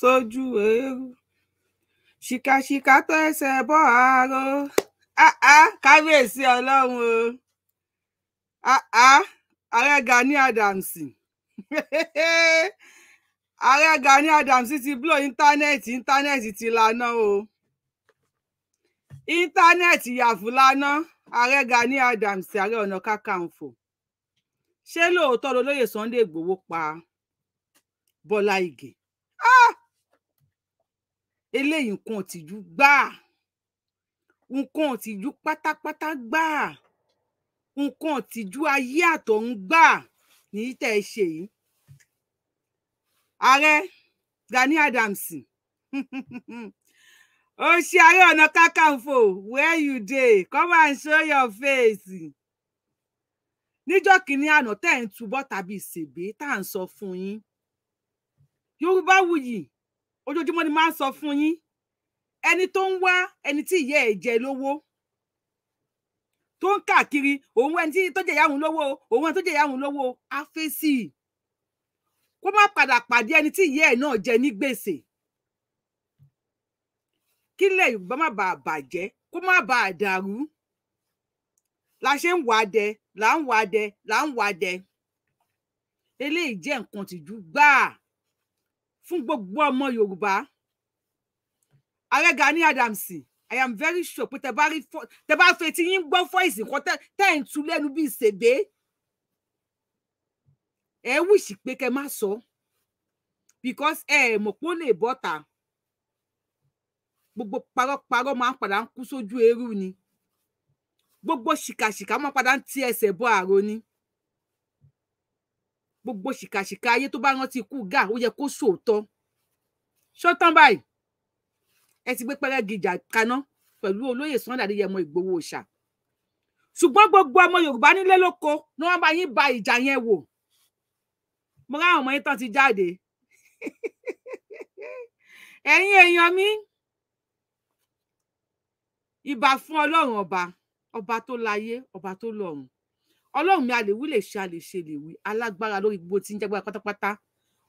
tójú eérú ṣìkàṣìkà tó ẹsẹ̀ bọ́ àárọ̀ kábíyèsí ọlọ́run o ààrẹ Gani Adams ààrẹ Gani Adams ti blow íńtánẹ́ẹ̀tì íńtánẹ́ẹ̀tì ti laná o íńtánẹ́ẹ̀tì yàfù laná ààrẹ Gani Adams ààrẹ ọ̀nà kákàǹfò ṣé lóòótọ́ lolóyè Sunday Ìgbòho pa Bọ́lá Ìgè ah eléyìí nǹkan òtìjú gbáà nǹkan òtìjú pátápátá gbáà nǹkan òtìjú ayé àtọ̀run gbáà nìyí tẹ́ ẹ ṣe yìí ààrẹ Gani Adams ó ṣe Ààrẹ Ọ̀nà Kakanfò where you dey come and show your face níjọ́ kìíní àná tẹ́ ẹ̀ ń túbọ̀ tàbí ìṣègbè tá à ń sọ fún yín Yorùbá wuyì ojoojúmọ́ ni máa ń sọ fún yín ẹni tó ń wá ẹni tí ìyá ẹ̀ jẹ lówó tó ń káàkiri òun ẹni tí tó jẹ ìyá òun lówó òun ẹni tó jẹ ìyá òun lówó á fèsì kó má padà pàdé ẹni tí ìyá ẹ̀ náà jẹ ní gbèsè kílẹ̀ Yorùbá má bàa bàjẹ́ kó má bàa dàrú la ṣe ń wà dẹ là ń wà dẹ là ń wà dẹ eléyìí jẹ́ nǹkan tìjú gbáà fún gbogbo ọmọ yorùbá ààrẹ Gani i am very sure pé tẹ bá rí tẹ yín gbọ́ fọ́ìsì kan tẹ ẹ ń tu lẹ́nu bíi ṣèbé ẹ wíṣì pé kẹ má sọ because ẹ ẹ pé ó lè bọ́ta gbogbo parọ́parọ́ máa ń padà ń kú sójú eérú ni gbogbo ṣìkàṣìkà máa ń padà ń ti ẹsẹ̀ bọ ààrò ni gbogbo ṣìkàṣìkà ayé tó bá rántí ikú gà ó yẹ kó sòótọ́ ṣọtán báyìí ẹ ti gbé pẹrẹgì ìjà kaná pẹ̀lú olóyè Sunday Adéyẹmọ Ìgbòho Òòṣà ṣùgbọ́n gbogbo ọmọ Yorùbá nílé lóko ni wọ́n bá yín ba ìjà yẹn wò mo ráwọn ọmọ yín tán ti jáde ẹ̀yin èèyàn mi ìbà fún Ọlọ́run ọba ọba tó láyé ọba tó lọ́run ọlọ́run mi a lè wí lè ṣe a lè ṣe lè wí alágbára lórí gbogbo tí ń jágbára pátápátá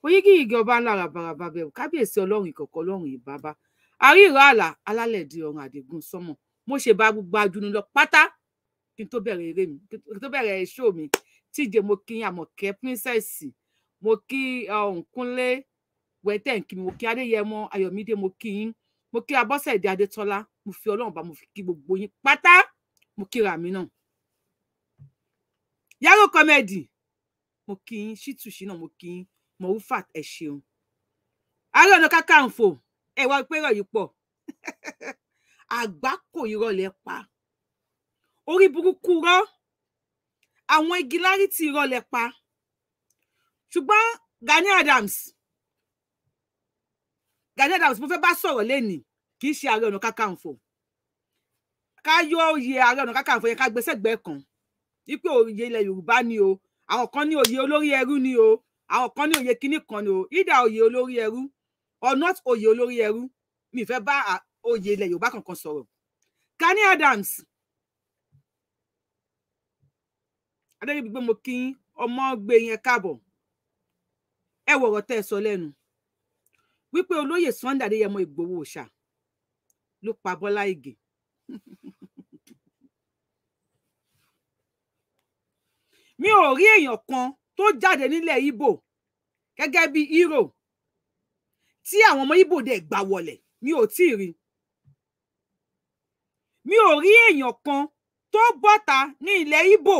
oyigi igi ọba ńlá rabaraba bẹ̀rù kábíyèsí ọlọ́run ìkọ̀kọ̀ ọlọ́run ìbábá àríra àlà alálẹ̀dí ọ̀run àdìgún sọ́mọ̀ mo ṣe bá gbogbo ajunu lọ pátá kí n tó bẹ̀rẹ̀ eré mi kí n tó bẹ̀rẹ̀ ṣó mi tíje mo kí àmọ̀kẹ́ píńsẹ̀sì mo kí ọ̀nkúnlé eh, wẹ́tẹ̀ nkí mo kí adéyẹmọ ayọ̀mídé mo kí yín mo kí abọ́sẹ̀dé adétọ́lá mo fi ọlọ́run bá mo fi kí gbogbo yín pátá mo kíra mi náà Yaro comedy mo kí yín ṣítù ṣínà mo kí yín Mofat ẹ ṣeun Ààrẹ Ọ̀nà Kakanfò ẹ wá pé ìrọ̀ yìí pọ̀ àgbákò irọ́ lẹ pa orí burúkú rọ́ àwọn igi lárítì irọ́ lẹ pa ṣùgbọ́n Gani Adams Gani Adams mo fẹ́ bá sọ̀rọ̀ lẹ́nìí kì í ṣe Ààrẹ Ọ̀nà Kakanfò ká yọ oyè Ààrẹ Ọ̀nà Kakanfò yẹn ká gbé kan wípé òye ilẹ̀ yorùbá ni o àwọn kan ní òye olórí ẹrú ni o àwọn kan ní òye kínní kan ni o either òye olórí ẹrú or not òye olórí ẹrú mi fẹ́ bá òye ilẹ̀ yorùbá kankan sọ̀rọ̀ Gani Adams adébíyí gbé mo kí ọmọ gbé yẹn káàbọ̀ ẹ wọ̀rọ̀ tẹ́ ẹ sọ lẹ́nu wípé olóyè Sunday Adéyẹmọ Ìgbòho Òòṣà ló pa Bọ́lá Ìgè mi ò rí èèyàn kan tó jáde nílẹ̀ ibo gẹ́gẹ́ bí hero tí àwọn ọmọ Ìgbò dẹ̀ gbà wọlẹ̀ mi ò tí ì rí mi ò rí èèyàn kan tó bọ́ta ní ilẹ̀ ibo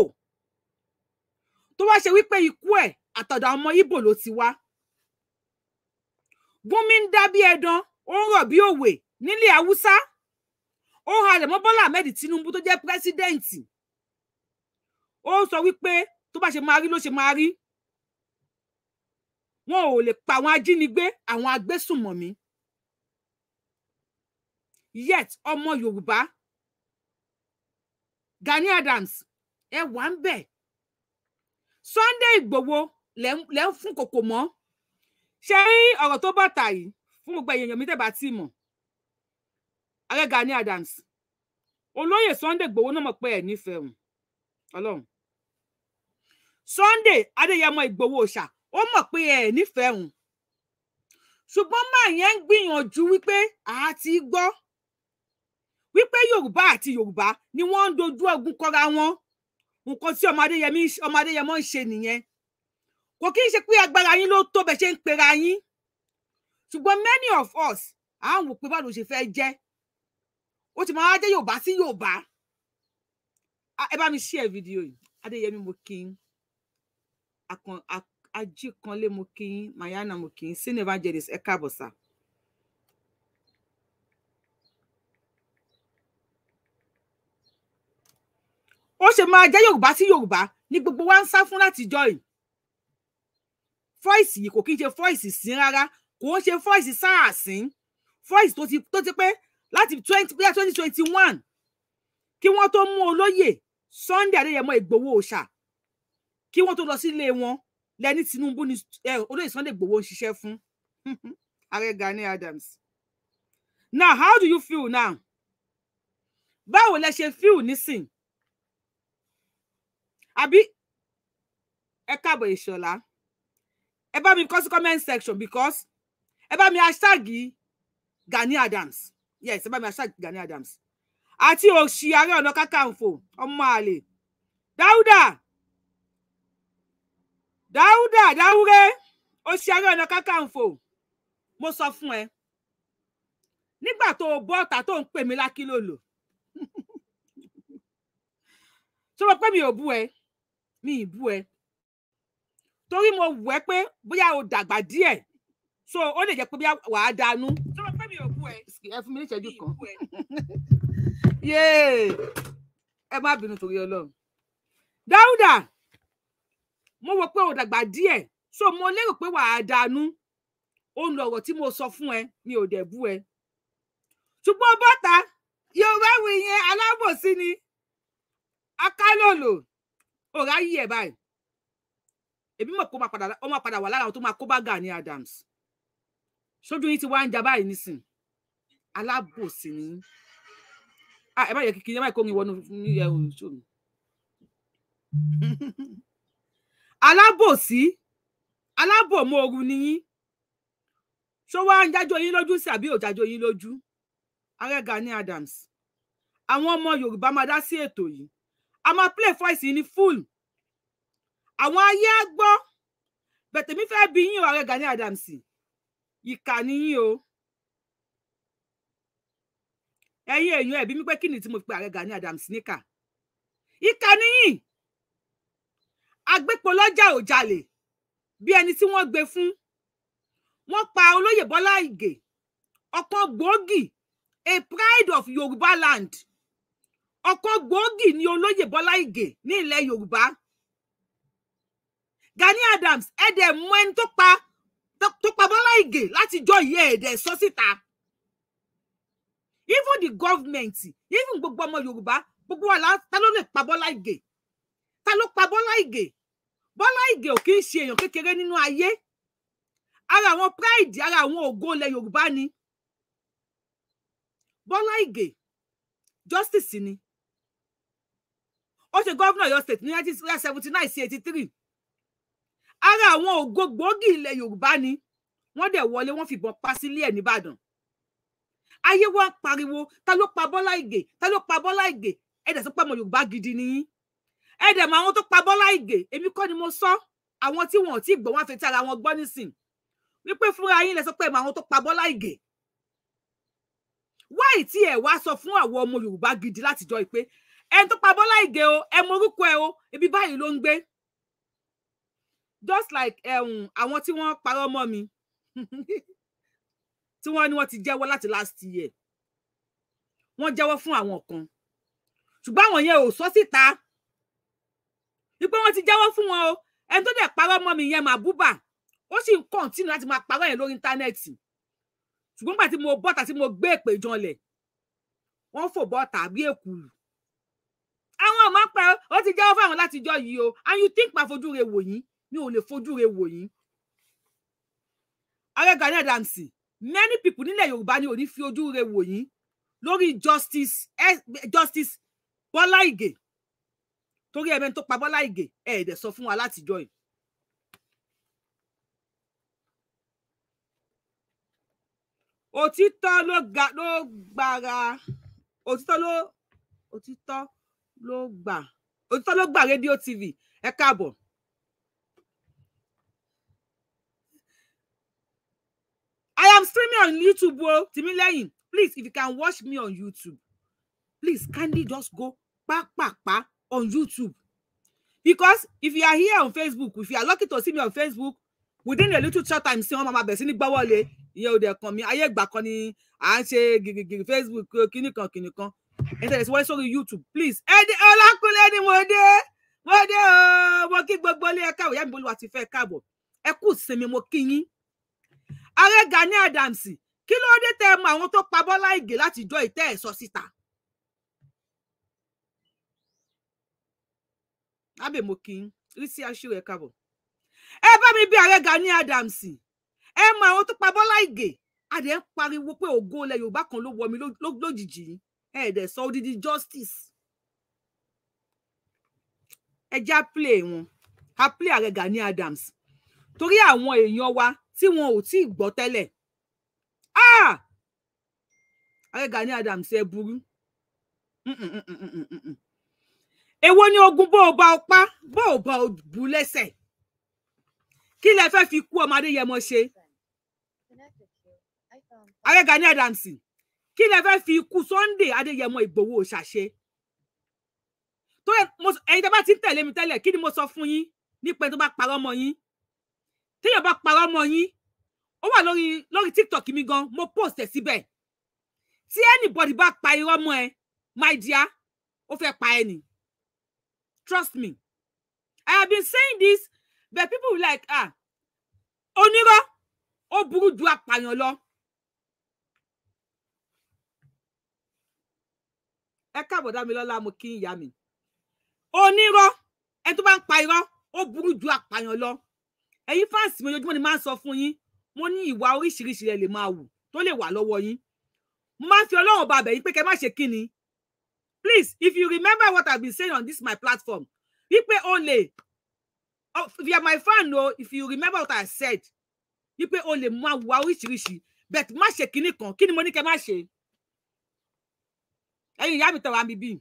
tó wá ṣe wípé ikú ẹ̀ àtọ̀dọ̀ ọmọ Ìgbò ló ti wá Gúnmi ń dá bí ẹdán ó ń rọ̀ bí òwe nílẹ̀ Haúsá ó halẹ̀ mọ́ Bọ́lá Ahmed Tinubu tó jẹ́ pírẹ́sídẹ́ǹtì ó sọ wípé tó bá ṣe máa rí ló ṣe máa rí wọn ò lè pa àwọn ajínigbé àwọn agbésùnmọ̀mí yet ọmọ yorùbá Gani Adams ẹ wà ń bẹ Sunday Igboho lẹ ń fún kòkò mọ́ ṣe rí ọ̀rọ̀ tó bàtà yìí fún gbogbo èèyàn mi tẹ̀bà tí mọ̀ ààrẹ Gani Adams olóyè Sunday Igboho náà mọ̀ pé ẹ̀ nífẹ̀ẹ́ òun Sunday Adéyẹmọ Ìgbòho ṣá ó mọ̀ pé ẹ nífẹ̀ẹ́ òun ṣùgbọ́n máa yẹn ń gbìyànjú wípé àá ti gbọ́ wípé Yorùbá àti Yorùbá ni wọ́n ń dojú ogun kọra wọn nǹkan tí ọmọ Adéyẹmọ ń ṣe nìyẹn kò kí n ṣe pé agbára yín ló tó bẹ ṣe ń pera yín ṣùgbọ́n many of us à ń wò pé báwo ló ṣe fẹ́ jẹ́ ó ti máa wá jẹ́ Yorùbá sí Yorùbá ẹ bá mi share fídíò yìí Adéyẹmí mo kí n ajíkanlé mo kí yín mayana mo kí yín sínú evangelist ẹ káàbọ̀ sá. ó ṣe máa jẹ́ yorùbá sí yorùbá ni gbogbo wa ń sá fún láti jọ yìí fọ́ìsì yìí kò kí n ṣe fọ́ìsì sín rárá kò ń ṣe fọ́ìsì sáàsín fọ́ìsì tó ti tó ti pé láti twenty twenty twenty one kí wọ́n tó mú olóyè Sunday Adéyẹmọ Ìgbòho Òòṣà kí wọ́n tó lọ sílé wọn lẹni Tinubu ni olóyè Sunday Igboho ń ṣiṣẹ́ fún ààrẹ Gani Adams now how do you feel now báwo lẹ ṣe feel nísìn àbí ẹ káàbọ̀ Ìṣọ̀lá ẹ bá mi kọ sí comment section because ẹ bá mi hashtag Gani Adams yes ẹ bá mi hashtag Gani Adams àti òṣì Ààrẹ Ọ̀nà Kakanfò ọmọ àlè Dáúdà dáúdà dáwúré ó ṣe Ààrẹ Ọ̀nà Kakanfò mo sọ fún ẹ nígbà tó o bọ́ ọ̀tá tó ń pè mí lákìlòlò tó mọ̀ pé mi ò bú ẹ mi ì bú ẹ torí mo wẹ̀ pé bóyá o dàgbà díẹ̀ so ó lè jẹ́ pé bóyá wàá dànù tó mọ̀ pé mi ò bú ẹ ẹ fún mi ní ìṣẹ́jú kan yéé ẹ má bínú torí Ọlọ́run dáúdà mo wò pé o dàgbà so mo lérò pé wàá dànù òun lọ̀rọ̀ tí mo sọ fún ẹ mi ò dẹ̀ bú ẹ ṣùgbọ́n bọ́ta yorùbá wí yẹn alábòsí ni akálòlò òrá yí ẹ báyìí èmi mọ̀ kó máa padà ó máa padà wà lára àwọn tó máa kó bá Gani Adams sójú yín ti wá ń ja báyìí nísìn alábòsí ni ah, ẹ má yẹ kíkiri ẹ má kó ń wọnú ẹ ò ṣòro alábòsí alábòmọ ooru ni yín ṣó wá ń jájọ yín lójú sí àbí ò jájọ yín lójú ààrẹ Adams àwọn ọmọ Yorùbá máa dá sí ètò yìí a máa play voice ní full àwọn ayé á gbọ́ bẹ̀tẹ̀mí fẹ́ bí yín o ààrẹ Gani Adams ìkà ni yín o ẹ̀yin èèyàn ẹ̀bí mi pé kí ni tí mo pe ààrẹ Adams níkà ìkà ni yín agbépolọ́jà ò jalè bí ẹni tí wọ́n gbé fún wọ́n pa olóyè Bọ́lá Ìgè ọ̀kan gbòógì a pride of Yorùbá land ọ̀kan gbòógì ni olóyè Bọ́lá Ìgè ní ilẹ̀ Yorùbá Gani Adams ẹ̀dẹ̀ mú ẹni tó pa tó pa Bọ́lá Ìgè láti jọ ìyẹ́ ẹ̀dẹ̀ sọ síta even the government even gbogbo ọmọ Yorùbá gbogbo wa ta ló lè pa Bọ́lá Ìgè ta ló pa Bọ́lá Ìgè Bọ́lá Ìgè ò kí ń ṣe èèyàn kékeré nínú ayé ara àwọn pride ara àwọn ògo ilẹ̀ Yorùbá ni Bọ́lá Ìgè justice ni ó ṣe gómìnà Ọ̀yọ́ state ní nineteen seventy nine sí eighty three ara àwọn ògo gbòógì ilẹ̀ Yorùbá ni wọ́n dẹ̀ wọlé wọ́n fìbọn pa sílé ẹ̀ nìbàdàn ayé wa ń pariwo ta ló pa Bọ́lá Ìgè ta ló pa Bọ́lá Ìgè ẹ sọ pé ọmọ Yorùbá gidi nìyí ẹ dẹ̀ mọ àwọn tó pa Bọ́lá Ìgè èmi kọ́ ni mo sọ àwọn tí wọn ò tí gbọ́ wọn fetí ara wọn gbọ́ nísìn wípé fúnra yín lẹ sọ pé àwọn tó pa Bọ́lá Ìgè wáì tí ẹ wá sọ fún àwọn ọmọ Yorùbá gidi látijọ́ ìpè ẹni tó pa Bọ́lá Ìgè o ẹ mọ orúkọ ẹ o ibi báyìí ló ń gbé just like um, àwọn tí wọ́n parọ́ mọ́ mi tí wọ́n ní wọ́n ti jẹ́wọ́ láti last year wọ́n jẹ́wọ́ fún àwọn kan ṣùgbọ́n àwọn yẹn ò sọ síta wípé wọ́n ti jáwọ́ fún wọn o ẹni tó dẹ̀ parọ́ mọ́ mi yẹn màbúbà ó sì ń kọ̀ǹtínú láti máa parọ́ yẹn lórí íńtánẹ́ẹ̀tì ṣùgbọ́n gbà tí mo bọ́ta tí mo gbé èpè janlẹ̀ wọ́n fò bọ́ta bí èkùlù àwọn ọmọ pẹ ó ti jáwọ́ fáwọn látijọ́ yìí o and you think ma fojú re wò yín mi ò lè fojú re wò yín ààrẹ Gani Adams many people nílẹ̀ Yorùbá ni ò ní fi ojú re wò yín lórí justice eh, justice Bọ́lá Ìgè torí ẹ̀mẹ́ni tó pa Bọ́lá Ìgè ẹ̀ ẹ̀dẹ̀ sọ fún wa látijọ́ yìí. òtítọ́ ló ga ló gbàrà òtítọ́ ló òtítọ́ ló gbà òtítọ́ ló gbà rédíò tv ẹ káàbọ̀. I am streaming on YouTube o Tìmílẹ́yìn please if you can watch me on YouTube please kindly just go pápápá on YouTube. Because if you are here on Facebook, if you are lucky to see me on Facebook, within a little short time, see mama máa bẹ̀rẹ̀ sí ní gbọ́wọ́ lé ìyẹn òde ẹ̀kan mi ayé ìgbà give ni à ń ṣe gìgìgìgì Facebook kíní kan kíní kan internet wọlé YouTube please. Ẹni Ọlákúnlé ni mo dé mo dé o mo kí gbogbo ilé ẹ̀ka òyà mi bolúwa ti fẹ́ káàbọ̀ ẹ kú sinmi mo kí yín. Ààrẹ Gani Adams kí ló dé tẹ́ ẹ mọ àwọn tó pa abèmọkin rí sí aṣọ ẹ káàbọ̀ ẹ bá mi bí ààrẹ Gani Adamsi. ẹ mọ àwọn tó pa Bọ́lá Ìgè adẹ ń pariwo pé ògo ilẹ̀ Yorùbá kan ló wọmi lójijì ẹ dẹ sọ odidi justice ẹ já play wọn a play ààrẹ Gani Adams torí àwọn èèyàn wa tí wọn ò tí ì gbọ́ tẹ́lẹ̀ ah! ààrẹ Gani Adams ẹ burú. Mm -mm -mm -mm -mm -mm èwo ni ogun bó o bá o pa bó o bá o bù lẹ́sẹ̀ kí lẹ fẹ́ fi kú ọmọ Adéyẹmọ ṣe Ààrẹ Gani Adams kí lẹ fẹ́ fi kú Sunday Adéyẹmọ Ìgbòho ṣàṣe tó ẹ̀yin tó bá ti ń tẹ̀lé mi tẹ́lẹ̀ kí ni mo sọ fún yín nípa ẹni tó bá parọ́ ọmọ yín téèyàn bá parọ́ ọmọ yín ó wà lórí lórí TikTok mi gan mo post ẹ̀ síbẹ̀ tí anybody bá pa irọ́ mọ́ ẹ my dear ó fẹ́ pa ẹ nìyí Trust me. I have been saying this, but people will like, ah, Oniro Oburu burú ju apààyàn lọ. Ẹ káàbọ̀ dá mi lọ́la, mo kí ń yá mi. Onírọ́, ẹni tó bá ń pa irọ́, ó burú ju apààyàn lọ. Ẹ̀yin fáǹsì mi ojoojúmọ́ ni máa ń sọ fún yín, mo ní ìwà oríṣiríṣi rẹ̀ lè máa wù tó lè fi Ọlọ́run bàbẹ̀ yín pé kẹ́ má ṣe kí ni please if you remember what i've been saying on this my platform wípé olè oh, if you are my fan o oh, if you remember what i said wípé olè mú àwùwá oríṣiríṣi but má ṣe kinní kan kí ni mo ní kẹ́ má ṣe ẹ̀yin ìyá mi tẹ wá mi bí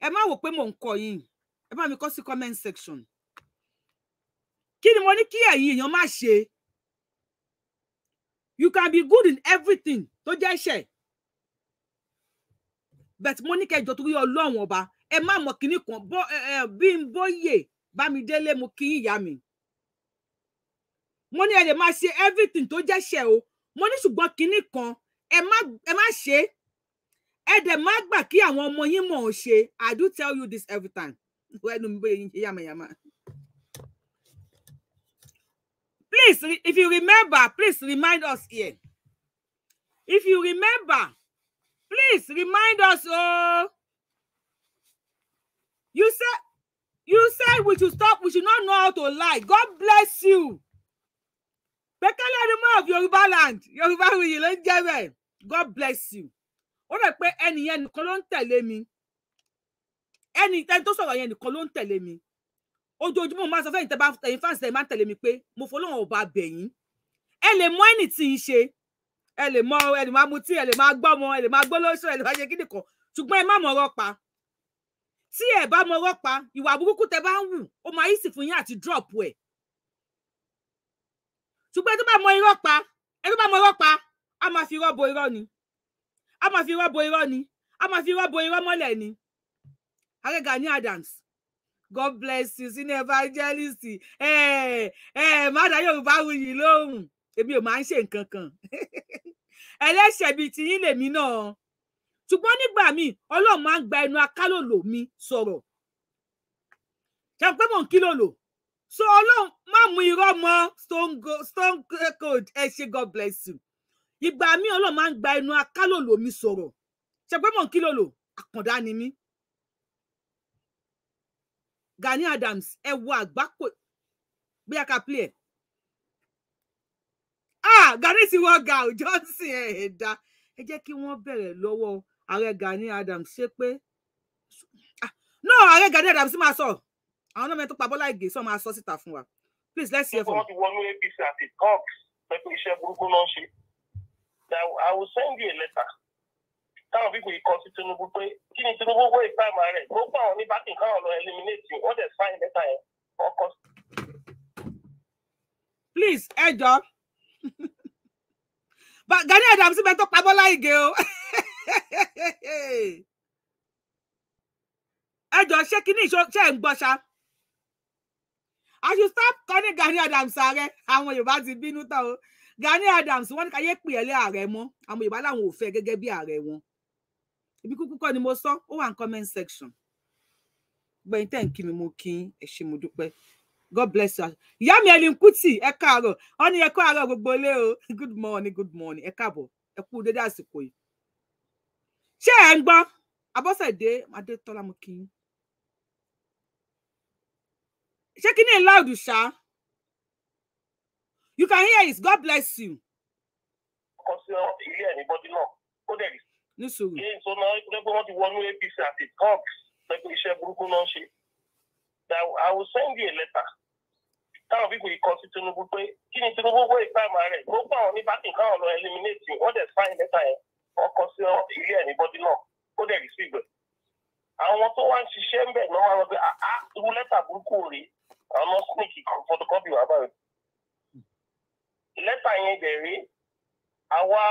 ẹ má wò pé mò mi kọ comment section Kini money mo ní kí ẹ̀yin èèyàn má you can be good in everything Don't jẹ́ iṣẹ́ bẹ́ẹ̀ mo ní kẹjọ torí Ọlọ́run ọba ẹ má mọ kinní kan bí n bóyè Bámidélé mo kí ìyá mi mo ní ẹ lè máa ṣe everything tó jẹ́ṣẹ̀ o mo ní ṣùgbọ́n kinní kan ẹ má ṣe ẹ dẹ̀ má gbà kí àwọn ọmọ yín mọ̀ ọ́ ṣe I do tell you this every time ẹnu mi bóyá yín yàmàyàmà. Please, if you remember, please remind us here. If you remember, Please remind us. Oh, you said you said we should stop. We should not know how to lie. God bless you. Bekele Ademo of Yoruba land, Yoruba wuyi ló ń jẹ́ bẹ́ẹ̀. God bless you. Ó rẹ̀ pé ẹnìyẹn nìkan ló ń tẹ̀lé mi. Ẹni ẹni tó sọ̀rọ̀ yẹn nìkan ló ń tẹ̀lé mi. Ojoojúmọ́ mo máa sọ fẹ́yìn tẹ́ bá ẹ̀yin fáǹsì tẹ̀ máa ń tẹ̀lé mi pé mo fọlọ́run ọba bẹ̀yìn. Ẹ lè mọ ẹnì tí ń ṣe ẹ lè mọ ẹ lè máa mutí ẹ lè máa gbọ́mọ ẹ lè máa gbólóṣó ẹ lè máa ṣe kíni kan ṣùgbọ́n ẹ má mọ̀ ọ̀rọ̀ pa tí ẹ bá mọ̀ ọ̀rọ̀ pa ìwà burúkú tẹ bá ń wù ó máa yìí sì fún yín àti drop ẹ ṣùgbọ́n ẹ tó bá mọ̀ irọ́ pa ẹ tó bá mọ̀ irọ́ pa a máa fi irọ́ bo irọ́ ni a máa fi irọ́ bo irọ́ ni a máa fi irọ́ bo irọ́ mọ́lẹ̀ ni Ààrẹ Gani Adams God bless you sínú evangelist ẹ ẹ má dá Yorùbá wuyì lóhùn èmi ò máa ń ṣe nǹkan kan ẹlẹ́ṣẹ̀ bíi tiyín lèmi náà ṣùgbọ́n nígbà míì ọlọ́run máa ń gba ẹnu akálòlò mi sọ̀rọ̀ ṣe pé mò ń kí lòlò so ọlọ́run má mú irọ́ mọ́ stone cold ẹ ṣe god bless you ìgbà míì ọlọ́run máa ń gba ẹnu akálòlò mi sọ̀rọ̀ ṣe pé mò ń kí lòlò àkàndá ni mí Gani Adams ẹ wo àgbákò bí a kà play ẹ. Ah, Gani ti wọ Gao Johnson ẹ̀ẹ́dá ẹ jẹ́ kí wọ́n bẹ̀rẹ̀ lọ́wọ́ ààrẹ Gani Adams ṣe pé ah, náà ààrẹ Gani Adams máa sọ àwọn náà mẹ́tò pa Bọ́lá Ìgè sọ máa sọ síta fún wa please let's hear from. wọ́n ti wọnú APC àti cox pẹ̀lú iṣẹ́ burúkú náà ṣe I will send you a letter táwọn fífi ikọ̀ sí Tinubu pé kí ni Tinubu wọ ìpamọ́ rẹ̀ ló gbà wọn káwọn lọ eliminate wọ́n dẹ̀ sign letter yẹn ọkọ. please ẹ jọ̀ọ́. But Gani Adams bẹ tó pa Bọ́lá Ìgè o ẹ jọ ṣé kí ní ìṣó ṣe ń gbọ́ ṣá stop calling Gani Adams ààrẹ àwọn Yorùbá ti bínú tán o Gani Adams wọ́n ní káyé pè ẹ́ lé ààrẹ mọ́ àwọn Yorùbá làwọn ò fẹ́ gẹ́gẹ́ bí ààrẹ ibi kúkú kọ́ ni mo sọ ó wà ní comment section gbẹ̀yìn tẹ̀ ń kí mi mo kí ẹ ṣé mo dúpẹ́. God bless you. Ìyá mi Ẹlin Kútì ẹ káàárọ̀ wọ́n ní ẹ káàárọ̀ gbogbo ilé o good morning good morning ẹ káàbọ̀ ẹ kú dédé àsìkò yìí. Ṣé ẹ ń gbọ́? Abọ́sẹ̀dé Adétọ́lá mo kí yín. Ṣé kí ni ẹ láòdù ṣá? You can hear it. God bless you. Ọkọ sí ilé ẹ̀ ní náà, ó dẹ̀ rí. Ní sùúrù. Kí n sọ náà ti wọnú APC àti COGS lẹ́gbẹ̀ẹ́ iṣẹ́ burúkú náà ṣe that I will send you a letter táwọn fífi kọ sí Tinubu pé kí ni Tinubu wọ ìpamọ rẹ gbogbo àwọn oníbàtì káwọn lọ eliminate wọn dẹ sáyìn lẹ́tà yẹn wọn kọ sí ilé ẹ ní bọdí náà ó dẹ rí sí ibẹ̀ àwọn tó wá ń ṣiṣẹ́ ń bẹ̀ náà wọ́n pé àá ah, ah, irú lẹ́tà burúkú rèé àwọn ọmọ sníkì fọtokọ́pì wà báyìí. lẹ́tà yẹn bẹ̀rẹ̀ àwa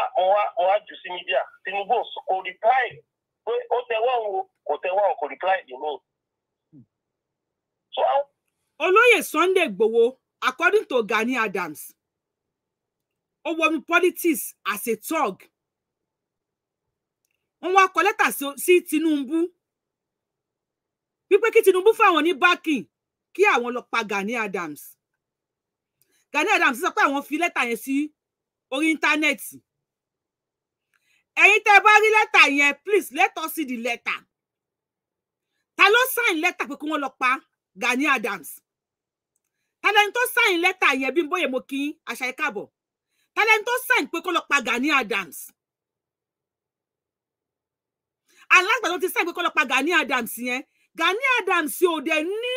wọn á jù sí mídíà Tinubu kò reply pé ó tẹwọ́ òun kò tẹwọ́ òun kò reply dì mí olóyè Sunday Igboho according to Gani Adams ó wọnú politics as a thug wọ́n wá kọ lẹ́tà sí Tinubu wípé kí Tinubu fáwọn ní backing kí àwọn lọ pa Gani Adams Gani Adams sọ pé àwọn fi lẹ́tà yẹn sí orí íńtánẹ́ẹ̀tì ẹ̀yin tẹ́ bá rí lẹ́tà yẹn please let us see the letter ta ló sign lẹ́tà pé kí wọ́n lọ pa Gani Adams tàlẹ́ni tó sáyìn lẹ́tà yẹn bí bóyá mo kí àṣà ìkàbọ̀ tàlẹ́ni tó sáyìn pé kó lọ pa Gani Adams alágbà tó ti sáyìn pé kó lọ pa Gani Adams yẹn Gani Adams ò dẹ̀ ní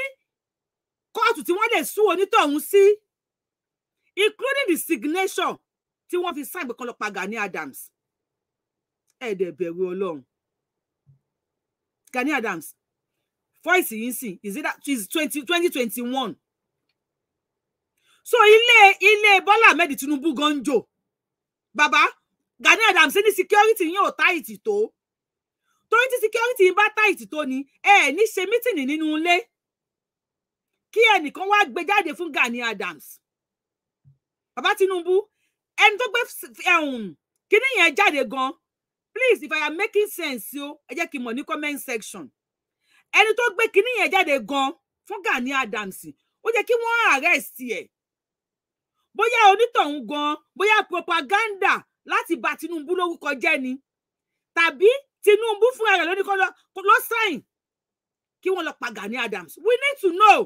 kóòtù tí wọ́n lè sún onítọ̀hún sí including the signation tí wọ́n fi sáyìn pé kó lọ pa Gani Adams ẹ̀ẹ́dẹ̀ bẹ̀rù ọlọ́run Gani Adams voice yìí sìn is it that is twenty twenty twenty one so ilé ilé Bọ́lá Ahmed Tinubu gan jò bàbá Gani Adams ní security yín ò táìtì tó torí tí security yín bá táìtì tó ni ẹ eh, ní ṣe mítìnì nínú ilé kí ẹnìkan wá gbé jáde fún Gani Adams bàbá Tinubu ẹni tó gbé kíní yẹn jáde gan please if I am making sense o ẹ jẹ́ kí n mọ̀ ní comment section ẹni tó gbé kinní yẹn jáde gan fún Gani Adams ó jẹ́ kí wọ́n arrest ẹ̀ bóyá onítọ̀hún gan bóyá propaganda láti bà Tinubu lórúkọ jẹ́ ni tàbí Tinubu fúnra rẹ̀ lóníkọ́ lọ sáyìn kí wọ́n lọ pa Gani Adams we need to know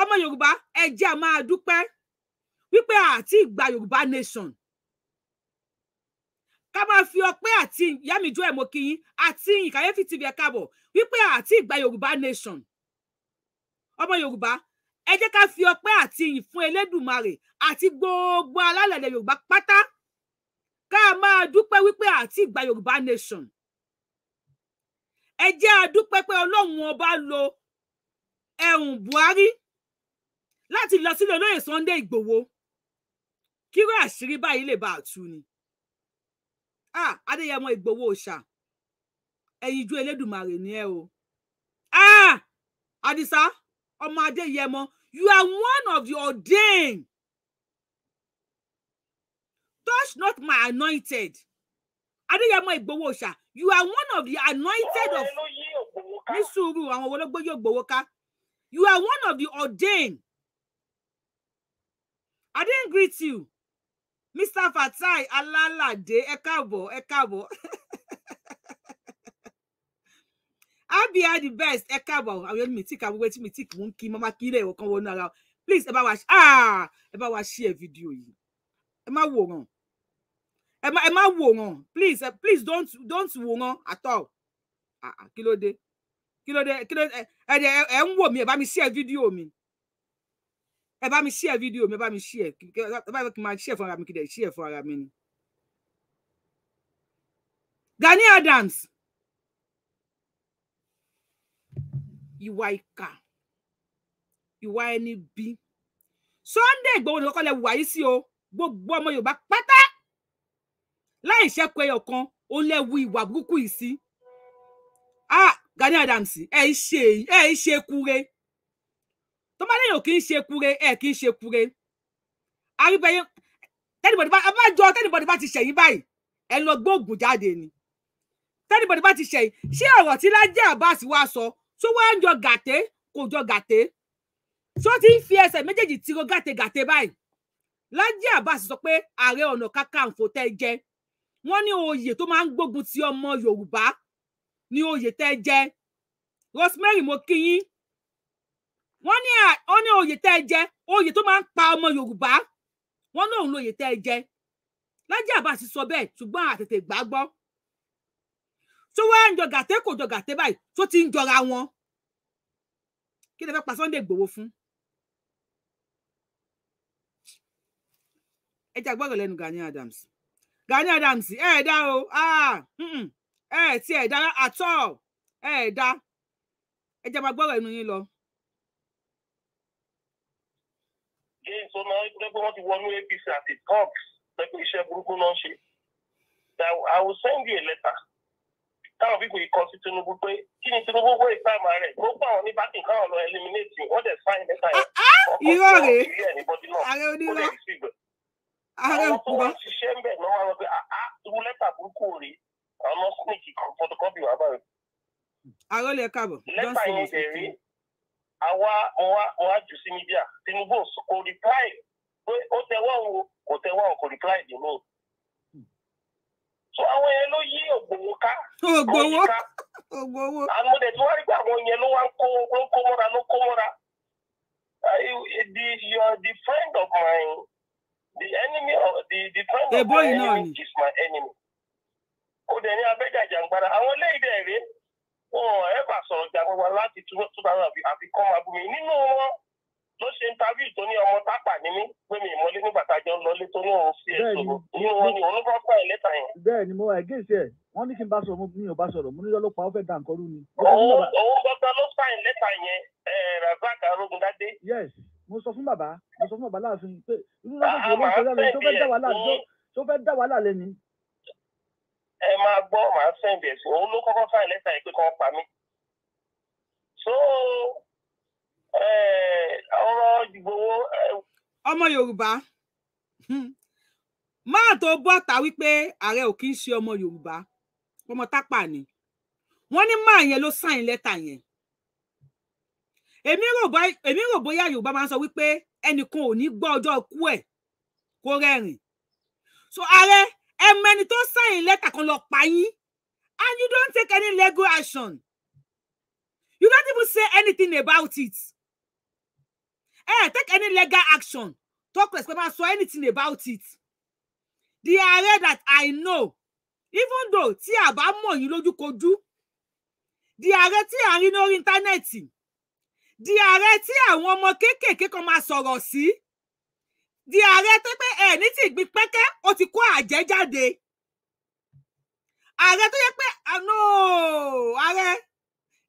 ọmọ Yorùbá ẹ jẹ́ a máa dúpẹ́ wípé àti ìgbà Yorùbá nation ká máa fi ọpẹ́ àti ìyá mi jó ẹmọ kìyín àti ìkàyẹfì tìbí ẹ wípé àti ìgbà yorùbá nation ọmọ yorùbá ẹ jẹ́ ká fi ọpẹ́ àti ìyìn fún elédùmarè àti gbogbo alálẹ̀lẹ̀ yorùbá pátá ká máa dúpẹ́ wípé àti ìgbà yorùbá nation ẹ jẹ́ a dúpẹ́ pé ọlọ́run ọba lo ẹ̀rùn buhari láti lọ sílé olóyè sunday ìgbòho kíró àṣírí báyìí lè bá a tú ni ah, adéyẹmọ ìgbòho ọ̀ṣà ẹyinjú elédùnmarè ni ẹ o Adisa, ah! ọmọ Adéyẹmọ you are one of the ordained touch not my anointed Adéyẹmọ Ìgbòho Òòṣà you are one of the anointed of ní sùúrù àwọn ológbó yóò gbowó ká you are one of the ordained I didn't greet you Mr. Fatai Alalade ẹ káàbọ̀ ẹ káàbọ̀. abia the best ẹ káàbọ̀ àwọn ẹni mìtíkà gbogbo etí mìtíkì mú kí mama kí ilé ìwọ̀kan wọnú ara please ẹ bá wa ah, ẹ bá wa share fídíò yìí ẹ má wòran ẹ má ẹ má wòran please please don't don't wòran at all Ah, ah ló dé kí ló dé kí ló dé ẹ ẹ ẹ ń wò mí ẹ bá mi share video mi ẹ bá mi share video. mi ẹ bá mi share ẹ bá mi share for ara mi kí dẹ share for ara mi ni Gani Adams. ìwà ìkà ìwà ẹni bí Sunday Igboho ní kọ́kọ́ lẹ wùwà yìí sí o gbogbo ọmọ Yorùbá pátá láì ṣẹ́kù ẹyọ kan ó lẹ wu ìwà burúkú yìí sí ah Gani Adams ẹ ń ṣe ẹ ṣe kure tó bá lẹ́yìn ò kì í ṣe kure ẹ kì í ṣe kure àrígbẹyìn tẹnibọdì bá ẹ bá jọ tẹnibọdì bá ti ṣẹyìn báyìí ẹ lọ gbóògùn jáde ni tẹnibọdì bá ti ṣẹyìn ṣé ọ̀rọ̀ tí Lájí Abbas wá sọ ṣó wá ń jọ gàté kò jọ gàté ṣó ti ń fi ẹsẹ̀ méjèèjì tiro gàté gàté báyìí Lájí Abbas sọ pé ààrẹ ọ̀nà kakanfò tẹ́ jẹ wọ́n ní oyè tó máa ń gbógun ti ọmọ Yorùbá ní oyè tẹ́ jẹ Rosemary mo kí yín wọ́n ní ó ní oyè tẹ́ jẹ oyè tó máa ń pa ọmọ Yorùbá wọ́n ní òun lóye tẹ́ jẹ Lájí Abbas sọ bẹ́ẹ̀ ṣùgbọ́n àtètè gbàgbọ́ tó wá ń jọ gàté kò jọ gàté báyìí tó ti ń jọra wọn kí lè fẹ́ pa Sunday Igboho fún. ẹ jẹ́ àgbọ̀rọ̀ lẹ́nu Gani Adams Gani Adams ẹ ẹ̀ dá o ah, ẹ ẹ̀ tí ẹ̀ dá àtọ̀ ẹ ẹ̀ dá ẹ jẹ́ máa gbọ́rọ̀ ẹnu yín lọ. jẹ́ ìsọ̀nà ẹgbẹ́ wọn ti wọnú APC àti cox pẹ̀lú iṣẹ́ burúkú náà ṣe. I will send you a letter táwọn fífi ikọ̀ sí Tinubu pé kí ni Tinubu wé ìsáàmà rẹ̀ ló pa àwọn ní bákìn káwọn lọ eliminate wọ́n dẹ̀ sáyìn lẹ́tà yẹn. Ah, ah, irọ́ rẹ̀ ààrẹ onírọ́ ààrẹ òkúrọ́. àwọn tó wá ṣiṣẹ́ ń bẹ̀ náà wá lọ pé àá ah, irú lẹ́tà burúkú rèé àwọn sníkì kan wà báyìí. ààrẹ lè káàbọ̀ lẹ́tà yẹn dẹ̀ rí àwa ọwa ọwa jù sí mídíà Tinubu kò reply pé ó tẹwọ́ òun kò tẹwọ́ òun kò reply dì mí. so àwọn yẹn ló yí ògbòwò ká ògbòwò ògbòwò àwọn ọdẹ tí wọn rí pé àwọn yẹn ló wá ń kó ń kó mọ́ra ló kó mọ́ra uh, the your the friend of mine the enemy of the the friend of my enemy is my enemy kò dẹ̀ ní abẹ́jàjàngbara àwọn ilé ìdẹ̀ rèé wọn ẹ̀ bá sọ̀rọ̀ jàǹgbara láti two thousand àfi kọ́ máa bú nínú wọn. ló ṣe interview tó ní ọmọ tápà ní mí pé mi ìmọ̀lé nígbà tá a jọ ń lọlé tó ní òun sí èso ní wọn ni òun kọ́ fún ẹ̀ lẹ́tà yẹn. bẹ́ẹ̀ ni mo wà gẹ́gẹ́ ẹ̀ wọ́n ní kí n bá sọ̀rọ̀ mi ò bá sọ̀rọ̀ mo ní lọ́lọ́pàá ó fẹ́ dà nǹkan rú ni. òun gbọ́dọ̀ ló sáìn lẹ́tà yẹn Razak Arógundádé. yes mo sọ fún bàbá mo sọ fún bàbá láàfin pé irú ah, lọ́sọ̀tì ẹ máa gbọ́ màá sẹ́ǹdì ẹ̀sìn òun ló kọ́kọ́ sáìn lẹ́tà yìí pé kọ́ pa mí. so Eh, ọ̀rọ̀ ìgbòho. Eh. ọmọ yorùbá hmm, máa tó bọ́ta wípé ààrẹ ò kì í ṣe ọmọ yorùbá ọmọ tápà ni wọ́n ní máa yẹn ló sáìn lẹ́tà yẹn èmi rò bóyá yorùbá máa ń sọ wípé ẹnìkan ò ní gbọ́ ọjọ́ ikú ẹ̀ kó rẹ́rìn so ààrẹ ẹ mẹni tó sáìn lẹ́tà kan lọ pa yín and you don't take any legal action you don't even say anything about it eh, take any legal action talk I saw anything about it the ààrẹ that i know even though tí a bá mọ̀ yín lójúkojú the ààrẹ tí a rí lórí íńtánẹ́ẹ̀tì di ààrẹ tí àwọn ọmọ kéékèèké kan máa sọ̀rọ̀ sí di ààrẹ tó pé ẹ ní tí ìgbín pẹ́kẹ́ a ti day. àjẹ́ jáde ààrẹ tó yẹ pé àánú ah, ààrẹ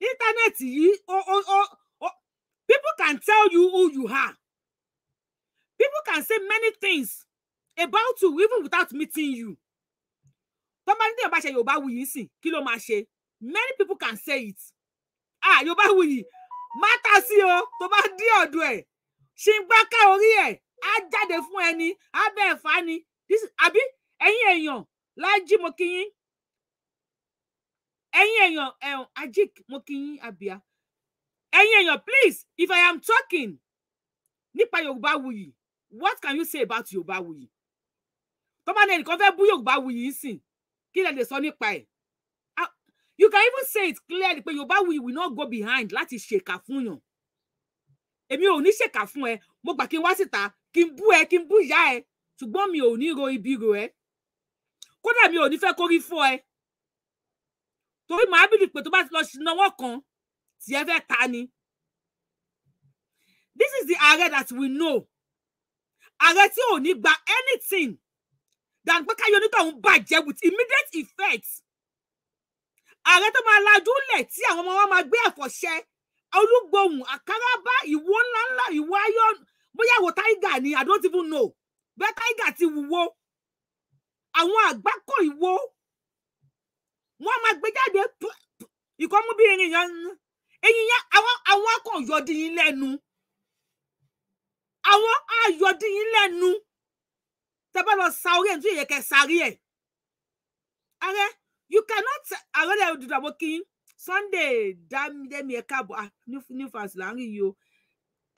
íńtánẹ́ẹ̀tì yìí ó ó ó People can tell you who you are. People can say many things about you even without meeting you. Tọ́mọdé tí Yorùbá ṣe Yorùbá wuyì sìn kí ló máa ṣe? Many people can say it. Ah Yorùbá wuyì má ta sí o tó bá dí ọ̀dọ̀ ẹ̀ ṣì ń gbáká orí ẹ̀ á jáde fún ẹni á bẹ́ẹ̀ fà á ni àbí ẹ̀yin èèyàn mo kí yín ẹ̀yin èèyàn mo kí yín ẹ̀yin èèyàn please if i am talking nípa yorùbá wuyì what can you say about yorùbá wuyì tọ́ba ní ẹnìkan fẹ́ bú yorùbá wuyì sìn kí lè lè sọ nípa ẹ̀ you can even say it clearly pé yorùbá wuyì will not go behind láti ṣèkà fún yàn èmi ò ní ṣèkà fún ẹ mo gbà kí n wá síta kí n bú ẹ kí n bú ìyá ẹ ṣùgbọ́n mi ò ní ro ibi ro ẹ kódà mi ò ní fẹ́ kórí fọ́ ẹ torí màá bìlì pé tó bá ti lọ ṣìnà wọn kan tí ẹ fẹ́ ta ni this is the ààrẹ that we know ààrẹ tí ò ní gba anything than pé káyọ̀ onítọ̀hún bàjẹ́ with immediate effect ààrẹ tó máa lajú lẹ̀ tí àwọn ọmọ wa máa gbé ẹ̀fọ́ṣẹ́ olúgbòhùn àkàràbá ìwo ńláńlá ìwo ayọ̀ bóyá wo tiger ni i don't even know bẹ́ẹ̀ tiger ti wúwo àwọn àgbákò ìwo wọn máa gbé jáde ìkọ́mú bí irin yẹn èyí yẹn àwọn àwọn akọ yọdí yín lẹ́nu àwọn ayọdí yín lẹ́nu tẹbá lọ sa orí ẹ nítorí yẹ kẹ sáré ẹ ààrẹ you cannot ààrẹ lẹ dùdú àwọn kí Sunday Dámidẹ́mi ẹ káàbọ̀ ah, new fans láàrin yìí o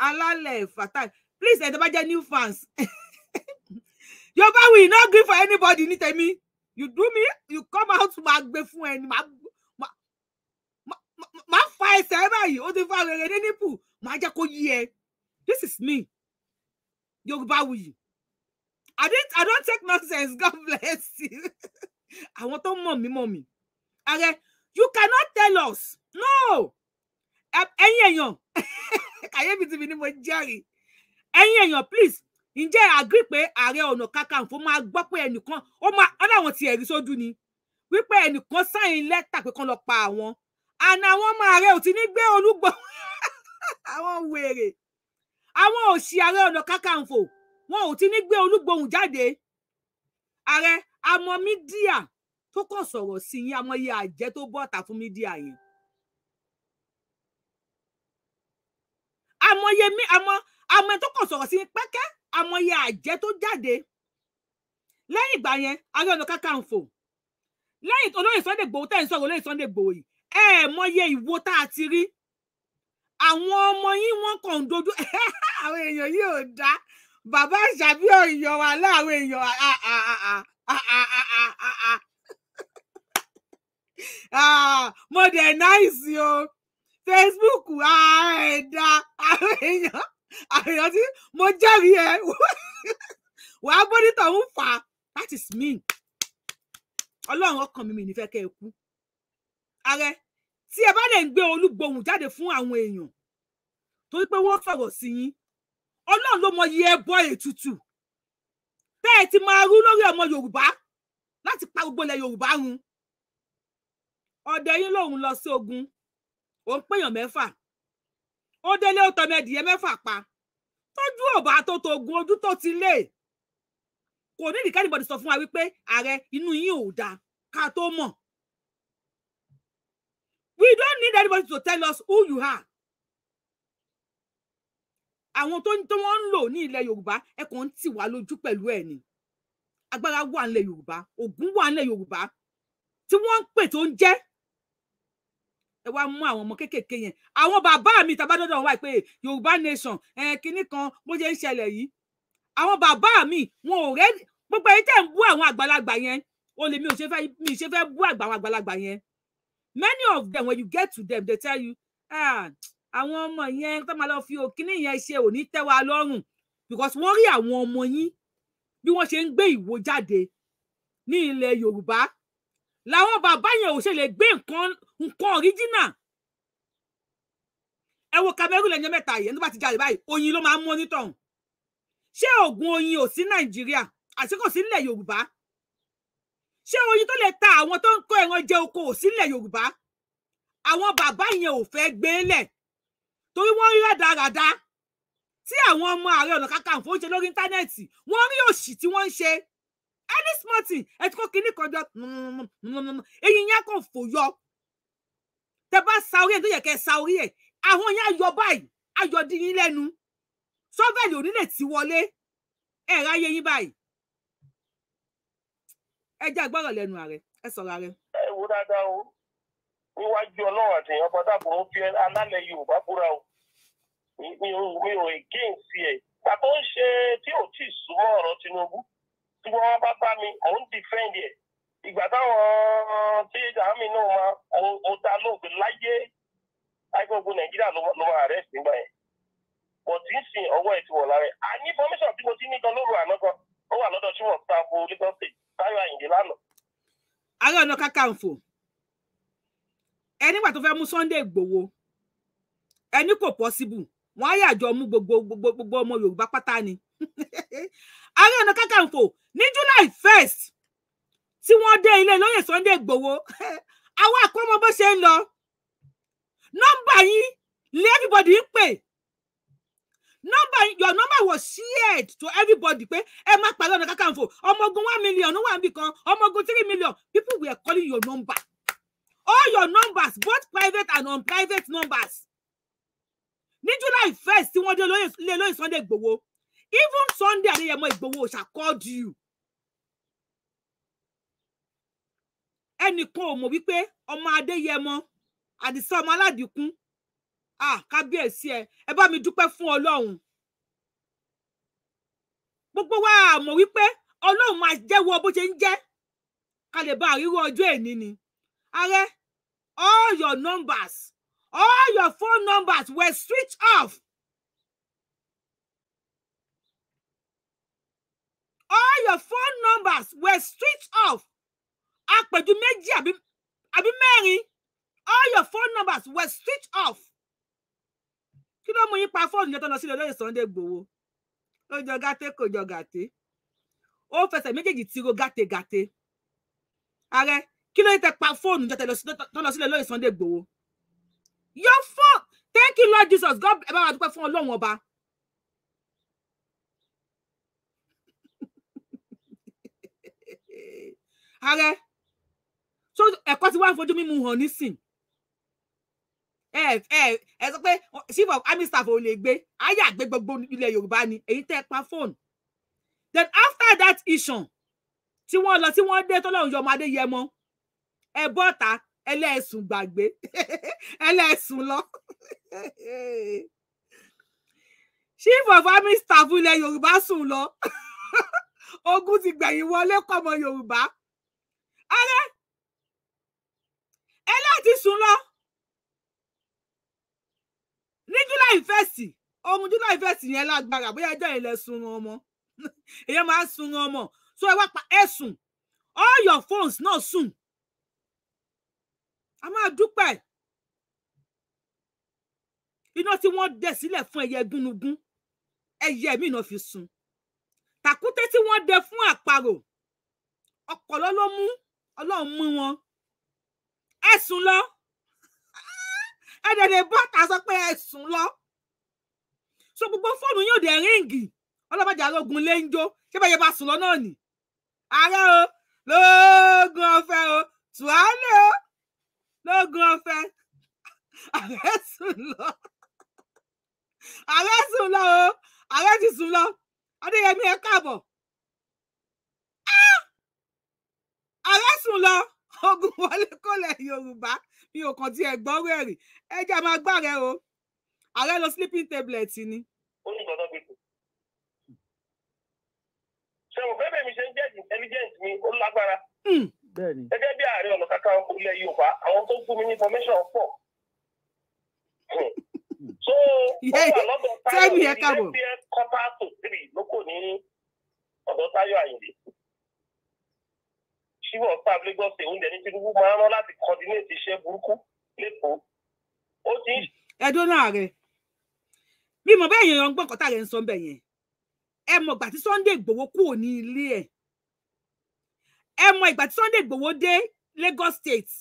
alálẹ̀ fatai please ẹ tó bá jẹ new fans yorùbá we no gree for anybody ní tèmi you do me you come out máa gbé fún ẹni máa má fa ẹsẹ̀ ẹ báyìí ó ti fa rere ní nípù má jẹ́ kó yí ẹ this is me Yorùbáwuyì i don't i don't take nonsense god bless you àwọn tó mọ̀ mí mọ̀ mí ààrẹ you cannot tell us no ẹ̀yin èèyàn kàyébi ti fi ni mo jẹ́rìí ẹ̀yin èèyàn please ǹjẹ́ àgírí pé ààrẹ ọ̀nà kakanfò máa gbọ́ pé ẹnìkan ó máa ọ̀nà àwọn ti ẹ̀rí sójú ni wípé ẹnìkan sáyìn lẹ́tà pé kán lọ pa àwọn àna àwọn ọmọ ààrẹ ò ti ní gbé olúgbọ àwọn wèrè àwọn òsì ààrẹ ọ̀nà kákàǹfò wọn ò ti ní gbé olúgbòhùn jáde ààrẹ àmọ́ mídíà tó kàn sọ̀rọ̀ sí yín àmọ́ iye àjẹ́ tó bọ́ta fún mídíà yẹn àmọ́ mi àmọ́ àmọ́ tó kàn sọ̀rọ̀ sí yín pẹ́kẹ́ àmọ́ iye àjẹ́ tó jáde lẹ́yìn ìgbà yẹn ààrẹ ọ̀nà kákàǹfò lẹ́yìn olóyè Sunday Igboho tẹ́ ń sọ̀rọ̀ olóyè Sunday Igboho yìí ẹ ẹ mọye ìwo tá a ti rí àwọn ọmọ yín wọn kàn ń dojú àwọn èèyàn yìí ò dá bàbá ìṣàbí ọyàn wà láwọn èèyàn mo dẹ̀ náìsì o Facebook ẹ̀dá àwọn èèyàn àwọn èèyàn tí mo jẹ́rìí ẹ wàá bọ́dítọ̀ ń fà á that is me ọlọ́run ọkàn mi mi nífẹ̀ẹ́ kẹ́ ẹ kú ààrẹ tí ẹ bá lè ń gbé olúgbòhùn jáde fún àwọn èèyàn torí pé wọ́n fọ̀rọ̀ sí yín ọlọ́run ló mọyì ẹbọ ètùtù tẹ́ ẹ ti máa rú lórí ọmọ yorùbá láti pa gbogbo ilẹ̀ yorùbá run ọdẹ yín lòun lọ sí ogun òun péyàn mẹ́fà ó délé ó tọmọ ẹdìyẹ mẹ́fà pa tójú ọba tó tó ogun ojú tó ti lé kò ní ìdíkẹ́ anybody sọ fún wa wípé ààrẹ inú yín ò dáa ká tó mọ̀ we don't need anybody to tell us who you are àwọn tó tó wọ́n ń lò ní ilẹ̀ yorùbá ẹ kàn ń tì wá lójú pẹ̀lú ẹ̀ ni agbára wà nílẹ̀ yorùbá ògùn wà nílẹ̀ yorùbá tí wọ́n ń pè tó ń jẹ́ ẹ wá mú àwọn ọmọ kéékèèké yẹn àwọn bàbá mi tàbá dọdọ wá pé yorùbá nation ẹ kinní kan bó ṣe ń ṣẹlẹ̀ yìí àwọn bàbá mi wọn ò rẹ gbogbo ẹ̀yin tẹ́ ń bú àwọn àgbàlagbà yẹn o mi ò ṣe fẹ́ mi ì àwọn àgbàlagbà yẹn many of them when you get to them they tell you ah àwọn ọmọ yẹn tó máa lọ fi òkínní yẹn ṣe ò ní tẹ́ wa lọ́rùn because wọ́n rí àwọn ọmọ yín bí wọ́n ṣe ń gbé ìwo jáde ní ilẹ̀ Yorùbá làwọn bàbá yẹn ò ṣe lè gbé nǹkan nǹkan original ẹ wo Cameroon lẹ́yìn mẹ́ta yìí ẹni tó bá ti jáde báyìí oyin ló máa ń mú onítọ̀hún ṣé oògùn oyin ò sí Nàìjíríà àti kò sí nílẹ̀ Yorùbá ṣé oyin tó lè ta àwọn tó ń kó ẹran jẹ oko sílẹ̀ yorùbá àwọn bàbá yẹn ò fẹ́ gbé lẹ̀ torí wọ́n rí rádaràda tí àwọn ọmọ ààrẹ ọ̀nà kakanfò ń ṣe lórí íńtánẹ́ẹ̀tì wọ́n rí òṣì tí wọ́n ń ṣe any small thing ẹ ti kó kinní kan jọ eyín yẹn kò fò yọ tẹ bá sa orí ẹ tó yẹ kẹ sa orí ẹ àwọn yẹn ayọ báyìí ayọ dín yín lẹ́nu sọfẹlì onílẹ ti wọlé ẹ ráyé yín báyìí ẹ jẹ́ àgbọ̀rọ̀ lẹ́nu ààrẹ ẹ sọ̀rọ̀ ààrẹ. ẹ wo dáadáa o níwájú ọlọ́run àti èèyàn padà kò ń fi alálẹ̀ yorùbá búra o mi ò mi ò against ẹ̀ tàbí ó ń ṣe tí ò tí ì súnmọ́ ọ̀rọ̀ tinubu tí wọ́n bá bá mi mò ń defend ẹ̀ ìgbà táwọn tí àmì náà máa mo ta lóògbé láyé àìgbogbo nàìjíríà ló máa arrest nígbà yẹn bọ̀ tí ń sìn ọwọ́ ẹ̀ ti wọ̀ lára ẹ̀ àní information tí mo ti ní gan lóru àná gan ó wà lọ́dọ̀ tí wọ́n ta ko lagos state Táyọ̀ Àyìndé lánàá. Ààrẹ Ọ̀nà Kakanfò ẹ nígbà tó fẹ́ mú Sunday Ìgbòho ẹ ní kò pọ́síbù wọ́n á yàjọ mú gbogbo gbogbo gbogbo ọmọ Yorùbá pátá ni. Ààrẹ Ọ̀nà Kakanfò ní July first tí wọ́n dé ilé lóyè Sunday Ìgbòho àwọn àkọ́mọ bó ṣe ń lọ nọ́mbà yín lé everybody ń pè number your number was shared to everybody pé ẹ má pa lọ́nà kákàǹfò ọmọ ogun one million wà níbì kan ọmọ ogun three million people were calling your number all your numbers both private and unprivate numbers ní July first tí wọ́n dé lé lóyè Sunday Igboho even Sunday Adéyẹmọ Igboho ṣá called you ẹnìkan ò mọ̀ wípé ọmọ Adéyẹmọ àdìsá ọmọ aládìkún ah kábíyèsí ẹ ẹ bá mi dúpẹ́ fún Ọlọ́run gbogbo wa mọ̀ wípé Ọlọ́run máa jẹ́wọ́ bó ṣe ń jẹ́ ká bá àríwọ ọjọ́ èní ni ààrẹ all your numbers all your phone numbers were switched off all your phone numbers were switched off àpèjú méjì àbí mẹ́rin all your phone numbers were switched off kí ló mú yín pa fóònù yẹn tó lọ sílé olóyè Sunday Igboho ó jọ gàté kò jọ gàté ó fẹsẹ̀ méjèèjì tiro gàté gàté ààrẹ kí ló yẹ tẹ pa fóònù yẹn tó lọ sílé olóyè Sunday Igboho your phone thank you Lord Jesus God ẹ bá wa dúpẹ́ fún Ọlọ́run ọba. ààrẹ so ẹ̀kọ́ ti wá fojú mímu hàn nísìn ẹ ẹ ẹ sọ pé chief of army staff ò lè gbé àyà gbé gbogbo ilẹ̀ yorùbá ni èyí tẹ́ pa fóònù then after that iṣan tí wọ́n lọ tí wọ́n dé tọ́lọ́run yọmọ adéyẹmọ ẹ bọ́ta ẹlẹ́sùn gbàgbé ẹlẹ́sùn lọ chief of army staff ilẹ̀ yorùbá sùn lọ ogun ti gbẹ̀yìn wọlé kọ́mọ yorùbá ààrẹ ẹ láti sùn lọ ní july first ohun july first yẹn lágbára bóyá ẹjọ́ yẹn lẹ sunrun ọmọ èèyàn máa ń sunrun ọmọ so ẹ wá pa ẹ sùn all your phones náà sùn a máa dúpẹ́ iná tí wọ́n dẹ̀ sílẹ̀ fún ẹyẹ gúnugún ẹyẹ mi náà fi sùn tàkúté tí wọ́n dẹ fún àparò ọkọ̀ ló ló mú ọlọ́run mú wọn ẹ sùn lọ ẹdẹdẹ bọta sọ pé ẹ sùn lọ so gbogbo fóònù yóò dé ríǹgì ọlọ́bàjà arógun lé ń jó ṣé bẹ́ẹ̀ yẹ bá sùn lọ náà nì ààrẹ o lóògùn ọ̀fẹ́ o tùwálé o lóògùn ọ̀fẹ́ ààrẹ sùn lọ ààrẹ sùn lọ o ààrẹ ti sùn lọ adéyẹmí ẹ káàbọ̀ ah! ààrẹ sùn lọ ogun wọlé kọlẹ yorùbá mi ò kàn tiẹ̀ gbọ́rú ẹ̀ rí ẹ jẹ́ máa gbàrẹ o ààrẹ lo sleeping tablet ni. ó ní ìgbà tó gbé ṣe mo fẹ́ bẹ́ẹ̀ mi ṣe ń jẹ́ intelligence mi ó lágbára. Hmm. gẹ́gẹ́ bí ààrẹ ọ̀nà kakanfò ilẹ̀ yorùbá àwọn tó fún mi ní information pọ̀. Hmm. so ó wà lọ́dọ̀ táyọ̀ ní ilé bí ẹ kọ́tà tó tìrì lóko ní ọ̀dọ̀ táyọ̀ àyìnlé chief of staff Lagos State oúnjẹ ní Tinubu máa ń rán láti coordinate iṣẹ́ burúkú lẹ́kọ̀ọ́ ó ti. ẹdún náà rẹ bí mo bá èèyàn ń gbọ́ nǹkan tá a rẹ̀ ń bẹ̀ yẹn ẹ mọ̀ ìgbà tí Sunday Igboho kúrò ní ilé ẹ̀ ẹ mọ̀ ìgbà tí Sunday Igboho dé Lagos State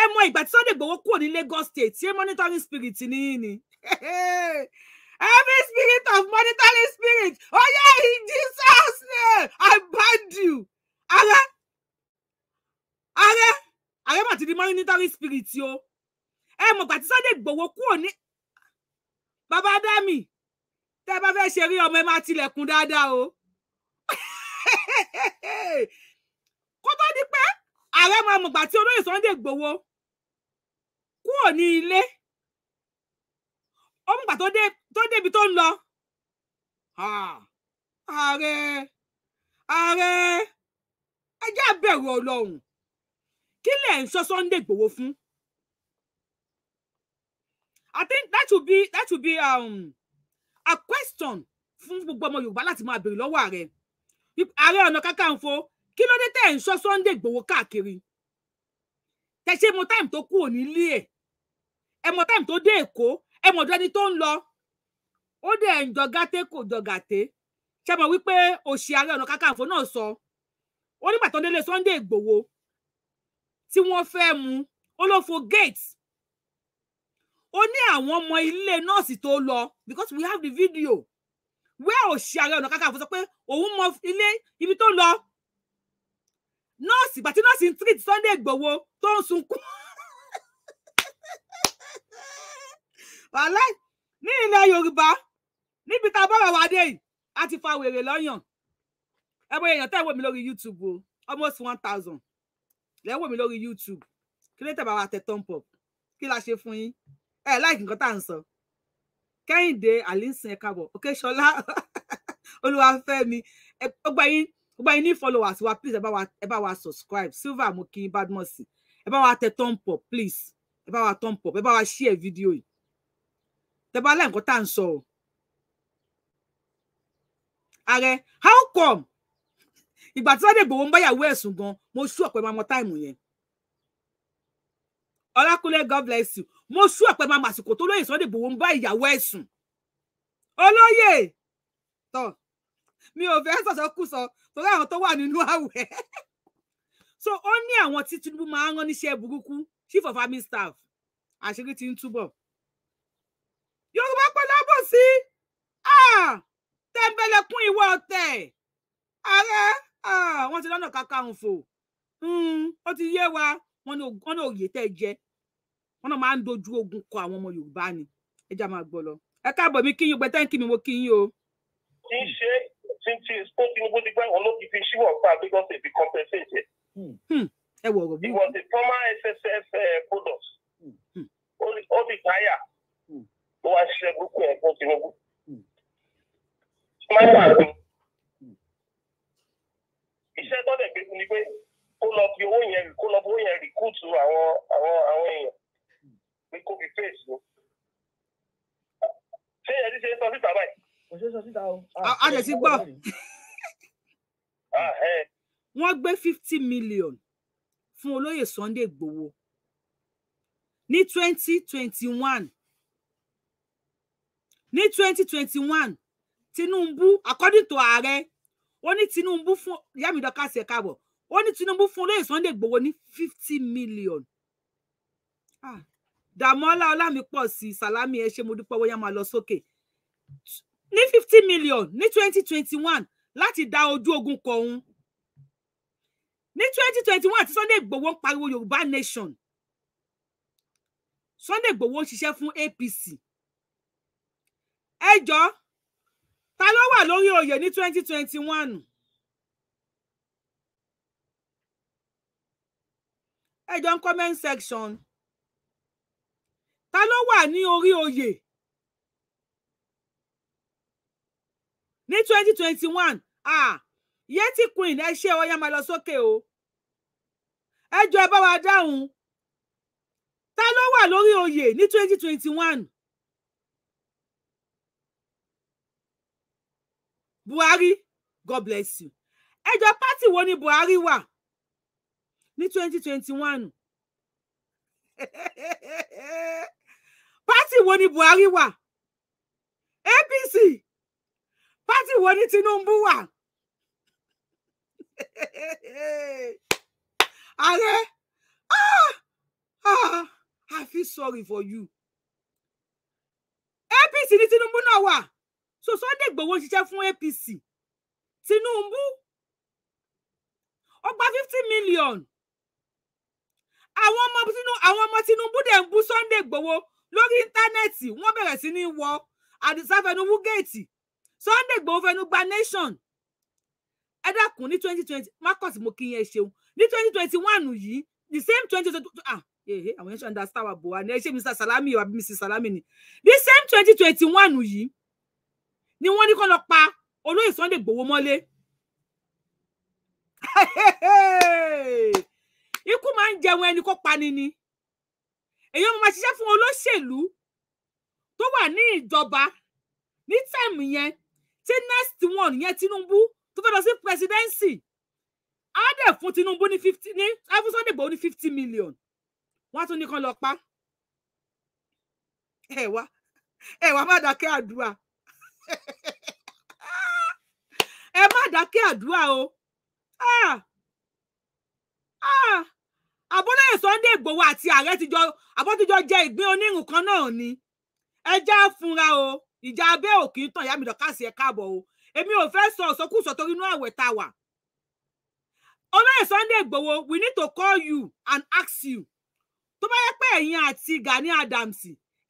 ẹ mọ̀ ìgbà tí Sunday Igboho kúrò ní Lagos State ṣé monitoring spirit ní í ni every spirit of monitoring spirit oh yeah in Jesus name I bind you ààrẹ ààrẹ ààrẹ mà ti di monitory spirit o ẹ mọ̀ gbà tí Sunday Igboho kúrò ní bàbá dami tẹ bá fẹ́ ṣe rí ọmọ ẹ máa tilẹ̀kùn dáadáa o kó tó di pé ààrẹ máa mọ̀ gbà tí olóyè Sunday Igboho kúrò ní ilé ó mọ̀gbà tó débi tó ń lọ ààrẹ ààrẹ ẹ jẹ́ àbẹ̀rù ọlọ́run kí lẹ̀ ń sọ Sunday Igboho fún I think that should be that should be um, a question fún gbogbo ọmọ Yorùbá láti máa béèrè lọ́wọ́ ààrẹ ààrẹ ọ̀nà kakanfò kí ló dé tẹ̀ ń sọ Sunday Igboho káàkiri tẹ̀sẹ̀ mọ táìmù tó kúrò nílé ẹ̀ ẹ mọ táìmù tó dé Èkó ẹ mọ̀ ọ̀dọ̀ ẹni tó ń lọ ó dẹ̀ ń jọgàté kò jọgàté ṣe mọ̀ wípé òṣì ààrẹ ọ̀nà kakanfò náà sọ. So ó nígbà Sunday Ìgbòho tí wọ́n fẹ́ mu ó ló fo gate ó ní àwọn ọmọ ilé nọ́ọ̀sì tó lọ because we have the video where òṣì Ààrẹ Ọ̀nà Kakanfò sọ pé òun mọ ilé ibi tó lọ nọ́ọ̀sì bàtí nọ́ọ̀sì ń treat Sunday Ìgbòho tó ń sunkún wàhálà ní ilẹ̀ Yorùbá níbi tá a bọ̀rọ̀ wá dé yìí a ti fa wèrè lọ́yàn ẹ bọ èèyàn tẹ́ wò mí lórí youtube o almost one thousand lẹ́ wò mí lórí youtube kí ló tẹ̀ bá wa tẹ thumb up kí la ṣe fún yín ẹ láìkí nǹkan tá à ń sọ kẹ́hìndé àlínsìn ẹ káàbọ̀ òkè ṣọlá olúwafẹ́mi ọgbà yín ọgbà yín ní followers wa please ẹ bá wa ẹ subscribe silver mo kí badmus ẹ bá wa tẹ thumb up please ẹ bá wa thumb up ẹ bá wa share video yìí tẹ bá láì nǹkan tá à ń sọ ààrẹ how come ìgbà tí Sunday Igboho ń báyàwó ẹ̀sùn gan mo sú ọ̀pẹ máa mọ táìmù yẹn Ọlákúnlé God bless you mo sú ọ̀pẹ máa màsìkò tó lóye Sunday Igboho ń bá ìyàwó ẹ̀sùn olóyè tọ mi ò fẹ́ sọ̀sọ́ kù sọ torí àwọn tó wà nínú àwẹ̀ so ó ní àwọn tí Tinubu máa ń rán níṣẹ́ burúkú chief of army staff àṣírí ti ń túbọ̀ Yorùbá pẹ́ lábọ̀ sí ah! tẹ́ńbẹ́lẹ́kún ìwọ ọ̀tẹ̀ ààrẹ Ah, wọ́n ti lọ́nà kakanfò hmm, ó ti yé wa wọ́n ní òye tẹ́ jẹ wọ́n náà máa ń dojú ogun kọ àwọn ọmọ yorùbá ni ẹ já máa gbọ́ lọ ẹ káàbọ̀ mi kíyìn gbẹtẹ kí mi mo kíyìn o. kì í ṣe títí ó tinubu ti gbá ìwọn ló fi fi ṣíwọ pa because it be compensated. Hmm, hmm, ẹ wọ ọ̀rọ̀ bí. it was a former SSS eh, product ó di táyà ló wá ṣiṣẹ́ gbogbo ẹ̀ fún tinubu iṣẹ́ tó dẹ̀ gbé fún ni pé kó lọ fi owó yẹn kó lọ fi owó yẹn rìkúùtù àwọn àwọn àwọn èèyàn pé kó fi fèsì o. ṣé ẹ ti ṣe sọ síta báyìí. kò ṣe sọ síta o. a lè ti gbọ́. Ah, wọ́n gbé fifty million fún olóyè Sunday Igboho ní twenty twenty one ní twenty twenty one Tinubu according to ààrẹ Oni ní Tinubu fún yàmídọ́ kásẹ̀ káàbọ̀ ó ní Tinubu fún olóyè Sunday Igboho ní fifty million ah, Dàmọ́lá ọlámi pọ̀ sí Sàlámì ẹ ṣe mo dúpẹ́ wọ́n yá máa lọ sókè ní fifty million ní twenty twenty one láti dá ogun kọ òun ní twenty twenty one àti Sunday Igboho ń pariwo Yorùbá nation Sunday Igboho ń ṣiṣẹ́ APC Ejo. jọ̀ọ́ ta ló wà lórí oyè ní twenty twenty one ẹ jọ ń comment section ta ló wà ní orí oyè ní twenty twenty one Yẹtí Queen ẹ ṣe ọyá máa lọ sókè o ẹ jọ ẹ bá wa dáhùn ta ló wà lórí oyè ní twenty twenty one. buhari god bless you ẹjọ party wo ni buhari wà ní twenty twenty one pátì wo ni buhari wà apc pátì wo ni tinubu wà ààrẹ ah ah i feel sorry for you apc ni tinubu náà wà so Sunday Igboho ń ṣiṣẹ́ fún APC Tinubu ó gba fifty million àwọn ọmọ Tinubu àwọn ọmọ Tinubu dẹ̀ ń bú Sunday Igboho lórí íńtánẹ́ẹ̀tì wọ́n bẹ̀rẹ̀ sí ní wọ Àdìsá fẹnu wúgẹ́ẹ̀tì Sunday Igboho fẹnu gba nation ẹ dákun ní twenty twenty marcus mo kí yẹn ṣeun ní twenty twenty the same twenty twenty ah ehe eh, àwọn yẹn ṣe understand wa bò wá ní ẹ ṣe mr salami wa bí mrs salami ni the same twenty twenty one ni wọ́n ní kó lọ pa olóyè Sunday Igboho mọ́lé ikú máa ń jẹun ẹni kó pani ni èèyàn máa ṣiṣẹ́ fún olóṣèlú tó wà ní ìjọba ní tẹ̀mù yẹn tí next one yẹn Tinubu tó fẹ́ lọ sí presidency á dẹ̀ fún Tinubu ní fifty ní á fún Sunday Igboho ní fifty million wọ́n á tún ní kán lọ pa ẹ̀ wá ẹ̀ wá má dákẹ́ àdúrà ẹ má dákẹ́ àdúrà o àbúlé ah! ah! Sunday Igboho àti ààrẹ tijọ àbọ̀tijọ jẹ ìgbín onírun kan náà ni ẹ já funra o ìjà abẹ́ òkì ń tàn ìyá mi dọ̀kásì ẹ̀ káàbọ̀ o èmi ò fẹ́ sọ ọ̀sọ́kùsọ torí inú àwẹ̀ tá a wà olóyè Sunday Igboho we need to call you and ask you tó bá yẹ pé ẹ̀yin àti Gani Adams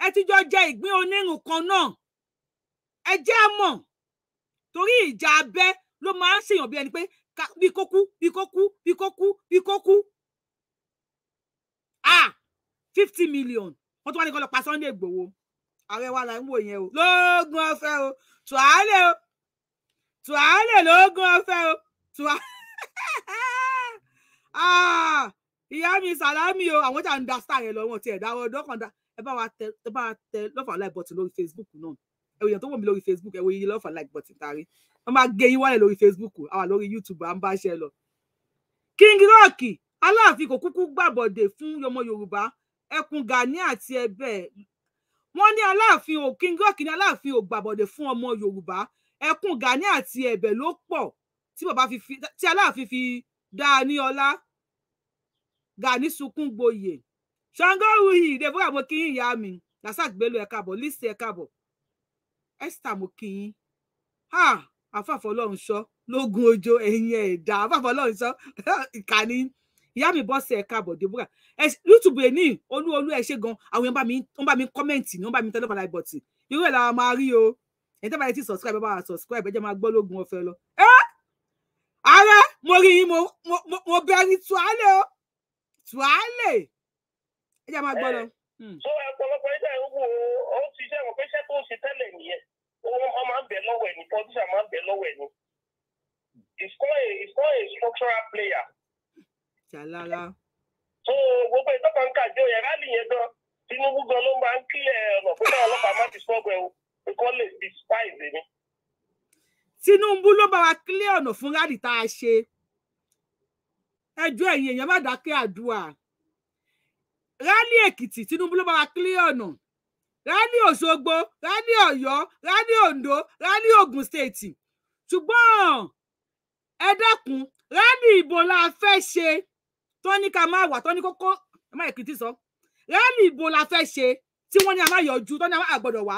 ẹ ti jọ jẹ ìgbín onírun kan náà ẹ jẹ́ á mọ̀ torí ìjà abẹ́ ló máa ń ṣèyàn bí ẹni pé bí kó kú bí kó kú bí kó kú bí kó kú ah fifty million wọ́n tún wá ní kọ́ lọ pa Sunday Igboho ààrẹ wa là ń wò yẹn o lóògùn ọ̀fẹ́ o tùwálẹ̀ o tùwálẹ̀ lóògùn ọ̀fẹ́ o tùwálẹ̀ ah, ìyá mi sàlámì o àwọn tí a ń da star yẹn lọ wọn ti ẹ̀ dáwọ́ ọdún ọkàn dá ẹ bá wa tẹ lọ́fà láì bọ̀tì lórí Facebook náà ẹwọ èèyàn tó wò mí lórí facebook ẹwọ iye lọfà like button tari wọn máa gé yín wálẹ̀ lórí facebook àwa lórí youtube à ń bá ṣe lọ. king rock aláàfin kò kúkú gbàbọ̀dè fún ọmọ yorùbá ẹkùn gani àti ẹbẹ wọn ní aláàfin ò king rock ní aláàfin ò gbàbọ̀dè fún ọmọ yorùbá ẹkùn gani àti ẹbẹ ló pọ̀ tí bàbá fi fi tí aláàfin fi dá a ní ọlá gani sunkún gboyè ṣàngó ruhi ìdẹ̀bọ́ àbókí ìyá mi rasaq bello ẹ káàbọ̀ lisi ẹ káàbọ̀ Esther mo kí yín àfàfọ́ ọlọ́run sọ lógún ọjọ́ ẹ̀yin ẹ̀dá àfàfọ́ ọlọ́run sọ ìkànnì ìyá mi bọ́sẹ̀ ẹ̀ka àbọ̀dé búra youtube ẹ̀ ní olú olú ẹ̀ ṣe gan àwọn èèyàn bá mi kọ́mẹ̀ǹtì ni wọ́n bá mi tẹ́lẹ̀ fàlàyé bọ̀tì irú ẹ̀ làwọn máa rí o ẹ̀yin tẹ́lẹ̀ ti subscribe ẹ bá wa subscribe ẹ jẹ́ máa gbọ́ lógun ọ̀fẹ́ lọ. ààrẹ mo rí yín mo bẹ̀rù tùálẹ̀ o tùálẹ̀ ẹ jẹ́ máa gbọ́ lọ. Hmm. so ọ̀pọ̀lọpọ̀ ẹ̀dá ìwò ó ti ṣe àwọn pẹ́ṣẹ́ tó ṣe tẹ́lẹ̀ nìyẹn wọ́n máa ń bẹ̀ lọ́wọ́ ẹ̀ ní pọ́tíṣà máa ń bẹ̀ lọ́wọ́ ẹ̀ ní. it's not a it's not a structural player. Jalala. so gbogbo ìtọ́kọ̀ ń kàjọ yẹn rálì yẹn gan Tinubu gan ló máa ń kílẹ̀ eh, ọ̀nà pé káwọn ọlọ́pàá má ti sọ́gbẹ̀ o nǹkan lè fi spice ni. Tinubu ló bá wa kílẹ̀ ọ̀nà fún rádì tá a ṣe ẹjọ́ ẹ̀yìn èèyàn má dákẹ́ àdúrà rálí èkìtì tinubu ló bá wa kílíọ̀nù rálí òṣogbo rálí ọ̀yọ́ rálí ondo rálí ogun state ṣùgbọ́n ẹ dákun rálí ìbò la fẹ́ ṣe tọ́ni ká máa wà tọ́ni kókó ẹ má èkìtì sọ rálí ìbò la fẹ́ ṣe tí wọ́n ní a máa yọjú tọ́ni a gbọ́dọ̀ wá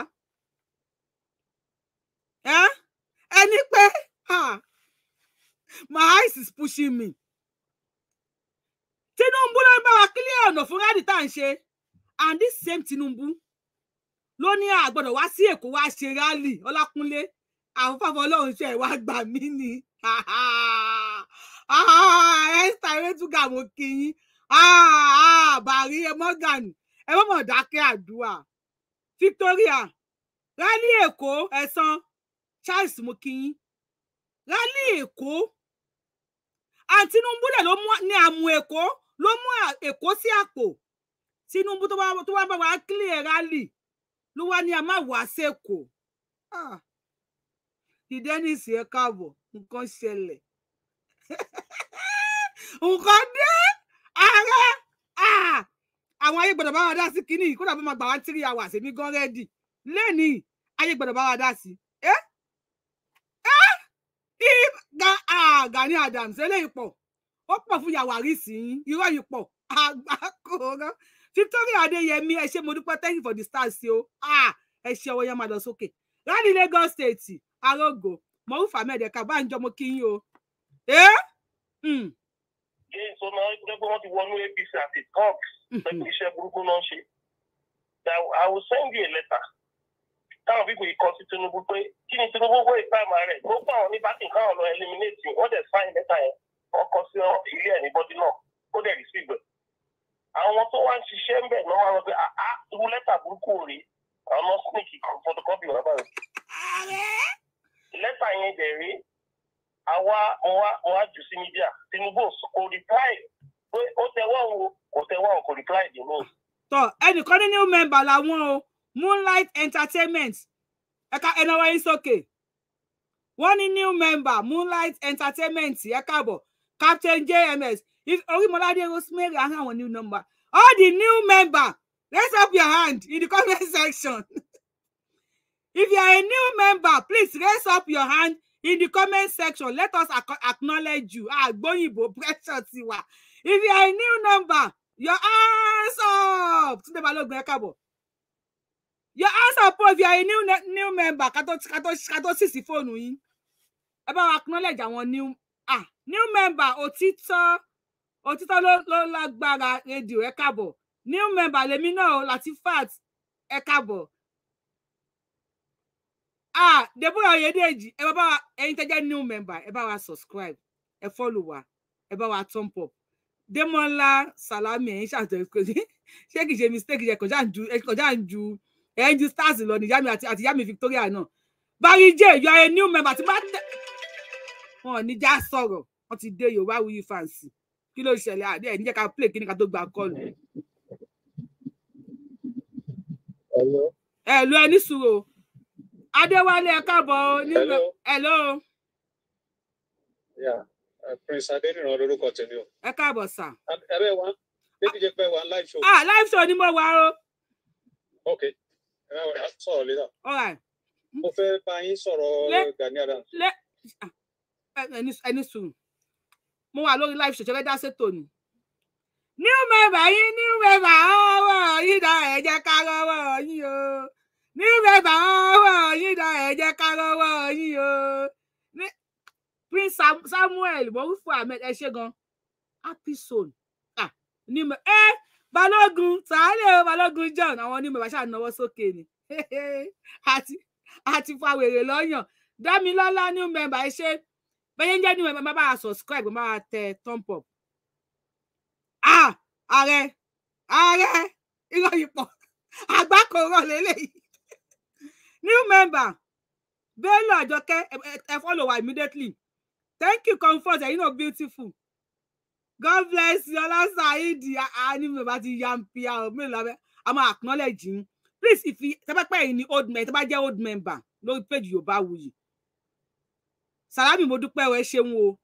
ẹni pé my eyes is pushing me Tinubu ló ń bá wa kílẹ̀ ọ̀nà fún rádì tá à ń ṣe and this same Tinubu ló ní a gbọ́dọ̀ wá sí Èkó wá ṣe rálì Ọlákúnlé àwọn fáfọ Ọlọ́run ṣe ìwà gbà mí ni Esther ah, erétúgà mo kí yín ah, ah, bàrí Morgan ẹ mọ̀ mọ̀ dákẹ́ àdúrà Victoria rálì Èkó ẹ̀sán Charles mo kí yín rálì Èkó àti Tinubu lè ló ní àmú Èkó. ló mú èkó sí àpò Tinubu tó wá bá wa rali rally ló wá ní a máa wá sẹkọ ah. Dennis ẹ káàbọ̀ nǹkan ṣẹlẹ̀ nǹkan dé ààrẹ ah! àwọn ayé gbọ́dọ̀ bá wa dá sí kínní kódà bó máa gbà wá three hours èmi gan rẹdì ayé ẹ Gani Adams eléyìí ó pọ̀ fún yàwá rí sí i irọ́ yìí pọ̀ àgbákòrán Victoria Adéyẹmí ẹ ṣé mo dúpẹ́ thank you for the stars o ẹ ṣé ọwọ́ yẹn máa lọ sókè rally Lagos State arógo mọ̀rúfà mẹ́ẹ̀dẹ́ka bá ń jọmọ kí yín o. james hmm. ọmọ ẹgbẹ́ wọn ti wọnú APC àti cox hmm, hmm. pẹ̀lú iṣẹ́ burúkú náà ṣe I will send you a letter táwọn bíbù ikọ sí Tinubu pé kí ni Tinubu wọ ìpamọ́ rẹ̀ gbogbo àwọn oníbàkì káwọn lọ eliminate you. wọ́n dẹ̀ sign letter yẹn ọkọ sí ilé ẹ̀ ní bọ́dí náà ó dẹ̀ rí sí ìgbẹ́. àwọn tó wá ń ṣiṣẹ́ ń bẹ̀ náà wá lọ pé àá ah, ah, irú lẹ́tà burúkú rè àwọn náà sneak kan photocopy wà báyìí. lẹ́tà yẹn dẹ̀ rí àwa wọn á jù sí mídíà Tinubu kò reply pé ó tẹwọ́ o kò tẹwọ́ o kò reply dè mí. tọ ẹnìkan ní new member làwọn o Moonlight Entertainment ẹ̀ka ẹ̀nà wáyé sókè wọ́n ní new member Moonlight Entertainment ẹ̀ káàbọ̀ captain jms if orimolade rosemary i have new number all the new member raise up your hand in the comment section if you are a new member please raise up your hand in the comment section let us acknowledge you ah, agboyibo pressure tiwa if you are a new number your hands up Túndé Balógun ẹ your hands up if you are a new new member ká tó ká tó ká tó sì sí acknowledge àwọn new ah new member òtítọ́ òtítọ́ ló ló lágbára rédíò ẹ káàbọ̀ new member lèmi náà o Latifat ẹ káàbọ̀ ah Deborah Oyedeji ẹ bá wa ẹ̀yin tẹ́ new member ẹ bá wa subscribe ẹ follow wa ẹ bá wa thumb up Demola Salami ẹ̀yin ṣàtẹ̀kọ́ ṣé kìí ṣe mistake ẹ kọjá ju ẹ kọjá ju ẹ ń ju stars lọ ní ìyá mi àti ìyá Victoria náà Barry J you are a new member ti bá tẹ wọn ò ní já sọ̀rọ̀ wọn ti dé yorùbá wuyi fàǹsì kí ló ṣẹlẹ̀ àdé ẹ níjẹ ká play kíní ká tó gba kọlù. ẹ̀lú ẹni sùúrù adéwálé ẹ káàbọ̀ nígbà ẹ̀lú. Uh, prince adéníran lórúkọ tèmi o. ẹ káàbọ̀ sà. ẹ bẹ́ẹ̀ wá débi jẹ́ pé wà live show. ah live show ni mo wà o. ok ẹ bá wà sọ̀rọ̀ lẹ́tà. mo fẹ́ bá yín sọ̀rọ̀ Gani Adams. Ah, ẹni sùn mo wà lórí live ṣèṣẹ́ fẹ́ dá ṣètò ni new member yín new member ọwọ́ yín dá ẹ jẹ́ ká lọ́wọ́ yín o new member ọwọ́ yín dá ẹ jẹ́ ká lọ́wọ́ yín o prince samuel mọ̀wúfù ahmed ẹ ṣe gan happy soul ah ní mọ̀ ẹ́ balógun sàálẹ̀ o balógun john àwọn onímọ̀ ìbáṣà náwó sókè ni àti àti fàwèrè lọ́yàn dámilọ́lá new member ẹ ṣe bẹ́ẹ̀ ń jẹ́ ní ẹ̀ bá subscribe bá tẹ thumb up. ah ààrẹ ààrẹ irọ́ ipò àgbákòrò lélẹ́yìí new member Bello Àjọkẹ́ ẹ follow immediately thank you comfort You know, beautiful god bless you ọlọ́sà ayédi I, mi bá ti yan pia o mi lọ́wọ́ a máa acknowledge yín please if tẹ́pẹ́pẹ́ yìí ni old member tẹ́pẹ́ jẹ́ old member lórí page Yorùbáwùyí Salami mo dúpẹ́ ẹ ṣeun o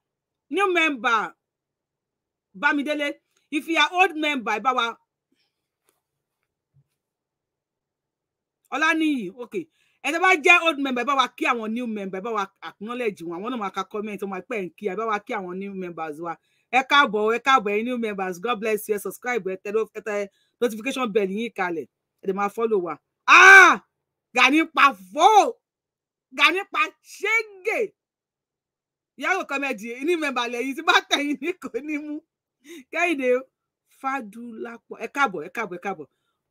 new member Bámidélé if you are old member ẹ bá wa Ọláníyì okay ẹ tẹ́ bá jẹ́ old member ẹ bá wa kí àwọn new member ẹ bá wa acknowledge wọn àwọn náà máa ka comment ọmọ ẹpẹ ń kí ẹ bá wa kí àwọn new members wa ẹ káàbọ̀ ẹ káàbọ̀ ẹ new members God bless you ẹ subscribe ẹ tẹ notification bell yín kalẹ̀ ẹ dẹ̀ máa follow wa ah Gani pa fo Gani pa ṣége ìyáwó kọmẹdì ní mẹmbà lẹ́yìn tí bá tẹ̀yìn ní kò ní mú Kẹ́hìndé Fadúlápọ̀ ẹ káàbọ̀ ẹ káàbọ̀ ẹ káàbọ̀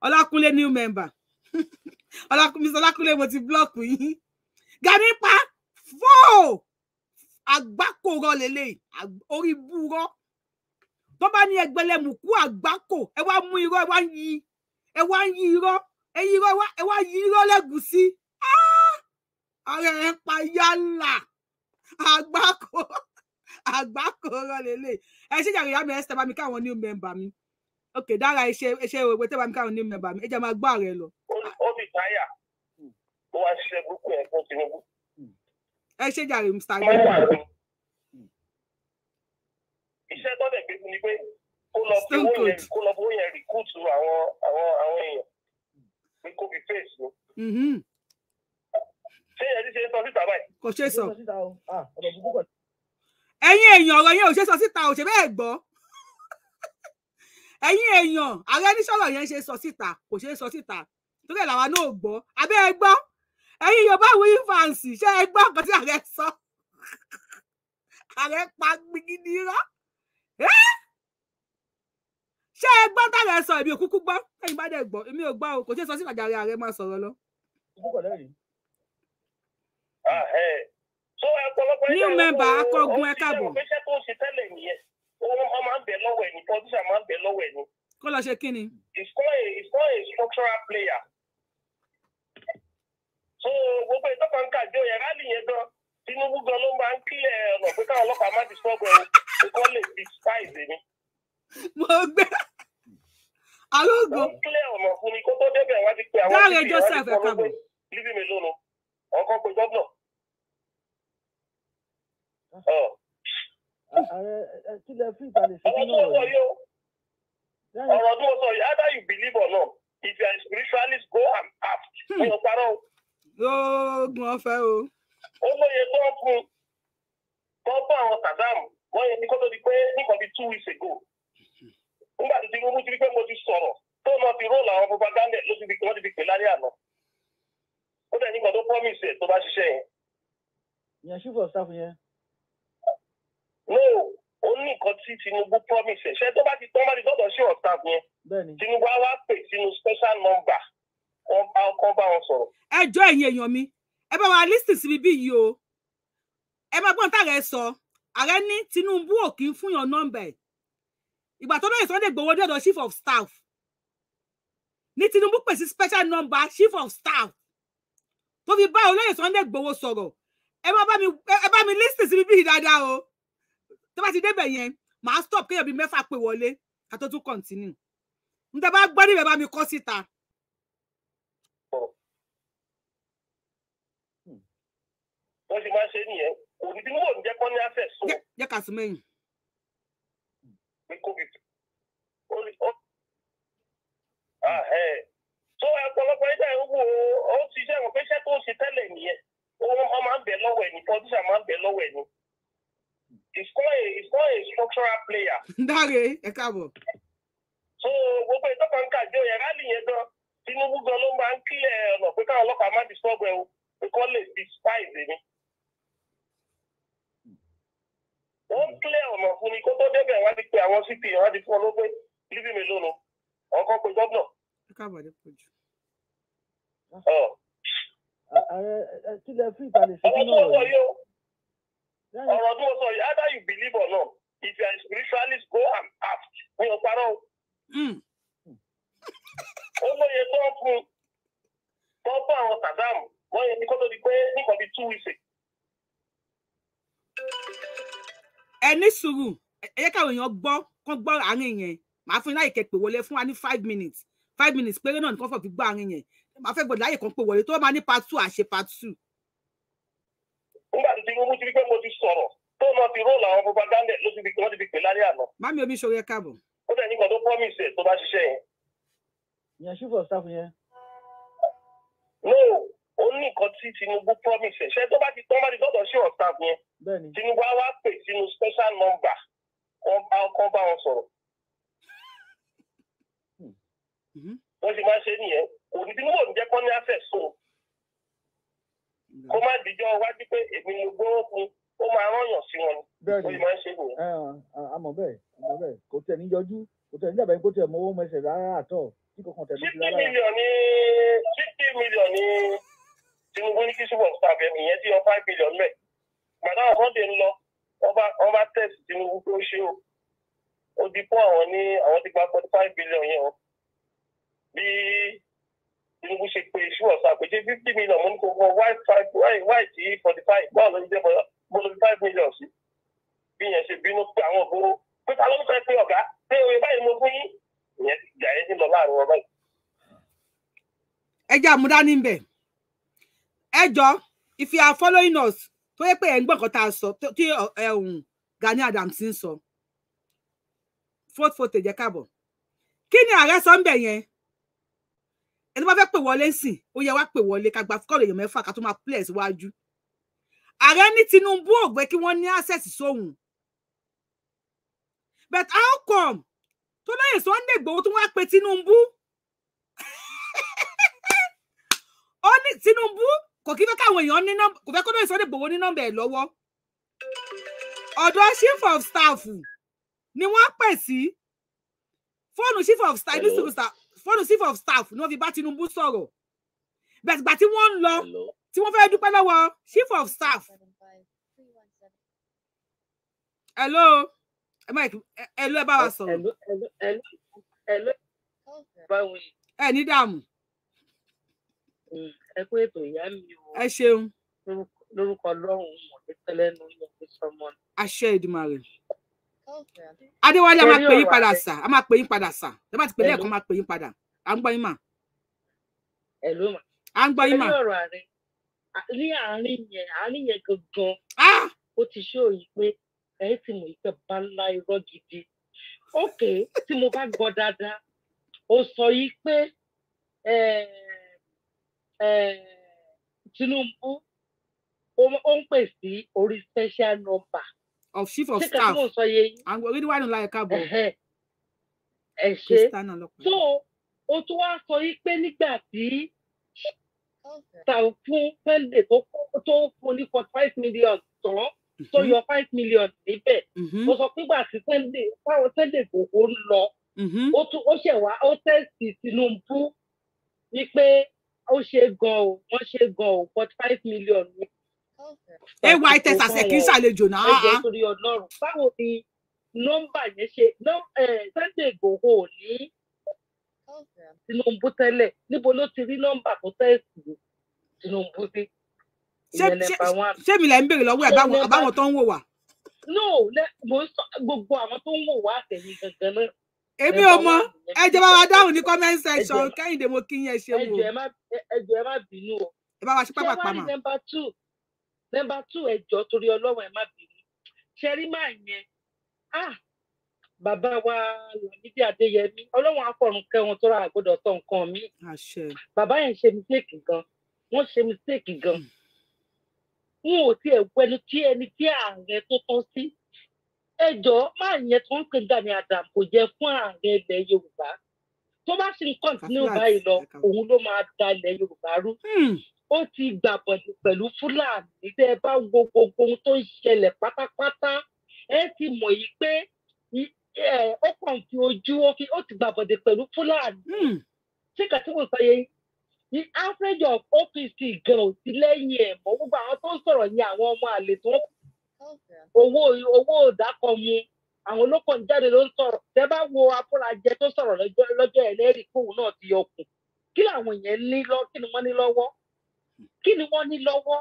Ọlákúnlé new member Mr. Ọlákúnlé mo ti blọọkù yín Gànípa fóò àgbákòrọ lélẹyìí orí búrọ tó bá ní ẹgbẹlẹmùkú àgbákò ẹ wá mú irọ́ ẹ wá yí ẹ wá yí irọ́ ẹ yí irọ́ ẹ wá yí irọ́ lẹgùsí ọ̀rẹ́ rẹ pa yálà àgbákò rọ lélẹ̀ ẹ ṣe jàre ìyá mi ẹ ṣe tẹ́bàmí káwọn new member mi ok dára iṣẹ́ iṣẹ́ ìwé tẹ́bàmí káwọn new member mi ẹ jẹ́ máa gbọ́ ààrẹ lọ. ó fi táyà ó wá ṣiṣẹ́ burúkú ẹ̀ fún Tinubu. ẹ ṣe jàre Mr. gbẹ́dọ̀. iṣẹ́ tó dẹ̀ gbé fún ni pé kó lọ bí owó yẹn kó lọ bí owó yẹn rìkúùtù àwọn àwọn àwọn èèyàn pé kó fi fèsì mm-hmm. ṣé ẹni ṣe ń sọ síta báyìí. kò ṣe sọ ẹ̀yin èèyàn ọ̀rọ̀ yẹn ò ṣe sọ síta ò ṣe bẹ́ẹ̀ gbọ́ ẹ̀yin èèyàn ààrẹ ní yẹn ṣe sọ síta kò ṣe sọ síta torí ẹ̀ làwa náà gbọ́ abẹ́ ẹ gbọ́ ẹ̀yin yorùbá wíyí fàǹsì ṣé ẹ gbọ́ nǹkan tí ààrẹ sọ ààrẹ pa gbigidi rọ ṣé ẹ gbọ́ tààrẹ sọ èmi ò kúkú gbọ́ bá dẹ̀ gbọ́ èmi ò gbọ́ kò ṣe sọ síta jàre ààrẹ máa sọ̀rọ̀ lọ new member akọgun ẹ káàbọ̀. iṣẹ́ tó ń ṣe tẹ́lẹ̀ nìyẹn wọ́n máa ń bẹ̀ lọ́wọ́ ẹ̀ ní politician máa ń bẹ̀ lọ́wọ́ ẹ̀ ní. kó lọ ṣe kí ni. it's not a it's not a structural player. so gbogbo ìtọ́kọ̀ ń kàjọ yẹn rálì yẹn gan Tinubu gan ló máa ń kílẹ̀ ọ̀nà pé káwọn ọlọ́pàá má ti sọ́gbọ̀n ẹ̀ o kò lè fi spice ni. mo gbé alógo. ó kílẹ̀ ọ̀nà fún mi kó tó débẹ̀ wá ti pe àwọn tí kì í wá ti fọ́ lọ́gbọ̀n kí lẹ fi ìtàlẹ̀ ṣe nínú ọ̀rọ̀ yìí. ọ̀rọ̀ tó sọ yìí either you believe or not if you are a spiritualist go and ask. mi hmm. ò parọ́ o. ó gun ọ̀fẹ́ o. ó lóye tó ń kun tó ń fún àwọn sàdámù wọ́n yẹ ní kó di pé nìkan bíi two weeks ago. nígbà tó ti rú mú ti rí pé mo ti sọ̀rọ̀ tó lọ ti róòlù àwọn propaganda ló ti fi pè lálẹ́ àná. ó dẹ̀ nígbà tó promise ẹ̀ tó bá ṣiṣẹ́ yẹn. ìyẹn ṣùgbọ́n sáfù yẹn no ó ní nǹkan tí Tinubu promise ẹ ṣé tó bá ti tán bá ti dọ́dọ̀ sí ọ̀tá yẹn Tinubu á pè sínú special number kan bá wọn sọ̀rọ̀. ẹ jọ ẹ̀yin èèyàn mi ẹ bá wa lísì síbi bí yìí o ẹ bá gbọ́n tààrẹ sọ ààrẹ ní Tinubu ò kí ń fún yàn nọ́mbà ẹ̀ ìgbà tó lóye Sunday Igboho dọ̀dọ̀ chief of staff ní Tinubu pè sí special number chief of staff tó fi bá olóyè Sunday Igboho sọ̀rọ̀ ẹ bá mi lísì síbi bí yìí dáadáa o tó bá ti débẹ̀ yẹn màá stop kéèyàn bíi mẹ́fà pé wọlé ká tó tún continue n tẹ bá gbọ́ níbẹ̀ bá mi kọ́ síta. wọ́n ti máa ṣe nìyẹn kò ní bí wọ́n ò jẹ́ kọ́ ní so. jẹ́ ká sún mẹ́yìn. pé covid ó lè ó tó ọ̀pọ̀lọpọ̀ ẹ̀dá ẹ̀ wò ó ti ṣe àwọn pé tó ṣe tẹ́lẹ̀ nìyẹn ó máa ń bẹ̀ lọ́wọ́ ẹ̀ ní pọ́tíṣà máa ń bẹ̀ lọ́wọ́ ẹ̀ ní he's not a he's not a structural player. dáre ẹ káàbọ̀. so gbogbo ìtọ́kọ̀ ń kàjọ yẹn rálì yẹn gan Tinubu gan ló máa ń kílẹ̀ ọ̀nà pé káwọn ọlọ́pàá má disturb ẹ o pé kọ́ lè fi spies ni. wọ́n kílẹ̀ ọ̀nà fún ni kó tó débẹ̀ wá ti pe àwọn cp wá ti fún ọ ló leave me alone ọkọ pe gọ́dọ̀. ẹ káàbọ̀ dé pọ̀ jù. ààrẹ kí lẹ fi ìtàlẹ̀ sí nínú ọ̀rọ̀ yìí ọ̀rọ̀ tó sọ yìí either you believe or not if you are a spiritualist go and ask mi ò parọ́ o. Hmm. ó lóye tó ń fún tó ń fún àwọn sàdámù wọ́n yẹ ní kó tó di pé nìkan bíi two weeks. ẹ ní sùúrù ẹ jẹ́ káwọn èèyàn gbọ́ kán gbọ́ àárín yẹn màá fún yín láyè kẹ́ wọlé fún wa ní five minutes five minutes péré náà nìkan fọ̀ fi gbọ́ àárín yẹn màá fẹ́ gbọ́dọ̀ láyè kan pè wọlé tó bá ní part two àṣe part two nígbà tí tinubu ti rí pé mo ti sọ̀rọ̀ tó náà ti róòlù àwọn propaganda ló ti fi wọ́n ti fi pè lálẹ́ àná. mami omi ṣòro ẹ káàbọ̀. ó dẹ̀ nígbà tó promise ẹ̀ tó bá ṣiṣẹ́ yẹn. yẹn ṣùgbọ́n sáfù yẹn. no ó ní nǹkan tí tinubu promise ẹ̀ ṣe tó bá ti tán bá ti dọ́dọ̀ sí ọ̀sáfù yẹn. tinubu á wá pè sínú special number kan bá wọn sọ̀rọ̀ hmm. Hmm. wọ́n ti máa ṣe nìyẹn òní tinubu ò ní jẹ́ kọ́ ní access kó má dijọ́ wájú pé èmi mo gbówó fún ó máa rányàn sí wọn ó lè ń ṣe é nìyẹn. àmọ́ bẹ́ẹ̀ àmọ́ bẹ́ẹ̀ kò tẹ̀ ní yọjú kò tẹ̀ ní dàbẹ̀ kó tẹ̀ mọ́wọ́ mẹsẹ̀ rárá àtọ̀ tí kankan tẹ̀ lójú rárá. fifty million ni Tinubu ní kí ṣùgbọ́n ṣàbẹ̀ ìyẹn ti yọ five million mẹ́ gbàdá ọ̀kan ń lọ wọ́n bá tẹ̀sí Tinubu tó ṣe o ó di fún àwọn ní àwọn ti gba forty five billion yẹn o bí ni mo ṣe pé ṣú ọ̀sán àpèjẹ fifty million mo ní kó wọ wáì five wáì wáì forty five báwo ló ń jẹ́ mo lọ five million sí bí yẹn ṣe bínú pé àwọn ògbóró pé ta ló ń fẹ́ pé ọ̀gá pé òye báyìí mo fún yín ìyẹn ti jà yẹn ti lọ láàrin wọn báyìí. ẹ àmúdá ní bẹ̀ ẹ jọ if you are following us tó yẹ pé ẹ̀ ń gbọ́ nǹkan a sọ tí um, Gani Adams ń sọ fourth footage ẹ̀ káàbọ̀ kí ni ààrẹ sọ ń bẹ̀ yẹn ẹni bá fẹ́ pè wọlé sìn ó yẹ wá pè wọlé ká gba kọ́ọ̀lù èèyàn mẹ́fà ká tó máa pílẹ̀ síwájú ààrẹ ní Tinubu ò gbé kí wọ́n ní access sóhun but how come tó lóye Sunday Igboho tó wá pe Tinubu ó ní Tinubu kò kí fẹ́ káwọn èèyàn ní nọ́mbà kò fẹ́ kó lóye Sunday Igboho ní nọ́mbà ẹ̀ lọ́wọ́ ọ̀dọ̀ chief of staff ni wọ́n pè sí fóònù chief of staff ní sùkúrú staff fọ́nù chief of staff ní wọ́n fi bá Tinubu sọ̀rọ̀ bẹ̀sì gbà tí wọ́n ń lọ tí wọ́n fẹ́ẹ́ dúpẹ́ lọ́wọ́ chief of staff. hello ẹ Hello, ẹ ló ẹ bá wa sọ̀rọ̀. ẹ ní dààmú. Mm, ẹ kú ètò ìyá mi o. ẹ ṣeun. lórúkọ lọ́hùn-ún mọ̀ ní pẹ́lẹ́nu yẹn fi sọmọ. àṣẹ Èdùmàrè adéwálé a máa pè yín padà sà a máa pè yín padà sà ẹ bá ti pè lẹ́ẹ̀kan máa pè yín padà à ń gbọ́ yín mà. à ń gbọ́ yín mà. ní àárín yẹn àárín yẹn gangan ó ti ṣó yìí pé ẹ ti mọ̀ ìpẹ́ bá ńlá irọ́ gidi ok tí mo bá gbọ́ dáadáa ó sọ yìí pé Tinubu ó ń pè sí orí special number of chief of staff and orídìwá nù láyé káàbọ̀ ẹ cabo. so o so wá sọ yí pé nígbà tí fún pẹ́lẹ̀ tó fún ní forty five million tán so mhm. your five million níbẹ̀ mhm. mo sọ pé gbà tí pẹ́lẹ̀ fáwọn pẹ́lẹ̀ gbogbo ń lọ mhm. ó ṣẹ̀ wá ó tẹ̀sí Tinubu ni pé ó ṣe gan o wọ́n ṣe gan o forty five million ni ay test àṣẹ kì í ṣàlejò náà. ẹ jẹ́ torí ọlọ́run báwo ni nọ́mbà yẹn ṣe Sunday Igboho ò ní Tinubu tẹ́lẹ̀ níbo ló ti rí nọ́mbà tó tẹ́sì Tinubu sí. ṣé mi lẹ ń béèrè lọ́wọ́ ẹ̀ báwọn tó ń wò wá. no mo ń sọ gbogbo àwọn tó ń wò wá àtẹ̀yìn gangan náà èmi ò mọ ẹ jẹ́ bá wa dáhùn ní comment section kẹ́hìndé mo kí yín ẹ ṣeun o ẹ jọ̀ọ́ ẹ má bínú o ẹ bá wa ṣe pápá pamọ́. ṣé wàá rí nọ́mbà two nọ́mbà two ẹjọ torí Ọlọ́run ẹ má bínú ṣẹrí máa yẹn ah bàbá wa Lámídì Adéyẹmí Ọlọ́run afọrùn kẹwọn tó ra àgbọdọ sọ nǹkan mi bàbá yẹn ṣe mistake gan wọ́n ṣe mistake gan wọn hmm. ò tiẹ̀ wọ ẹni tí ẹni tí ààrẹ tó tán sí ẹjọ máa yẹn tó ń pè Gani Adams kò jẹ fún ààrẹ ilẹ̀ Yorùbá tó bá sì ń kọ́ńtínú báyìí lọ òun ló máa da ilẹ̀ Yorùbá rú hmm ó ti gbàbọ̀ pẹ̀lú fúlàní tẹ́ ẹ bá wo gbogbo ohun tó ń ṣẹlẹ̀ pátápátá ẹ ti mọ̀ yìí pé ó kàn fi ojú ó fi ó ti gbàbọ̀dẹ̀ pẹ̀lú fúlàní hmm. ṣé kàtí mo sọ yẹn ní average of opc gan ò sí lẹ́yìn ẹ̀ mọ́ gbogbo àwọn tó ń sọ̀rọ̀ ní àwọn ọmọ àlè tó ń owó owó òdàkọ mu àwọn olókàn jáde ló ń sọ̀rọ̀ tẹ́ bá wo afúnrajẹ tó sọ̀rọ̀ lọ́jọ́ ẹlẹ́rìí kóun náà ti yọkùn kí làwọn yẹn ní lọ kí ni wọ́n ní lọ́wọ́ kí ni wọ́n ní lọ́wọ́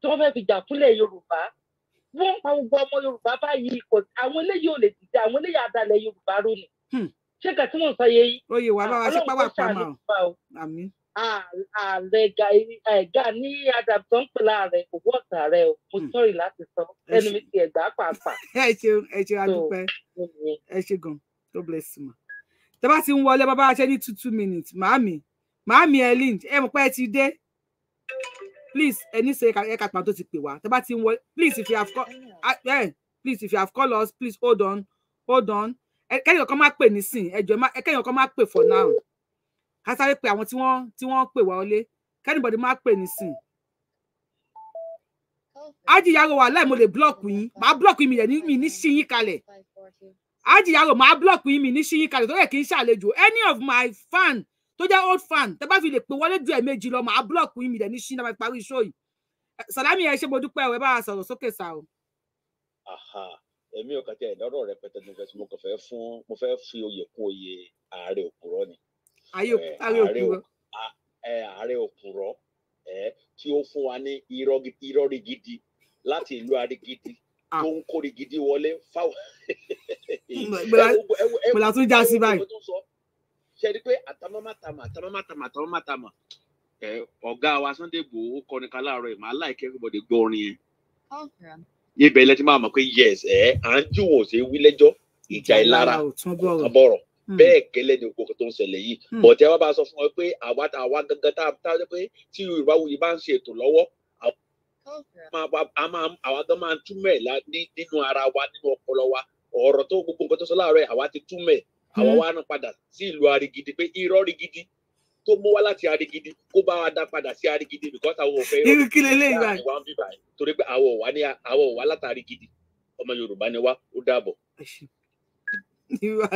tí wọ́n fẹ́ẹ́ fi jà fúnlẹ̀ yorùbá wọ́n ń pa gbogbo ọmọ yorùbá báyìí kò àwọn eléyìí ò lè dìde àwọn eléyìí àdàlẹ̀ yorùbá rò ní. Hmm. ṣé kà tí mò ń sọ yẹ yìí. oyè wàá bá wa ṣe pápá pamọ́ àmín. ààrẹ Gani Adams tó ń pè láàrẹ kò wọ́ ọ̀tà rẹ o mo hmm. sọ̀rì láti sọ ẹnu mi ti ẹ̀gbá pàápàá. ẹ ṣeun ẹ ṣeun adúpẹ́ ẹ ṣe gan God bless ma tẹ bá ti ń wọlé bàbá minutes màámi màámi ẹ lynch ẹ mọ̀ please ẹni ṣe ẹka pàtó ti pè wá tẹ bá ti ń wọ please if you have call eh please if you have call us please hold on hold on kẹ́yìn kankan má pè nísìn ẹjọ́ kẹ́yìn kankan má pè for now ká sáré pé àwọn tí wọ́n tí wọ́n pè wá ọlé kẹ́nìbọ̀dì má pè nísìn. ájìyàrò wà láì mo lè búlọ̀kù yín màá búlọ̀kù yín mi yẹn mi ní sí yín kalẹ̀ ájìyàrò màá búlọ̀kù yín mi ní sí yín kalẹ̀ tó yẹ kí n ṣàlejò any of my fan tó jẹ́ old fan tẹ́ bá fi lè pè wọlé ju ẹ̀ẹ̀mejì lọ màá block yín mi dẹ̀ ní ṣínà máa parí iṣó yìí sàlámì ẹ ṣe mo dúpẹ́ ẹ bá a sọ̀rọ̀ sókè sá o. èmi ò kàtí àìdárọ̀ rẹpẹtẹ ní fẹsí mo kàn fẹ́ fún mo fẹ́ fi oyè kún oyè ààrẹ òpùrọ́ ni. ààrẹ òpùrọ́ tí ó fún wa ní irọ́rí gidi láti ìlú arigidi tó ń kórè gidi wọlé fáwọn. mo la já sí báyìí ṣe rí pé àtàmọ́mátàmọ́ àtàmọ́mátàmọ́ àtàmọ́mátàmọ́ ẹ ọ̀gá wa Sunday Igboho ó kọrin kan láàárọ̀ yìí màá láìkí everybody gbọ́ orin yẹn. ibẹ̀ ilẹ̀ tí máa mọ̀ pé yes ẹ̀ à ń jùwọ̀n ṣe wí lẹ́jọ́ ìjà ìlara àbọ̀rọ̀ hmm. bẹ́ẹ̀ gẹ́lẹ́ ni gbogbo tó ń ṣẹlẹ̀ yìí hmm. bọ̀dé wa bá sọ fún ọ pé àwa àwa gangan tá a jẹ́ pé tí Yorùbá Wuyi bá ń ṣe ètò lọ́wọ́ àwa gan máa ń túmẹ̀ nínú ara wa nínú ọpọlọ wa ọ̀rọ̀ tó gbogbo nǹkan tó sọ láàárọ̀ àwa ti túmẹ̀ àwọn wa náà padà sí ìlú arigidi pé irọ́ rigidi tó mú wá láti arigidi kó bá wa dá padà sí arigidi because àwọn ò irọ́ kí lélẹ́ ìgbà ìwà ń bíbà yìí torí pé àwọn ò ní àwọn ò látàrí gidi ọmọ Yorùbá ni wá ó dàbọ̀. irọ́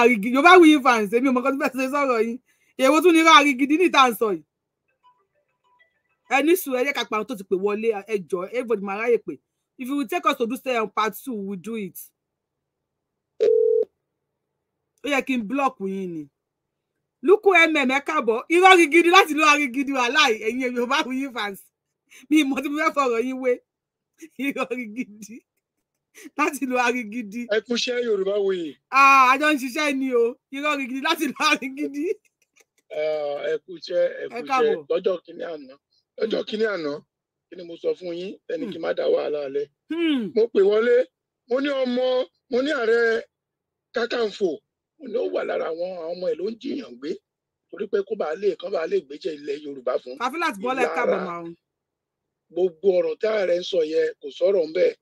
arigidi Yorùbá wí yín fans ò mọ̀ kọ́ tó fẹ́ ṣe sọ̀rọ̀ yín èwo tún ni irọ́ arigidi ní ìta sọ yìí ẹ sùn ẹ yẹ tó ti pè wọlé ẹ everybody máa ráyè pé if you take us to do stay on part two we do it ó yẹ kí n búlọ̀kù yín ni lukú mm ẹ káàbọ̀ irọ́ gidi láti lọ arigidi wàhálà ẹ̀yin èmi ò bá wù fans mi ìmọ̀ tí mo fẹ́ fọ̀rọ̀ yín wé irọ́ gidi láti lọ arigidi. ẹ kú iṣẹ́ yorùbá wò yìí. àjọ ń ṣiṣẹ́ ni o irọ́ gidi láti lọ arigidi. ẹ kú iṣẹ́ ẹ kú iṣẹ́ lọ́jọ́ kínní àná lọ́jọ́ kínní àná kí ni mo sọ fún yín ẹni kí n má dá wàhálà lẹ. Hmm. mo pè wọlé mo ní ọmọ mo ní ààrẹ kákàǹfò ló wà lára àwọn ọmọ ẹ̀ ló ń jiyàn gbé torí pé kó bàa lè kán bàa lè gbéjẹ ilẹ̀ Yorùbá fún. Kafilat bọ́lẹ̀ kábọ̀ máa ń. gbogbo ọ̀rọ̀ tá a rẹ̀ ń sọ yẹn kò sọ̀rọ̀ ń bẹ̀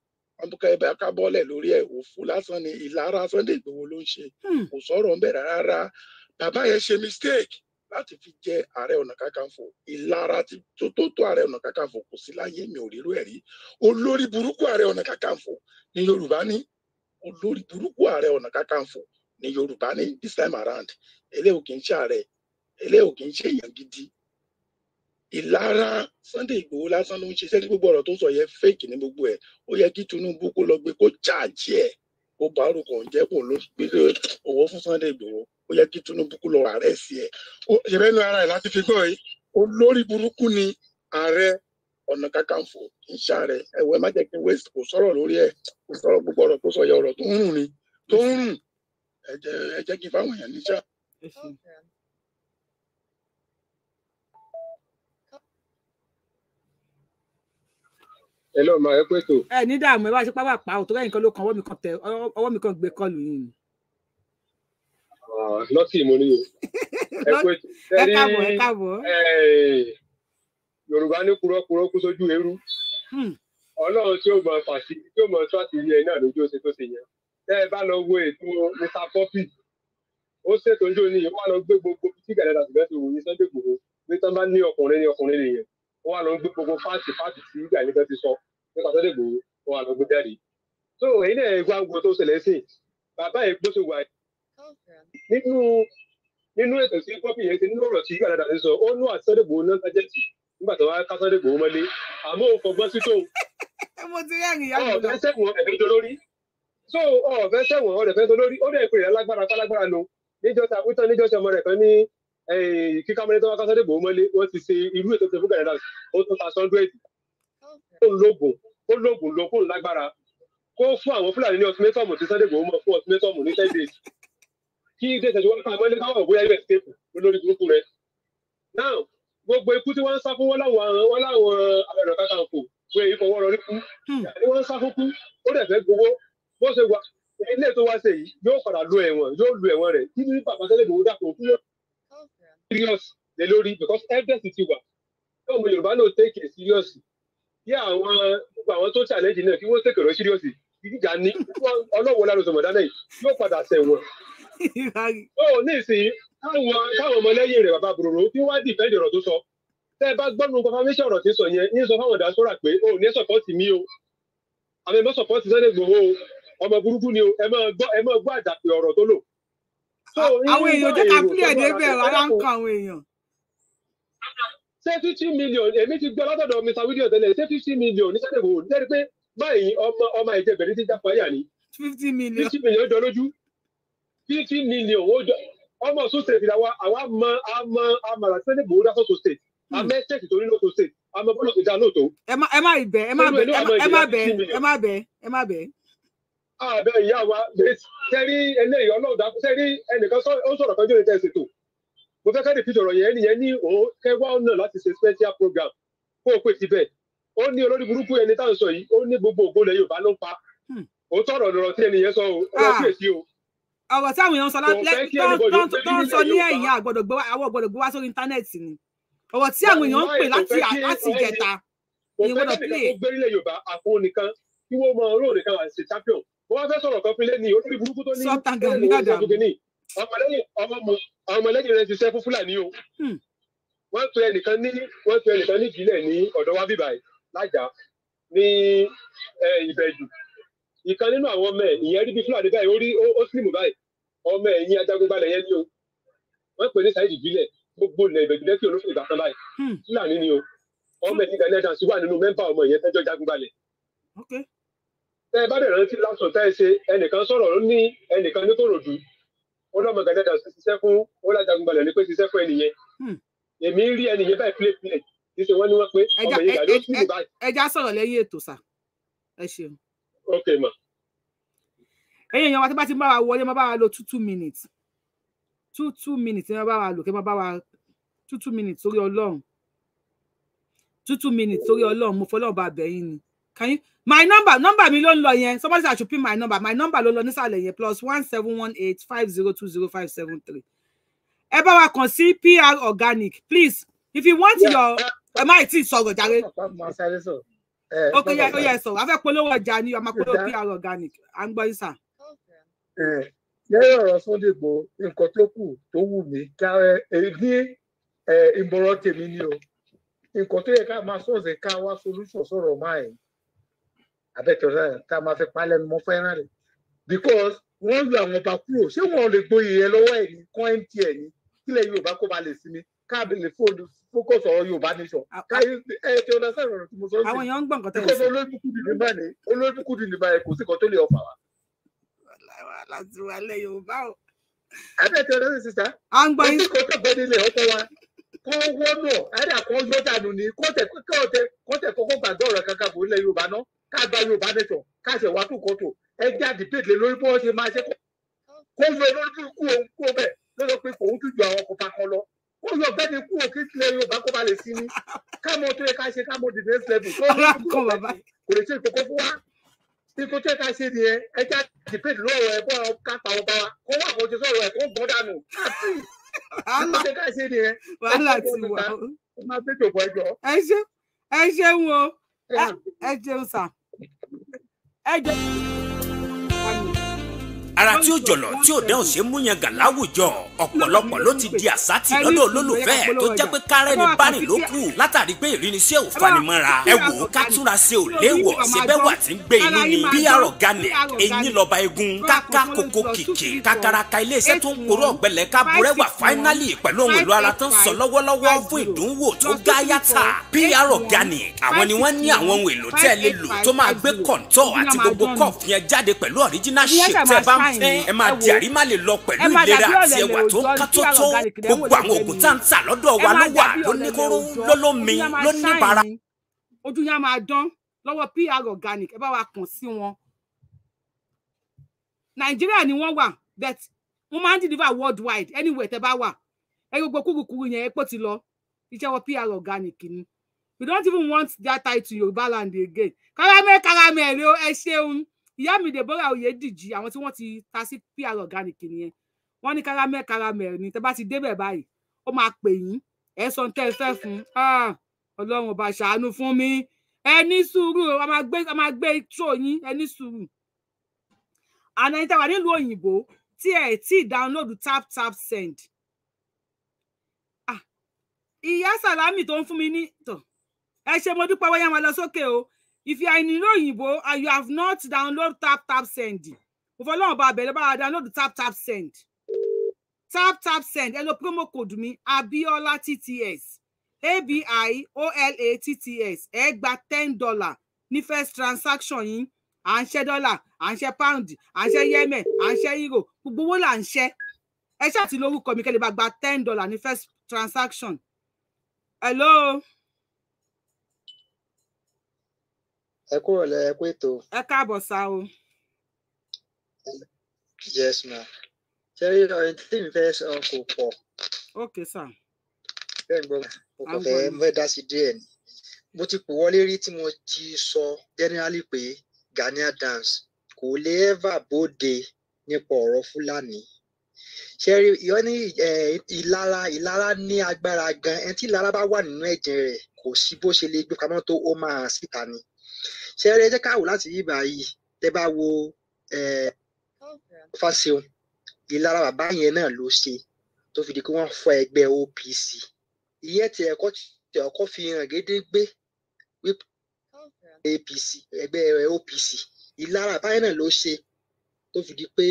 ọmọkà ẹ̀bẹ̀ akábọ́lẹ̀ lórí ẹ̀ òfu lásán ni ìlara Sunday Ìgbòho ló ń ṣe hmm. kò sọ̀rọ̀ ń bẹ̀ rárá bàbá yẹn ṣe mistake láti fi jẹ ààrẹ ọ̀nà kakanfò ìlara tó tó tó ààrẹ ọ̀nà kakanfò kò sí láyé mi ò rírú ẹ̀ rí olórí burúkú ààrẹ ọ̀nà kakanfò ni Yorùbá ní olórí burúkú ààrẹ ọ̀nà kakanfò ní yorùbá ní this time around eléyìí kì í ṣe ààrẹ eléyìí kì í ṣe èèyàn gidi ìlara Sunday Ìgbòho lásán ló ń ṣiṣẹ́ tí gbogbo ọ̀rọ̀ tó sọ yẹ fake ní gbogbo ẹ̀ ó yẹ kí Tinubu kó lọ gbé kó ṣáàjì ẹ̀ kó bá orúkọ ǹjẹ́ kó ló gbé owó fún Sunday Ìgbòho ó yẹ kí Tinubu kó lọ ààrẹ sí ẹ̀ ó ṣẹlẹ̀ nu ara ẹ̀ láti fi gbọ́ yìí olórí burúkú ni ààrẹ ọ̀nà kakanfò ìṣà rẹ̀ ẹ̀wọ̀ ẹ má jẹ́ kí west kò sọ̀rọ̀ lórí ẹ̀ kò sọ̀rọ̀ gbogbo ọ̀rọ̀ tó sọ yẹ ọ̀rọ̀ tó ń rùn ni tó ń rùn ẹ jẹ́ kí n fáwọn èèyàn níṣẹ́. ẹ lọ́ọ́ máa ẹ pé tó. ẹ ní dààmú ẹ bá ṣe pápá pa òtò lẹ́yìn kan ló kan ọwọ́ mi kan tẹ ọwọ́ mi kan gbé kọlù yìí ni. Ah, lọ́tì mo ní o ẹ pé tó. ẹ káàbọ̀ ẹ káàbọ̀. yorùbá ní kúrọ́kúrọ́ kú sójú eérú hmm. ọlọ́run tí ó mọ fàṣí tí ó mọ tó àtìrí náà lójú ó ṣe tó ṣe yẹn tẹ́ ẹ bá lọ wo ètò mr poppy ó ṣètò ojú ni ó wà lọ gbé gbogbo tí gàdàdà sì fẹ́ẹ́ fi wòye Sunday Igboho pé tán bá ní ọkùnrin ní ọkùnrin nìyẹn ó wà lọ gbé gbogbo fáàtì fáàtì tí gàdàdà ti sọ nípa Sunday Igboho ó wà lọ gbé jáde so èyí náà ẹ gbàgbọ tó ṣẹlẹ̀ sí bàbá yìí gbóṣù wà nínú nínú ètò tí poppy yẹn ti nínú ọ̀rọ̀ tí gàdàdà ti sọ ó nú àti Sunday Igboho náà sájẹtì nígbà tó wá ká Sunday Igboho mọ́lé àmọ́ òfò gbọ́ sí tóun. mo ti rí so ọ̀fẹ́ sẹ́wọ̀n ọ̀rẹ́ fẹ́ tó lórí ó dẹ̀ pè é lágbára pálágbára lo níjọ́ta wíta níjọ́ta ọmọ rẹ̀ kan ní kíkà mọ́lẹ́ tó wá kásán dìbò mọ́lé wọ́n ti ṣe irú ètò ìṣẹ̀fún gàdá ó tó ta sọ́ndúrẹ́ẹ̀dì ó lóògùn ó lóògùn lọ kó lágbára kó fún àwọn fúlàní ní ọtímẹ́tọ̀mù tí sọ́ndé gbòó mọ̀ fún ọtímẹ́tọ̀mù ní ten days kí dé tẹ̀síwá ká mọ́lé káwọn bóyá us kéèpù lórí burúkú rẹ̀ náà gbogbo ikú tí wọ́n ń sá fún wọn láwọn wọn láwọn abẹ̀rẹ̀ kákàǹkò gbé ìfọwọ́rọ̀ ní kú ni hmm. wọ́n ń sá fún kú ó dẹ̀ fẹ́ gbowó bó ṣe wà ilé tó wá ṣe yìí yóò padà lo ẹ̀wọ̀n yóò lo ẹ̀wọ̀n rẹ̀ kí ní bàbá tẹ́lẹ̀ ìdòwò dàpọ̀ fún serious lè lórí because evidence ti wà yóò mú Yorùbá náà take it serious kí àwọn gbogbo àwọn tó challenge náà kí wọ́n take it serious ìjà ní ọlọ́wọ́ lára ọ̀sọ̀mọ̀ dáná yìí yóò padà ṣẹ̀wọ̀n. ó ní ìsìn káwọn káwọn ọmọlẹ́yìn rẹ̀ bàbá bòròrò kí wọ́n á dìbẹ́ndì ọ̀rọ̀ tó sọ tẹ́ ẹ bá gbọ́nu confirmation ọ̀rọ̀ tí sọ yẹn ń sọ fáwọn diaspora pé ó ní support mi o àmì mọ́ support Sunday Igboho o ọmọ burúkú ni o ẹ máa gbọ́ ẹ máa gbọ́ àdàpè ọ̀rọ̀ tó lò. àwọn èèyàn jẹ́ ká pílẹ̀ débẹ̀ rárá ń kan àwọn èèyàn. ṣé fifty million èmi ti gbọ́ látọ̀dọ̀ mr william tẹ́lẹ̀ ṣé fifty million ní sẹ́dẹ̀ wò lẹ́rìí pé báyìí ọmọ ọmọ ìjẹbẹ̀rẹ̀ ti jápa yà ni. fifty million fifty million jọ lójú fifty million ó jọ ọmọ ọ̀ṣun state la wa àwa mọ àmọ àmàlà tẹ́lẹ̀ bò ó dá sọ́tò state àmọ́ ẹ̀ tẹ̀sí torí lọ́tò state àmọ́ bọ́lọ̀ ti dá lóòótọ́. ẹ má ẹ má ìbẹ ẹ má bẹ ẹ má bẹ ẹ má bẹ ẹ má bẹ ààbẹ̀ ìyá wa tẹ́rí eléyìí ọlọ́run dákú ẹnìkan ó sọ̀rọ̀ kan jóde tẹ́ ṣètò mo fẹ́ kẹ́rì fìdọ̀rọ̀ yẹn nìyẹn ní òun kẹwà ọ̀nà láti ṣe special program kó o pè síbẹ̀ ó ní olórí burúkú ẹni tá à ń sọ yìí ó ní gbogbo ògo lẹ Yorùbá ló ń pa hmm. ó tọrọ lọrọ tí ẹnìyẹn sọ o ó lọ ah. sí ọ̀rọ̀ táwọn èèyàn sọ ní ẹ̀yìn àwọn àgbọ̀dọ̀ gbé wá sórí íńtánẹ́ẹ̀tì ni ọ̀rọ̀ tí àwọn èèyàn ń pè láti láti ìjẹta ni wọ́n lọ pè é. òfin ẹ̀ka wọ́n fẹ́ sọ̀rọ̀ kan fún lẹ́ni olórí burúkú tó ní ọmọlẹ́yìn rẹ̀ ti ṣẹ́ fún fúlàní o hmm. wọ́n tún ẹnìkan ní wọ́n tún ẹnìkan ní ìjìnlẹ̀ ní ọ̀dọ̀ wa bíbá lájà ní ìbẹ̀jù ìkan nínú àwọn ọmọ ẹ̀ ìyẹn rí bí fúlàní báyìí ó rí ó sílìmù báyìí ọmọ ẹ̀yìn ajagunbalẹ̀ yẹn ni o wọ́n pè ní sáyidì ìbílẹ̀ gbogbo ilẹ̀ ìbẹ̀jù lẹ́kì olófin ìbátan báyìí hmm. fúlàní ni o ọmọ ẹ̀yìn ghanaian dance wà nínú mẹ́mbà ọmọ ìyẹn fẹ́jọ́ jagunbalẹ̀ tẹ ẹ bá dẹ̀ rántí lásán tá ẹ ṣe ẹnìkan sọ̀rọ̀ ló ní ẹnìkan ní Kòròdú ó lọ́mọ gàdàdà ṣiṣẹ́ fún ó lájàgùnbalẹ̀ ní pé ṣiṣẹ́ fún ẹnìyẹn hmm. èmi rí ẹnìyẹn báyìí play play kì í ṣe wọ́n ní wọ́n pé ọmọ yìí gàdó tìlù báyìí. ẹja sọ̀rọ̀ lẹ́yìn ètò sà ẹ ṣeun. ok ma. ẹ̀yin èèyàn wa tí bá ti bá wa wọlé máa bá wa lo two two minutes two two minutes máa bá wa lò kí máa bá wa two two minutes sórí ọlọ́run two two minutes sórí ọlọ́run mo fọlọ́run bá bẹ̀yìn ni kàyín my number number mi ló ń lọ yẹn somebody say i should pin my number my number ló lọ nísàlẹ̀ yẹn plus one seven one eight five zero two zero five seven three ẹ bá wa kàn sí pr organic please if you want yeah. your ẹ má tí ì sọ̀rọ̀ jàre eh, ok yẹ ó yẹ sọ̀rọ̀ afẹ́ polówó ọjà ni ọmọ polówó pr organic à ń gbọ́ yín sà. lẹ́yìn ọ̀rọ̀ Sunday Igboho nǹkan tó kù tó wù mí ká eh, ní eh, ìmọ̀ràn tèmi ni o nǹkan tó yẹ ká máa sọ̀rọ̀ ká wá solution sọ̀rọ̀ máa yẹn abẹ́tọ̀sá tá a máa fi pa lẹ́nu mọ́ fẹ́ràn rẹ̀ because wọ́n lu àwọn ọba kúrò ṣé wọ́n lè gboyè yẹn lọ́wọ́ ẹ̀ ní kọ́ mtn ní kílẹ̀ yorùbá kó ba lè sinmi káàbì lè fóònù fókòsì ọ̀rọ̀ yorùbá nation káyé ẹ ti ọ̀dà sáré ọ̀rọ̀ tí mo sọ ọ́ sí àwọn èèyàn ń gbọ̀n kọ́tẹ́ ìṣe olóòtú kùdì nígbà yẹn kò sí kan tó lè ọ̀fà wa. láti wà lẹ yorùbá o. abẹ́tẹ̀ ọ̀dà sí sísá ẹni kò tó bẹ́ẹ̀ nílé ọkọ wa kó wọ́n náà ẹ̀rẹ́ àkọ́jọ́ dànù ní kọ́tẹ̀ kọ́tẹ̀ kọ́kọ́ gbàgbọ́ ọ̀rọ̀ kankan kò lẹ yorùbá náà ká gba yorùbá nation ká ṣe wá tún kọ́tò ẹ já dìbèdè lórí bí wọ́n ṣe máa ṣe kọ́ kó ń lọ lórí kú òun kú bẹ́ẹ̀ lọ́dọ̀ pé kò ń tún ju àwọn ọkọ̀ kan lọ kó yọ bẹ́ẹ̀ ni kú òkè tilẹ̀ yorùbá kó ba lè sí ni ká mọ tó yẹ ká ṣe ká mọ the next level tó ní kó lè ṣe ìkókó fún wa nítorí tó yẹ ká ṣe nìyẹn ẹ já dìbèdè lọ́wọ́ ẹ bọ́ ká pa ọba wa kó wà kó ṣe sọ̀rọ̀ ẹ kó gbọ́ dànù nítorí ká ṣe nìyẹn wàhálà ti wà ẹ ṣe ẹ ṣeun o ẹ ṣeun sà. Hey, ara tí ó jọ̀lọ̀ tí ò dẹ́ ò ṣe mú yan gà ọ̀pọ̀lọpọ̀ ló ti di àsátì lọ́dọ̀ olólùfẹ́ tó jẹ́ pé kárẹ́ni bárìn ló kù látàrí pé ìrìnsẹ̀ ò fanimọ́ra ẹ wò ó ká túnra ṣe ò léèwọ̀ síbẹ̀ wà tí ń gbé inú ni bí arọ̀gánẹ̀ eyín lọ́ba egun káká koko kìkì kakaraka iléeṣẹ́ tó ń korò ọ̀gbẹ́lẹ̀ kábúrẹ́ wà fáínálì pẹ̀lú ohun èlò ara tó sọ lọ́wọ́lọ́wọ́ fún ìdúnwò tó gáyàtà bí arọ̀gánẹ̀ àwọn ni wọ́n ní àwọn ohun èlò tẹ́ ẹ lè lò tó máa gbé kọ̀ǹtọ̀ àti gbogbo kọ̀ọ̀fù yẹn jáde pẹ̀lú ọ̀ríjínà ṣètẹ́ bá ń báyìí ni ẹ máa di àrí má lè lọ pẹ̀lú ìlera àti ẹwà tó ká tó tó gbogbo àwọn oògùn tá ń tà lọ́dọ̀ wa ló wà lóníkóró lólómi lóníbara. ojú yẹn máa dán lọ́wọ́ PR organic ẹ bá wa kàn sí wọn. nàìjíríà ni wọ́n wà but wọ́n máa ń deliver worldwide anywhere tẹ́ bá wà ẹ gbogbo kúrukúru yẹn ẹ ti lọ ìjẹ́wọ́ PR organic ni we don't even want that title Yorùbá land again karamẹ́ karamẹ́ rẹ ẹ ṣeun ìyá mi Deborah Oyèdìjì àwọn tí wọ́n ti ta sí PR organic nìyẹn wọ́n ní karamẹ karamẹ ní tẹ bá ti débẹ̀ báyìí ó máa pè yín ẹ sọ tẹ ẹ fẹ́ fún Ọlọ́run ọba ṣàánú fún mi ẹ ní sùúrù a máa gbé a máa gbé tró yín ẹ ní sùúrù àná ìta wà nílùú òyìnbó tí ẹ tí dáńlódù tap tap send ìyá sàlámì tó ń fún mi ní tọ ẹ ṣe mo dúpẹ́ wáyà máa lọ sókè o if you are in ìlú and you have not downloaded tap tap send mo fọ lọ́wọ́ bá bẹ̀rẹ̀ bá download tap tap send tap tap send Hello, promo code me abiola tts A B I O L A T T S. yín à ten dollar. dọ́là first transaction in pound à ń ṣe yemen à ń ṣe euro gbogbo owó là ń ṣe ẹ ṣáà ti lórúkọ mi kẹ́lẹ́ bá ten dollar ní first transaction. hello. ẹ kúrò lẹ ẹ kú ètò. ẹ káàbọ̀ sá o. yes ma ṣe rí ọ̀rẹ́ tí mi fẹ́ sọ kò pọ̀. ok sá. bẹ́ẹ̀ gbọ́ mo kàn fẹ́ fẹ́ dá sí díẹ̀ ni mo ti pò wọlé rí tí mo ti sọ generally pé Ghanaian dance kò lè ever bóde nípa ọ̀rọ̀ Fúlàní ṣe rí ìyọ́ ní ìlara ìlara ní agbára gan ẹni tí ìlara bá wà nínú ẹ̀jẹ̀ rẹ̀ kò sí bó ṣe lè gbé pamọ́ tó ó máa síta ni ṣe eré jẹ́ káwò láti yí báyìí tẹ́ bá wo Fáṣẹ̀hùn ìlara bàbá yẹn náà ló ṣe tó fi di pé wọ́n fọ́ ẹgbẹ́ OPC ìyẹn tí ẹ̀kọ́ tí ọkọ́ fi hàn gédégbé wípé APC ẹgbẹ́ OPC ìlara bàbá yẹn náà ló ṣe tó fi di pé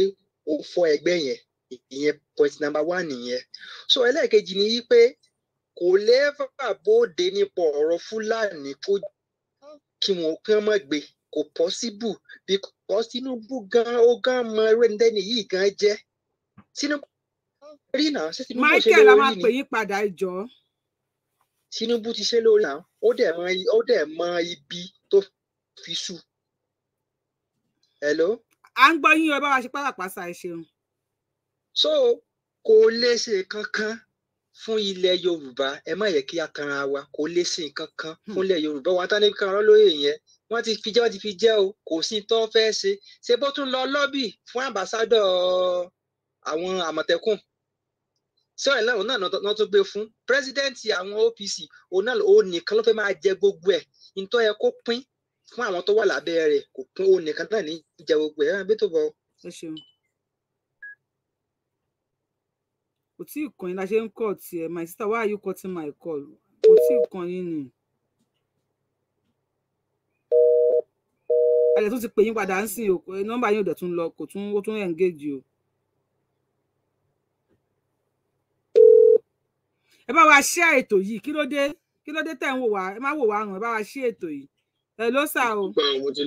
ó fọ́ ẹgbẹ́ yẹn ìyẹn point number one nìyẹn so ẹlẹ́ẹ̀kejì ni wípé kò lẹ́ẹ̀fà bóde nípa ọ̀rọ̀ Fúlàní tó kí wọn kí wọn má gbé kò pọ́síbù because Tinubu gan ó gan mọ rẹ́ndẹ́ni yìí gan jẹ́ Tinubu rí náà ṣé Tinubu ṣe lórí ni Michael a máa pè yí padà ìjọ. Tinubu ti ṣe lórí náà ó dẹ̀ mọ ó dẹ̀ mọ ibi tó fi ṣù. hello. à ń gbọ́ yín o bá wa ṣe pàápàá ṣàìṣeun. so kò lè ṣe kankan fún ilẹ̀ yorùbá ẹ má yẹ kí a tanra wa kò lè sí nǹkan kan hmm. fúnlẹ̀ yorùbá wọn tán ní kanra lóye yẹn wọn ti fi jẹ wọn ti fi jẹ o kò sí tó fẹ́ ṣe ṣe bó tún lọ lọ́bì fún àmbàsádọ̀ àwọn àmọ̀tẹ́kùn ṣé ọ̀rẹ́ lẹ́wọ̀n náà náà tó gbé fún pírẹsidẹ́ǹtì àwọn OPC òun náà òun nìkan ló fẹ́ máa jẹ gbogbo ẹ̀ nítorí ẹ kó pín fún àwọn tó wà lábẹ́ rẹ̀ kò pín òun nìkan náà ní ìjẹ gbogbo ẹ̀ ẹ̀ bí tó bọ̀. kò tí ì kàn yín la ṣe ń kọ tiẹ my sister why are you cutting my call kò tí ì kàn yín ni. ẹ lè tún ti pè yín padà ń sìn o nọ́mbà yín ò dẹ̀ tún lọ kò tún ó tún engage o. ẹ bá wa ṣe ètò yìí kí ló dé kí ló dé tẹ̀ ń wò wá ẹ má wò wá ràn ẹ bá wa ṣe ètò yìí ẹ ló sà o. mo ti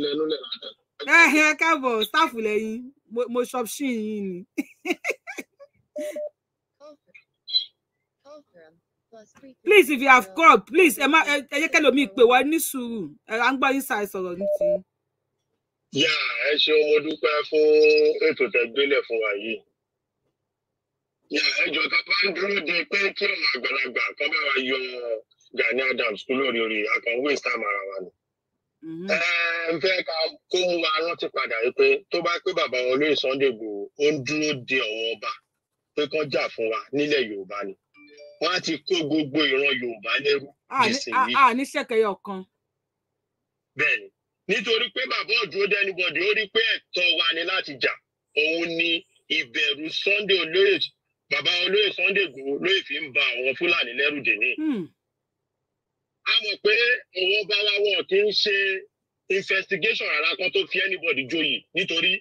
ẹ ẹ káàbọ̀ staff lẹ́yìn mo ṣọ́ọ̀ṣì yín ni. please if you have called please ẹ má ẹ jẹ́ kẹ́lòmíì pè wá ní sùúrù ẹ à ń gbọ́ yín ṣàì sọ̀rọ̀ ní ti. yà ẹ ṣe mo dúpẹ́ fún ètò tẹ̀gbélé fún wa yìí. yà ẹ jọ ká bá ń dúró de pé kí ọ̀nà àgbàlagbà kan bá wa yọ Gani Adams kúrò lórí akọ̀wé ìsàmù ara wa ni. Mm-hmm. ẹ ń fẹ́ ká kó mú wa rántí padà wípé tó bá pé bàbá wọn lóyè Sunday Igboho ó ń dúró de ọ̀wọ́n ọba pé kán jà fún wa nílẹ̀ Yorùbá ni. Mm -hmm wọ́n á ti kó gbogbo ìran yorùbá lẹ́rú nísìnyí. a ní sẹ́kẹ̀yẹ ọ̀kan. bẹ́ẹ̀ni nítorí pé bàbá ọ̀dúró dẹ́nibọ̀dì ó rí pé ẹ̀tọ́ wa ni láti jà òun ni ìbẹ̀rù sunday olóyè bàbá olóyè sunday Igboho lóyè fi ń ba àwọn fúlàní lẹ́rù dè ní. Hmm. a mọ̀ pé àwọn bá wa wọ̀ kí ń ṣe investigation rárá kan tó fi anybody joyè nítorí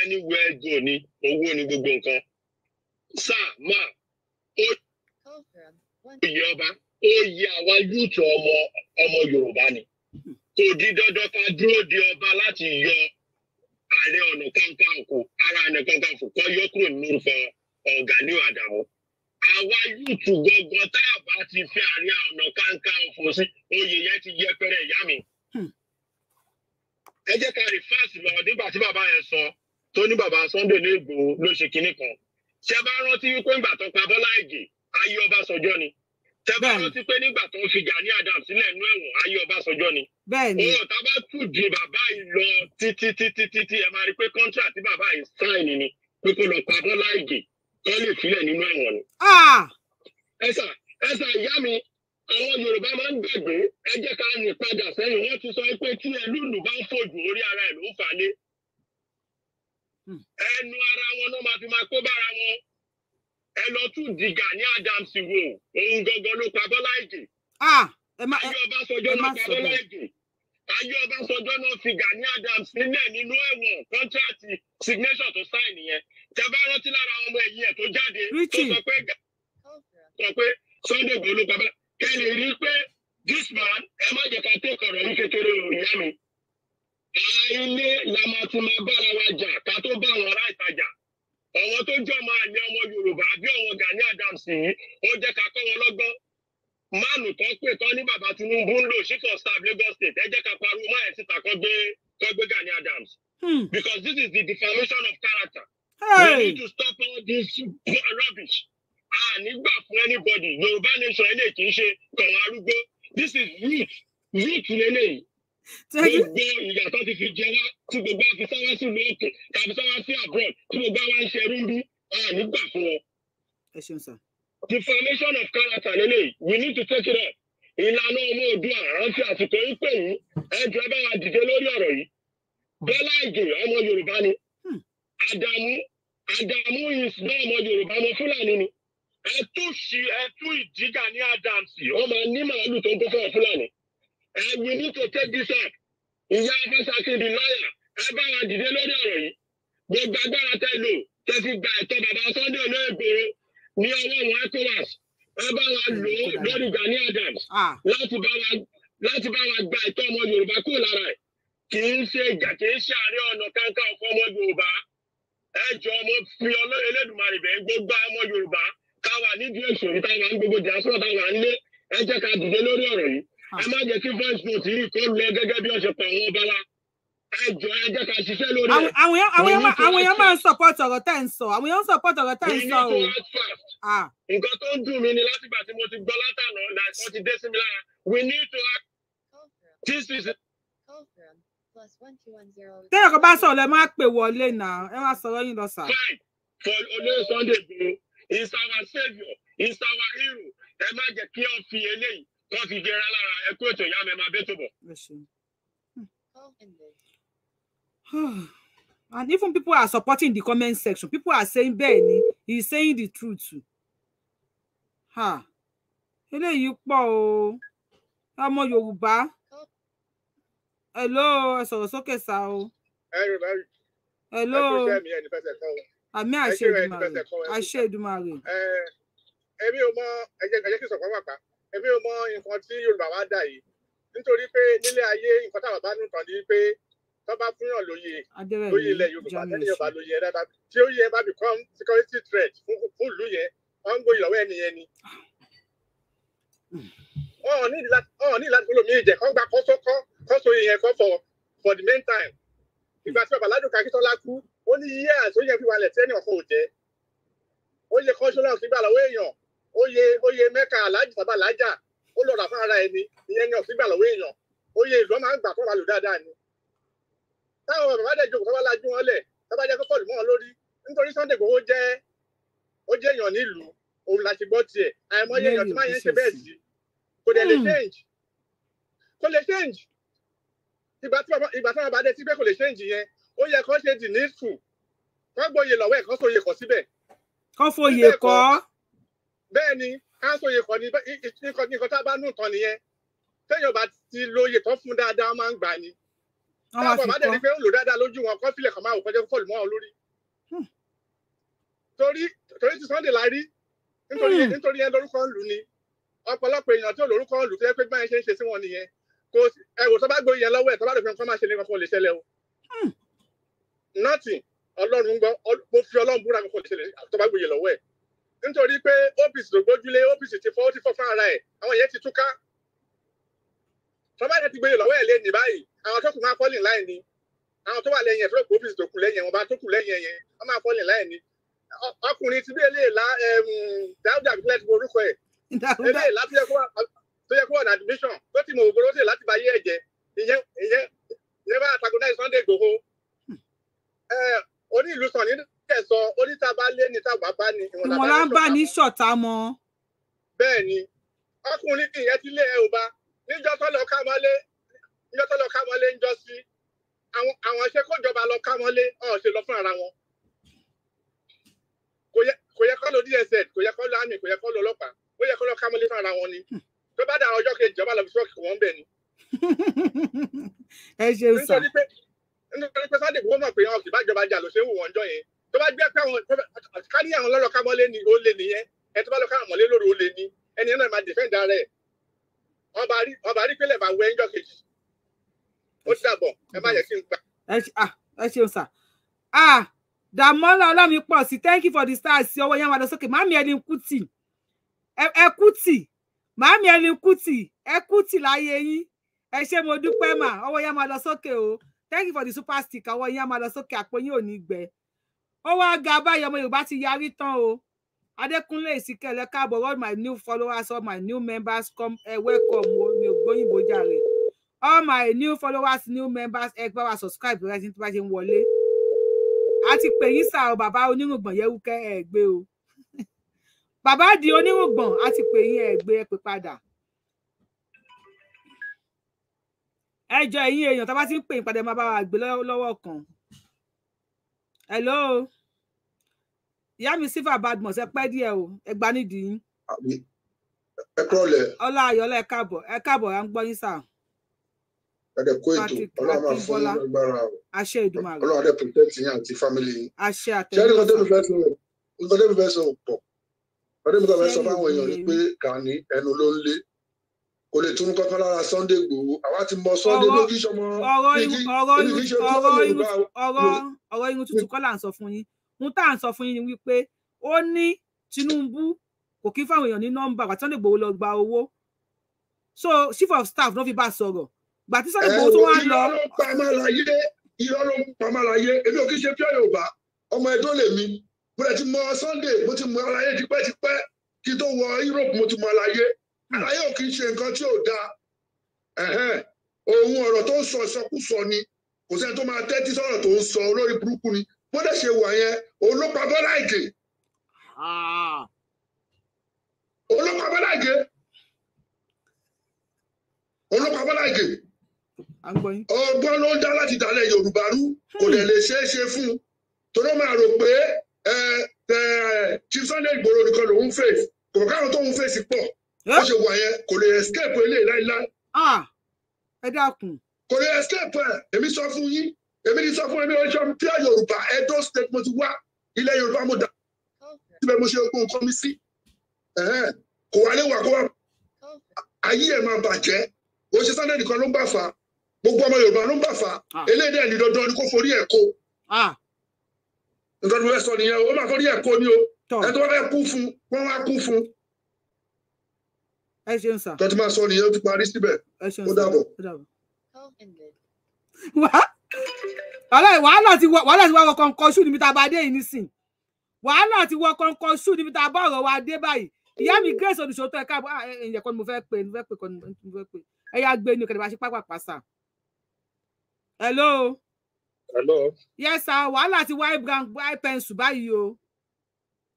anywhere go ni owó ni gbogbo nǹkan. sáà máa ó oyè ọba oyè àwa yúùtù ọmọ ọmọ Yorùbá ni kò di dandan ká dúró de ọba láti yọ ààrẹ ọ̀nà kakanfò ara ọ̀nà kakanfò kọ́ yọ kúrò nínú fọ ọ̀gáníò àdàmú àwa yúùtù gangan tá a bá ti fi ààrẹ ọ̀nà kakanfò sí oyè yẹn ti yẹpẹrẹ ìyá mi hmm. ẹ jẹ́ ká rí fáàsì lọ nígbà tí bàbá yẹn sọ tó ní bàbá Sunday ní Ìgbòho ló ṣe kinní kan ṣe bá rántí wípé ńgbà tó pa Bọ́lá Ìgè ayé Ọbásanjọ́ ni tẹ́bá rántí pé nígbà tó ń fi Gani Adams sílẹ̀ nú ẹ̀wọ̀n ayé Ọbásanjọ́ ni òun ọ̀tá bá tù di bàbá yìí lọ títí títí títí ẹ máa rí pé kọ́ńtà tí bàbá yìí sáìn ni pé kó lọ pa Bọ́lá Ìgè kọ́ lè filẹ̀ nínú ẹ̀wọ̀n ni. Ah! ẹ̀sà ẹ̀sà ìyá mi àwọn Yorùbá máa ń gbàgbé ẹ jẹ́ ká rìn padà sẹ́yìn wọ́n ti sọ pé tí ẹlúùlù bá ń fòjù orí ara ẹ̀ ló fà á lé ẹnu ara wọn náà máa fi máa kó bára wọn ẹ lọ tún di Gani Adams wo òun gangan ló pa Bọ́lá Ìgè. Ah, ayé Ọbásanjọ́ náà pa Bọ́lá Ìgè ayé Ọbásanjọ́ náà fi Gani Adams sílẹ̀ nínú ẹ̀wọ̀n kọ́ńtíráàtì signation tó sáìn nìyẹn tẹ bá rántí lára ọmọ ẹ̀yìn ẹ̀ tó jáde tó sọ pé sọ pé Sunday Igboho ló pa Bọ́lá ẹ lè rí i pé this man ẹ má jẹ́ ká tó kọ̀rọ̀ ní kékeré ìyá mi ilé la máa ti máa bára wa jà ká tó bá wọn ará ìtajà àwọn tó jọ ọmọ àlẹ ọmọ Yorùbá bí àwọn Gani Adams yìí ó jẹ ká kọ́ wọn lọ́gbọ́n máàlù tó pè tán ní bàbá Tinubu ń lò chief of staff Lagos state ẹ jẹ ká pariwo máa ẹ síta gbé kọ gbé Gani Adams. Hmm. Because this is the defamation of character. Hey. We need to stop all this rubbish. A nígbà fún anybody Yorùbá nation eléyìí kì í ṣe kàn arúgbó. This is root root lélẹ́yìí the formation of character lélẹ̀ we need to take it up ìlànà ọmọ òdua rántí àsìkò yìí pé yìí ẹjọ ẹ bá wa dìde lórí ọ̀rọ̀ yìí Bọ́lá Ìgè ọmọ Yorùbá ni hmm. Àdàmú Àdàmú is náà ọmọ Yorùbá ọmọ Fúlàní ni ẹ tún ṣí ẹ tún ìdígà ní Adams ọmọ ní màálù tó ń kó fún ọ Fúlàní. and we need to take this up ìyá afẹ́sàkì di lọ́yà abáwa dìde lórí ọ̀rọ̀ yìí gbogbo agbára gba ẹ̀tọ́ bàbá Sunday olóògbére ní ọwọ́ ecowas abáwa lò ó lórí Gani Adams ah. láti bá wa gba ẹ̀tọ́ ọmọ Yorùbá ko lára ẹ̀ kì í ṣe ìjà kì í ṣe kankan ọmọ Yorùbá ẹ jọ fi ọmọ Yorùbá káwa nídìí èso táwa ń gbogbo Ah. ẹ má jẹ́ kí fine sport yìí kọ́ lọ gẹ́gẹ́ bí ọ̀sẹ̀ pa àwọn ọba la ẹ jọ ẹ jẹ́ ká ṣiṣẹ́ lórí ẹ̀. àwọn èèyàn máa ń support ọ̀rọ̀ tẹ́ ń sọ àwọn èèyàn ń support ọ̀rọ̀ tẹ́ ń sọ o. Ah. nǹkan tó ń dùn mí ni látìgbà tí mo ti gbọ́ látànà náà wọ́n ti dé sí lára we need to act this is. téèyàn kan bá sọ̀rọ̀ lẹ́ máa pè wọlé náà ẹ máa sọ̀rọ̀ yín lọ sà. fine for olóyè Sunday Igboho is our saviour is our hero ẹ má jẹ́ kí ọ fi eléyìí wọ́n ti jẹra lára ẹ ètò ìyá mi máa bẹ́tò bọ̀. and even people are supporting the comment section people are saying bẹ́ẹ̀ ni he is saying the truth. eléyìí pọ̀ o ọmọ Yorùbá Hello, ló ẹ sọ̀rọ̀ sókè sá o. ẹ àmì àṣẹ Èdùmàrè. àṣẹ Èdùmàrè. èmi ò mọ ẹ kí n sọ̀kọ́ wà pa èmi ò mọ nǹkan tí Yorùbá wa dà yìí nítorí pé nílé ayé nǹkan táwọn bá nù tán ni pé tó bá fún yàn lóye lóye ilẹ̀ Yorùbá tẹ́lẹ̀ Yorùbá lóye dáadáa tí ó yẹ bá become security threat fún ìlú yẹn wọ́n ń gbóyè lọ́wọ́ ẹnìyẹn ni. wọn ò ní láti gbọ́dọ̀ mí ìjẹ́ kán gba kọ́sọ́kọ́ kọ́sọ ìyẹn kan for for the main time. ìgbà tí bàbá Ládùn Akíntọ́lá kú ó ní years ó yẹ fi wàlẹ̀ tí ẹnì ọ̀kan ò jẹ́ ó yẹ kọ́ńṣọ́lá ò Oye oye, mẹ́ka aláàjì bàbá aláàjà ó lọ rà fún ara ẹni ìyẹn ni ọ̀sìn gbà lọ́wọ́ èèyàn oyè ìlú máa ń gbà fún balù dáadáa ni. táwọn bàbá dẹ̀ jókòó tábàlá jú wọn lẹ̀ tábà jẹ́ kókó ìmọ̀ lórí nítorí Sunday Igboho jẹ́ ó jẹ́ èèyàn nílùú òun la ti gbọ́ tiẹ̀ àìmọye èèyàn tí máa yẹn ṣe bẹ́ẹ̀ sí kò lè hmm. change kò lè change ìgbà tí wọn bá dé síbẹ̀ kò lè change yẹn ó yẹ kó ṣe dì ní sùn kó gbóyè lọ́wọ́ ẹ̀ kó fòye kọ́ síbẹ̀. kó fòye kọ́ bẹ́ẹ̀ ni káńsó yìí kọ́ ni nǹkan tá a bá nù tán nìyẹn téèyàn bá ti lo iye tán fún dáadáa wọ́n máa ń gbà ni táwọn bàbá dẹ̀ ni pé ó lò dáadáa lójú wọn kọ́ fílẹ̀ kan máa wò kọjá fọ́ọ̀lù mọ́ ọ lórí hmm. torí torí ti Sunday la rí nítorí hmm. nítorí yẹn lórúkọ ń lù ni ọ̀pọ̀lọpọ̀ èèyàn tó lórúkọ ń lù tó yẹ pé báyìí ṣe ń ṣe sí wọn nìyẹn kò ẹwò tó bá gbé yẹn lọ́wọ́ ẹ̀ tó bá dòfin kan máa ṣe nǹkan kan lè ṣẹlẹ̀ o hmm. nothing Ọlọ́run gbọ́ mo fi Ọlọ́run búra kan lè ṣẹlẹ̀ tó bá gbé yẹn lọ́wọ́ ẹ̀ nítorí pé OPC ló gbójúlé OPC ti fọwọ́ ti fọ́ fún ara ẹ̀ àwọn yẹn ti túká tọ́ba yẹn ti gbéyè lọ́wọ́ ẹ̀ lé ní báyìí àwọn tó kù máa fọ́lì láì ni àwọn tó wà lẹ́yìn ẹ̀ fúlọ̀ pé OPC tó kù lẹ́yìn ẹ̀ wọn bá tó kù lẹ́yìn ẹ̀yẹn wọ́n máa fọ́lì láì ni ọkùnrin ti bí eléyè lá Dáúdà àbí kílẹ̀ ti bo orúkọ ẹ̀ eléyè lá tó yẹ kó wà ní admission tó ti mọ̀ òbòrò tè láti bá yé ẹ̀jẹ̀ ìyẹn ìyẹn ìyẹn bá antagonize Sunday Igboho hmm. oní kẹsọ onítàbá lé ní tàbá bá ní. ìwọ̀n la ń bá ní ṣọ̀tá mọ́. bẹ́ẹ̀ ni ọkùnrin ìyẹn ti lé ẹ ò bá níjọ́ tó lọ ká mọ́lé níjọ́ tó lọ ká mọ́lé ń jọ sí àwọn iṣẹ́ kójọba lọ ká mọ́lé ọ̀hún ṣe lọ fún ara wọn. kò yẹ kó lo dss kò yẹ kó lo army kò yẹ kó lo ọlọ́pàá ó yẹ kó lọ ká mọ́lé fún ara wọn ni hmm. tó bá dàrọ ọjọ́ kejì ọba lọ fi ṣọ́ọ̀kì wọn bẹ̀ ni. ẹ ṣeun sá nítorí pé Sunday kò mọ̀ pé ọ̀sìn bá jọba jà ló ṣe ń wù wọ́n jọ yẹn tó bá jẹ́ pé àwọn ká ní àwọn lọ́rọ̀ kámọ́lé ni ó lè nìyẹn ẹni tó bá lọ káwọn mọ́lé lóru ó lè ní ẹni náà máa dìfẹ́ǹdà rẹ̀ wọ́n rí pé lẹ́ẹ̀bà wẹ ẹjọ́ kejì ó dàbọ̀ ẹ má yẹ kí n gbà. ẹ ah, ṣeun sà ah, dàmọ́lá ọlọ́mi pọ̀ sí thank you for the stars sí ọwọ́ yẹn wà lọ sókè màmí ẹni kùtì ẹ kùtì màmí ẹni kùtì ẹ kùtì láyé yín ẹ ṣé mo dúpẹ́ mà ọwọ́ yẹn máa lọ o thank you for the super stick ọwọ́ yẹn máa lọ àpò yín ò ní gbẹ ó wáá ga báyìí ọmọ yorùbá ti yarí tán o adékúnlé ìsìnkẹlẹ káàbọ̀ all my new followers all my new members come ẹ eh, welcome o mi ò gbóyìnbó jàre all my new followers new members ẹ gbá wa subscribe rẹ tí bá ṣe ń wọlé a ti pè yín sáà o bàbá onírùngbọ̀n yẹwùkẹ ẹ gbé o bàbá di onírùngbọ̀n a ti pè yín ẹ gbé ẹ pè padà. ẹ jọ ẹ̀yin èèyàn tá a bá ti ń pè yín padà máa bá wa gbé lọ́wọ́ kan hello ìyá mi sífà badmus ẹ pẹ́ díẹ̀ o ẹ gba nídìí yín. ẹ kúrò lẹ. ọlá ayọ̀lá ẹ káàbọ̀ ẹ káàbọ̀ à ń gbọ́ yín sáà ẹdẹ kó ètò ọlọ́run máa fún yín lágbára o ọlọ́run adẹ protect yín àti family yín ṣẹlẹ ọdẹ mi fẹẹ sọ ọdẹ mi fẹẹ sọ pọ ọdẹ mi fẹẹ sọ fáwọn èèyàn ni pé Gani ẹnu ló ń lé kò lè tún kankan lára Sunday Igboho àwa ti mọ Sunday ló sọmọ ọ̀rọ̀ irun tuntun kọ́ ń sọ fún yín ohun tá à ń sọ fún yín ni wípé ó ní Tinubu kò kí fáwọn èèyàn ní nọ́mbà wà Sunday Igboho lọ gba owó so chief of staff ló fi bá a sọ̀rọ̀ gbà tí Sunday Igboho tó wá lọ. irọ́ ló pa pa máa láyé èmi ò kí ṣe pure Yorùbá ọmọ Ẹdó lèmi mo lè ti mọ Sunday mo ti mọ aláyé tipẹ́tipẹ́ kí tó wọ Europe mo ti mọ aláyé àlàyé ò kì í ṣe nǹkan tí ò dáa ohun ọ̀rọ̀ tó ń sọ ìsọkúsọ ni kò sẹ́ni tó máa tẹ́tí sọ̀rọ̀ tó ń sọ olórí burúkú ni bó dẹ̀ ṣe wà yẹn olópa Bọ́lá Ìgè olópa ah. Bọ́lá Ìgè olópa Bọ́lá Ìgè ọgbọ́n ló ń dá láti dàlẹ̀ Yorùbá rú kò dẹ̀ hmm. lè ṣeé ṣe fún un torí ó máa rò pé Chief Sunday Ìgbòho nìkan lòún fèsì kò káwọn tóun fèsì pọ̀ bó ṣe wà yẹn kò lè escape eléyìí láíláí. Ah, ẹ dákun. kò lè escape ẹ èmi sọ fún yín èmi ti sọ fún ẹni ọjọ́ pure yorùbá edo state mo ti wá ilẹ̀ yorùbá mo dà síbẹ̀ mo ṣe gbogbo nǹkan mi sí kò wá léwà kó wá ayé ẹ̀ máa bàjẹ́ ó ṣe sunday nìkan ló ń bà fà gbogbo ọmọ yorùbá ló ń bà fà ah. eléyìí dẹ̀ ní dandan ni kò forí ẹ̀ kó ah. nǹkan tó fẹ́ sọ nìyẹn o ó máa forí ẹ̀ kó ni o ẹni tó bá fẹ́ kú fún wọn wá kú fún ẹ ṣeun sà. tọ́tí máa sọ nìyẹn ó ti parí síbẹ̀ ó dàbọ̀. wàhálà ti wọ kọ̀ǹkọ̀ ṣù níbi tá a bá dé yìí nísìn wàhálà ti wọ kọ̀ǹkọ̀ ṣù níbi tá a bá ọ̀rọ̀ wa dé báyìí ìyá mi grace olùṣòótọ́ ẹ̀ka ẹ̀yẹ̀ kan ni mo fẹ́ pè ni mo fẹ́ pè kan ni mo fẹ́ pè ẹ̀yà gbé ni òkèdè bá ṣe pápá pàṣà. hello. hello. yes sir wàhálà ti wá ipẹ̀nsù báyìí o.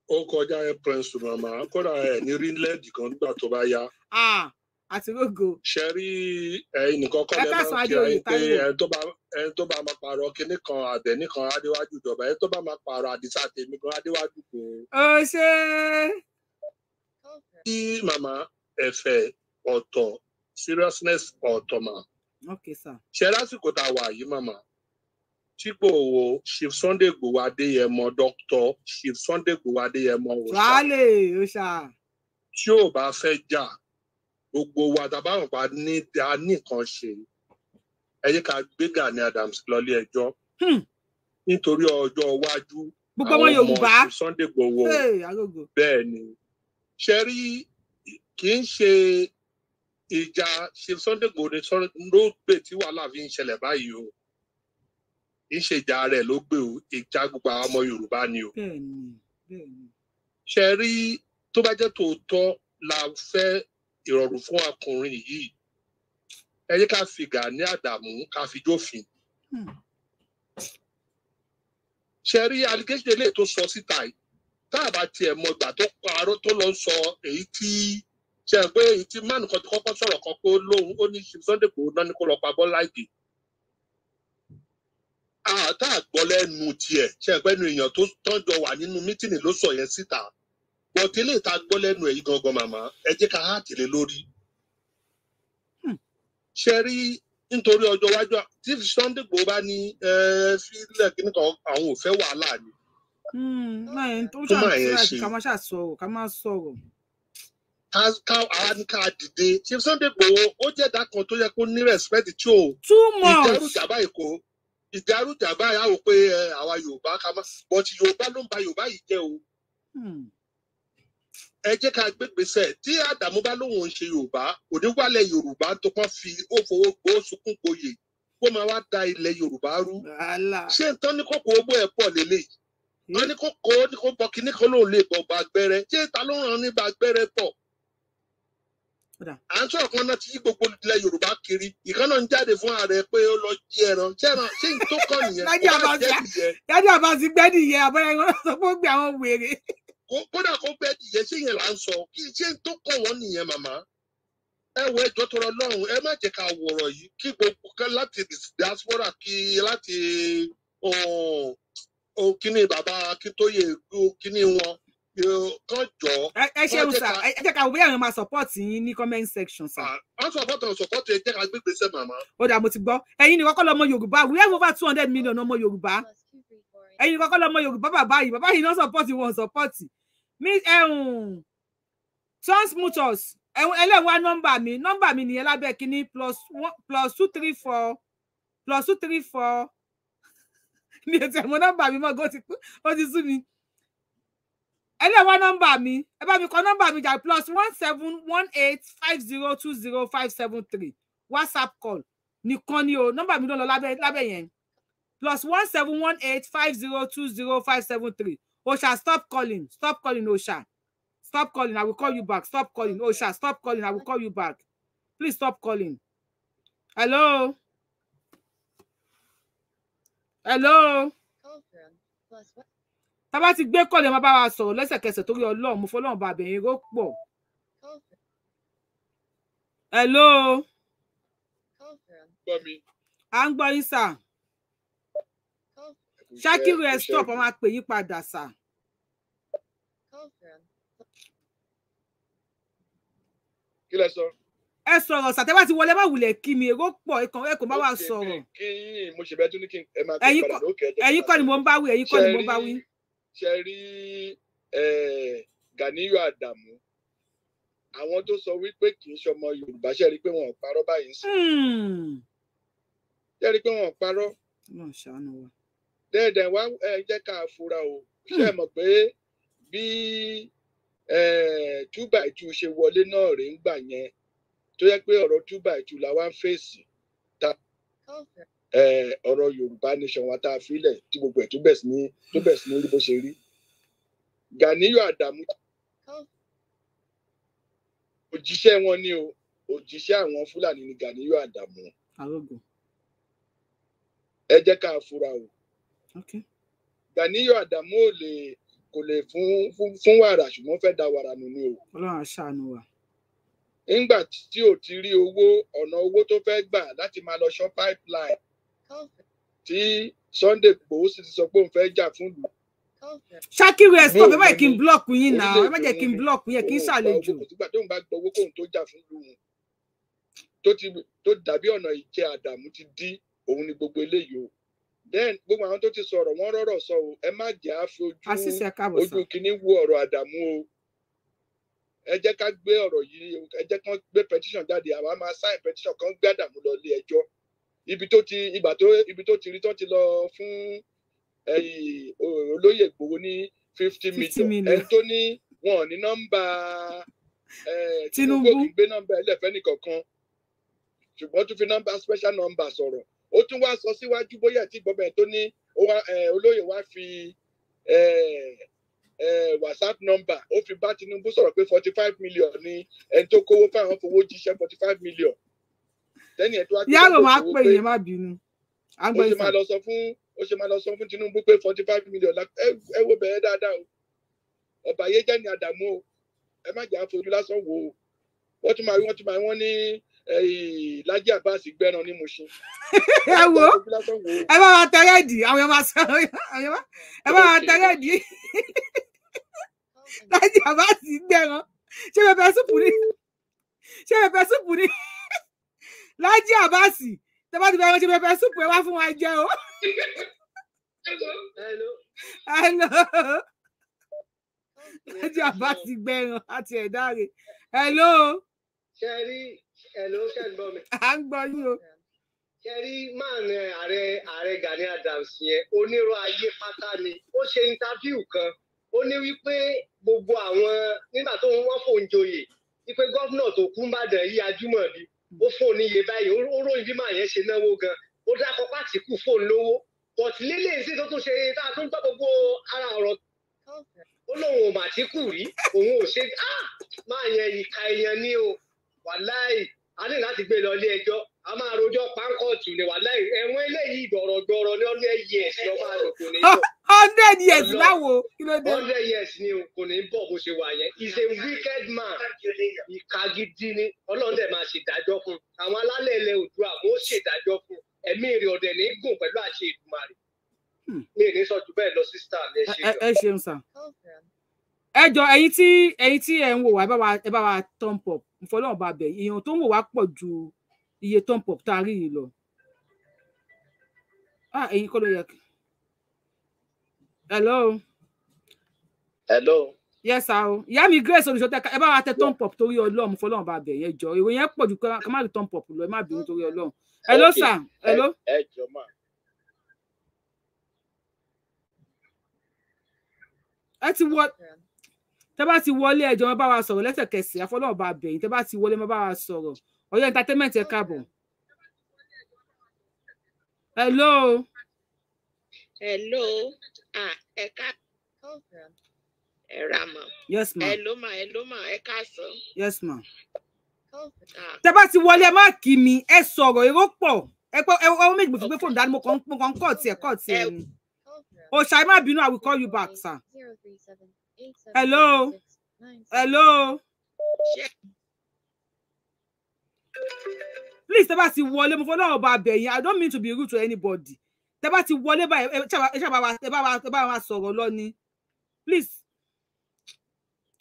ó kọjá ipẹ̀nsù màmá kódà ẹ̀ ní rí lẹ́ẹ̀dì kan nígbà tó bá yá. Ah, àti rògo. ṣe rí eh, ẹyin nìkan kọ́ lẹ́nu kí ẹyin pé ẹni tó bá máa pààrọ̀ kinní kan àtẹ̀ní kan adéwájú ìjọba ẹni tó bá máa pààrọ̀ àdìsá tèmi kan adéwájú kò. ó ṣe. kí màmá ẹ̀fẹ̀ ọ̀tọ̀ seriousness ọ̀tọ̀ mà. ṣe lásìkò tá a wà yìí màmá típò wo chief sunday gbowó adéyẹmọ dr chief sunday gbowó adéyẹmọ òòṣà. wàá lè bá fẹ́ jà gbogbo wa tàbáwọn pa ní a ní nǹkan ṣe ẹ jẹ́ ká gbé Gani Adams lọlé ẹjọ́ hmm. nítorí ọjọ́ iwájú àwọn ọmọ Sunday Igboho bẹ́ẹ̀ ni ṣe rí kì í ṣe ìjà ṣe Sunday Igboho ni ló gbé tí wàhálà fi ń ṣẹlẹ̀ báyìí o kì í ṣe ìjà rẹ̀ ló gbé o ìjà gbogbo àwọn ọmọ Yorùbá ni o ṣe rí tó bá jẹ́ tòótọ́ la fẹ́ ìrọ̀rùn fún ọkùnrin yìí ẹ yẹ ká fi Gani Adamu ká fi jófin. Hmm. ṣe rí allegation eléyìí tó sọ síta yìí tá a bá tiẹ̀ mọ ìgbà tó parọ́ tó lọ sọ èyí tí ṣe pé èyí tí mánu kan ti kọ́kọ́ sọ̀rọ̀ kan pé lóhun ó ní Sunday kò náà ní kó lọ pa Bọ́lá Ìgè tá tiẹ̀ ṣe pé ẹnu èèyàn tó tán jọ wà nínú mítìnì ló sọ yẹn síta. bọ̀tí lè ta èyí gangan màmá ẹ jẹ́ lórí. Hmm. ṣe rí nítorí ọjọ́ iwájú tí Sunday Igboho bá ní fílẹ̀ kí nìkan àwọn ò wàhálà ni. Hmm, tó máa yẹn ṣe ká ká sọ̀rọ̀. ká ara ká dìde Sunday ó tó yẹ kó ní respect tí o ẹ jẹ́ ká gbégbèsè tí Àdàmú bá lóun ń ṣe Yorùbá oníwàlẹ̀ Yorùbá tó kàn fi ó fowó gbó sunkún gboyè kó máa wá da ilẹ̀ Yorùbá rú ṣé nǹkan ní kókó owó ẹ̀ pọ̀ lélẹ̀ wọn hmm? ní kókó ní kó bọ kíní kan lóun lè bọ̀ bá gbẹ́rẹ́ ṣé ta ló ràn ní bá gbẹ́rẹ́ pọ̀ à ń sọ̀rọ̀ kan náà ti yí gbogbo ilẹ̀ Yorùbá kiri ìkan náà ń jáde fún ààrẹ pé ó lọ jí ẹran ṣẹ́ran ṣé n tó kàn nìyẹn ó bá jẹ́ nìyẹn. dájú àbá ti gbẹ́ nìyẹn àbọ̀yẹ̀ wọn sọ pé gbé àwọn wèrè kódà kó bẹ dìyẹ sí yẹn là ń sọ kí iṣẹ́ tó kọ̀ wọ́n nìyẹn màmá ẹ wọ ẹjọ́ tọrọ lọ́rùn ẹ má jẹ́ ká wọ̀rọ̀ yìí kí gbogbo kan láti diaspora kí láti kíní bàbá Akíntóyè kíní wọn kan jọ. ẹ ṣeun sá ẹ jẹ́ ká wọ́n yàrá máa support yín ní comment section sá. wọ́n support ọ̀hún support ẹ jẹ́ ká gbé gbèsè màmá. ó dà mo ti gbọ́ ẹ̀yin ni kọ́kọ́ lọ́mọ Yorùbá we have over two hundred million ọmọ Yorùbá ẹ̀yin ni kọ́kọ́ lọ́mọ Yorùbá bàbá yìí bàbá yìí náà support wọn support transmuters ẹlẹ́wà nọ́mbà mi nọ́mbà mi nìyẹn lábẹ́ kínní plus one plus two three four plus two three four mi ò tẹ̀ mọ́ nọ́mbà mi mọ́gán ó ti sú mi ẹlẹ́wà nọ́mbà mi ẹ bá mi kọ nọ́mbà mi jà plus one seven one eight five zero two zero five seven three whatsapp call nìkan ni o nọ́mbà mi ló lọ lábẹ́ lábẹ́ yẹn plus one seven one eight five zero two zero five seven three Osha, stop calling. Stop calling, Osha. Stop calling. I will call you back. Stop calling. Osha, stop calling. I will call you back. Please stop calling. Hello? Hello? Tàbá ti gbé kọ́lẹ̀ máa bá wa sọ̀rọ̀ lẹ́sẹ̀kẹsẹ̀ torí Ọlọ́run mo fọlọ́run bá abẹ̀yìn ró pọ̀. Hello? À ń gbọ́ yín ṣákìrì ẹ stop ọmọ àpè yí padà sà. kí lẹ sọ. ẹ sọ̀rọ̀ sàtẹ́ bá ti wọlé bá wulẹ̀ kí mi èrò pọ̀ ẹ̀kan ẹ̀ kò bá wà sọ̀rọ̀. kí yín mo ṣe bẹ́ẹ̀ tún ní kí ẹ máa gbé padà lókè ẹjọ́. ẹ̀yin kọ́ ni mo ń bá wí ẹ̀yin kọ́ ni mo ń bá wí. ṣe rí Ganiyu Adamu àwọn tó sọ wípé kì í ṣọmọ Yorùbá ṣe rí pé wọn ò parọ́ báyìí sí. Hmm. ṣe rí pé wọn ò parọ́. náà ṣàánú wa dẹ́ẹ̀dẹ̀ wá ẹ jẹ́ ká fura o ṣe hmm. mọ̀ pé bí two by ṣe wọlé náà rèé ń gbà yẹn tó yẹ pé ọ̀rọ̀ two by two fèsì ta ọ̀rọ̀ Yorùbá nation wa tá filẹ̀ tí gbogbo ẹ̀ tó bẹ̀ sí ní bó rí Ganiyu Adamu òjíṣẹ́ wọn ni o àwọn Fúlàní ni Ganiyu Adamu ẹ jẹ́ ká fura o Gàníyọ Àdàmú ò lè kò lè fún fún fún wàrà ṣùgbọ́n fẹ́ da wàrà nù ni o. Ọlọ́run aṣáánu wa. Nígbà tí ò ti rí owó ọ̀nà owó tó fẹ́ gbà láti máa lọ ṣọ́ pipeline tí Sunday Igboho sì ti sọ pé òun fẹ́ jà fún ìlú. Ṣákìrì ẹ̀ stop ẹ má jẹ́ kí n block yín náà ẹ má jẹ́ kí n block yín ẹ̀ kí n ṣàlejò. Nígbà tó ń bá gbọ́ owó kóun tó jà fún ìlú wọn tó dàbí ọ̀nà ìjẹ Àdàmú ti dí òun ni gbogbo eléyìí then gbogbo àwọn tó ti sọ̀rọ̀ wọ́n rọ̀rọ̀ sọ o ẹ má jẹ́ àfojú ojú kìíní wo ọ̀rọ̀ àdàmú o ẹ jẹ́ ká gbé ọ̀rọ̀ yìí ẹ jẹ́ kán gbé petition jáde àwa máa sign petition kan gbé àdàmú lọ ilé ẹjọ́ ibi tó ti ìgbà tó ibi tó ti rí tó ti lọ fún olóyè Ìgbòho ní fifty million ẹni tó ní wọn ní nọ́mbà Tinubu kò gbé nọ́mbà ẹlẹ́fẹ́ nìkankan ṣùgbọ́n tún fi nọ́mbà special nọ́mbà sọ̀rọ̀ ó tún wá sọ síwájú bóyá tí gbọmọ tó ní olóyè wá fi whatsapp number ó fi bá Tinubu sọ̀rọ̀ pé forty five million ni ẹni tó kówó fáwọn fowó jíṣẹ́ forty five million tẹ́ni ẹ̀ tó wá tó yàrá máa pè yín má bínú. ó ṣe máa lọ sọ fún ó ṣe máa lọ sọ fún Tinubu pé forty five million ẹ wo bẹ̀rẹ̀ dáadáa o ọba ayé ni Àdàmú o ẹ má jà fojú lásán wò ó wọ́n tún máa wọ́n tún máa wọ́n ní. Lájí Abbas gbẹ́ran ní Mushin. ẹ wo ẹ bá wa tẹrẹ́ẹ̀dì àwọn ọmọ sọ̀rọ̀ ẹ bá wa tẹrẹ́ẹ̀dì Lájí Abbas gbẹ́ran ṣé pẹpẹ súpù ni ṣé pẹpẹ súpù ni Lájí Abbas tẹ bá ti bẹ̀rẹ̀ ṣe pẹpẹ súpù ẹ wá fún wa jẹ o. Hello. Lájí Abbas gbẹ́ran àti ẹ̀dá rẹ̀. Hello. Hello ṣe rí ẹ̀ló ṣe ń gbọ́ mi. à ń gbọ́ yín o. ṣe máa ní ààrẹ ààrẹ Gani Adams yẹn onírọ̀ ayé pátá ni ó ṣe intaviu kan ó ní wípé gbogbo àwọn nígbà tó ń wọ́n fòun joyè wípé gómìnà tó kú Ìbàdàn yìí Ajímọ̀bí ó fóun níye báyìí ó ròyìn bí màá yẹn ṣe náwó gan ó dákọ̀ pàtì kù fóun lówó but lílé sí tó tún ṣe tá a tún gbọ́ gbogbo ara ọ̀rọ̀ ó lóun ò mà kù rí òun ò ṣe ah! máa yẹn ìka èèyàn ni o. wàláì a ní láti gbé lọ ilé ẹjọ́ a máa rojọ ni wàláì eléyìí gbọ̀rọ̀gbọ̀rọ̀ ní ọlẹ́ ní bọ̀. hundred years láwo bọ̀ bó ṣe wà yẹn is ni ọlọ́run dẹ̀ máa ṣèdájọ́ fún àwọn alálẹ̀ ilẹ̀ ṣèdájọ́ fún ẹ̀mí lọ ẹ ẹ jọ ìfọlọ́run bá bẹ̀ èèyàn tó ń wò wá pọ̀ ju iye tó ń pọ̀ tá a rí yìí lọ. ẹ̀yin ah, kọ́ ló yẹ kí. hello. hello. yes ah. o ìyá mi grace olùṣọ́tẹ́ ẹ bá wa tẹ tó ń pọ̀ torí ọlọ́run ìfọlọ́run bá bẹ̀ yẹn jọ èrò yẹn pọ̀ ju ká má rí tó ń pọ̀ lọ ẹ má bínú torí ọlọ́run. hello sir. hello. ẹ jọ máa. ẹ ti wọ tẹ́ bá ti wọlé ẹjọ́ máa bá wa sọ̀rọ̀ lẹ́sẹ̀kẹsẹ̀ àfọlọ́ọ̀bá bẹ̀yìn tẹ́ bá ti wọlé máa bá wa sọ̀rọ̀ ọ̀yọ́ entertainment ẹ káàbọ̀. hello. hello ah ẹ ká ẹ ra mọ. yes ma. hello ma hello ma ẹ ká sọ. yes ma. tẹ́ bá ti wọlé ẹ má kí mi ẹ sọ̀rọ̀ èrò pọ̀ ẹ pé ẹ ọwọ́ méjì gbèsè pé fóònù dání mo kàn ń kọ́ tiẹ̀ kọ́ tiẹ̀ ni. òṣà ẹ má bínú I will call you back sir. zero three seven hello hello please tẹ́ bá wole wọlé mo fọlọ́ ọba abẹ̀yìn i don't mean to be rude to anybody tẹ́ bá ti wọlé báyìí ẹ ṣàbá wa ẹ bá wa ẹ bá wa sọ̀rọ̀ lọ ni please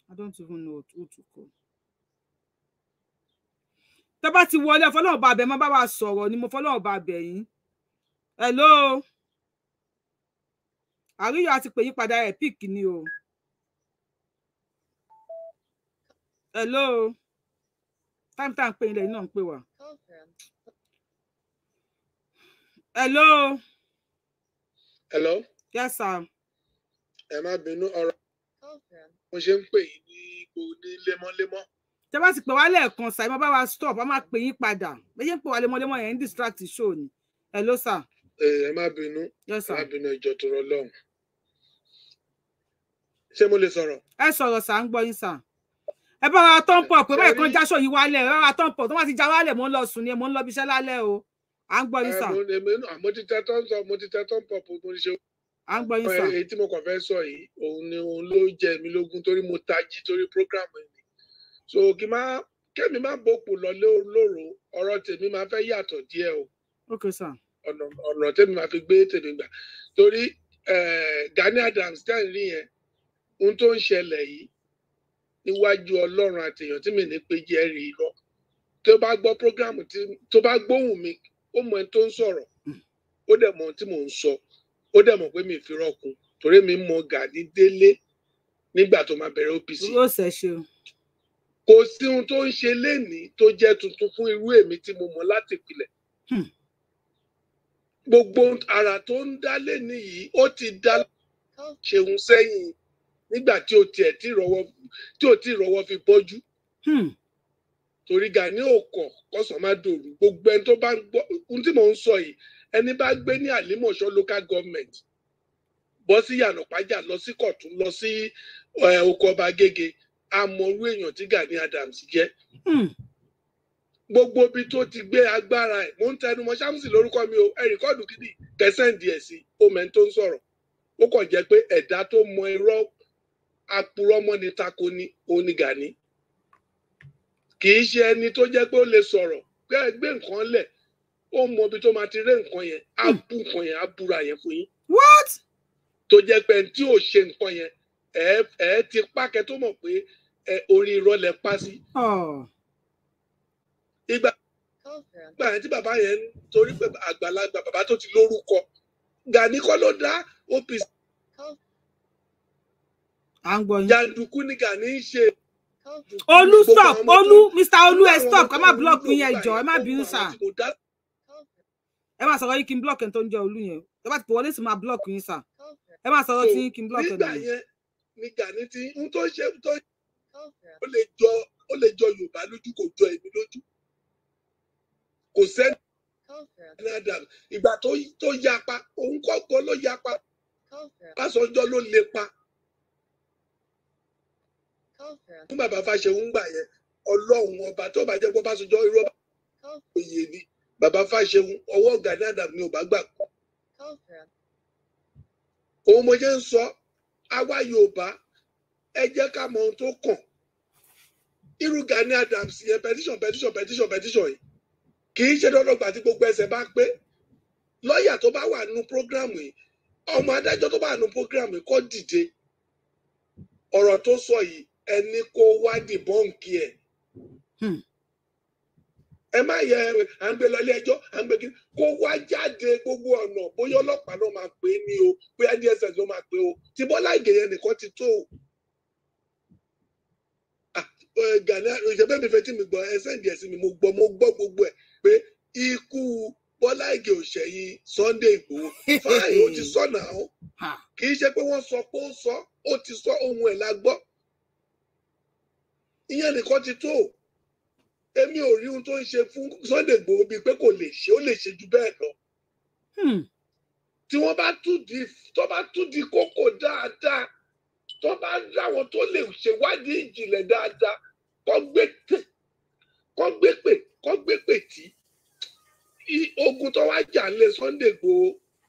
i don't even know who to call tẹ́ bá ti wọlé fọlọ́ ọba abẹ̀yìn má bá wa sọ̀rọ̀ ni mo fọlọ́ ọba abẹ̀yìn hello àríyọ àti pèyí padà ẹ̀ píìkì ni o. hello time tá à ń pè ilẹ̀ iná hello. hello. yes sir. ẹ má bínú ọ̀rọ̀ mo ṣe ń pè yín ní ipò ní lemọ́lemọ́. tẹ bá ti pè wá lẹ́ẹ̀kan ṣáà má bá wa stop a máa pè yín padà bẹ ṣe ń pè wá lemọ́lemọ́ yẹn distract show ni hello sir. ẹ má bínú ẹ má bínú ìjọ tó rọ lọ́hùn. ṣé mo lè sọ̀rọ̀. ẹ sọ̀rọ̀ sà ń gbọ́ yín ẹ bá wa tán pọ̀ pé báyìí kan jáṣọ yìí wálẹ̀ ẹ bá wa tán pọ̀ tó wọ́n ti já wálẹ̀ mò ń lọ sùn ni mò ń lọ bíṣẹ́ lálẹ́ o à ń gbọ́ yín sà. mo ti tẹ tán sọ mo ti tẹ tán pọ̀ mo ti ṣe. à ń gbọ́ yín sà. èyí tí mo kàn fẹ́ sọ yìí òun ni òun ló jẹ mí lógún torí mo tají torí prógrámù yìí so kí má kẹ́mi má bòpò lọ lóru ọ̀rọ̀ tèmi máa fẹ́ yàtọ̀ díẹ̀ o. okay sà. ọ̀nà tèmi máa fi gbé tèmi gbà torí Gani Adams tẹ́ ń rí yẹn ohun tó ń ṣẹlẹ̀ yìí níwájú ọlọ́run àtèèyàn tí mi ní pé jẹ́rìí lọ tó bá gbọ́ program tó bá gbóhùn mi ó mọ ẹni tó ń sọ̀rọ̀ hmm. ó dẹ̀ mọ ohun tí mò ń sọ ó dẹ̀ mọ̀ pé mi fi rọ́ọ̀kùn torí mi mọ Gani délé nígbà tó máa bẹ̀rẹ̀ OPC. kò sí ohun tó ń ṣe lénìí tó jẹ́ tuntun fún irú èmi tí mo mọ̀ láti ìpìlẹ̀. Hmm. gbogbo ara tó ń dá lénìí yìí ó ti dá oh. ṣeun sẹ́yìn nígbà tí o tiẹ̀ tí ìrọwọ́ tí o fi bọ́jú. Hmm. torí Gani ò kọ̀ kọ́sàn má gbogbo ẹni tó bá ń gbọ́ ohun tí mò ń sọ yìí ẹni bá gbé ní àlímọ̀ṣọ́ local government bọ́ sí yànà lọ sí lọ sí oko ọba gègé amọ̀rú èèyàn tí Gani Adams jẹ́. Hmm. gbogbo ibi tó ti gbé agbára ẹ̀ mo ń mi o rìkọ́ọ̀dù kìdí omen tó ń sọ̀rọ̀ ó kàn jẹ́ pé ẹ̀dá tó mọ apurọ́ mọ́ ni tako ni onígàní kì í ṣe ẹni tó jẹ́ pé ó lè sọ̀rọ̀ pé gbé nǹkan lẹ̀ ó mọ ibi tó máa ti ré nǹkan yẹn á hmm. bú nǹkan yẹn á búra yẹn fún yín. what. tó jẹ́ pé tí ò ṣe nǹkan yẹn ẹ ẹ ti pákẹ́ tó mọ̀ pé ẹ orí irọ́ lẹ pa sí. Oh. ìgbà oh, ìgbà yẹn tí bàbá yẹn torí pé àgbàlagbà bàbá tó ti lórúkọ Gani kọ́ ló dá OPC oh jàǹdùkú ni Gani ṣe. olú stop olú mr olú ẹ stop ẹ má block mi yẹn ìjọ ẹ má bínú sà ẹ má sọ̀rọ̀ yìí kí n block ẹ̀ tó ń jẹ́ olú yẹn ẹ bá ti wọlé sí máa block yín sà ẹ má sọ̀rọ̀ tí kí n block ẹ̀ náà. nígbà yẹn ni Gani ti ń tó ṣe tó ó lè jọ ó lè jọ Yorùbá lójú kò jọ èmi lójú kò sẹ́ni ìgbà tó yapa òun kọ́kọ́ ló yapa Ọbásanjọ́ ló lè pa fún bàbá Fáṣẹ̀hún gbà yẹn ọlọ́run ọba tó bá jẹ́ pé Ọbásanjọ́ irọ́ òye ni bàbá Fáṣẹ̀hún ọwọ́ Gani Adams ni ò gbà kú. òun mo jẹ́ ń sọ àwa Yorùbá ẹ jẹ́ ká mọ ohun tó kàn irú Gani Adams yẹn petition petition petition petition yìí kì í ṣe dandan gbà tí gbogbo ẹsẹ̀ bá pé lọ́ọ̀yà tó bá wà nínú prógráàmù yìí ọmọ adájọ́ tó bá wà nínú prógráàmù yìí kó dìde ọ̀rọ̀ tó sọ yìí ẹni kó wá dìbọ́ǹkì ẹ̀. Hmm. ẹ má yẹ à ń gbé lọ ilé ẹjọ́ à ń gbé kí kó wá jáde gbogbo ọ̀nà bóyá ọlọ́pàá ló máa pè é ní o bóyá DSS ló máa pè o tí Bọ́lá Ìgè yẹn nìkan ti tó o. Gani ìjọba mi fẹ́ tí mi gbọ́ ẹsẹ̀ ń díẹ̀ sí mi mo gbọ́ mo gbọ́ gbogbo ẹ̀ pé ikú Bọ́lá Ìgè òṣèyí Sunday Ìgbòho fáyì ó ti sọ náà kì í ṣe pé wọ́n sọ pé ó sọ ó ti sọ ohun ẹ̀ la gbọ́ ìyẹn nìkan ti tó èmi ò rí ohun tó ń ṣe fún Sunday Igboho bíi pé kò lè ṣe ó lè ṣe ju bẹ́ẹ̀ lọ hmm. tí wọ́n bá tún di tó bá tún di kókò dáadáa tó bá ráwọn tó lè ṣèwádìí ìjìnlẹ̀ dáadáa kọ́ gbé pè kọ́ gbé pè kọ́ gbé pè tí ogun tó wá jà lé Sunday Igboho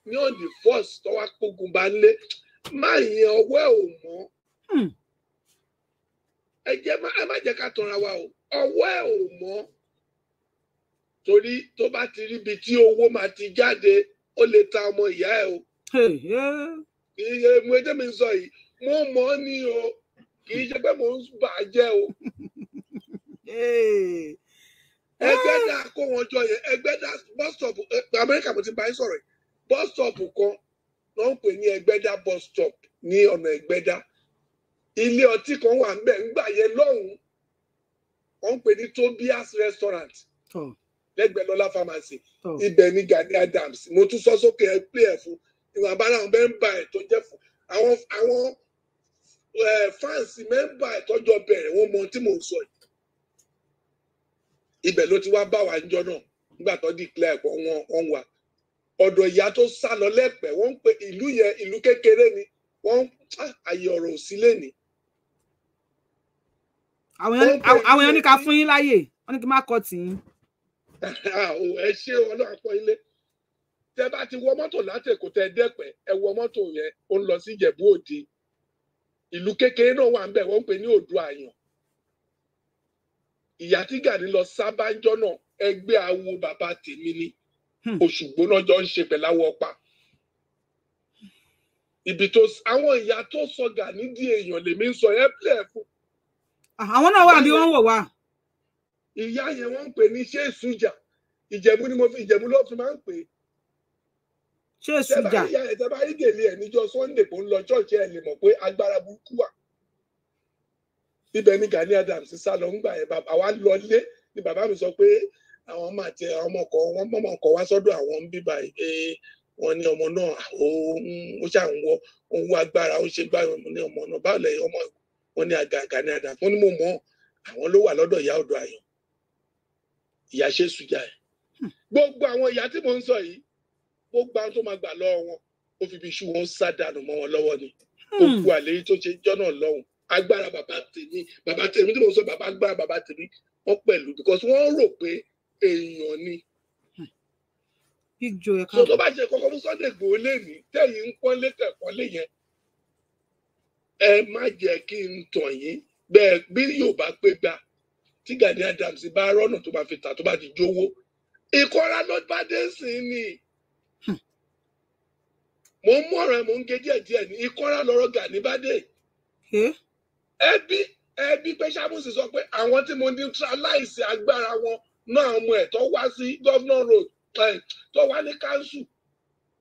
ní on the first tó wá kógun bá lé má yẹn ọwọ́ ẹ̀ ò mọ́. Hmm ẹ jẹ́ ẹ má jẹ́ ká tanra wa o ọwọ́ ẹ ò mọ́ torí tó bá ti ríbi tí owó máa ti jáde ó lè ta ọmọ ìyá ẹ o. iye mo ẹjẹ mi sọ yìí mo mọ ni o kì í ṣe pé mo ń bà o. ẹgbẹ́ dà kó wọn jọ yẹn ẹgbẹ́ dà bọ́sítọ̀pù amẹ́ríkà mo ti bá yín sọ̀rọ̀ yìí bọ́sítọ̀pù kan ló ń pè ní ẹgbẹ́dá bọ́sítọ̀pù ní ọ̀nà ẹgbẹ́dá ilé ọtí kan wà ń bẹ̀ ńgbà yẹn lọ́hùn-ún wọ́n ń pè ní Tobias restaurant lẹ́gbẹ̀ẹ́ pharmacy ibẹ̀ ni Gani Adams mo tún sọ sókè ẹ pé ẹ fún ìwà abára àwọn mẹ́mbà ẹ̀ tó jẹ́ fún àwọn àwọn fans mẹ́mbà ẹ̀ tọ́jọ́ bẹ̀rẹ̀ wọ́n mọ tí mò ń sọ yìí ibẹ̀ ló ti wá bá wa níjọ́ náà nígbà tó declare pọ̀ wọn wọn wà ọ̀dọ̀ ìyá tó sá lọ lẹ́pẹ̀ wọ́n ń pe ìlú yẹn ìlú kékeré ni wọ́n àyè ah, ọ̀rọ̀ òsílẹ̀ ni àwọn èèyàn ní ká fún yín láàyè wọn ní kí n má kọ tì yín. ẹ ṣe ọlọ́run pọ̀ ilé tẹ bá ti wọ mọ́tò láti èkó tẹ dẹ́pẹ́ ẹ wọ mọ́tò yẹn ó ń lọ sí ìjẹ̀bú òde ìlú kékeré náà wà ń bẹ̀ wọ́n ń pè ní odò àyàn ìyá tí Gani lọ sábàjọ́ náà ẹgbẹ́ awo bàbá tèmi ni hmm. òṣùgbóná jọ ń ṣe pẹ̀láwọ ọ̀pá ibi tó àwọn ìyá tó sọ Gani di èèyàn lèmi ń sọ ẹ pẹ́ fún Ah, àwọn náà wà bí wọ́n wò wá. ìyá yẹn wọ́n ń pè ní ṣé ìsújà ìjẹ̀bú ni mo fi ìjẹ̀bú ló fi máa ń pè é. ṣé ìsújà ìjọba ìgèlè ẹ̀ níjọ sunday kò ń lọ ṣọ́ọ̀ṣì ẹ̀ lè mọ̀ pé agbára burúkú wà. ibẹ̀ ni Gani Adams sá lọ ń gbà ẹ̀ bàbá wa lọ lé ni bàbá mi sọ pé àwọn ọmọ àti ọmọ ọkọ wọn mọmọ ọkọ wá sọ́dọ̀ àwọn ń bíbá ẹ wọn ní ọmọ náà ó ṣàwọn ó ń agbára ó ṣe gbá ọmọ náà báwo lẹ́yìn ọmọ ìwọ wọ́n ní àgàgà ní àdá wọ́n ní mo mọ̀ àwọn ló wà lọ́dọ̀ ìyá ọ̀dọ̀ àyàn ìyá ṣe sùjà ẹ̀ hmm. gbogbo àwọn ìyá tí mò ń sọ yìí gbogbo àwọn tó máa gbà lọ́wọ́ wọn ó fi bí iṣu wọn sá dànù mọ́ wọn lọ́wọ́ ni gbogbo hmm. àlérí tó ṣe jọ́nà lọ́hùn agbára bàbá tèmi bàbá tèmi tí mo sọ bàbá agbára bàbá tèmi wọn pẹ̀lú because wọ́n rò pé èèyàn ni hmm. so tó bá ṣe kọ́kọ́ fún Sunday Igboho lé mi tẹ̀yìn ń pọ́n lé tẹ̀pọ́n yẹn ẹ má jẹ́ kí n tàn yín bẹ́ẹ̀ bí yóò bá pé gba tí Gani Adams bá rọ́nà tó bá fi tà tó bá ti jówó ìkọra ló bá dé sí ni hmm. mo ń mọ̀ràn mo ń gé díẹ̀ díẹ̀ ní ìkọra lọ́rọ̀ Gani bá dé ẹbí ẹbí pé sábùsì sọ pé àwọn tí mo neutralize agbára wọn náà mú ẹ̀ tó wá sí governor road eh, tó wá ní council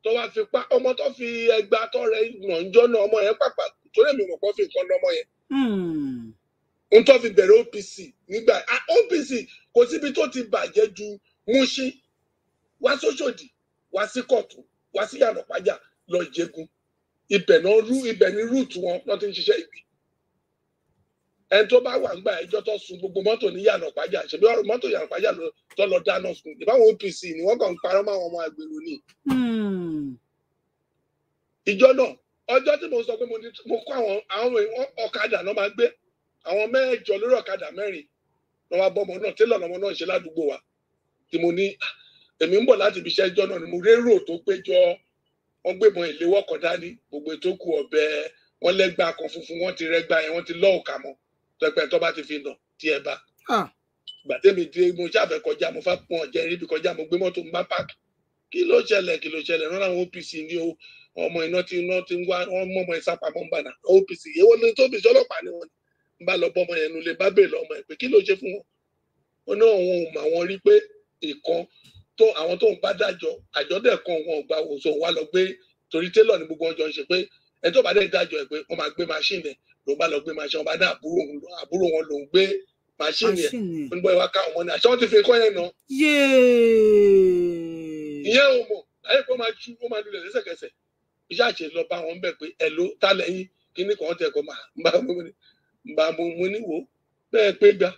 tó wá fi pa ọmọ tó fi ẹgba tó rẹ nà ń jọ́nà ọmọ yẹn pàpà torí èmi mọ̀ pọ́ fi nǹkan lọ́mọ yẹn. Hmm. n tó fi bẹ̀rẹ̀ OPC nígbà ah, OPC kò síbi tó ti bàjẹ́ ju Mushin wá sóṣòdì wá sí kọ̀tù wá sí yànnà pàjá lọ jẹgun ibẹ̀ náà ibẹ̀ ni rúùtù wọn lọ́ọ́ ń ṣiṣẹ́ ibi ẹni tó bá wà ń gbà ẹjọ́ tó sun gbogbo mọ́tò ní yànnà pàjá ṣebí ọ̀rọ̀ mọ́tò yànnà pàjá ló tó lọ dáná sun ìbáwọn OPC ni wọ́n kàn ń parọ́ mọ́ àwọn ọmọ agbèrò ni. Hmm. ìjọ náà ọjọ́ tí mo sọ pé mo kó àwọn ọ̀kadà náà máa gbé àwọn mẹ́jọ lórí ọ̀kadà mẹ́rin lọ́ wa bọ́mọ náà tẹ́lọ̀ lọ́mọ náà ṣe ládùúgbò wa tí mo ní ah, èmi ń bọ̀ láti ibi iṣẹ́ ìjọ náà ni mo tọ́pẹ́ tó bá ti fi nà tí ẹ bá. ìgbà tẹ́mi tí mo ṣàfẹ́ kọjá mo fà pọ́n ọ̀jẹ́ níbi kọjá mo gbé mọ́tò ń bá páàkì kí ló ṣẹlẹ̀ kí ló ṣẹlẹ̀ rán àwọn OPC ní o ọmọ iná tí iná ti ń wá wọn mọ ọmọ ẹ sápamọ́ ń bà náà OPC èwo ni tóbi sọlọ́pàá ni wọn ń bá lọ bọ́mọ yẹn nulẹ̀ bá bèèrè ọmọ ẹ pé kí ló ṣe fún wọn wọn náà wọn ò mà rí pé ìkan tó àwọn tó ń bá dájọ́ àjọdẹ kan wọn gba òṣò wa lọ gbé torí télọ̀ ní gbogbo ọjọ́ ń ṣe pé ẹ tó bá dé dájọ́ ẹ pé wọn máa gbé máṣíìnì ló bá lọ gbé machine ọba dá àbúrò àbúrò wọn ló gbé machine yẹn ń gbọ́ ìwà káwọn ní àṣẹ wọn ti fi kọ́ yẹn nà. ìyẹn ò mọ̀ ayé kó máa ju kó máa lulẹ̀ lẹ́sẹ̀kẹsẹ̀ iṣẹ́ àṣẹ lọ bá wọn bẹ̀ pé ẹ̀ ló ta lẹ́yìn kíní kan tẹ̀ kọ́ máa ń bá mo níwò bẹ́ẹ̀ pé gbà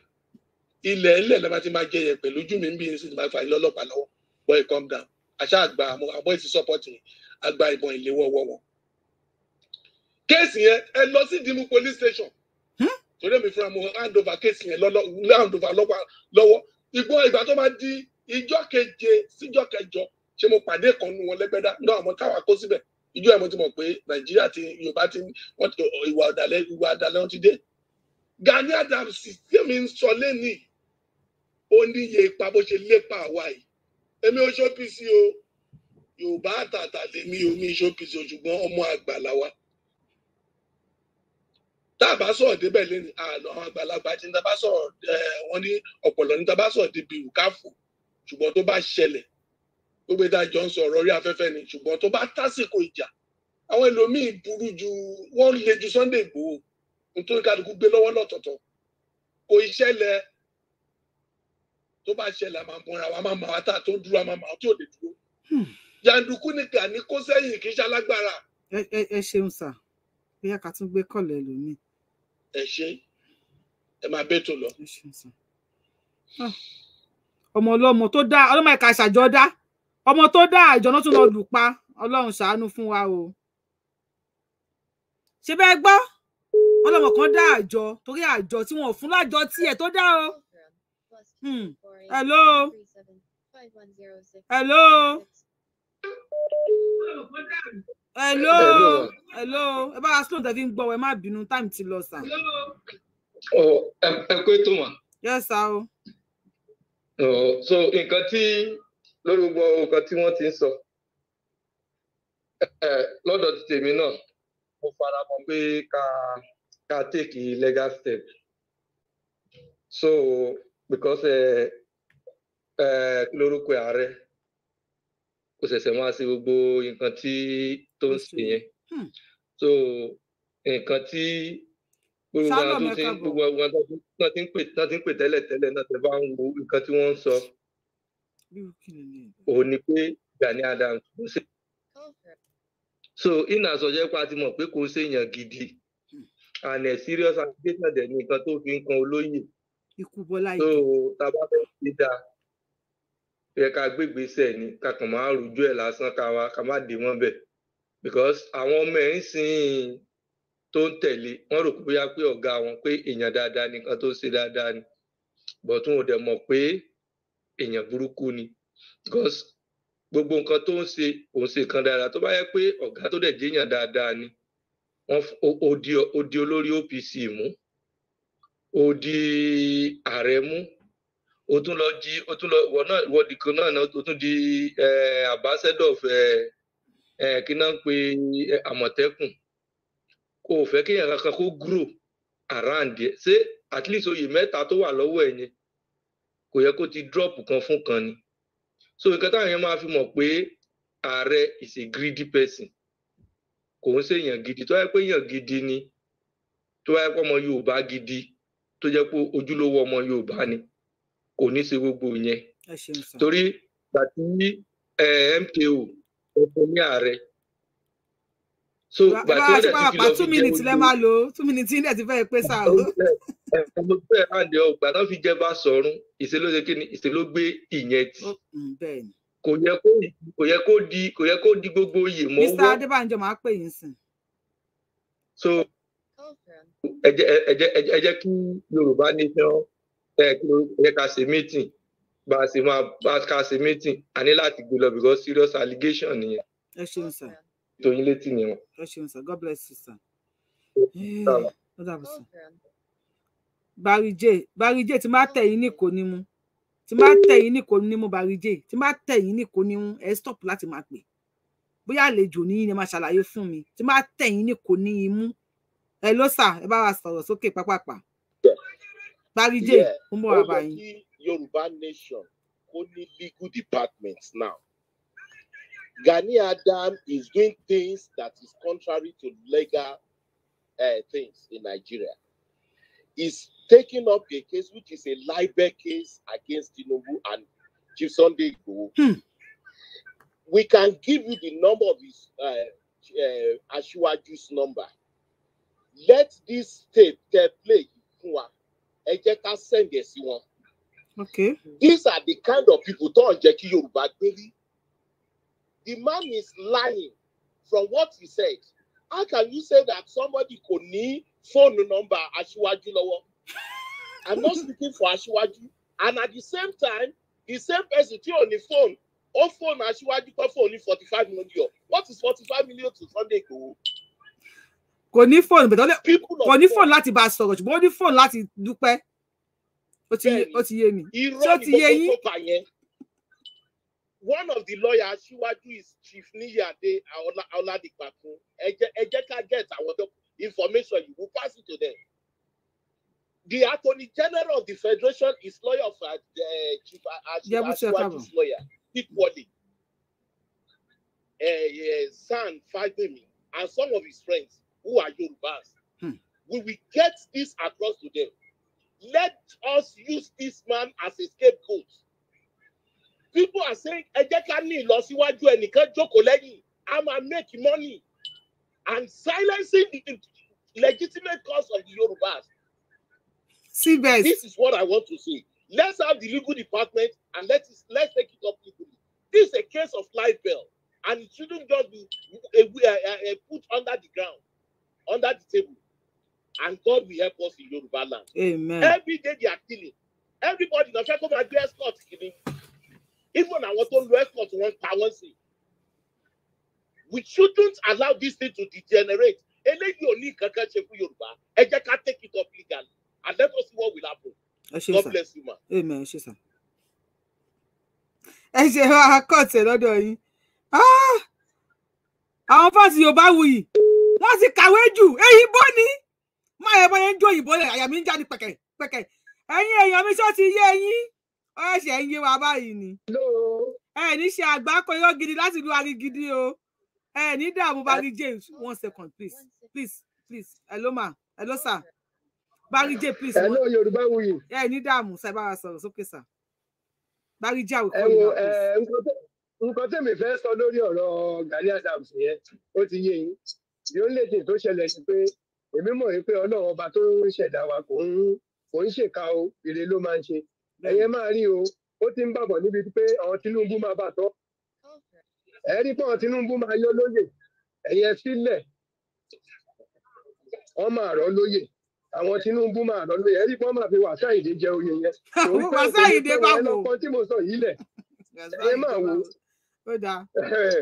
ilẹ̀ ilẹ̀ lọ́ba ti máa jẹ yẹ̀pẹ̀ lójú mi ń bí ní sinimá ìfà ìlọ́lọ́pàá lọ́wọ́ boy calm down àṣà àgbà àmọ́ àbọ̀ ìsísọ́pọ̀tì àgbà kéèsì yẹn ẹ lọ sí dimu police station hmm? torí èmi fúnra mo hand over kéèsì yẹn hand over lọ́wọ́ ìgbọ́n ìgbà tó máa di ìjọ keje síjọ kẹjọ ṣé mo pàdé kan nu wọn lẹ́gbẹ́dá ní àwọn táwa kó síbẹ̀ ìjọ ẹ̀ mo ti mọ̀ pé nàìjíríà ti yorùbá ti ìwà ọ̀dàlẹ̀ ìwà ọ̀dàlẹ̀ wọn ti dé Gani Adams tèmi ń sọ lẹ́nìí ó níye ipa bó ṣe lépa àwa yìí èmi ò ṣọ́pìsì o yorùbá àtàtà lèmi omi ṣọ́pìsì o ṣùgbọ́n ọmọ àgbà làwa tá a bá sọ̀rọ̀ débẹ̀ lẹ́nu àlọ́ àwọn àgbàlagbà tí tá a bá sọ̀rọ̀ wọ́n ní ọ̀pọ̀lọ́ ní tá a bá sọ̀rọ̀ débi ìrùkáfù ṣùgbọ́n tó bá ṣẹlẹ̀ gbogbo ìdájọ́ ń sọ̀rọ̀ orí afẹ́fẹ́ ni ṣùgbọ́n tó bá tásìkò ìjà àwọn ẹlòmíín burú ju wọ́n le ju Sunday Igboho nítorí kálukú gbé lọ́wọ́ lọ́tọ̀ọ̀tọ̀ kò ìṣẹ̀lẹ̀ tó bá ṣẹlẹ̀ àmà mọ́ra wa máa máa tà tó dúró hmm. ẹ ṣeun sà bóyá ká tún gbé kọ̀lẹ́ lómi ẹ ṣe ẹ máa bẹ́tò lọ. Ah, ọmọ ọlọ́mọ tó dá ọlọ́mọ ẹ̀ka ìṣàjọ dá ọmọ tó dá àjọ náà lọ lù pa ọlọ́run ṣàánú fún wa o. ṣé bẹ́ẹ̀ gbọ́ ọlọ́mọ kan dá àjọ torí àjọ tí wọn ò fún lájọ tiẹ̀ tó dá o. Hmm. hello. hello hello hello ẹ bá wa slow tẹ fi ń gbọ́ ẹ má bínú time ti lọ sàn. ẹ kó ètò wọn. yes sir o. so nǹkan tí lórí gbogbo nǹkan tí wọ́n ti ń sọ lọ́dọ̀ ti tèmi náà mo fara mọ́ pé ká ká take legal step so because lórúkọ ààrẹ kò ṣẹ̀ṣẹ̀ máa ṣe gbogbo nǹkan tí tó ń ṣe yẹn hmm. so nǹkan tí gbogbo àwọn tó ti ń gbogbo àwọn tó ti ń pè tó ti ń pè tẹ́lẹ̀ tẹ́lẹ̀ náà tẹ́ bá ń wo nǹkan tí wọ́n ń sọ òun ni pé Gani Adams kò ṣe so ina sọjẹ́ pa ti mọ̀ pé kò ṣèyàn gidi hmm. and a serious allegation dẹ̀ ni nǹkan tó fi ń kan olóyè so tàbá fẹ́ ṣe dáa yẹ ká gbégbèsè ni ká kàn máa rújú ẹ̀ lásán ká má dé mọ́ bẹ́ẹ̀ because àwọn ọmọ ẹ̀ ń sìn tó ń tẹ̀lé wọ́n rò bóyá pé ọ̀gá wọn pé èèyàn dáadáa ni nǹkan tó ṣe dáadáa ni but wọn ò dẹ̀ mọ̀ pé èèyàn burúkú ni because gbogbo nǹkan tó ń ṣe òun ṣe kan dáadáa tó bá yẹ pé ọ̀gá tó dẹ̀ jẹ́yàn dáadáa ni wọ́n ó di olórí OPC mú ó di ààrẹ mú ó tún lọ jí ó tún lọ ìwọ náà ìwọ nìkan náà ó tún di eh, ambassador of. Eh, kí náà ń pe àmọ̀tẹ́kùn kò fẹ́ kí èèyàn kankan kó grow around ẹ̀ ṣé at least oyè mẹ́ta tó wà lọ́wọ́ ẹ̀ yẹn kò yẹ kó ti drop kan fún kan ni so nǹkan táwọn èèyàn máa fi mọ̀ pé ààrẹ is a greedy person kò ń ṣèyàn gidi tó yẹ pé èèyàn gidi ni tó yẹ pé ọmọ Yorùbá gidi tó jẹ́ pé ojúlówó ọmọ Yorùbá ni kò ní ṣe gbogbo yẹn torí gbàtí MKO ọkùn ní ààrẹ. so gbàtí ó dẹ̀ ti kìlọ̀ fi jẹ́ two minutes lẹ́ máa lò two minutes yín dẹ̀ ti fẹ́ẹ́ pé sáà o. ọmọ bẹ́ẹ̀ á ní ọgbà náà fi jẹ́ bá sọ̀rún kí ni ìṣe ìyẹn tì. Oh, mm, kò yẹ kó kò yẹ kó di kò yẹ kó di gbogbo oyè mọ́ wọ́. Mr. Adébánjọ máa pè yín sìn. so ẹ jẹ́ kí Yorùbá nation ẹ kí ẹ ká ṣe meeting bá a ṣe máa bá a ká ṣe meeting a ní láti gbé lọ because serious allegation nìyẹn. ẹ ṣeun sir. tóyin létí ni wọn. ẹ ṣeun sir god bless you sir. ó dàbọ̀ sir. Barry J Barry J tí máa tẹ̀ yín ní kò ní mu tí máa tẹ̀ yín ní kò ní mu Barry J tí máa tẹ̀ yín ní kò ní mu ẹ stop láti máa pè bóyá àlejò ní yín ni máa ṣàlàyé fún mi tí máa tẹ̀ yín ní kò ní imú ẹ ló sà ẹ bá wa sọ̀rọ̀ sókè pápápá Barry J ń bọ̀ wá Yoruba nation only legal departments now. Gani Adam is doing things that is contrary to legal uh, things in Nigeria. He's taking up a case which is a libel case against Tinubu and Chief Sunday Hmm. We can give you the number of his uh, uh, number. Let this tape, play fún wa. send ẹ̀ Okay. These are the kind of people don't check jẹ́ kí Yorùbá The man is lying from what he said. How can you say that somebody kò ní fóònù nọ́mbà Aṣíwájú lọ́wọ́? I'm not speaking for Aṣíwájú. And at the same time, the same person tí ò ní fóònù ó fóònù Aṣíwájú tó fóònù forty five million. What is forty five million to Sunday Igboho? Kò ní fóònù kò ní fóònù láti bá a sọ̀rọ̀ ṣùgbọ́n ó ní fóònù láti dúpẹ́ ó ti yé ó ti yé mi ṣé ó ti yé yín. one of the lawyers síwájú is chief niyade ọládìpàkún ẹ jẹ́ ká get àwọn information you will pass it to them. The Attorney General of the Federation is lawyer of uh, Chief Asiwaju's lawyer, equally. Uh, uh, San Fademi and some of his friends who are Yorubas. Hmm. We will get this across to them let us use this man as a scapegoat. People are saying, ẹ jẹ́ ká ní ìlọsíwájú ẹnìkan jókòó lẹ́yìn, a máa make money and silencing the legitimate cause of the Yorubas. See, Síbẹ̀. This is what I want to see. Let's have the legal department and let it, let's take it up legally. This is a case of life bell and it shouldn't just be a, a, a, put under the ground, under the table and God will help us in Yoruba land. Amen. Every day they are killing. Everybody in Africa, kó máa gbé escort kìíní. Even àwọn tó ń lo escort wọn pa wọ́n We shouldn't allow this thing to degenerate. Eléyìí ò ní nǹkan kan ṣe fún Yorùbá. Ẹ jẹ́ ká take it up legally and let us see what will happen. God bless you man. Amen. She said, sà. Ẹ ṣe wá kọ̀ọ̀tẹ̀ lọ́dọ̀ yín. Ah! Àwọn fásitì Yorùbá wuyì. Wọ́n ti kàwé jù. Èyí bọ́ ni má yẹ bá yẹn ń jó òyìnbó lẹ àyà ń jáde pẹ̀kẹ̀ pẹ̀kẹ̀ ẹ̀yin èèyàn mi ṣó ti yé ẹ̀yin ó ṣe ń yé wa báyìí ni. ẹ ní ṣe àgbákò irọ́ gidi láti lu arigidi o ẹ ní dààmú Barry James one second please please please hello ma hello sir Barry James please. hello yorùbá wuyì. ẹ ní dààmú sábàá sọ̀rọ̀ sókè sà Barry James kọ́ ìlú àpò nǹkan tẹ̀mí fẹ́ sọ lórí ọ̀rọ̀ Gani Adams yẹn ó ti yé yín yóò lè tè tó ṣẹlẹ̀ sí pé èmi mọ̀ pé ọlọ́run ọba tó ń ṣẹ̀dá wa kò ń kò ń ṣèkà o ire ló máa ń ṣe ẹ̀yẹ máa rí o ó ti ń bàbọ̀ níbi pé àwọn Tinubu máa bà tọ́ ẹ rí pé àwọn Tinubu máa yọ lóyè ẹ̀yẹ sílẹ̀ wọ́n máa rọ lóyè àwọn Tinubu máa rọ lóyè ẹ rí pé wọ́n máa fi wàṣà ìdè jẹ oyè yẹn wàṣà ìdè bá wò ẹ lọ́kọ tí mo sọ yìí lẹ̀ ẹ máa wò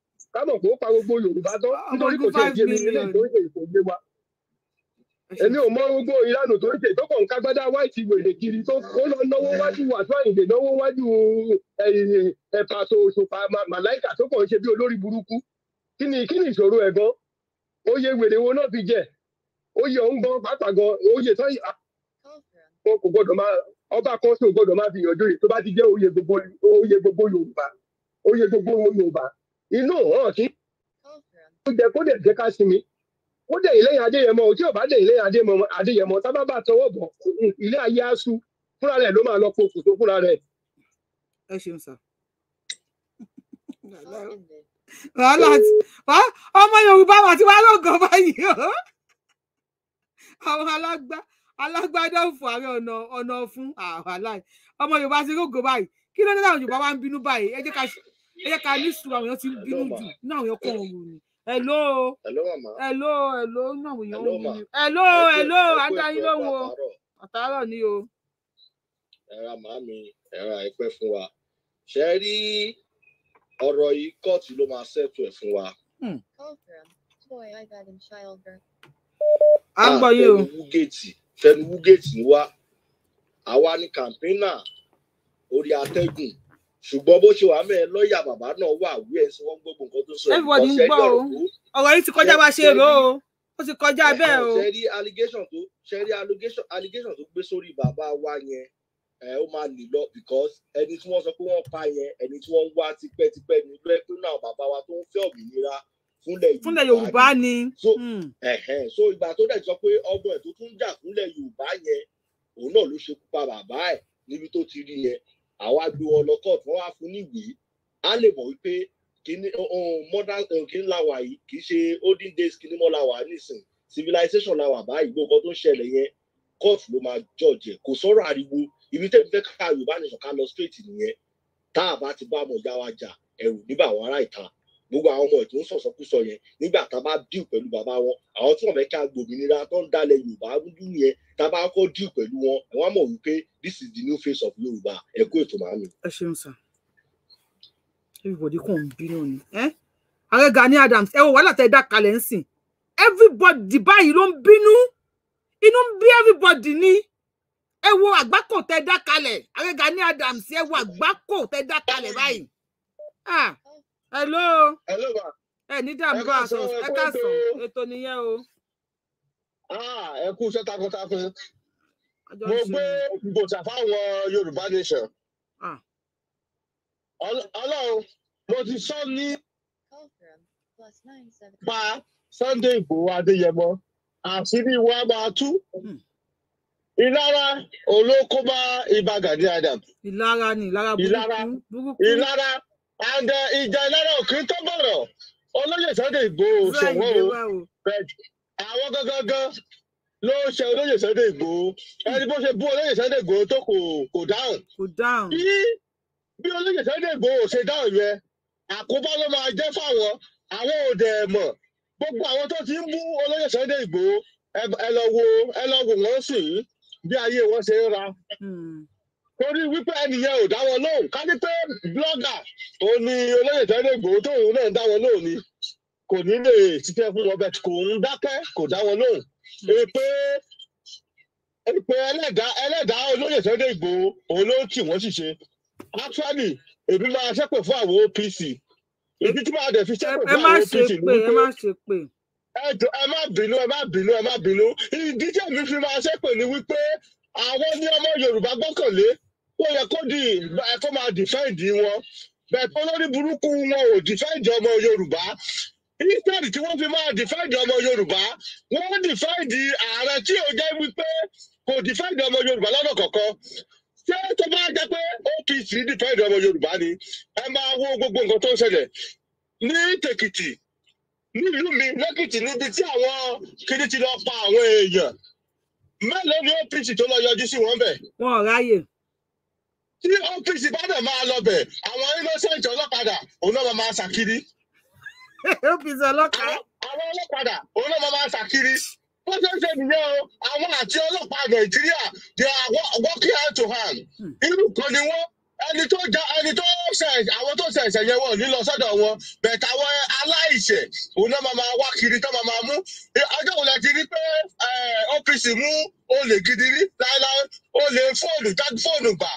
kámọ̀ kó pa gbogbo yorùbá tán nítorí kò ṣe ìdí èmi nílé tó ń ṣe wa èmi ò mọ gbogbo ìlànà tó ń ṣe tó kàn kágbádá wáìtì wèrè kiri tó kó lọ náwó wájú wàtú àyìnbé náwó wájú ẹ̀pàtó òṣùpá màláìkà tó kàn ń ṣe bí olórí burúkú kí ni kí ni ìṣòro ẹ̀ gan oyè wèrè wo náà fi jẹ oyè ọ̀hún gan pàápàá gan ọba kan tó gbọdọ̀ máa fi yànjú tó bá ti jẹ́ gbogbo yorùbá inú òhàn kí ó jẹ kó dẹ̀ jẹ́ ká sinmi ó dẹ̀ ìlẹ́yìn adéyẹmọ òjì ọ̀bá dẹ̀ ìlẹ́yìn adéyẹmọ adéyẹmọ tábàbà tọwọ́ bọ̀ ilé ayé aṣú fúnra rẹ̀ ló máa lọ pokù tó fúnra rẹ̀. ẹ ṣeun sá wàhálà ọmọ yorùbá wà tí wàá báyìí o àwọn alágbá alágbádá òfò ọ̀nà ọ̀nà wá ń bínú ẹ yẹ ká ní sùúrù àwọn èèyàn ti ń bínú jù ní àwọn èèyàn kọ òòrùn ni hello hello hello ní àwọn èèyàn òòrùn ni hello hello adáyín lóhùn o àtàárọ̀ ni o. ẹ̀rọ màámi ẹ̀rọ àìpẹ́ fún wa ṣe rí ọ̀rọ̀ yìí kóòtù ló máa ṣètò ẹ̀ fún wa. a hmm. ń ah, gbọ́ yìí o. fẹnuwú gèètì ni wá àwa ni kàmpínà orí atẹ́gùn ṣùgbọ́n bó ṣe wà mẹ́ẹ̀ lọ́ọ̀yà bàbá náà wà wí ẹ̀ sí wọ́n gbogbo nǹkan tó sọ ẹ̀ lọ sẹ́yìn ọ̀rọ̀ tó. ọ̀rọ̀ yìí ti kọjá bá ṣe rò ó ó ti kọjá bẹ́ẹ̀ o. ṣe rí allegation tó ṣe rí allegation tó gbé sórí bàbá wa yẹn ẹ ó máa lè lọ because ẹni tí wọ́n sọ pé wọ́n pa yẹn ẹni tí wọ́n ń wá tipẹ́tipẹ́ ni ló pé náà bàbá wa tó ń fẹ́ òmìnira fúnlẹ̀ Yorùbá ni. Hmm. so ìgbà tó dẹ̀ sọ pé ọgbọ́n ẹ̀ tó tún jà fúnlẹ̀ Yorùbá yẹn òun náà ló ṣekú pa bàbá ẹ̀ níbi tó ti rí yẹn àwa gbé wọn lọ kóòtù wọn wá fún níwèé á lè mọ̀ wípé kíní modern kíní làwà yìí kì í ṣe olden days kíní mọ́ làwà nísìn civilization làwà báyìí gbogbo tó ń ṣẹlẹ̀ yẹn kóòtù ló máa jọ̀jẹ̀ kò sọ̀rọ̀ ariwo ibi tẹ́bi fẹ́ ká Yorùbá nìṣọ̀ká lọ straight nìyẹn tá a bá ti bá ọmọ ìyá wa jà ẹ̀rù níbà àwọn ará ìta gbogbo àwọn ọmọ ètò ń sọ̀sọ́kúsọ yẹn nígbà tá a bá díù pẹ̀lú bàbá wọn àwọn tí wọ́n fẹ́ ká gbòmìnira tó ń dalẹ̀ yorùbá dúdú yẹn tá a bá kọ́ díù pẹ̀lú wọn àwọn mọ̀ wípé this is the new face of yorùbá ẹ kú ètò màámi. ẹ ṣeun sir everybody kàn ń bínú ni ààrẹ Gani Adams ẹ wo wàhálà tẹ ẹ dá kalẹ̀ ń sìn everybody báyìí ló ń bínú inú ń bí everybody ni ẹ wo àgbákò tẹ ẹ dá kalẹ̀ ààrẹ Gani Adams ẹ wo àgbákò tẹ ẹ dá kalẹ̀ báyìí. Ah! hello. hello ma. ẹ ní dààmú àtọ ẹ káàsán ètò nìyẹn o. Ah, ẹ kú iṣẹ́ takuntakun mo gbé gbòòtà fáwọn Yorùbá nation. Ah. Ọlọ́run mo ti sọ ní pa Sunday Igboho Adéyẹmọ àṣírí wa máa tú hmm. ìlara olókó bá Ìbà Gani Adams. ìlara ni ìlara burúkú. ìlara and uh, ìjà ìlara òkín tó bọ̀rọ̀ olóyè Sunday Igboho ṣọwọ́ o àwọn gangan ló ṣe olóyè Sunday Igboho ẹni bó ṣe bú olóyè Sunday Igboho tó kò kò dáhùn bí bí olóyè Sunday Igboho ṣe dáhùn yẹn àkóbá ló máa jẹ́ fáwọn àwọn òde ẹ̀mọ̀ gbogbo àwọn tó ti ń bú olóyè Sunday Igboho ẹ lọ wo ẹ lọ wò wọ́n sìn bí ayé wọn ṣe ń ra. Hmm torí wípé ẹnìyẹn ò dáwọ́ lóhùn ká ní pé blọgà tó ní olóyè tẹ́lẹ̀ gbòó tóun náà dáwọ́ lóhùn ni kò ní lè ṣiṣẹ́ fún robert kò ń dákẹ́ kò dáwọ́ lóhùn pé pé ẹlẹ́dàá ẹlẹ́dàá olóyè tẹ́lẹ̀ gbòó òun ló tì wọ́n ṣìṣe actually èmi máa ṣẹ́pẹ̀ fún àwọn OPC èmi tí máa dẹ̀ fi ṣẹ́pẹ̀ fún àwọn OPC ni wípé ẹ má ṣe pé ẹ má bínú ẹ má bínú ẹ má bínú ìdíje mi fi máa ṣẹ́pẹ̀ ni wípé àwọn ní ọmọ Yorùbá gbọ́kànlé ó yẹ kó di kó máa dìfẹ́ǹdì wọn bẹ́ẹ̀ tó lórí burúkú wọn ò dìfẹ́ǹdì ọmọ Yorùbá instead tí wọ́n fi máa dìfẹ́ǹdì ọmọ Yorùbá wọ́n dìfẹ́ǹdì ààrẹ tí ò jẹ́ wípé kò dìfẹ́ǹdì ọmọ Yorùbá lọ́nà kọ̀ọ̀kan ṣé tó bá jẹ́ pé OPC dìfẹ́ǹdì ọmọ Yorùbá ni ẹ máa wo gbogbo nǹkan tó ń ṣẹlẹ̀ ní tèkìtì nílùú mi lẹ́kìtì níbi tí àwọn kiri ti lọ pa àwọn èèyàn mélòó ni OPC tó lọ yọjú sí wọn bẹ̀. wọn ò ráyè tí ọ́fíìsì bá dẹ̀ máa lọ bẹ̀ àwọn innocent ọlọ́kadà òun náà máa ṣàkiri. ọ́fíìsì ọlọ́kadà. àwọn ọlọ́kadà òun náà máa ṣàkiri. bó ṣe ń ṣe nìyẹn o àwọn àti ọlọ́pàá nàìjíríà they are working hand to hand. Hmm. irú kan ni wọ́n ẹni tó ja ẹni tó ṣe àwọn tó ṣe ẹ̀ṣẹ̀ yẹn wọ̀ nílọ sọ́dọ̀ wọn bẹ̀tẹ̀ àwọn aláìṣẹ̀ òun náà máa máa wá kiri tó máa máa mú ọjọ́ òun láti rí pé ọ́fíìsì mú olè gidi rí láéláé olè fóònù tá fóònù gbà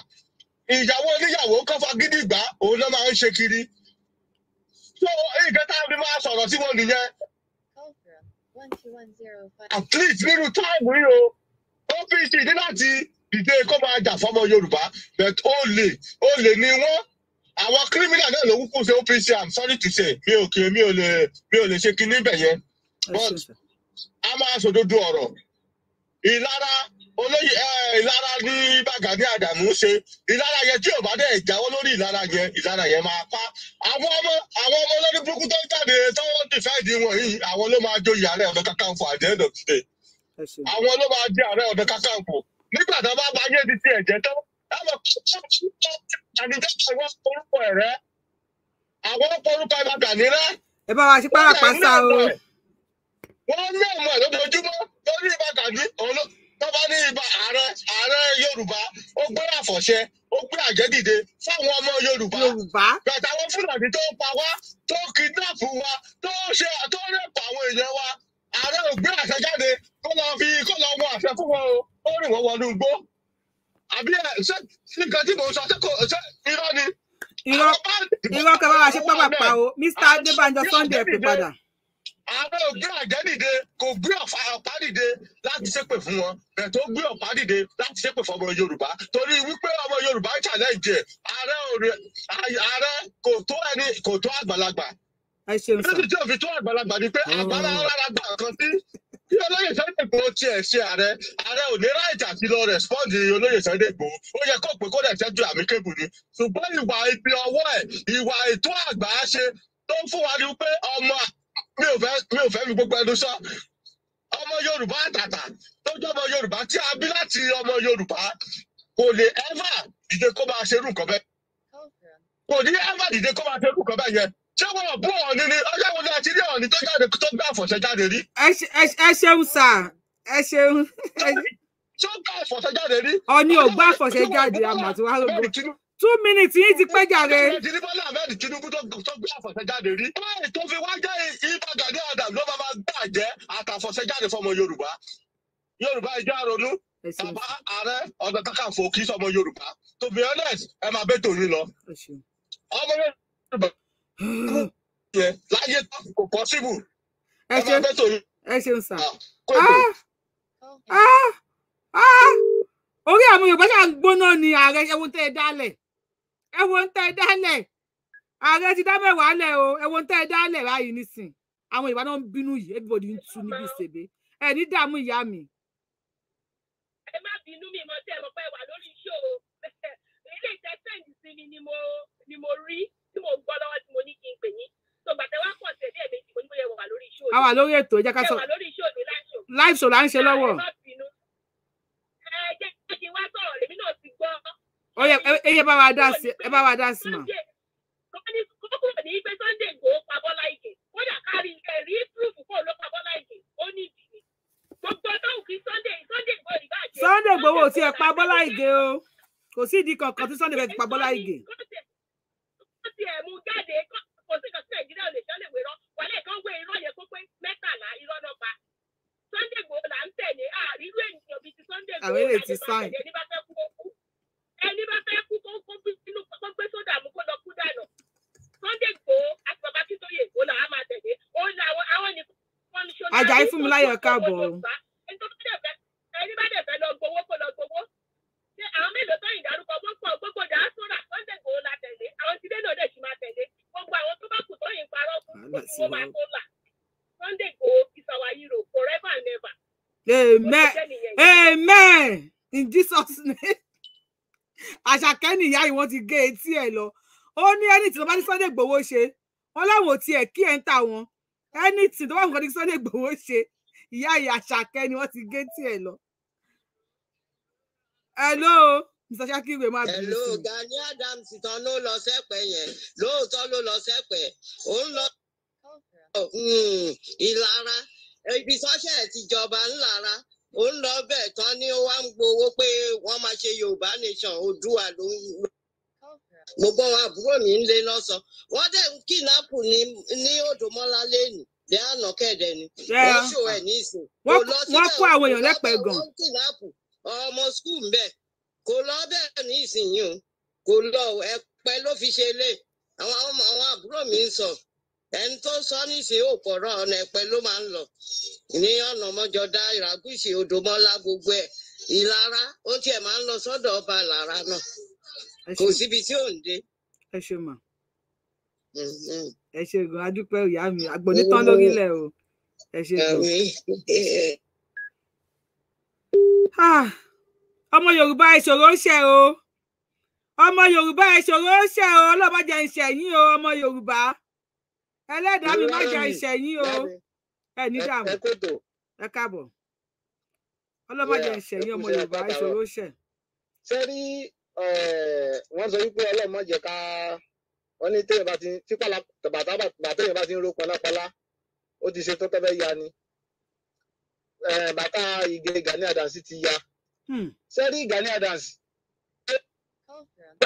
ìyàwó oníyàwó kọ́ fagídí gbà òun ló máa ń ṣe kiri so nǹkan tá máa sọ̀rọ̀ sí wọn nìyẹn at least nínú táìmù yìí o OPC ní láti dìde kó máa jà fọmọ Yorùbá but ó lè ó lè ní wọn àwọn kírímìnà náà ló kúkú ṣe OPC I'm sorry to say mi ò kí mi ò lè mi ò lè ṣe kí níbẹ̀ yẹn but a máa sòdodo ọ̀rọ̀ ìlara olóyè ìlara ní Gani Adamu ṣe ìlara yẹn tí ò bá dẹ̀ jáwọ́ lórí ìlara yẹn ìlara yẹn máa pa àwọn ọmọ àwọn ọmọ olórí burúkú tó ń jáde tọ́wọ́ dìfẹ́ǹdì wọn yìí àwọn ló máa joyè ààrẹ ọ̀dọ́ kakanfò at the end of the day àwọn ló máa jẹ ààrẹ ọ̀dọ́ kakanfò nígbà tó bá báyé di ti ẹ̀jẹ̀ tán ẹ̀mọ̀ àwọn orúkọ ìbá Gani rẹ. ẹ bá wa ṣe párapàṣà o. wọ́n ní ọmọ ẹ̀ lójoojúmọ́ lórí ìbá Gani tó bá ní ibà ààrẹ ààrẹ yorùbá ó gbé àfọ̀ṣẹ ó gbé àjẹ́dìde fáwọn ọmọ yorùbá bàtà àwọn fúlàní tó pa wá tó kidnap wa tó ṣe tó rẹpọ àwọn èèyàn wa ààrẹ ò gbé àṣẹ jáde kó lọ fi kó lọ wọ àṣẹ fún wọn o ó rìn wọn wọnú igbó àbí ẹ ṣe nǹkan tí mò sọ ṣe kò ṣe irọ́ ni. irọ́ irọ́ kẹfà wá ṣe pápá pa o mr adébánjọ sunday kò padà àwọn ò gbé àjẹ́ dìde kò gbé ọ̀pá dìde láti ṣépè fún wọn bẹ́ẹ̀ tó gbé ọ̀pá dìde láti ṣépè fún ọmọ yorùbá torí wípé ọmọ yorùbá challenge ẹ̀ ààrẹ kò tó ẹni kò tó àgbàlagbà ẹ ṣeun sá. lóṣù tí òfin tó àgbàlagbà ni pé oh. àgbàlá rárá gbà kan sí bí olóyè Sunday Igboho tiẹ̀ ṣe ààrẹ ààrẹ ò ní ráìtì àti lọ rẹ̀spọ́ǹdì olóyè Sunday Igboho ó yẹ kó pé kó dẹ̀ ṣẹ́jú àmì kébù ni ṣùgbọ́n ìwà ibi ọwọ́ ẹ̀ ìwà ètò àgbà ṣe tó ń fún wa ni pé ọmọ mi ò fẹ́ mi ò fẹ́ mi gbogbo ẹnu sọ ọmọ Yorùbá àtàtà tó jẹ́ ọmọ Yorùbá tí a bí láti ọmọ Yorùbá kò lè ẹ́fà dìde kó máa ṣerú nǹkan bẹ́ẹ̀ kò ní ẹ́fà dìde kó máa ṣerú nǹkan bẹ́ẹ̀ yẹn ṣé wọn bú Ọọ̀ni ni ọjọ́ wo ni a ti rí Ọọ̀ni tó jáde tó gbé àfọ̀ṣẹ jáde rí. ẹ ṣeun sà ẹ ṣeun. ṣé gbé àfọ̀ṣẹ jáde rí. Ọọ̀ni ò gbé àfọ̀ṣẹ jáde àmọ̀ tí two minutes yìí ti pẹ́ jàre. jìnnìbọ́lá ahmed tinubu tó gbé àfọ̀sẹ́jáde rí. báyìí tó fi wá jẹ́ Ìbà ló máa gbà jẹ́ àtàfọ̀sẹ́jáde fọmọ yorùbá yorùbá ìjà ronú bàbá ààrẹ ọ̀dọ̀ Kakanfò kì í sọmọ yorùbá to be honest ẹ máa bẹ́ tòun lọ. ọmọ yorùbá yẹn láyé kò pọ́sibù ẹ máa bẹ́ tòun. ẹ ṣeun sà ah, ah! Ah! orí àwọn yorùbá ṣáà ń ni ààrẹ ẹwọn tẹ ẹ wo ń tẹ ẹ dálẹ̀ ààrẹ ti dá mẹ́wàá lẹ̀ o ẹ wo ń tẹ ẹ dálẹ̀ báyìí nísìn àwọn ìwà náà ń bínú yìí everybody ń tu níbi ìṣègbè ẹ ní dààmú ìyá mi. ẹ má bínú mi mo tẹ́ ẹ mọ̀ pé wà lórí iṣẹ́ o ilé ìtẹ́sẹ̀ǹdì sí ni mo ni mo rí tí mo gbọ́ lọ́wọ́ tí mo ní kí n pè ní tó gbàtẹ́ wá pọ̀ tẹ̀lé ẹ̀ méjì mo ní bóyá wà lórí iṣẹ́ òní. àwa lórí ètò ìjẹ́ká sọ live show là ń ṣe lọ́wọ́. ẹ jẹ́ kí n wá sọ̀rọ̀ lèmi náà ti gbọ́ ọyẹ ẹ yẹ bá wa dá sí ẹ bá Sunday Igboho pa Bọ́lá pa Bọ́lá Ìgè o kò sí ìdí kankan tí Sunday Igboho pa Bọ́lá Ìgè. ti ẹ̀ mú jáde kò sí kan sí Nàìjíríà ò lè jọ́ lè wérọ́ wọlé kan wé irọ́ yẹn kó pé mẹ́tàlá irọ́ náà pa Sunday Igboho là ń tẹ̀lé àrírú ènìyàn bíi ti Sunday Igboho àwọn èlè ti sáìn ẹni bá fẹ́ kú kó kó bínú kó gbé sódà mú kó lọ kú dànù Sunday Igboho àti bàbá Akíntóyè ó là á máa tẹ̀lé ó là àwọn àwọn ní wọn ní ṣó náà Àjàyí mi láyọ̀ káàbọ̀ ẹni bá dẹ̀ fẹ́ lọ gbowó kó lọ gbowó ṣé àwọn mélòó tó yìn dárúkọ gbogbo gbogbo dàásùrà Sunday Igboho la tẹ̀lé àwọn tí lẹ́nu ọ̀dẹ̀ sì máa tẹ̀lé gbogbo àwọn tó bá kù tó yìn parọ́ fún wọn máa tó là Sunday Igboho is our hero forever and ever. Amen. In Jesus' name àṣàkẹ́ nìyá yìí wọ́n ti gé etí ẹ̀ lọ ó ní ẹni tí bá ní Sunday Igboho ṣe wọn láwọn ò tiẹ̀ kí ẹ̀ ń ta wọn ẹni tí bá nǹkan ní Sunday Igboho ṣe ìyá yìí àṣàkẹ́ ni wọ́n ti gé etí ẹ̀ lọ. hello mr shakiru emma bíi hello Gani Adams tán ló lọ sẹ́pẹ̀ yẹn lóòótọ́ ló lọ sẹ́pẹ̀ òun lọ hmm, ìlara ibi sọ́ṣẹ́ ti jọba ńlára ó ń lọ bẹ́ẹ̀ tán ni ó wá ń gbowó pé wọn máa ṣe yorùbá nation oòdùà ló ń lò gbogbo wọn àbúrò mi ń lé lọ́sàn wọ́n dẹ̀ ń kìnnápù ní ní òdòmọ́lá lẹ́nu lẹ́ànà kẹ̀dẹ̀ ni wọ́n ṣò ẹ̀ ní ìsìn kò lọ sílẹ̀ wọ́n kó àwọn èèyàn lẹ́pẹ̀ẹ́ gan wọ́n ọmọ skul ń bẹ̀ kò lọ bẹ́ẹ̀ ní ìsìn yìí o kò lọ ẹ̀pẹ́ ló fi ṣe lé àwọn àbúrò mi ń sọ ẹni tó sọ ọ̀nà ẹ̀pẹ́ ló máa ń lọ ní ọ̀nà mọ́jọ́dá ìràgùsì odòmọ́lá gbogbo ẹ̀ ìlara ó tiẹ̀ máa ń lọ sọ́dọ̀ ọba ìlara náà kò síbi tí ò ń ọmọ yorùbá ìṣòro ṣe o ọmọ yorùbá ìṣòro ṣe o ọlọ́mọdé ń ṣẹ̀yìn o ọmọ yorùbá. ẹlẹ́dàá mi má ja ìṣẹ̀yìn o ẹ ní dààmú ẹ káàbọ̀ ọlọ́mọdé ìṣẹ̀yìn ọmọ Yorùbá ìṣòro ṣẹ̀. ṣé rí wọ́n sọ wípé ọlọ́mọdé ká wọ́n ní téèyàn bá ti tí bàtàyàn bá ti ń ro palápalá ó ti ṣe tó tẹ́ fẹ́ ya ni bàtà ìgè Gani Adams ti ya hmm. ṣé rí Gani Adams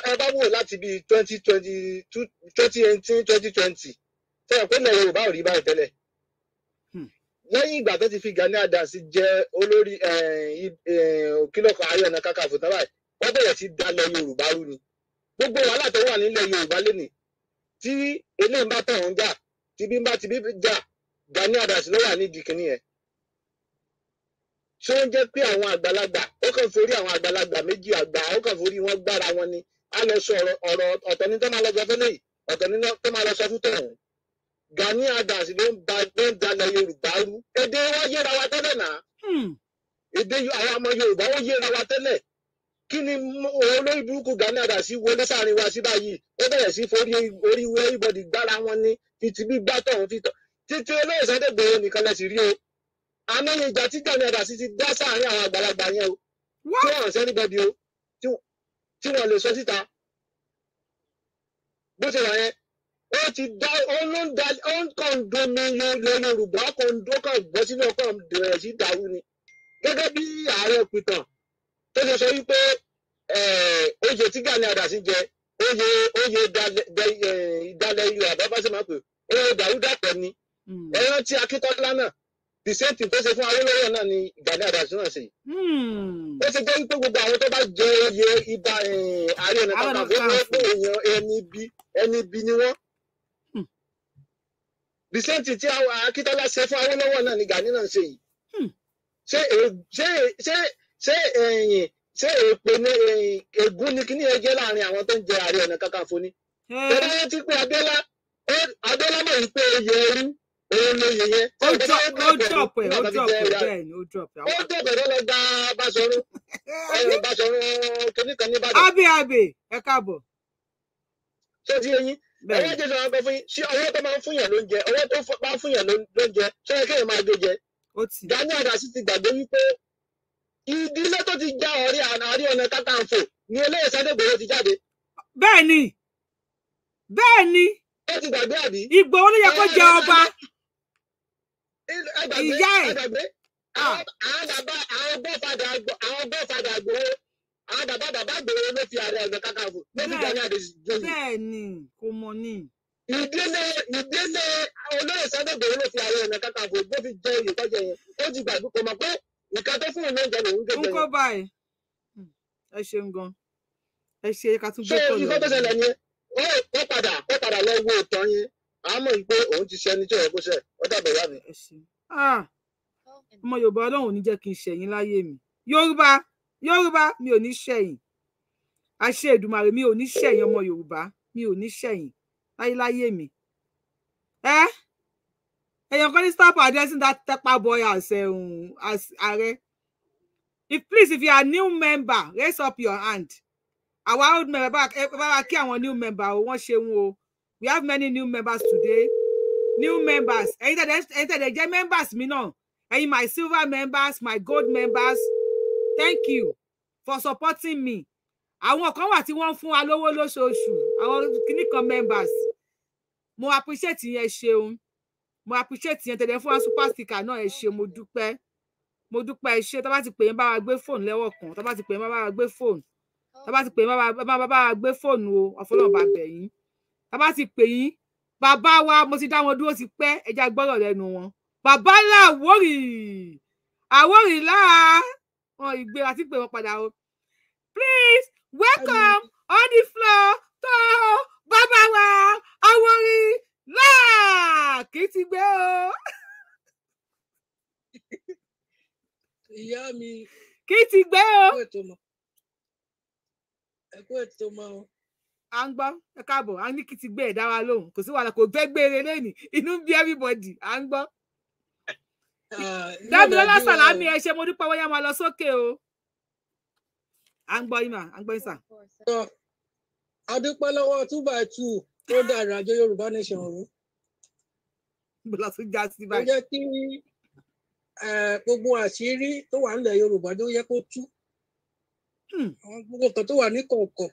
ẹ bá wò láti bíi twenty twenty two twenty eighteen twenty twenty ṣe é pé ilẹ̀ Yorùbá ò rí báyìí tẹ́lẹ̀ hmm. lẹ́yìn ìgbà tó ti fi Gani adasi olórí sí Yorùbá gbogbo wàhálà tó wà Yorùbá tí eléyìí ń bá jà ń bá jà Gani ló wà nídìí kínní yẹn tí ó ń pé àwọn àgbàlagbà ó kàn forí àwọn wọn gbára wọn ni a lọ sọ ní Gani Adams ló ń ba ló ń dalẹ̀ Yorùbá rú èdè wa yéra wa tẹ́lẹ̀ náà hmm. èdè àwọn ọmọ Yorùbá ó yéra wa tẹ́lẹ̀ kí ni olórí burúkú Gani Adams wọlé sáàrin wa sí báyìí ó bẹ̀rẹ̀ sí forí orí everybody gbára wọn ní fìtì bí gbá tọ̀hún fìtọ̀ títí olóyè sẹ́dẹ̀gbèrè nìkan lẹ rí o amẹ́yẹ ìjà tí Gani Adams ti dá sáàrin àwọn àgbàlagbà yẹn o tí wọ́n sẹ́ni bẹ́ẹ̀ bí o tí wọ́n lè sọ síta bó ṣe wà yẹn ó ti dá òǹkọ̀ǹdomi yorùbá kọ̀ǹdó kan bọ́ sínú ọkàn bẹ̀rẹ̀ sí dàrú ni gẹ́gẹ́ bí ààrẹ pìtàn tó ṣe sọ wípé oyè tí Gani Adams jẹ oye oyè ìdálẹ̀ ilẹ̀ àbábáṣe máa pè oyè dàrúdàpọ̀ ni hmm. ẹran tí Akíntọ́lá náà the same thing tó ṣe fún Awólọ́wọ̀ náà ni Gani Adams náà ṣe. Hmm. ó ṣe jẹ́ wípé gbogbo àwọn tó bá jẹ oyè ibà ààrẹ ọ̀nà kan kàwé wọ́n ẹni bí ẹni bí ni wọ́n the same thing tí akíntọ́lá ṣe fún awólọ́wọ̀ náà ni gani náà ṣe yìí hmm. ṣé ṣé ṣé ṣé ẹ̀yìn ṣé èpè ní ègún ni kíní ẹ jẹ́ láàrin àwọn tó ń jẹ ààrẹ ọ̀nà kakanfò ni. Hmm. ẹ̀rọ yẹn ti pé abẹ́lá abẹ́lá mọ̀ wípé oyè ẹrú òun ló yẹ yẹn. ó dọ̀pẹ̀ ó dọ̀pẹ̀ ó dọ̀pẹ̀ bẹ́ẹ̀ ni ó dọ̀pẹ̀. ó dọ̀pẹ̀ ló lọ gba Basọ̀run Basọ̀run kíní kan ní Ìbàdàn. abe abe ẹ káàbọ̀. ṣé ti yẹ yín ẹgbẹ́ jẹ́ sọ̀rọ̀ pé fún yín ṣé ọwọ́ tó máa ń fúnyàn lóúnjẹ ọwọ́ tó máa ń fúnyàn lóúnjẹ ṣé ẹ kéèyàn máa gbéjẹ. Gani Adams ti gbàgbé ìdílé tó ti já àárí ọ̀nà kátàǹfò ni eléyìí ti jáde. bẹ́ẹ̀ ni bẹ́ẹ̀ ni ló yẹ ọba ìyá ẹ̀. Ah, àwọn bàbá bàbá gbèrè ló fi ààrẹ ọ̀nà kakanfò ló fi Gani Adams. bẹ́ẹ̀ni kò mọ ni. ìdílé ìdílé olóyè Sunday Igboho ló fi ààrẹ ọ̀nà kakanfò ló fi jẹ oyè tọ́jọ yẹn ó ti gbàgbé kò mọ̀ pé nǹkan tó fún òun oúnjẹ lòun gbẹgbẹ. ń kó báyìí hmm, ẹ ṣeun gan ẹ ṣe ká tún gbé kọ ṣé nǹkan tó ṣẹlẹ̀ ni ó padà ó padà lọ wo ìtàn yẹn àmọ́ ìpè òun ti òun kó ṣe ó ah, ọmọ Yorùbá Ọlọ́run ò ní jẹ́ kí n ṣẹ̀yìn láyé mi Yorùbá yorùbá mi ò ní ṣẹ̀yìn àṣẹ Èdùmàrè mi ò ní ṣẹ̀yìn ọmọ yorùbá mi ò ní ṣẹ̀yìn láyéláyé mi ẹ èèyàn kan ní stop addressing that tepa boy as um, as ààrẹ if please if you are new member raise up your hand Our old member bá wa kí àwọn new member o wọ́n ṣeun o we have many new members today new members ẹ̀yin tẹ̀lé jẹ́ members mi náà ẹ̀yin my silver members my gold members thank you for supporting me àwọn kan wà tí wọ́n ń fún wa lówó lóṣooṣù àwọn kìnnì kan members mo appreciate yẹn ṣeun mo appreciate yẹn tẹ̀lé fún wa super sticker náà ẹ ṣe mo dúpẹ́ mo dúpẹ́ ẹ ṣe tó bá ti pè é bá wa gbé fóònù lẹ́wọ̀ kan tó bá ti pè é bá wa gbé fóònù tó bá ti pè é bá wa gbé fóònù o ọ̀fọlọ́run bá bẹ̀ yín tó bá ti pè yín bàbá wa mo ti dá wọn dúró ti pẹ́ ẹja gbọ́rọ̀ lẹ́nu wọn bàbá làwórì àwórì láà wọn ìgbé àti pé wọn padà o please welcome on the floor tó Baba wa Awori orin Kitty Bell. Yummy Kitty Bell. o. ìyá mi kì í Kitty gbé o. ẹ kú ètò mọ o. à ń gbọ́ a ní kì í ti gbé ẹ̀dá wa everybody à Eh, dábìlọ́lá sàlámì ẹ ṣe mo dúpẹ́ wọ́n yá máa lọ sókè o à ń gbọ́ ìmọ̀ à ń gbọ́ ìsà. a lọ́wọ́ two by two tó dàrí àjọ yorùbá nation ọ̀hún. bọ́lá tún já sí báyìí. ó jẹ́ kí gbogbo àṣírí tó wà nílẹ̀ yorùbá ló yẹ kó tú. Hmm. gbogbo kan tó wà ní kọ̀ọ̀kọ̀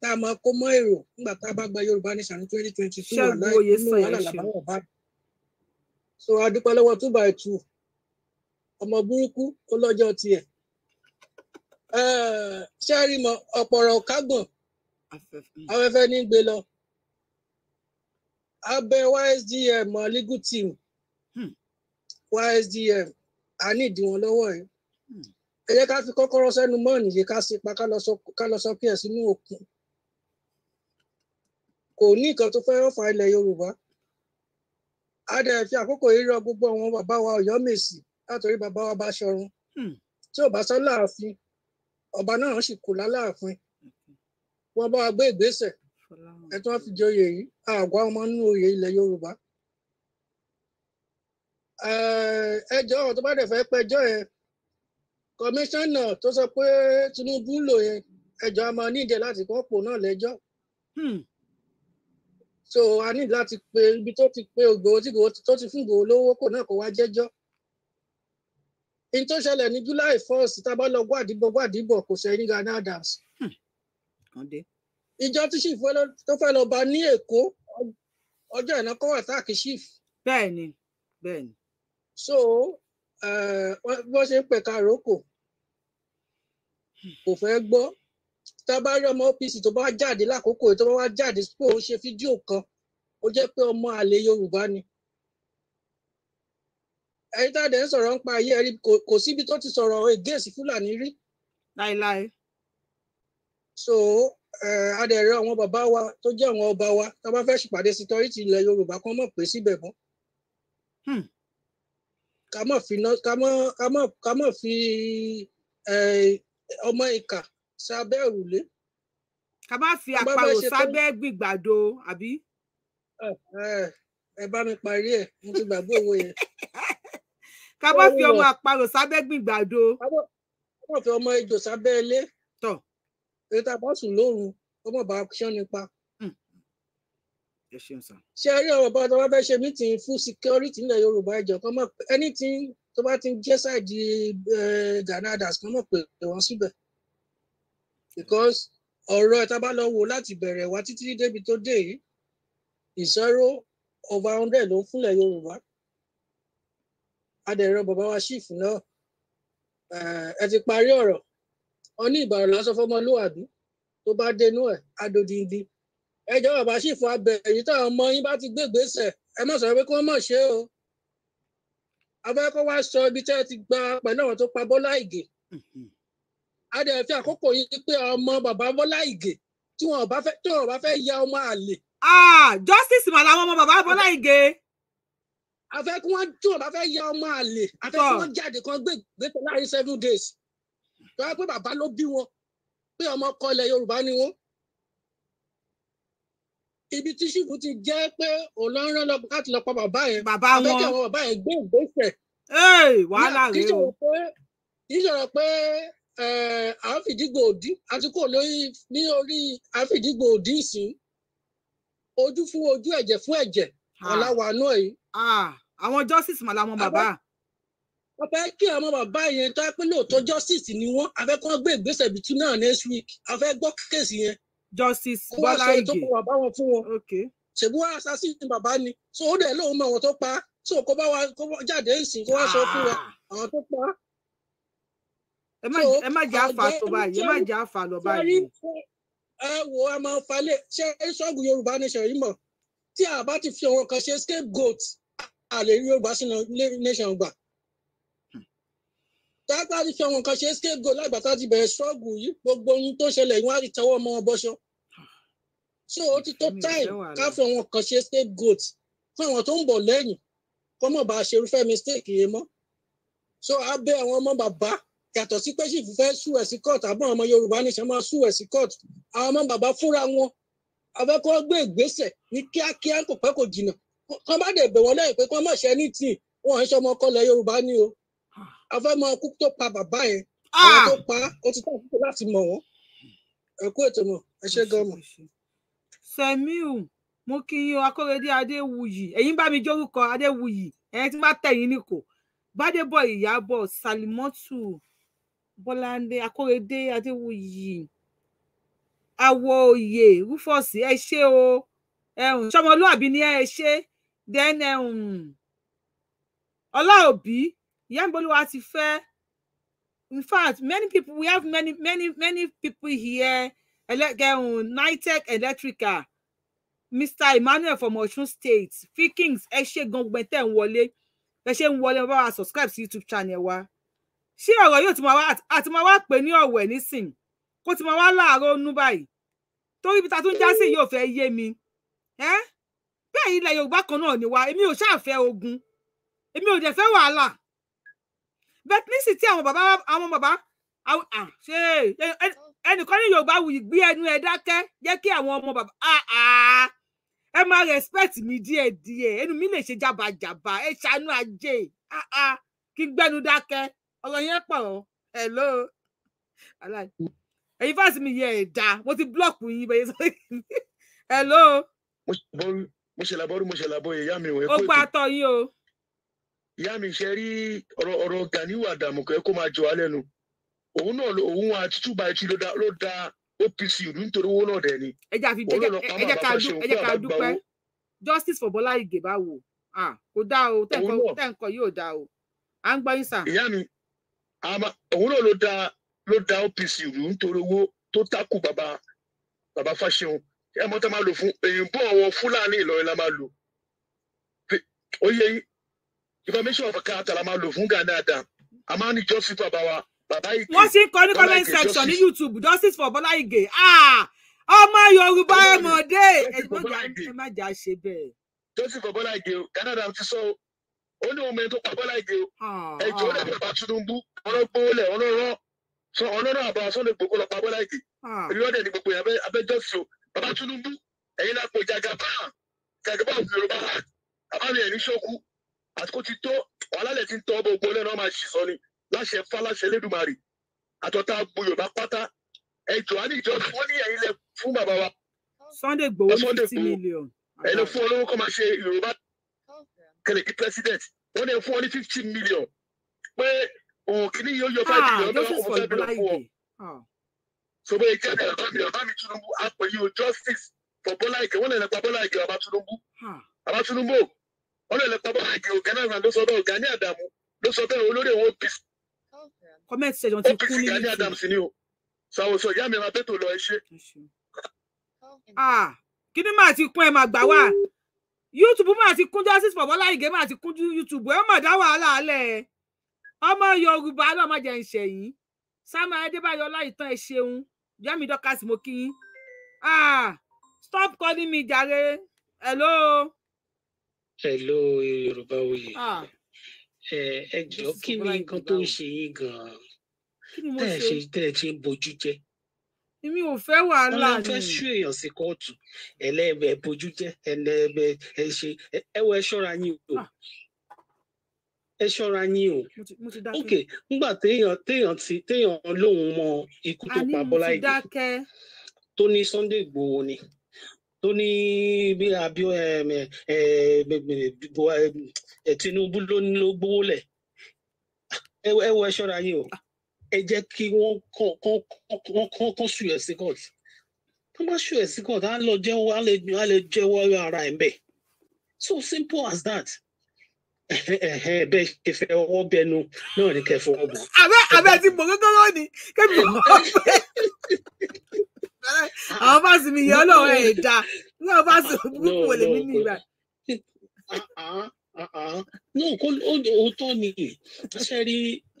tá a máa kó mọ́ èrò nígbà tá a bá gba yorùbá nation ní twenty twenty two wà láì nínú wàhálà làbáwọ̀ báyìí so adúpẹ́ lọ́wọ́ two by two ọmọ burúkú ó lọ́jọ́ tiẹ̀ ṣẹ́ẹ́rì mọ ọ̀pọ̀rọ̀ kágbọ̀n afẹ́fẹ́ ní gbé lọ abẹ ysdm legal team ysdm hmm. a ní ìdíwọ̀n lọ́wọ́ ẹ̀ hmm. ẹ jẹ́ ká fi kọ́kọ́rọ́ sẹ́nu mọ́ nìyí ká sì pa ká lọ sọ kí ẹ̀ sínú òkun kò ní nǹkan tó fẹ́ rọ́fà ilẹ̀ yorùbá a dẹ̀ fi àkókò yìí rọ gbogbo àwọn bàbá wa Ọ̀yọ́mèsì látòrí bàbá wa Báṣọ̀run hmm. tí ò bá sọ láàfin ọba náà sì kù láláàfin wọn bá wa gbé ìgbésẹ̀ ẹ tí wọn fi joyè yìí àgọ́ ọmọ nínú oyè ilẹ̀ Yorùbá ẹjọ́ tó bá dẹ̀ fẹ́ pẹjọ́ yẹn kọmíṣánná tó sọ pé Tinubu lò yẹn ẹjọ́ a máa nídìí láti kọ́pọ̀ náà lẹ́jọ́ hmm so a ní láti pe ibi tó ti pe ògbówó tí gbòó tó ti fún gbòó lówó kò náà kò wá jẹ́jọ́ in tó ṣẹlẹ̀ ní July first tábà lọ gbàdìbò gbàdìbò kò sẹ́yìn Gani Adams ìjọ tí chief tó fẹ́ lọ bá ní Èkó ọjọ́ ìná kọ́ wà táàkì chief. bẹ́ẹ̀ni bẹ́ẹ̀ni. so bó eh, ṣe ń pẹ̀ka àrókò kò fẹ́ gbọ́ tá a bá rí ọmọ OPC tó bá jáde lákòókò tó bá wá jáde pé òun ṣe fídíò kan ó jẹ́ pé ọmọ àlè Yorùbá ni ẹ̀yin tá a dẹ̀ ń sọ̀rọ̀ ń pa ayé ẹ̀rí kò síbi tó ti sọ̀rọ̀ against Fúlàní rí. láéláé. so a dẹ̀ rẹ àwọn bàbá wa tó jẹ́ àwọn ọba wa tá a bá fẹ́ ṣèpàdé security ilẹ̀ Yorùbá kan mọ̀ pé síbẹ̀ mọ́. Hmm. ká mọ̀ fi ọmọ ìkà sábẹ́ òrùlé. ká má fi àparò sábẹ́ gbìgbàdo àbí. ẹ bá mi parí ẹ mo ti gbàgbé owó yẹn. ká má fi ọmọ àparò sábẹ́ gbìgbàdo. ká má fi ọmọ ejò sábẹ́ ilé. tọ́ èyí tá a bá sùn lóru ó mọ̀ bá ṣán nípa. Hmm. ṣé ẹ rí ọ̀rọ̀ bá tó bá fẹ́ ṣe mítìn fún security nílẹ̀ Yorùbá ìjọ kan mọ̀ anything tó bá ti ń jẹ́ sáàdì eh, Ghana das kan mọ̀ pé wọ́n síbẹ̀ because ọ̀rọ̀ ẹ̀ tá bá lọ wò láti bẹ̀rẹ̀ wá títí débi tó dé yìí ìṣòro over hundred ló ń fúnlẹ̀ Yorùbá adẹ̀rọ bàbá wa ṣìfù náà ẹ ti parí ọ̀rọ̀ wọn ní ìbàrọ̀ lásán fọmọlúwàbí tó bá dénú ẹ̀ adodindi ẹjọ́ bàbá ṣìfù abẹ èyí táwọn ọmọ yín bá ti gbégbèsè ẹ má sọ pé kí wọ́n mọ̀ ṣe o abẹ́kọ̀ wá sọ ibi tẹ́ ẹ ti gba pẹ̀lú àwọn tó pa Bọ́lá Ìgè hmm, hmm adẹ̀fi àkókò yìí pé ọmọ bàbá Bọ́lá Ìgè tí wọn bá fẹ́ tí wọn bá fẹ́ ya ọmọ àlè. justice mà làwọn ọmọ bàbá Bọ́lá Ìgè. a fẹ́ kí wọ́n tí wọn bá fẹ́ ya ọmọ àlè a fẹ́ kí wọ́n jáde kan gbé gbèsè láàrin seven days tó yẹ pé bàbá ló bí wọn pé ọmọ kọlẹ̀ Yorùbá ni wọ́n. ibi tí ṣìkú ti jẹ́ pé òun ló ń rán lọ láti lọ pa bàbá yẹn bàbá wọn a fẹ́ kí àwọn bàbá yẹn gbé ìgbésẹ̀. wàhálà rèé o àfìdígbò eh, òdì àti kò lórí ní orí àfìdígbò òdì ìsìn ojú fún ojú ẹ̀jẹ̀ fún ẹ̀jẹ̀ ah. ọ̀làwàánú ẹ̀yìn. Ah, àwọn justice màlá wọn bàbá. bàbá kí àwọn bàbá yẹn tó pé lóòótọ́ justice ni wọ́n afẹ́kọ́ gbé ìgbésẹ̀ bìtú náà next week afẹ́ gbọ́ kéèsì yẹn. justice Bọ́lá Ìgè wọ́n sọ ètò kó bàbá wọn fún wọn. ṣèbú wa assassin bàbá ni so ó dẹ̀ lóun mọ àwọn tó pa so kó bá wa jáde ń sìn kó wá sọ fún wa ah. àwọn tó pa á ẹ má jẹ́ àfà tó báyìí ẹ má jẹ́ àfà lọ báyìí. ẹ wo ẹ máa falẹ̀ ṣé ṣọ́ọ̀gù yorùbá nation yìí mọ̀ tí a bá ti fi àwọn kan ṣe scapegoat àlè yorùbá nation gbà tábà ti fi àwọn kan ṣe scapegoat lágbàtà ti bẹ̀rẹ̀ ṣọ́ọ̀gù yìí gbogbo ohun tó ṣẹlẹ̀ ìwọ́n á ti tọwọ́ ọmọ ọbọ̀ṣọ́ so ó ti tó time ká fi àwọn kan ṣe scapegoat fún àwọn tó ń bọ̀ lẹ́yìn kọ́mọ̀ bá a mistake yìí mọ́ so a àwọn ọmọ bàbá yàtọ̀ sí pé ṣìfù fẹ́ sú ẹ̀ sí court àbọ̀ ọmọ yorùbá ní sẹ́mọ́ sú ẹ̀ sí court àwọn ọmọ bàbá fúnra wọn afẹ́kọ́ gbé ìgbésẹ̀ ní kíákíá kò pẹ́ kò jìnnà kán bá dẹ̀ bẹ̀ wọ́n lẹ́yìn pé kán má ṣe ní tì wọ́n ń ṣọmọ ọkọlẹ̀ yorùbá ni o afẹ́mọ kú tó pa bàbá yẹn ah! àwọn tó pa ó ti tán àkókò láti mọ̀ wọ́n ẹ kú ètò mọ̀ ẹ ṣé gan mọ̀. Sẹ́míù mo kí yín Akọ́rẹ́dé Adéwuyì ẹ̀yin bá mi jórúkọ Adéwuyì ẹ̀yin tí wọ́n bá tẹ̀yìn ní kò Gbádébọ̀ Ìyábọ̀ Salimọ́tù bọ́láńdé akóredé adéwuyì àwòye rúfọ́ọ̀sì ẹ ṣé o ṣọmọlúàbí ni ẹ ṣe then ọláòbí ìyáǹgbọ́lúwa ti fẹ́ in fact many people we have many many many people here ẹlẹgẹrun nitec electrical mr emmanuel from Ọ̀ṣun state fikings ẹ ṣé gan gbẹtẹ ń wọlé ẹ ṣe ń wọlé wọn bá wa subscribe sí youtube channel wa ṣé ọ̀rọ̀ yóò ti máa wá àti máa wá pè ní ọ̀wẹ̀ nísìn kó ti máa wá láàárọ̀ nú báyìí torí ibi ta tún já sí yóò fẹ́ yé mi bẹ́ẹ̀ ilẹ̀ Yorùbá kan náà ni wa èmi ò ṣàfẹ́ ogun èmi ò dẹ̀ fẹ́ wàhálà bẹ́ẹ̀ ní sì tí àwọn bàbá àwọn bàbá ṣe ẹnìkan ní Yorùbá wù gbé ẹnu ẹ dákẹ́ jẹ́ kí àwọn ọmọ bàbá ẹ máa respect mi díẹ̀ díẹ̀ ẹnu mi lè ṣe jàbàjàbà ẹ ṣàánú ajé kí n dákẹ́ ọ̀rọ̀ yẹn pọ̀ o hello hmm. ẹ̀yin fásitì mi yẹ ẹ̀ dáa mo ti blọ́ọ̀kù yín bẹ́ẹ̀ sọ hello. mo ṣe làbọ́rú mo ṣe làbọ́ ìyá mi ò ẹ kó ètò. ó pa àtọ̀ yín o. ìyá mi ṣe rí ọ̀rọ̀ ọ̀rọ̀ Gàníwò Àdàmú kẹ́ kó máa jọ á lẹ́nu òun náà òun àti túbà ẹtì ló da OPC ìlú nítorí owó náà dẹ̀ ni. ẹ jẹ́ ká dúpẹ́ justice for Bọ́lá Ìgè báwo kò dáa o tẹ́ǹkọ́ yóò dáa o à ń gbọ́ yín sà. ìyá mi òun náà ló da ló da OPC rú nítorí owó tó takù bàbá bàbá Fáṣẹ̀hùn ẹ mọ tá máa lò fún èyìnbó àwọn Fúlàní Ìlọrin la máa lò ó yẹ information of character la máa lò fún Gani Adams a máa ní justice bàbá wa bàbá Ige wọ́n ti ń kọ ní comment section ní YouTube justice for Bọ́lá Ige ah! ọmọ Yorùbá ẹmọdé ẹ má jà ṣe bẹ́ẹ̀. justice for Bọ́lá Ige Gani Adams ti sọ ó ní ọmọ ẹni tó pa Bọ́lá Ige ah. ẹjọ́ ó dẹ̀ bàbá Tinubu wọn ló gbówó lẹ̀ wọn ló rọ́ sọ ọlọ́run àbọ̀ Sunday Igboho lọ pa Bọ́lá Ìgè ah. èmi wọ́n dẹ̀ ní gbogbo yẹn abẹ́jọ́sọ bàbá Tinubu ẹ̀yin náà pò jagaba jagaba òfin Yorùbá àbámi ẹ̀ ní ṣókú àtikó ti tó wàhálà ti ń tọ́ gbogbo lẹ́nu ọmọ àṣìṣọ́ ni láṣẹ fá láṣẹ lẹ́dùnmarì àtọ́tà gbo Yorùbá pátá ẹjọ́ àníjọ́ wọ́n ní ẹ̀yin lẹ fún bàbá wa. Sunday Igboho fifty million. ẹni fún olówó kọ́ máa ṣe Yorùbá kẹlẹ̀kí president wọ́n ní ẹ fún ọ ní fifty million pé òun kìíní yóò yọ five billion lọ́wọ́ ọmọ five billion fún ọ. Ah. so bẹ́ẹ̀ kí ẹ̀dá ọ̀tá mi ọ̀tá mi Tinubu á pè o justice for Bọ́lá Ìgè wọ́n lè lè pa Bọ́lá Ìgè bàbá Tinubu ah. bàbá Tinubu wọ́n lè lè pa Bọ́lá Ìgè ọ̀gá náà ló sọ bẹ́ẹ̀ ọ̀gá ní Àdàmú ló sọ bẹ́ẹ̀ olórí òun OPC. kọ́mẹ́tì ṣe jọ ti kú nínú ìlú Adams ni o sàwòsàn ìyá mi ra bẹ́tò lọ ẹ ṣe. Ah, kí ni màá ti kún ẹ màá gbà wá YouTube máa ti kún justice for Bọ́lá Ìgè máa ti kún YouTube ẹ má dá wàhálà alẹ́ ẹ ọmọ yorùbá ló má jẹ ń ṣe yìí samuel adébáyọ ọláìtàn ẹ ṣeun yẹmi dọkas mo kí yín ah stop calling me jàre hello. hello yorùbá oyè ah. ẹ jọ kí ni nǹkan tó ń ṣe yín ganan tẹ ẹ ṣe tẹ ẹ ṣe ń bojú jẹ. èmi ò fẹ́ wàhálà ni. wọn lè fẹ́ sú èèyàn sí kóòtù ẹlẹ́ẹ̀bẹ̀ bojú jẹ ẹlẹ́ẹ̀bẹ̀ ẹ ṣe ẹ wọ ẹ ṣọ́ra yín o ah ẹ ṣọ́ra yín o ok nígbà téèyàn téèyàn ti téèyàn lóun mọ ikú tó pa Bọ́lá Ìgè tó ní Sunday Ìgbòho ni tó ní bí abio Tinubu ló ní ló gbówó lẹ ẹ wọ ẹ ṣọ́ra yín o ah. ẹ jẹ́ kí wọ́n kàn kàn sùn ẹ sí court tó bá sùn ẹ sí court á lọ jẹ́wọ́ á lè jẹ́wọ́ ara ẹ bẹ́ẹ̀ so simple as that bẹ́ẹ̀ ṣe fẹ́ ọwọ́ bẹnu náà ni kẹfọ́ ọ̀bọ̀. abẹ́ abẹ́ ti mọ̀ kọ́kọ́rọ́ ni kébì mọ̀ àwọn fásitì mi yọ lọ́wọ́ ẹ̀ dá ní fásitì burúkú wò lèmi ní ìgbà. náà kó òótọ́ ni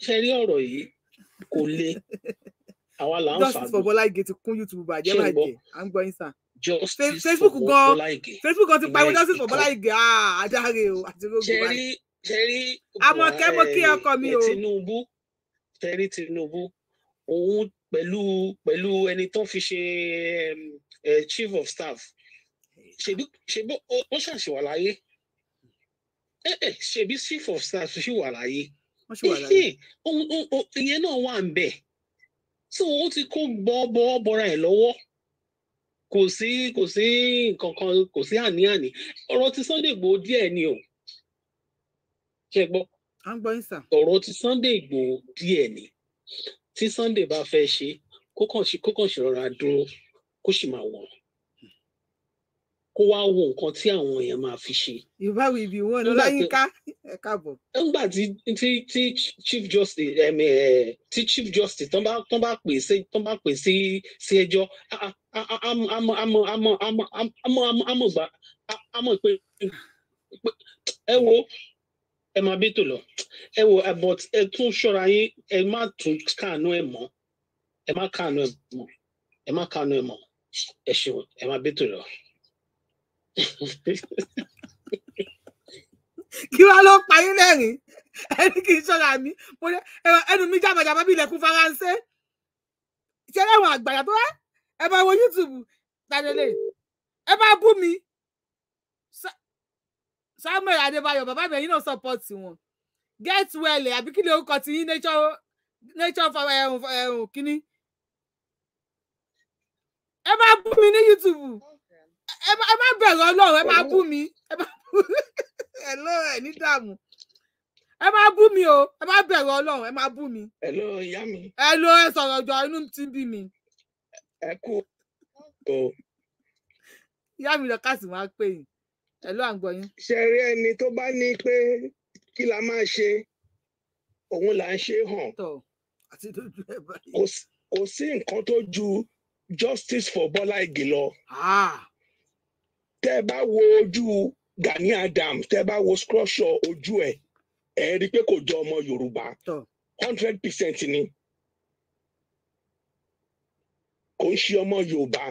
ṣe rí ọ̀rọ̀ yìí kò le àwa là ń fà á. just for bọ́lá ti kún youtube bàjẹ́ bàjẹ́ à ń gbọ́ yín sàn justice Facebook for Bọ́láìgè. Facebook gan ti pariwo justice for Bọ́láìgè ah, àjàre o àti rogo báyìí. ṣẹ́rí àmọ̀kẹ́ mo kí ọkọ mi o. Tinubu ṣẹ́rí Tinubu òun pẹ̀lú pẹ̀lú ẹni tó fi ṣe chief of staff ṣebí wọ́n ṣàṣì wà láyé ṣebí chief of staff ṣì wà láyé ìyẹn náà wà ń bẹ̀ so ó ti kó gbọ́ bọ́ bọ́ra ẹ̀ lọ́wọ́ kò sí kò sí nǹkan kan kò sí àní-àní ọ̀rọ̀ ti Sunday Igboho díẹ̀ ni o ṣe gbọ́ ọ̀rọ̀ ti Sunday Igboho díẹ̀ ni tí Sunday bá fẹ́ ṣe kó kàn ṣe rọra dúró kó sì máa wọ̀n kó wá wo nǹkan tí àwọn èèyàn máa fi ṣe. ìbáwí ibi wọn ló láyínká ẹ káàbọ̀. nígbà tí tí tí chief justice ẹ̀mí ẹ̀ tí chief justice tán bá tán bá pè sí tán bá pè sí sí ẹjọ́ àmọ́ pé ẹ wo ẹ máa bí tò lọ ẹ wo but ẹ tún ṣọ́ra yín ẹ má tún kàánú ẹ mọ́ ẹ má kàánú ẹ mọ́ ẹ má kàánú ẹ mọ́ ẹ ṣeun ẹ máa bí tò lọ kí wàá ló pa yín lẹ́rìn ẹni kì í ṣọ́ra mi mo ní ẹnu mi jábàjábá bí ilẹ̀kùn faransé ṣe ẹ̀wọ̀n àgbàyà tó wá ẹ bá wo youtube tàdélé ẹ bá bú mi samuel adébáyọ̀ bàbá mi ẹ̀yin náà support wọn get well àbí kí ni orúkọ ti yín nature nature for ẹ̀hún kínní ẹ bá bú mi ní youtube ẹ má bẹ̀rù ọlọ́run ẹ má bú mi ẹ má bú ẹ lọ ẹ ní dààmú ẹ má bú mi o ẹ má bẹ̀rù ọlọ́run ẹ má bú mi. ẹ ló ìyá mi. ẹ ló ẹ sọ̀rọ̀ jọ inú ti bí mi. ẹ kú o. ìyá mi lọ káàsì wá pè yín ẹ ló à yín. ṣe rí ẹni tó bá ní pé kí la máa ṣe òun là ń ṣe hàn kò sí nǹkan tó ju justice for Bola Ìgè lọ. Ah tẹ́ ẹ bá wo ojú Gani adam? tẹ́ ẹ bá wo structure ojú ẹ̀ ẹ̀ rí i pé kò jọ ọmọ Yorùbá hundred percent ni kò ń ṣe ọmọ Yorùbá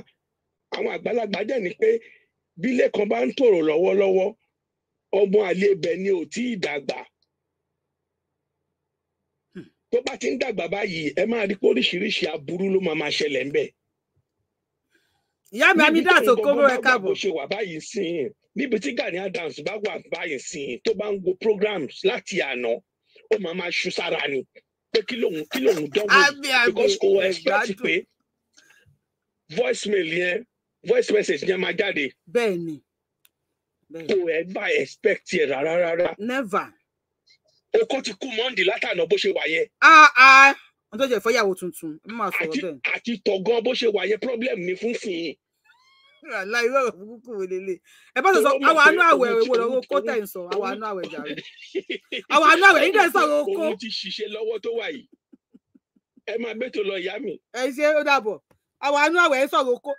àwọn àgbàlagbà dẹ̀ ni pé bí lẹ́kan bá ń tòrò lọ́wọ́lọ́wọ́ ọmọ àlebẹ̀ ni ò tí ì dàgbà hmm. tó bá ti ń dàgbà báyìí ẹ máa rí pé oríṣiríṣi aburú ló máa máa ṣẹlẹ̀ ń bẹ̀ ìyá mi Amidat Okomo ẹ káàbọ̀. níbi tí wà báyìí sí i níbi tí Gani Adams bá wà báyìí sí i tó bá ń go programs láti àná ó máa máa ṣu sára ni pé kí lòun kí lòun dánwò because kò expect pé voicemail yẹn voice message yẹn máa jáde. bẹ́ẹ̀ni. kò ever expect yẹ rárá rárá. never. Oko ti kú Monday látàná bó ṣe wà yẹn. Ah ah, wọ́n tó jẹ ìfọ́yàwó tuntun, ẹ má sọ̀rọ̀ bẹ́ẹ̀. Àti tọ̀gán bó ṣe wà yẹn problem ni fún sìn yìí àlá irú ọ̀rọ̀ burúkú wo lélẹ̀ ẹ bá sọ àwọn àánú àwẹ̀ wo lọ́wọ́ kó tẹ̀ ń sọ àwọn àánú àwẹ̀ jàre àwọn àánú àwẹ̀ yín tẹ̀ ń sọ̀rọ̀ kó. òun ti ṣiṣẹ́ lọ́wọ́ tó wà yìí ẹ máa gbẹ́tò lọ ìyá mi. ẹ ṣe ó dàbọ̀ àwọn àánú àwẹ̀ ń sọ̀rọ̀ kó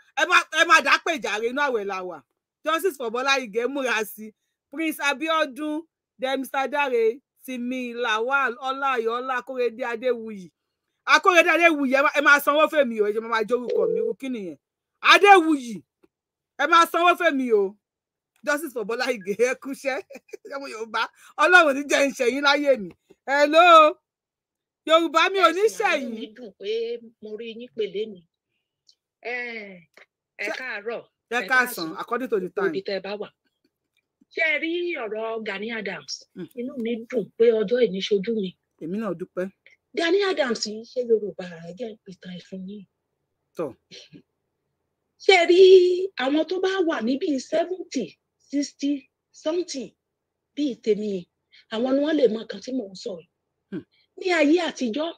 ẹ má dá pè jàre inú àwẹ̀ la wà justice for Bọ́lá Ìgè múra sí Prince Abiodun Demisadare Timi Lawal Ọláyọ̀ Ọlákóredé Adéwuyì Akóredé Adéwuyì ẹ máa sanwó fèmí o ẹ jẹ́ máa jórúkọ mi irú kí nìyẹn Adéwuyì ẹ máa sanwó fẹ́mi o justice for Bọ́lá Ìgè ẹ kúṣẹ́ ọmọ Yorùbá Ọlọ́run ní jẹ́ ìṣẹ̀yìn láyé mi hello Yorùbá mi ò ní ṣẹ̀yìn. ẹ̀sìn mi dùn pé mo rí yín pèlè mi ẹ káàárọ̀ ẹ káàsán according to the time. ibi tẹ ẹ bá wà ṣé ẹ rí ọ̀rọ̀ Gani Adams hmm. inú mi dùn pé ọjọ́ ìní ṣojú mi. èmi náà dúpẹ́. Gani Adams yìí ṣe Yorùbá ẹ jẹ́ ìtàn ìfún yìí. tọ́ ṣe rí àwọn tó bá wà ní bíi seventy sixty something bíi tèmi àwọn ni wọ́n lè mọ kan tí mò ń sọ yìí hmm. ní ayé àtijọ́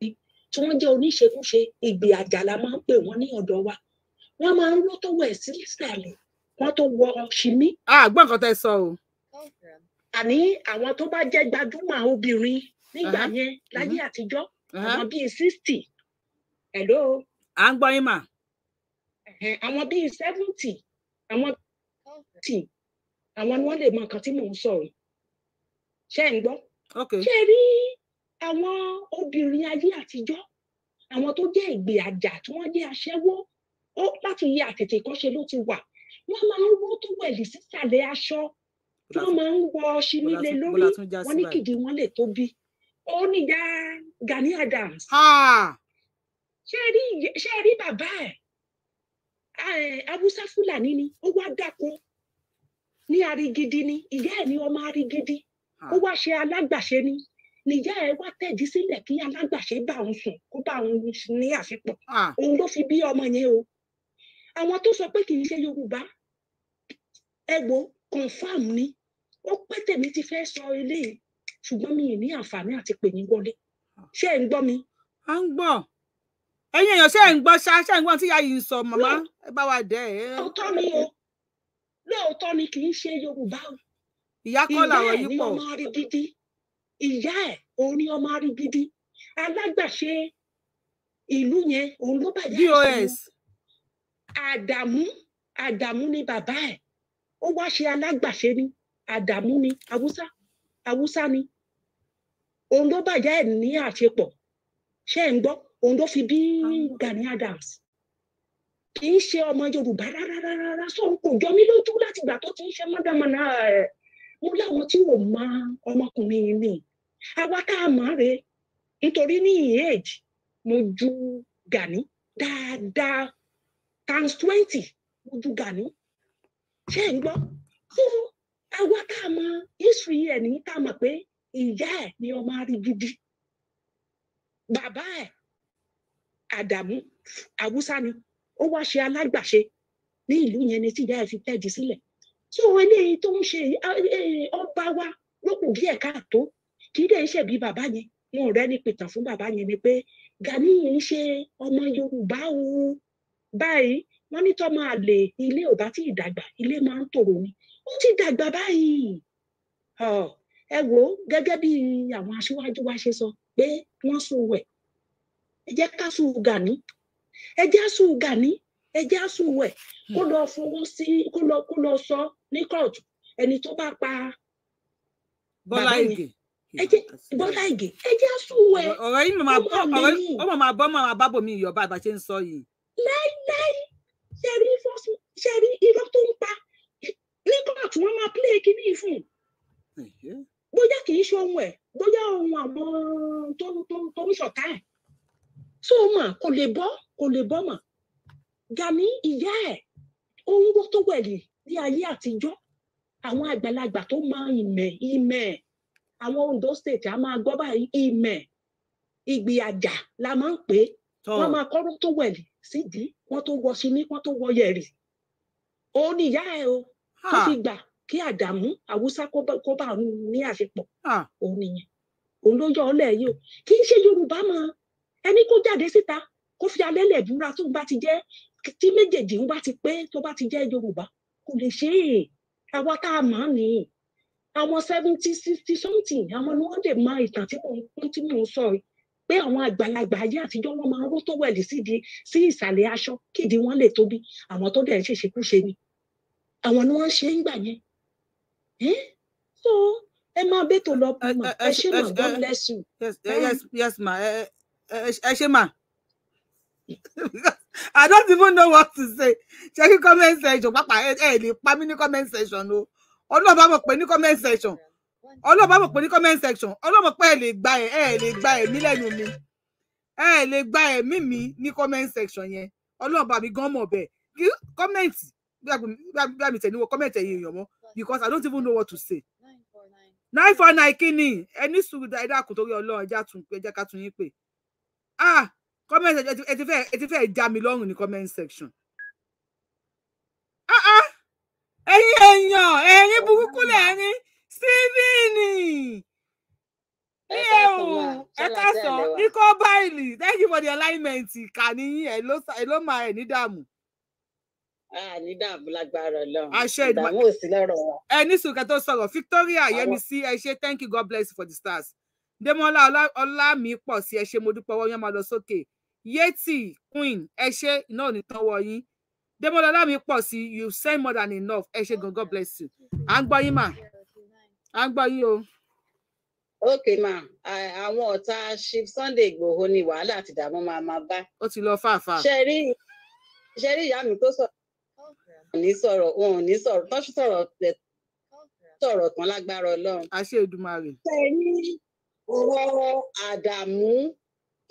tí wọ́n jẹ́ oníṣekúṣe ìgbé àjàlá máa ń pè wọ́n ní ọ̀dọ̀ wa wọ́n máa ń ró tó wẹ̀ sísàlẹ̀ wọ́n tó wọ ṣìmí. àgbọn kan tẹ́ sọ o. àní àwọn tó bá jẹ́ gbajúmọ̀ obìnrin nígbà uh-huh. yẹn láyé uh-huh. àtijọ́ uh-huh. àwọn bíi sixty hello à ń gbọ́ yín mà. àwọn bíi seventy àwọn tí àwọn ni wọ́n lè mọ nǹkan tí mò ń sọ̀rọ̀ ṣé ń gbọ́. ṣé rí àwọn obìnrin ayé àtijọ́ àwọn tó jẹ́ ìgbé àjà tí wọ́n jẹ́ aṣẹ́wó ó láti yẹ àtètè kọ́ṣe ló ti wà wọ́n máa ń wọ́ tó wẹ̀lì sísàlẹ̀ aṣọ wọ́n máa ń wọ ṣínílẹ̀ lórí wọ́n ní kìdí wọ́n lè tóbi ó níyà Gani Adams ṣé ẹ rí bàbá ẹ̀ haúsá fúlàní ni ó wá dáko ní arigidi ni ìyá ẹ̀ ní ọmọ arigidi ó wá ṣe alágbàṣe ni nìyá ẹ wá tẹ̀dí sílẹ̀ kí alágbàṣe bá òun sùn kó bá òun ní àṣepọ̀ òun ló fi bí ọmọ yẹn o àwọn tó sọ pé kì í ṣe yorùbá ẹ wo confam ni ó pẹ́ tèmi ti fẹ́ sọ eléyìí ṣùgbọ́n mi ì ní àǹfààní àti pè yín wọlé ṣé ẹ ń gbọ́ mi. à ń gbọ́ ẹ̀yin èèyàn ṣe ń gbọ́ ṣá ṣe ń gbọ́ tí ìyá yìí ń sọ màmá ẹ bá wa dẹ ẹ. òótọ́ ni o lóòótọ́ ni kì í ṣe yorùbá o. ìyá kọ́ làwọn yìí pọ̀ ìyá ẹ̀ ní ọmọ rí gidi ìyá ẹ̀ òun ní ọmọ rí gidi alágbàṣe ìlú yẹn òun ló bàjẹ́ àṣẹ àdàmú àdàmú ni bàbá ẹ̀ ó wá ṣe alágbàṣe ni àdàmú ni haúsá haúsá ni òun ló bàjẹ́ ẹ̀ ní àṣepọ̀ ṣé ń gbọ́ òun ló fi bí Gani Adams kì í ṣe ọmọ Yorùbá rárá rárá sọ kò jọ mí lójú láti ìgbà tó ti ń ṣe mọdàmọdà ẹ mo láwọn tí ò ma ọmọkùnrin ni àwa tá nítorí ní age mo ju Gani dáadáa times twenty mo ju Gani ṣé ń gbọ́ history ẹ̀ ní ni ọmọ bàbá ẹ̀ àdàmú àwùsá ni ó wá ṣe alágbàṣe ní ìlú yẹn ni tíjà ẹ fi tẹ́jú sílẹ̀ tí òun eléyìí tó ń ṣe ọba wa lókù díẹ̀ káàtó kì í dẹ̀ ṣẹ̀bi bàbá yẹn wọn ò rẹ́ni pìtàn fún bàbá yẹn ni pé Gani yìí ń ṣe ọmọ Yorùbá o báyìí wọn ní tọmọ àlè ilé ò bá tí ì dàgbà ilé máa ń tòrò ni ó ti dàgbà báyìí ẹ wò ó gẹ́gẹ́ bí àwọn aṣíwájú wa ṣe sọ pé wọ́n sùn wẹ̀ ẹ jẹ́ ká sùn Gani ẹ jẹ́ sùn Gani ẹ jẹ́ sùn wẹ̀ hmm. kó lọ fowó sí kó lọ kó lọ sọ ní kóòtù ẹni tó bá pa bàbá yẹn bọ́lá ìgè ẹ jẹ́ súnwẹ̀. ọ̀rọ̀ yìí ọmọ máa bọ́ máa bábò mi ìyọ̀bá àgbà ṣe ń sọ yìí. láíláí ṣẹ̀rí fọ́sùn ṣẹ̀rí irọ́ tó ń pa nígbà tí wọ́n máa pílẹ̀ kínní fún un. bóyá kì í ṣe ohun ẹ̀ bóyá ohun àwọn tó ń ṣọ̀tá ẹ̀ so mà kò lè bọ́ kò lè bọ́ mà Gani ìyá ẹ̀ ó ń wọ́ tó wẹ̀lì ní ayé àtijọ́ àwọn àgbàlagbà tó máa ìmẹ̀ ìmẹ̀ àwọn Ondo state a máa gbọ́ báyìí ìmẹ̀ ìgbì àjà la máa ń pè é wọ́n máa kọ́rọ́ tó wẹ̀lì sídìí wọ́n tó wọ sinmi wọ́n tó wọ yẹ̀rì òun ni ìyá ẹ̀ o tó fi gbà kí àdàmú àwùsá kó bá òun ní àṣepọ̀ òun nìyẹn òun ló yọ ọ lẹ́yìn o kì í ṣe Yorùbá máa ẹni kó jáde síta kó fi alẹ́lẹ̀ búra tóun bá ti jẹ́ tí méjèèjì ń bá ti pé tó bá ti jẹ́ yorùbá kò lè ṣe é àwa tá a mọ̀ ni àwọn seventy sixty something àwọn ni wọ́n lè mọ ìtàn tí mò ń tí mò ń sọ yìí pé àwọn àgbàlagbà ayé àtijọ́ wọn máa ń ró tówẹ̀lì sídìí sí ìsàlẹ̀ aṣọ kídi wọn lè tóbi àwọn tó dẹ̀ ń ṣèṣekúṣe ni àwọn ni wọ́n ń ṣe ń gbà yẹn so ẹ máa bẹ́tò lọ ẹ ṣe máa God bless you. yes yes yes ma ẹ i don't even know what to say Check kí comment section pápá ẹ ẹ lè comment section o ọlọ́ọ̀bá mọ̀ pé ní comment section ọlọ́ọ̀bá mọ̀ pé ní comment section ọlọ́ọ̀bá pé ẹ lè gba ẹ ẹ lè gba ẹ̀mí lẹ́nu mi ẹ lè comment section yẹn ọlọ́ọ̀bá mi gan mọ̀ bẹ́ẹ̀ kí comment Let me tell you. wo comment ẹ̀yìn èèyàn mọ́ because i don't even know what to say nine four nine kí ni ẹni sùúrù dáadáa kò torí ọlọ́run ẹja ká tún yín pè ah comment section ẹ ti fẹ́ ẹ ti fẹ́ já mi lọ́rùn ní comment section ah ah ẹ̀yin èèyàn ẹ̀yin burúkú lẹ́yìn Stephen ẹ ò ẹ ká sọ ikọ báìlì thank you for the alignment ìkà nìyí ẹ ló ma ló máa ẹ ní dààmú. ní dààmú lágbára Ọlọ́run àṣẹ ìdààmú ò sí lọ́rọ̀ wọn. Eh, ẹ ní sùkẹ́ tó sọ̀rọ̀ Victoria Yẹmisí ẹ ṣé thank you God bless you for the stars. Démọ́lá Ọlámi pọ̀ sí ẹ ṣé mo dúpẹ́ ọwọ́ yẹn máa lọ sókè Yeti Queen ẹ ṣé iná ò ní tán wọ yín Démọ́lá Ọlámi pọ̀ sí you send more than enough ẹ ṣé gan God bless you à ń gbọ́ yín mà à ń gbọ́ yín o. Okay. ma àwọn ọ̀tá Chief Sunday Igboho ni wàhálà àti ìdààmú máa máa bá. ó ti lọ fàáfà. ṣe rí ṣe rí ìyá mi tó sọ̀rọ̀ wọn ò ní sọ̀rọ̀ wọn ò ní sọ̀rọ̀ tọ́sí sọ̀rọ̀ tán lágbára Ọlọ́run. àṣẹ Èdùmàrè. ṣe rí ọ̀rọ̀ àdàmú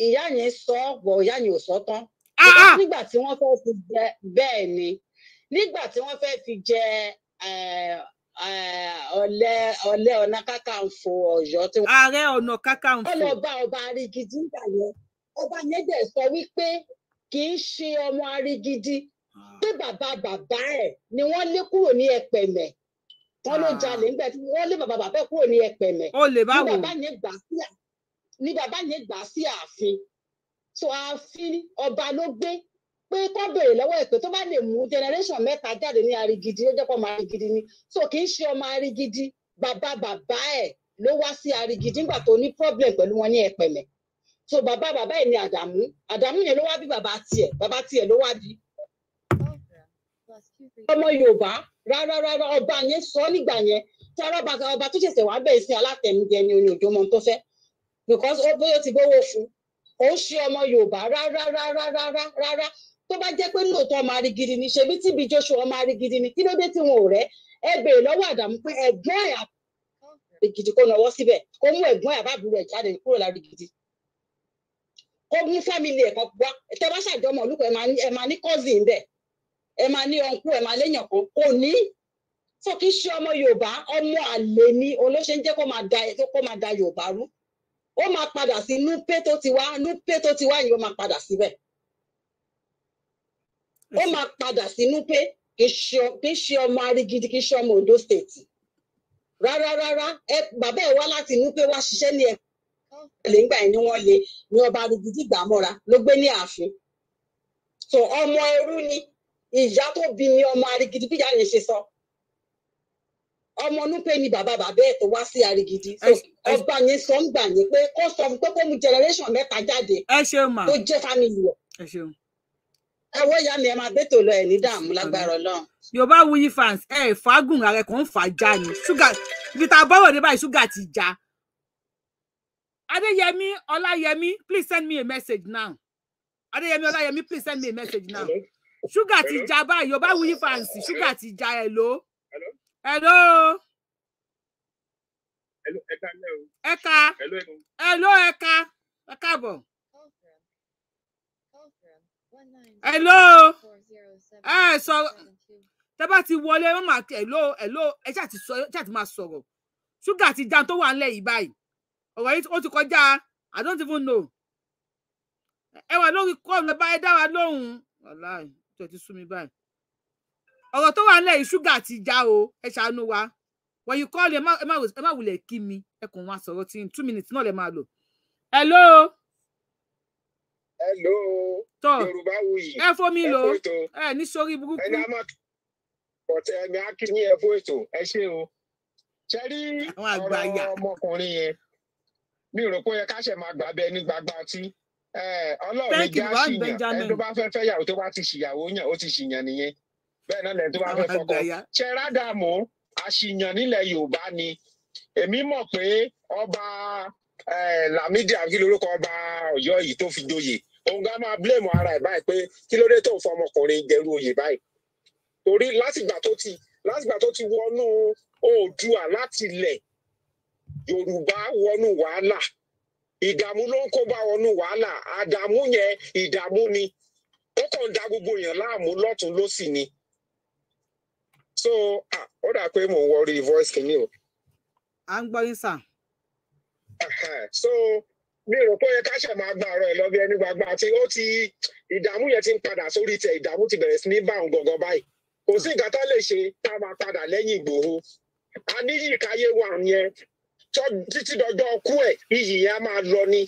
ìyá yẹn sọ ọ̀pọ̀ ìyá yẹn ò sọ tán ah, ah. nígbà tí wọ́n fẹ́ fi jẹ bẹ́ẹ̀ ni nígbà tí wọ́n fẹ́ fi jẹ ọ̀lẹ ọ̀lẹ ọ̀nà kàkàǹfò ọ̀yọ́ tí wọ́n. ààrẹ ọ̀nà kàkàǹfò. ọlọ bá ọba arigidi nígbà yẹn ọba yẹn dẹ̀ sọ wípé kì í ṣe ọmọ arigidi ah. pé bàbá bàbá ẹ̀ ni wọ́n lé kúrò ní ẹ̀pẹ̀mẹ̀ wọn ló jalè ah. nígbà tí wọn lé bàbá bàbá kúrò ní ẹpẹmẹ ní bàbá yẹn gbà sí ní bàbá yẹn gbà sí ààfin so ààfin ọba ló gbé pé kó béèrè lọ́wọ́ ìpè tó bá lè mú generation mẹ́ta jáde ní arigidi ó jẹ́ pé ọmọ arigidi ni so kì í ṣe ọmọ arigidi bàbá bàbá ẹ̀ ló wá sí arigidi nígbà tó ní problem pẹ̀lú wọn ní ẹpẹmẹ so bàbá bàbá ẹ̀ ni àdàmú àdàmú yẹn ló wá bí bàbá tiẹ̀ bàbá tiẹ̀ ló wá bí ọmọ yorùbá rárá rárá ọba yẹn sọ nígbà yẹn tí arábà ọba tó ṣẹ̀ṣẹ̀ wàá bẹ̀rẹ̀ sí alátẹ̀míjẹ ni oní òjò mọ tó fẹ́ because ó bóyá ti gbówó fún ó ṣe ọmọ yorùbá rárá rárá rárá rárá tó bá jẹ́ pé lóòótọ́ ọmọ arigidi ni ṣebí tíbi joshua ọmọ arigidi ni kí ló dé tí wọn ò rẹ́ ẹ béèrè lọ́wọ́ àdàmú pé ẹ̀gbọ́n ẹ̀ àrigidi kó nawọ́ síbẹ̀ kó mú ẹ̀gbọ́n ẹ̀ àbábùrú ẹ̀ jáde kúrò lárigidi kó mú fámìlì ẹ̀ kan wá tẹ bá ṣàjọmọ̀ olùkọ́ ẹ̀ máa ní cousin bẹ́ẹ̀ ẹ máa ní ọ̀nkú ẹ máa léèyàn kan kò ní tó kí ṣe ọmọ yorùbá ọmọ àlè ni olóṣè ń jẹ́ kó máa da kó máa da yorùbá rú ó máa padà sí núpé tó ti wá núpé tó ti wá yìí ó máa padà síbẹ̀ ó máa padà sí núpé kì í ṣe ọmọ arigidi kì í ṣe ọmọ ondo state rárá rárá ẹ bàbá ẹ wá láti núpé wá ṣiṣẹ́ ní ẹ̀kọ́ lè ńgbà ni wọ́n lè ní ọba arigidi gbà mọ́ra ló gbé ní ààfin so ọmọ ẹrú ni ìyá tó bí mi ọmọ arigidi bí ìyá yẹn ṣe sọ ọmọ Núpé ni bàbá bàbá ẹ̀ tó wá sí arigidi ọba yẹn sọ ń gbà yẹn pé kó sọ fún pé kó mu generation mẹ́ta jáde tó jẹ́ family rẹ̀ ẹwọ ìyá mi ẹ máa bẹ́tò lọ ẹ ní dààmú lágbára Ọlọ́run. Yorùbá Wuyi fans ẹ fàágùn ààrẹ kan fà á já ni ṣúgà níta bọ́rọ̀ dé báyìí ṣúgà ti já. Adéyẹmí Ọláyẹmí please send me a message now Adéyẹmí Ọláyẹmí please send me a message now. Okay. Sugar, ti já báyìí o bá wí fàǹsì ti já ẹ ló. ẹ ló. ẹ ká ẹ ló ẹ ká ẹ káàbọ̀. ẹ ló. ẹ sọ tẹ bá ti wọlé wọn máa ẹ ló ẹ ló ẹ ṣáà ti máa sọ̀rọ̀ ṣúgà ti já tó wà ńlẹ̀ yìí báyìí ọ̀rọ̀ yìí ó ti kọjá I don't even know ẹ wà lórí kọ́ọ̀lù ẹ bá ẹ dá wa lóhùn tó ti sú mi báyìí ọ̀rọ̀ tó wà nílẹ̀ yìí ṣúgà ti já o ẹ ṣàánú wa wọ̀nyí kọ́ lè ẹ má wulẹ̀ kí mi ẹ kàn wá sọ̀rọ̀ tí two minutes náà lè máa lò. hello. hello. tọ yorùbá wuyì ẹ fomi lò ẹ ní sórí burúkú. ẹni a máa pọ̀tẹ́ ẹni a kì ní ẹ fún ètò ẹ ṣé o ṣe ọ̀rọ̀ ọmọkùnrin yẹn mi ò rò pé ó yẹ ká ṣe máa gbà ní gbagba ọtí Eh, ọlọ́run jẹ́ àṣìyàn ẹni tó bá fẹ́ fẹ́ yàwó tó bá ti ṣìyàwó yàn ó ti ṣìyàn nìyẹn bẹ́ẹ̀ náà lẹ́yìn tó bá fẹ́ fọkọ ṣẹ́rádàmù àṣìyàn nílẹ̀ yorùbá ni èmi mọ̀ pé ọba Lámídì àbí lórúkọ ọba ọ̀yọ́ yìí tó fi joyè òun gan máa blame ara ẹ̀ báyìí pé kí ló dé tó ń fọmọkùnrin jẹrú oyè báyìí torí látìgbà tó ti látìgbà tó ti wọnú oòdùà láti ilẹ̀ yorùbá wọnú wàhálà ìdààmú ló ń kó bá wọnú wàhálà àdààmú yẹn ìdààmú ni ó kàn ń da gbogbo èèyàn láàmú lọ́tún lọ́sì ni so ó dà pé mò ń wọrí voice kìíní o. à ń gbọ́ yín sà. so mi rò pé ká ṣe máa gba ọ̀rọ̀ ẹ̀ lọ́bí ẹni gbàgbà tí ó ti ìdààmú yẹn ti ń padà sórí tẹ ìdààmú ti bẹ̀rẹ̀ sí ní bá òun gangan báyìí kò sí nǹkan tá lè ṣe tá a máa padà lẹ́yìn Ìgbòho a níyì káyé wà yẹn tó títí dọjọ́ ọkú ẹ̀ iyì yẹn á máa lọ ni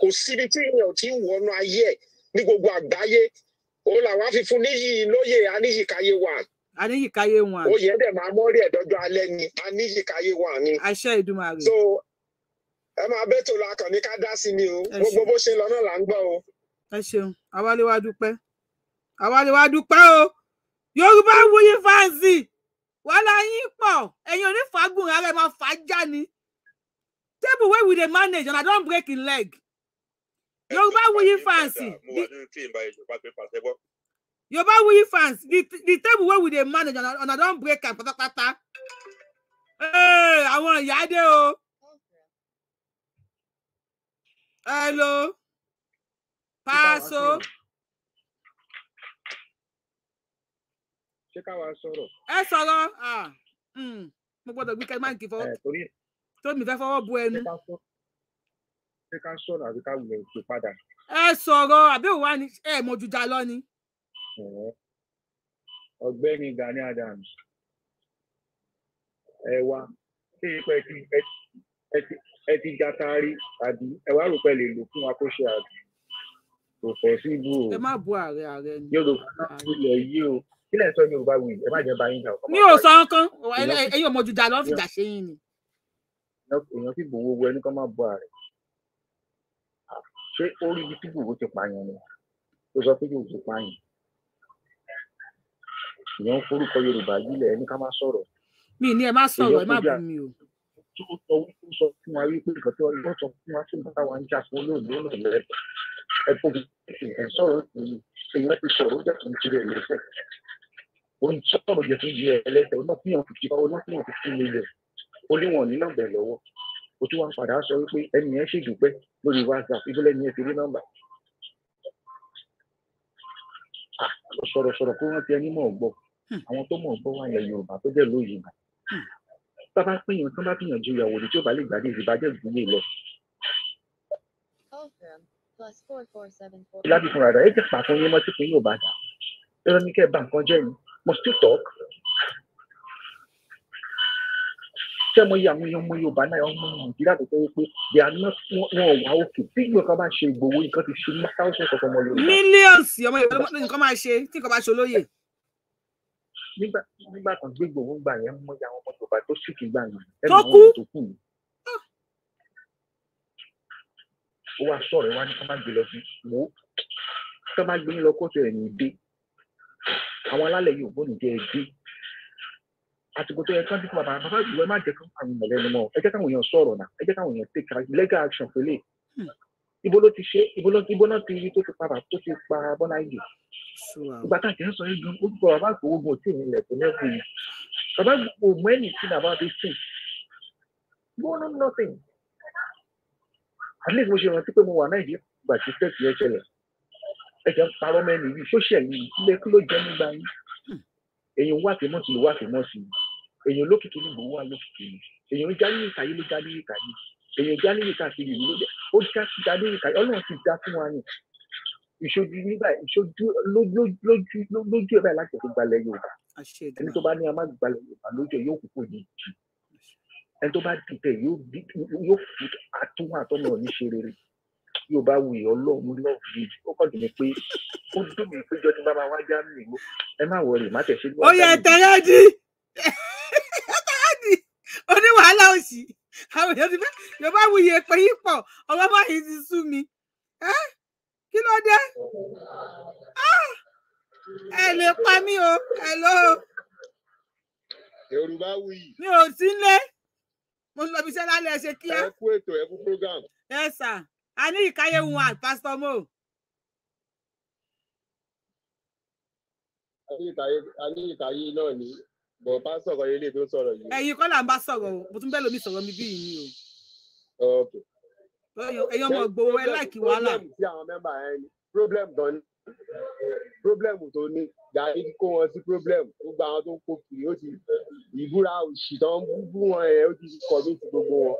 kò síbi tí èèyàn ti ń wọnú ayé ẹ̀ ní gbogbo àgbáyé òun làwọn fi níyì lóye aníyìkáyé wà. aníyìkáyé wà. oyè dẹ̀ máa mọ́rí ẹ̀ dọ́jọ́ alẹ́ ni aníyìkáyé wà ni. àṣẹ ìdúmàrè. so ẹ máa bẹ́tò la kàn ní ká dá sí ni o gbogbo bó ṣe lọ náà là ń gbọ́ o. ẹ ṣeun àwálé wa dúpẹ́ àwálé o Yorùbá Wuyi Fansi wàhálà table where we dey manage and i don break him leg yorùbá wuyi fans yorùbá wuyi fans the the table where we dey manage and i don break am pátápátá àwọn ìyá dé o hello paaso. ṣé káwa sọ̀rọ̀. ẹ sọ̀rọ̀ ah, hmm. mo gbọ́dọ̀ gbé kẹ́mẹ́ǹkì fọ́. Eh, tómi fẹ́ fọwọ́ bu ẹnu. ṣé ká sọ̀rọ̀ àbí ká wulẹ̀ ìpè padà. ẹ sọ̀rọ̀ àbí òwa ni ẹ mọ̀jújà lọ ni. ọ̀gbẹ́ni Gani Adams ẹ wá ṣé ipa ẹ ti ẹ ti já taari àbí ẹ wá rò pé lè lò fún akóṣe àbí kò pọ̀ sí ibú o. ẹ má bu ààrẹ ààrẹ ni. Yorùbá náà ilẹ̀ yìí o kílẹ̀ sọ Yorùbá wì ẹ má jẹ́ báyìí jà. mi ò sọ ọ́n kan ẹ̀yin ò mọ̀jújà lọ́ fìjà ṣẹ́yìn ni èèyàn sì gbòòwò wọ ẹni kan máa bọ ààrẹ ṣé ó rí ibi tí gbòòwò ti pààyàn ni ó sọ pé gbòòwò ti pààyàn èèyàn ń forúkọ yorùbá yílẹ̀ ẹni ká má sọ̀rọ̀. mi ní ẹ má sọ̀rọ̀ ẹ má bù mí o. tó sọ wípé sọ fún wa wípé nǹkan tí wọn sọ fún wa sí nǹkan wa ń jà fún olóògbé náà lẹ ẹ fọbi ẹ sọ̀rọ̀ èèyàn ti sọ̀rọ̀ ó jẹ kí n ti lẹsẹ ó ń sọ̀rọ̀ jẹ fún yẹ ẹlẹsẹ ó náà fi hàn fìfì ó ní wọn ò ní nọ́mbà ẹ̀ lọ́wọ́ ó tún wá padà sọ wípé ẹni yẹn sì dúpẹ́ lórí whatsapp ìbílẹ̀ ni ẹ ti rí nọ́mbà ah, sọ̀rọ̀sọ̀rọ̀ kó rántí ẹni mọ̀ gbọ́ hmm. àwọn tó mọ̀ gbọ́ wà ní yorùbá tó jẹ́ lóyìn hmm. bá bàbá pínyàn tó bá pínyàn ju ìyàwó ni tí ó bá lè gbàdé ìbàjẹ́ ìdílé lọ. láti fúnra rẹ̀ ẹ jẹ́ pàtó yín mọ́ tí kò yóò bá dà ẹ lọ ní kẹ́ bá nǹkan jẹ́ ni must you talk. sẹ́mọ̀yé àwọn èèyàn ọmọ Yorùbá náà ọmọ Nàìjíríà tó tẹ́ pé they are not wọn wà òkè tí nǹkan bá ṣe Ìgbòho nǹkan ti ṣe thousands of ọmọ Yorùbá. millions ọmọ Yorùbá ló nǹkan máa ṣe tí nǹkan bá ṣe olóyè. nígbà nígbà kan gbégbó òun gbà yẹn mọ àwọn ọmọ Yorùbá tó sì kì í gbà yẹn. tó kú ó wá sọ̀rọ̀ wá ní ká má gbé lọ sí wò ó ká àsìkò tó yẹ kán dínkù bàbá bàbá ìwé má jẹ́ kán àwọn èèyàn lẹ́nu mọ́ ẹ jẹ́ káwọn èèyàn sọ̀rọ̀ náà ẹ jẹ́ káwọn èèyàn take legal action fele hmm. ibo ló ti ṣe ibo ló ibo náà ti rí tó ti pa bàbá tó ti pa bọ́lá ìgè ìgbà tá a ti ń sọ yín gan orúkọ bàbá ìfowógun ò tí ì nílẹ̀ tó lẹ́gùn yìí bàbá kò mọ ẹnì tí bàbá fi sìn no no nothing at least mo ṣe rántí pé mo wà Nàìjíríà gbà tí sẹ́ẹ̀tì yẹn ṣẹlẹ̀ ẹ jẹ́ ń parọ́ mẹ́ni yìí ṣóṣẹ̀ èèyàn lókìkí ní gbòó wà ni èèyàn já ní ìkàyé ló já ní ìkàyé èèyàn já ní ìkàkiri ìlú ó já sí já ní ìkàyé ọlọ́run ti já fún wa ni ìṣojú nígbà ìṣojú lójú lójú ẹ báyìí láti ẹ̀kọ́ gbalẹ̀ yorùbá ẹni tó bá ní a gbalẹ̀ yorùbá lójú ẹ yóò kúkú ní ìjì ẹni tó bá dìtẹ̀ yóò fi àtúwọ̀n àtọ́nà ní ṣe rere yorùbá wuyì ọlọ́run lọ́ọ̀fù yìí ó kàn dùn mí pé ó dùn mí pé jọ́ni bá máa wá já mi ẹ má wọrí má tẹ̀ ṣe lọ́wọ́ táàdì oníwàhálà òsì àwọn èèyàn ti fẹ́ yorùbá wuyì èpè yìí pọ̀ ọ̀rọ̀ bá yìí ti sú mi kí ló dé ah! ẹ lè pa mí o ẹ lọ. yorùbá wuyì. mi ò sí lé mo lọ bí sẹ́lá lẹ ṣe kíá. ẹ kú ètò ẹ kú program. ẹ sà á ní ìkáyé wọn à pásítọ̀ mọ́ a ní ìkáyé náà ní bọ̀ bá sọ̀rọ̀ ilé tó sọ̀rọ̀ yìí. ẹ̀yin kọ́ là ń bá sọ̀rọ̀ o mo tún bẹ́ẹ̀ lómi sọ̀rọ̀ mi bí yìí ni o. ẹ̀yin ọmọ gbowó ẹ láìkí wàhálà. problem ti àwọn mẹ́mbà yẹn ni problem gan ni problem tó ní gàrí kó wọn sí problem gbogbo àwọn tó ń kó kiri ó ti ìbúra òṣì tó ń bú wọn ẹ ó ti kọ mí ti gbogbo wọn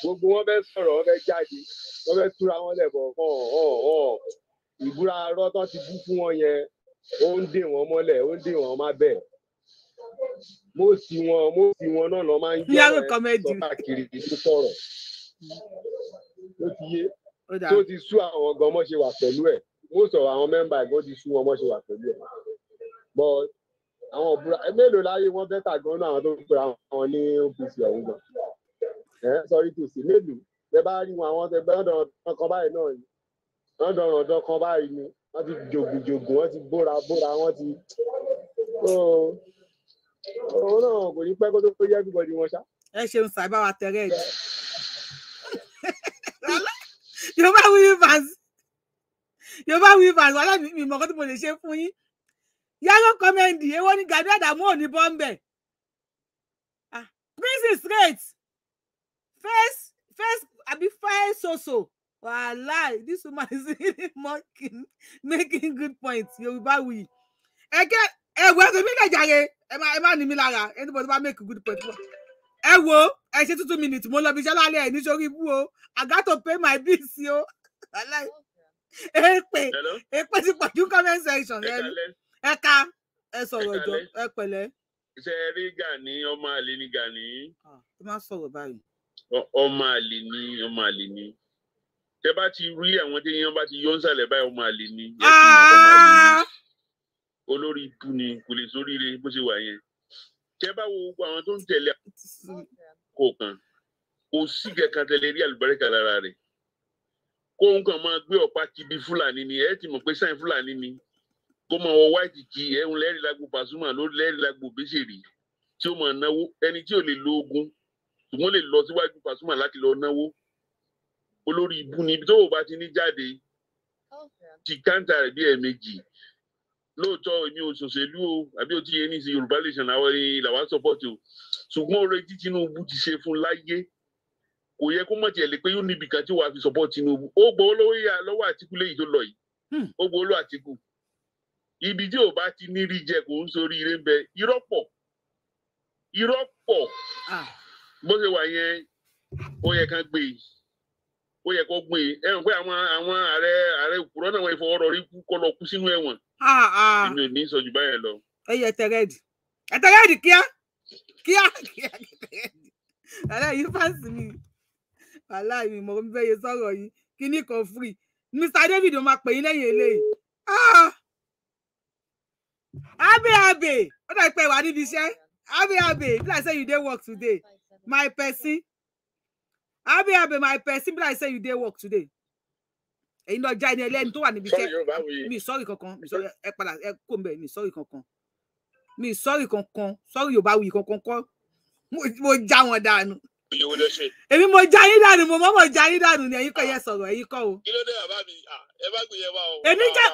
gbogbo wọn fẹ́ sọ̀rọ̀ wọn fẹ́ jáde wọn fẹ́ túra wọn lẹbọ hàn ìbúra arọ tó ti bú fún wọn yẹn ó ń dè wọn mọ́lẹ̀ ó ń dè wọn má bẹ́ẹ̀ mo sì wọn mo sì wọn náà lọ máa ń jẹ́ ọ̀rẹ́ sọ káàkiri ìlú sọ̀rọ̀ ló ti yé tó ti sú àwọn gan mọ́ ṣe wà pẹ̀lú ẹ̀ mo sọ̀rọ̀ àwọn mẹ́mbà ẹ̀gbọ́n ti sú wọn mọ́ ṣe wà pẹ̀lú ẹ̀ bọ́ àwọn òbúra mélòó láyé wọn bẹ́tà gan náà àwọn tó ń pera wọn ní OPC ọ̀hún gan ẹ̀ sọrí kò sí mélòó tẹ bá rí wọn àwọn tẹ bá ń dọ̀rọ̀ kan báyìí náà ni wọ́n ń dọ̀rọ̀ dán kan báyìí ni wọ́n ti jògùn jògùn wọ́n ti bóra bóra wọ́n ti òun náà kò ní pẹ́ kó tó pé yẹ́ bíbọ̀dì wọn ṣá. ẹ ṣeun sábà wa tẹrẹ ẹ jù yorùbá weavers yorùbá weavers wàhálà mi mọ̀ kó tó mo lè ṣe fún yín yálò kọ́mẹ́ndì èwo ni Gani Adams ò ní bọ́m̀bẹ̀ prison straight face face àbí face soso wàhálà this woman is really making good points yorùbá we. Again, ẹ wo ẹsẹ mi lè jàre ẹ má ẹ má ní mi lára ẹni bọ́dọ̀ bá make good point wá ẹ wo ẹ ṣe two two minutes mo lọ bí iṣẹ́ lálẹ́ ẹ̀ nítorí ibú o I got to pay my bills o èpè èpè ti pọ̀jù comment section ẹ ká ẹ sọ̀rọ̀ jọ ẹ pẹ̀lẹ́. ṣe é rí Gani ọmọ àlè ni Gani. ẹ má sọ̀rọ̀ báyìí. ọmọ àlè ni ọmọ àlè ni tẹ bá ti rí àwọn tí yẹn bá ti yọ ń sàlẹ̀ báyìí ọmọ àlè ni olórí ibu ni kò lè sóríire bó ṣe wà yẹn tẹ bá wo gbogbo àwọn tó ń tẹ̀lé kò kàn kò sí kẹkàn tẹ̀lé rí àlùbáríkà lára rẹ̀ kó ń kàn máa gbé ọ̀pá kibi fúlàní ni ẹ ti mọ̀ pé sáyẹn fúlàní ni kó máa wọ wáìtì kí ẹ̀hún lẹ́rìí lágbo pàṣùmà lórí lẹ́rìí lágbo bẹ́sẹ̀rì tí ó máa náwó ẹni tí ò lè lo ogun ṣùgbọ́n lè lọ síwájú pàṣùmà láti lọ náwó olórí ibu ni ibi tó wò bá ti ní jáde oh, ti káńtà rẹ̀ bí ẹ̀ẹ̀mejì lóòótọ́ èmi ò ṣòṣèlú o àbí o ti yẹ ní yoruba yorùbá nation àwọn ẹni o ṣùgbọ́n oore tí tinubu ti ṣe fún láyé kò yẹ kó mọ̀ lè pé yóò níbi kan tí wàá fi sọpọ́tì tinubu ó gbowó lọ́wọ́ yà lọ́wọ́ àtìkú léyìí tó lọ yìí hmm. ibi tí ò ti ní rí jẹ kò ń ire ń bẹ irọ́ pọ̀ irọ́ pọ̀ ah. bó e. ó yẹ kó gbìn e. ẹ ẹ pé àwọn àwọn ààrẹ ààrẹ òkúrọ náà wọn ìfọwọ́rọ̀ rí kú lọ kú sínú ẹ̀wọ̀n èmi ò ní báyẹn lọ. ẹ yẹ tẹrẹẹdì ẹ tẹrẹẹdì kíá kíá kíá kíá yìí fáǹsì mi wàhálà mi mo ń bẹyẹ sọ̀rọ̀ yìí kíní kan fúri Mr David máa pè yín lẹ́yìn eléyìí ah! abe abe ó dàbí pé wà níbi iṣẹ́ abe abe be like say you dey work today my person abi abi my person be like say you dey work today ẹ̀yin lọ já ẹni ẹlẹ́ni tó wà níbi iṣẹ́ mi sọrí kankan mi sọrí ẹ padà ẹ kó mbẹ mi Sorry, kankan mi sọrí kankan sọrí yorùbá wuyì kankan kọ mo já wọn dànù èmi mo já yín dànù mo mọ́mọ́ já yín dànù ni ẹ̀yin kọ́ yẹ sọ̀rọ̀ ẹ̀yin kọ́ o. kí ló dé bàbá mi ẹ bá gbìyẹ wá o. èmi jẹ́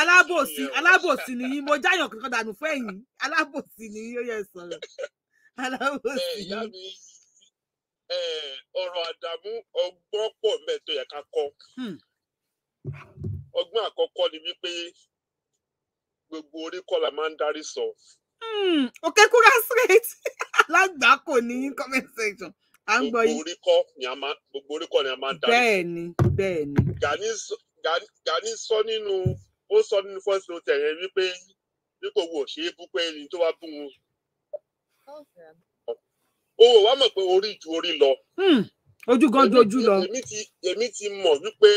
alábòsí alábòsí nìyí mo jáyàn kankan dànù fún ẹ̀yin alábòsí nìyí ó yẹ sọ̀rọ̀ alábòsí nìyí. Eh, ọ̀rọ̀ àdàmú ọgbọ́n pọ̀ mẹ́ẹ̀ yẹ ká hmm. ọgbọ́n àkọ́kọ́ ni wípé gbogbo orí la máa ń darí sọ. òkè kúrá straight alágbàákò ní comment section à gbogbo orí ni a máa gbogbo orí ni a sọ nínú ó sọ wípé bú ẹni tó o wá mọ̀ pé orí ju orí lọ. Hmm. ojú gan ju ojú lọ. èmi ti mọ̀ wípé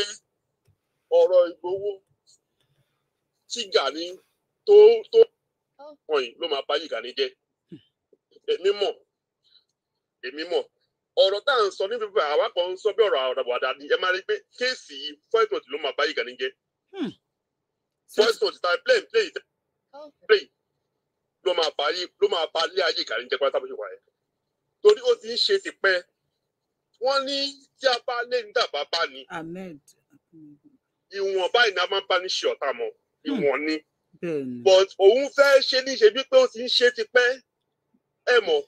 ọ̀rọ̀ Ìgbòho tí Gani tó tó kàn yìí ló máa bá yìí Gani jẹ́ èmi mọ̀ èmi mọ̀ ọ̀rọ̀ tá à ń sọ ní pípẹ́ àwa ń sọ bí ọ̀rọ̀ àwàdà ni ẹ máa rí pé kéèsì yìí fọ́ìtò ló máa bá yìí Gani jẹ́ fọ́ìtò tí ta plane plane plane ló máa bá lé ayé Gani jẹ́ pátápátá bó ṣe wà yẹn torí ó ti ń ṣe tipẹ́ wọ́n ní tí a bá lé ní dàbá bá ní. ìwọ̀n báyìí ni a máa ń bá ní ṣe ọ̀tá mọ́ ìwọ̀n ni. but òun fẹ́ ṣe níṣe bí pé ó ti ń ṣe tipẹ́ ẹ mọ̀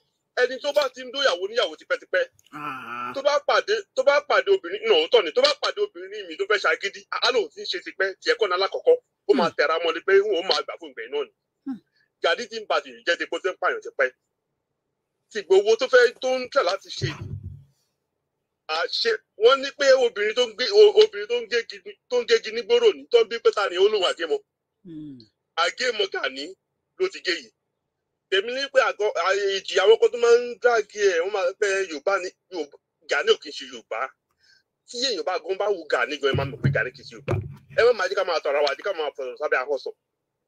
ẹni tó bá ti ń dóyàwó níyàwó tipẹ́tipẹ́ ah. tó bá pàdé obìnrin náà tọ̀ ni tó bá pàdé obìnrin mi tó fẹ́ ṣàgídí àlò tí ń ṣe tipẹ́ tiẹ̀ kọ́ni alákọ̀ọ́kọ́ ó máa hmm. tẹ̀ra mọ́ pé òun máa gbà fún ìgbẹ̀yìn náà ni hmm. gàdí ti ń bàjẹ́ jẹ́ ti pé ń pààyàn tipẹ́ tìgbòho tó fẹ́ tó ń tẹ̀ láti ṣe àṣe wọ́n ní pé obìnrin tó ń gbé obìnrin tó ń gégi tó ń gégi nígboro ní tó ń bí pé ta ni olùwà gémọ hmm. àgémọ Gani ló ti gé yìí tèmi ní pé àgọ ìjìyàwó kan tó máa ń dàgé ẹ wọ́n máa pẹ Yorùbá ní Gani ò kì í ṣe Yorùbá tí èèyàn bá gan bá wù Gani gan ẹ máa mọ̀ pé Gani kì í ṣe Yorùbá ẹ má máa jẹ ká máa tọrọ àwọn àdìgá máa tọrọ sábẹ́ àkọsọ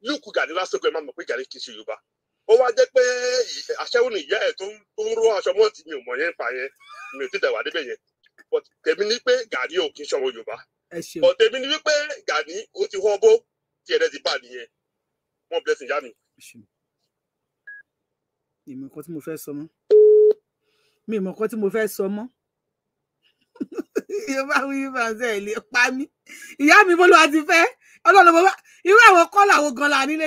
lùkù Gani lásìkò ẹ máa mọ̀ pé Gani kì í ṣe Yorùbá ó wá jẹ́ pé aṣẹ́wó nìyá ẹ̀ tó ń ró aṣọ mọ́ọ̀tì mi ò mọ̀ yẹn pa yẹn mi ò ti dẹ̀wà débẹ̀ yẹn but tèmi ni pé Gani ò kí n ṣọmọ Yorùbá but tèmi ni wípé Gani ó ti họ́ bó tí ẹ̀rẹ́ ti bà nìyẹn wọ́n blessing yá mi. ìmọ̀ kan tí mo fẹ́ sọ mọ́ mi ìmọ̀ kan tí mo fẹ́ sọ mọ́ ìyẹn bá wí bá ṣe ẹ̀ lè pa mí ìyá mi bó ló wá ti fẹ́ ọlọ́run mo bá irú àwọn kọ́là wo gan la nílé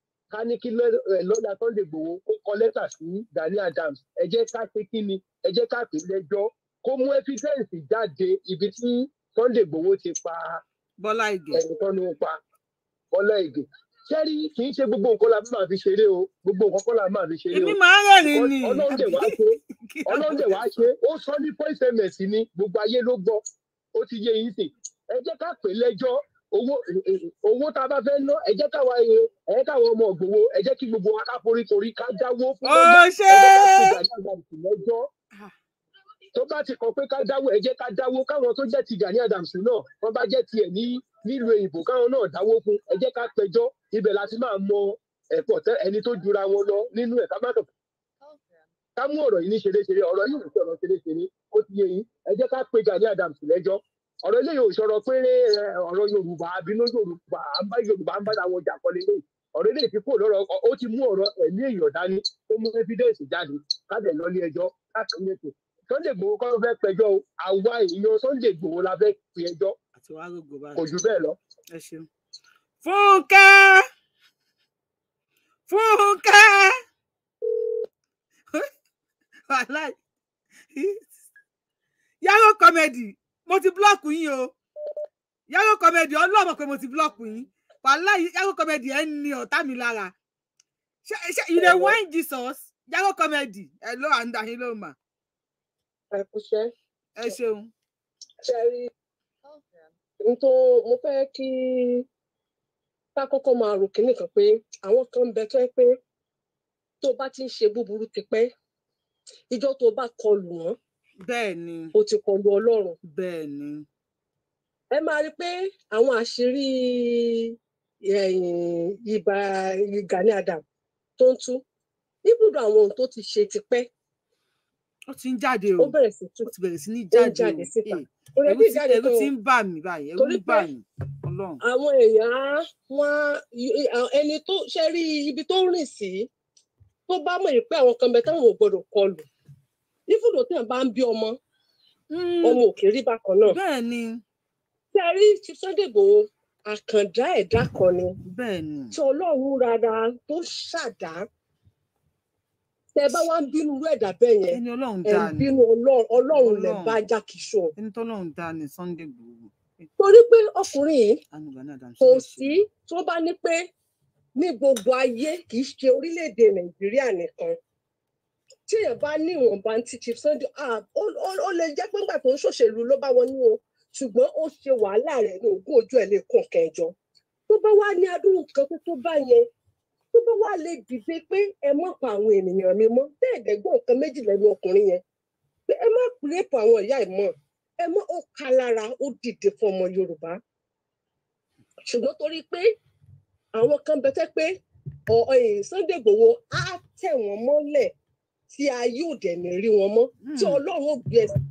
ká ní kí lọ́dà Sunday Igboho kó kọ lẹ́tà sí Gani Adams ẹ jẹ́ ká ṣe kí ni ẹ jẹ́ ká pè lẹ́jọ́ kó mú evidence jáde ibi tí Sunday Igboho ti pa Bọ́lá Ìgè ẹnìkan ló ń pa Bọ́lá Ìgè sẹ́rí kì í ṣe gbogbo nǹkan la máa fi ṣeré o gbogbo nǹkan kọ́ la máa fi ṣeré o èmi máa rẹ̀rìn ni ọlọ́ọ̀dẹ̀ wá ṣe ọlọ́ọ̀dẹ̀ wá ṣe ó sọ ní point message ni gbogbo ayé ló gbọ́ ó ti yé yín sí ẹ jẹ́ ká pè lẹ́jọ́ owó owó tá a bá fẹ́ ná ẹ jẹ́ káwa ẹ ẹ káwa ọmọ ògbówó ẹ jẹ́ kí gbogbo wa ká forí korí ká jáwó fún ọjọ́ ah. tó bá ti kọ pé ká dáwó ẹ jẹ́ ká dáwó káwọn tó jẹ́ ti Gani Adams náà wọ́n bá jẹ́ tiẹ̀ ní nílùú èyìnbó káwọn náà dáwó fún ẹ jẹ́ ká pẹjọ́ ibẹ̀ láti máa mọ ẹ̀pọ̀ tẹ ẹni tó jura wọn lọ nínú ẹ̀ ká má kàn ká mú ọ̀rọ̀ yìí ní ṣeréṣeré ọ̀rọ̀ yìí ní ọ̀rọ̀ ṣeréṣeré ó ti yé yín ẹ jẹ́ ká pe Gani Adams lẹ́jọ́ ọ̀rọ̀ eléyìí ò sọ̀rọ̀ pé ọ̀rọ̀ yorùbá àbínú yorùbá à yorùbá ń bá àwọn ọjà kan lélẹ̀ ọ̀rọ̀ eléyìí ti lọ́rọ̀ ó ti mú ọ̀rọ̀ ẹ̀mí èèyàn dání ó mú evidence jáde kábẹ̀ lọ ẹjọ́ káàkiri ètò Sunday Igboho kọ́ ló fẹ́ pẹjọ́ o àwa èèyàn Sunday Igboho la fẹ́ fi ẹjọ́ kò jù bẹ́ẹ̀ lọ. fúnkẹ́ fúnkẹ́ yàrá kọ́mẹ́dì. mo ti blọọkù yín o yàgò kọmẹdì ọlọ́mọ pé mo ti blọọkù yín wàhálà yàgò kọmẹdì ẹ̀ ní mi ṣe you dey Jesus yàgò kọmẹdì ẹ ló à yín ló mà. ẹ ṣeun. n tó mo fẹ́ kí ká kọ́kọ́ máa rò kíní pé ti ń ṣe búburú tó bá kọlù bẹ́ẹ̀ni o ti kọlu Ọlọ́run bẹ́ẹ̀ni ẹ máa rí i pé àwọn àṣírí ìbà Gani Adam tó ń tú níbùdó àwọn ohun tó ti ṣe tipẹ́ ó ti ń jáde o ó bẹ̀rẹ̀ sí tú ó ti bẹ̀rẹ̀ sí ní jáde síta eh, ẹ̀rù ti ẹ̀rù ti ń bà mí báyìí ẹ̀rù ń bà mí Ọlọ́run. àwọn èèyàn wọn ẹni tó ṣe rí ibi tó rìn sí tó bá mọ̀ pé àwọn kan bẹ táwọn ò gbọdọ̀ kọlù nífúdò tẹ̀ bá ń bí ọmọ hmm. ọmọ òkè rí bákan náà. bẹ́ẹ̀ tí a rí chief Sunday Igboho àkàndá ẹ̀dá kan ni. bẹ́ẹ̀ ni. tí ọlọ́run rárá tó ṣàdá tẹ bá wá ń bínú irú ẹ̀dá bẹ́ẹ̀ yẹn ẹ̀ ń bínú ọlọ́run lẹ̀ bá já kìṣọ́. ẹni tó lọ́run dá ni Sunday Igboho. torí pé ọkùnrin yìí kò sí tó bá ní pé ní gbogbo ayé kì í ṣe orílẹ̀-èdè Nàìjíríà nìkan téèyàn bá ní ìwọ̀nba ti Chief Sunday ó lè jẹ́ pé nígbà tó ń ṣòṣèlú ló bá wọnú o ṣùgbọ́n ó ṣe wàhálà rẹ̀ ní ogún ojú ẹ̀ lè kàn kẹjọ tó bá wá ní adúrú kan tó tó bá yẹn tó bá wá lè dìde pé ẹ má pa àwọn ènìyàn mi mọ́ bẹ́ẹ̀ gbọ́ nǹkan méjì lẹ́nu ọkùnrin yẹn pé ẹ má pèépọ̀ àwọn ìyá ẹ̀ mọ́ ẹ mọ́ ó ka lára ó dìde fún ọmọ Yorùbá ṣùgbọ́n torí pé àwọn kan bẹ́tẹ́ pé Sunday Igboho á tẹ̀ mọ́lẹ̀ tí a yóò dẹ̀ ní rí wọn mọ́ tí hmm. ọlọ́run ó gbé ẹsẹ̀.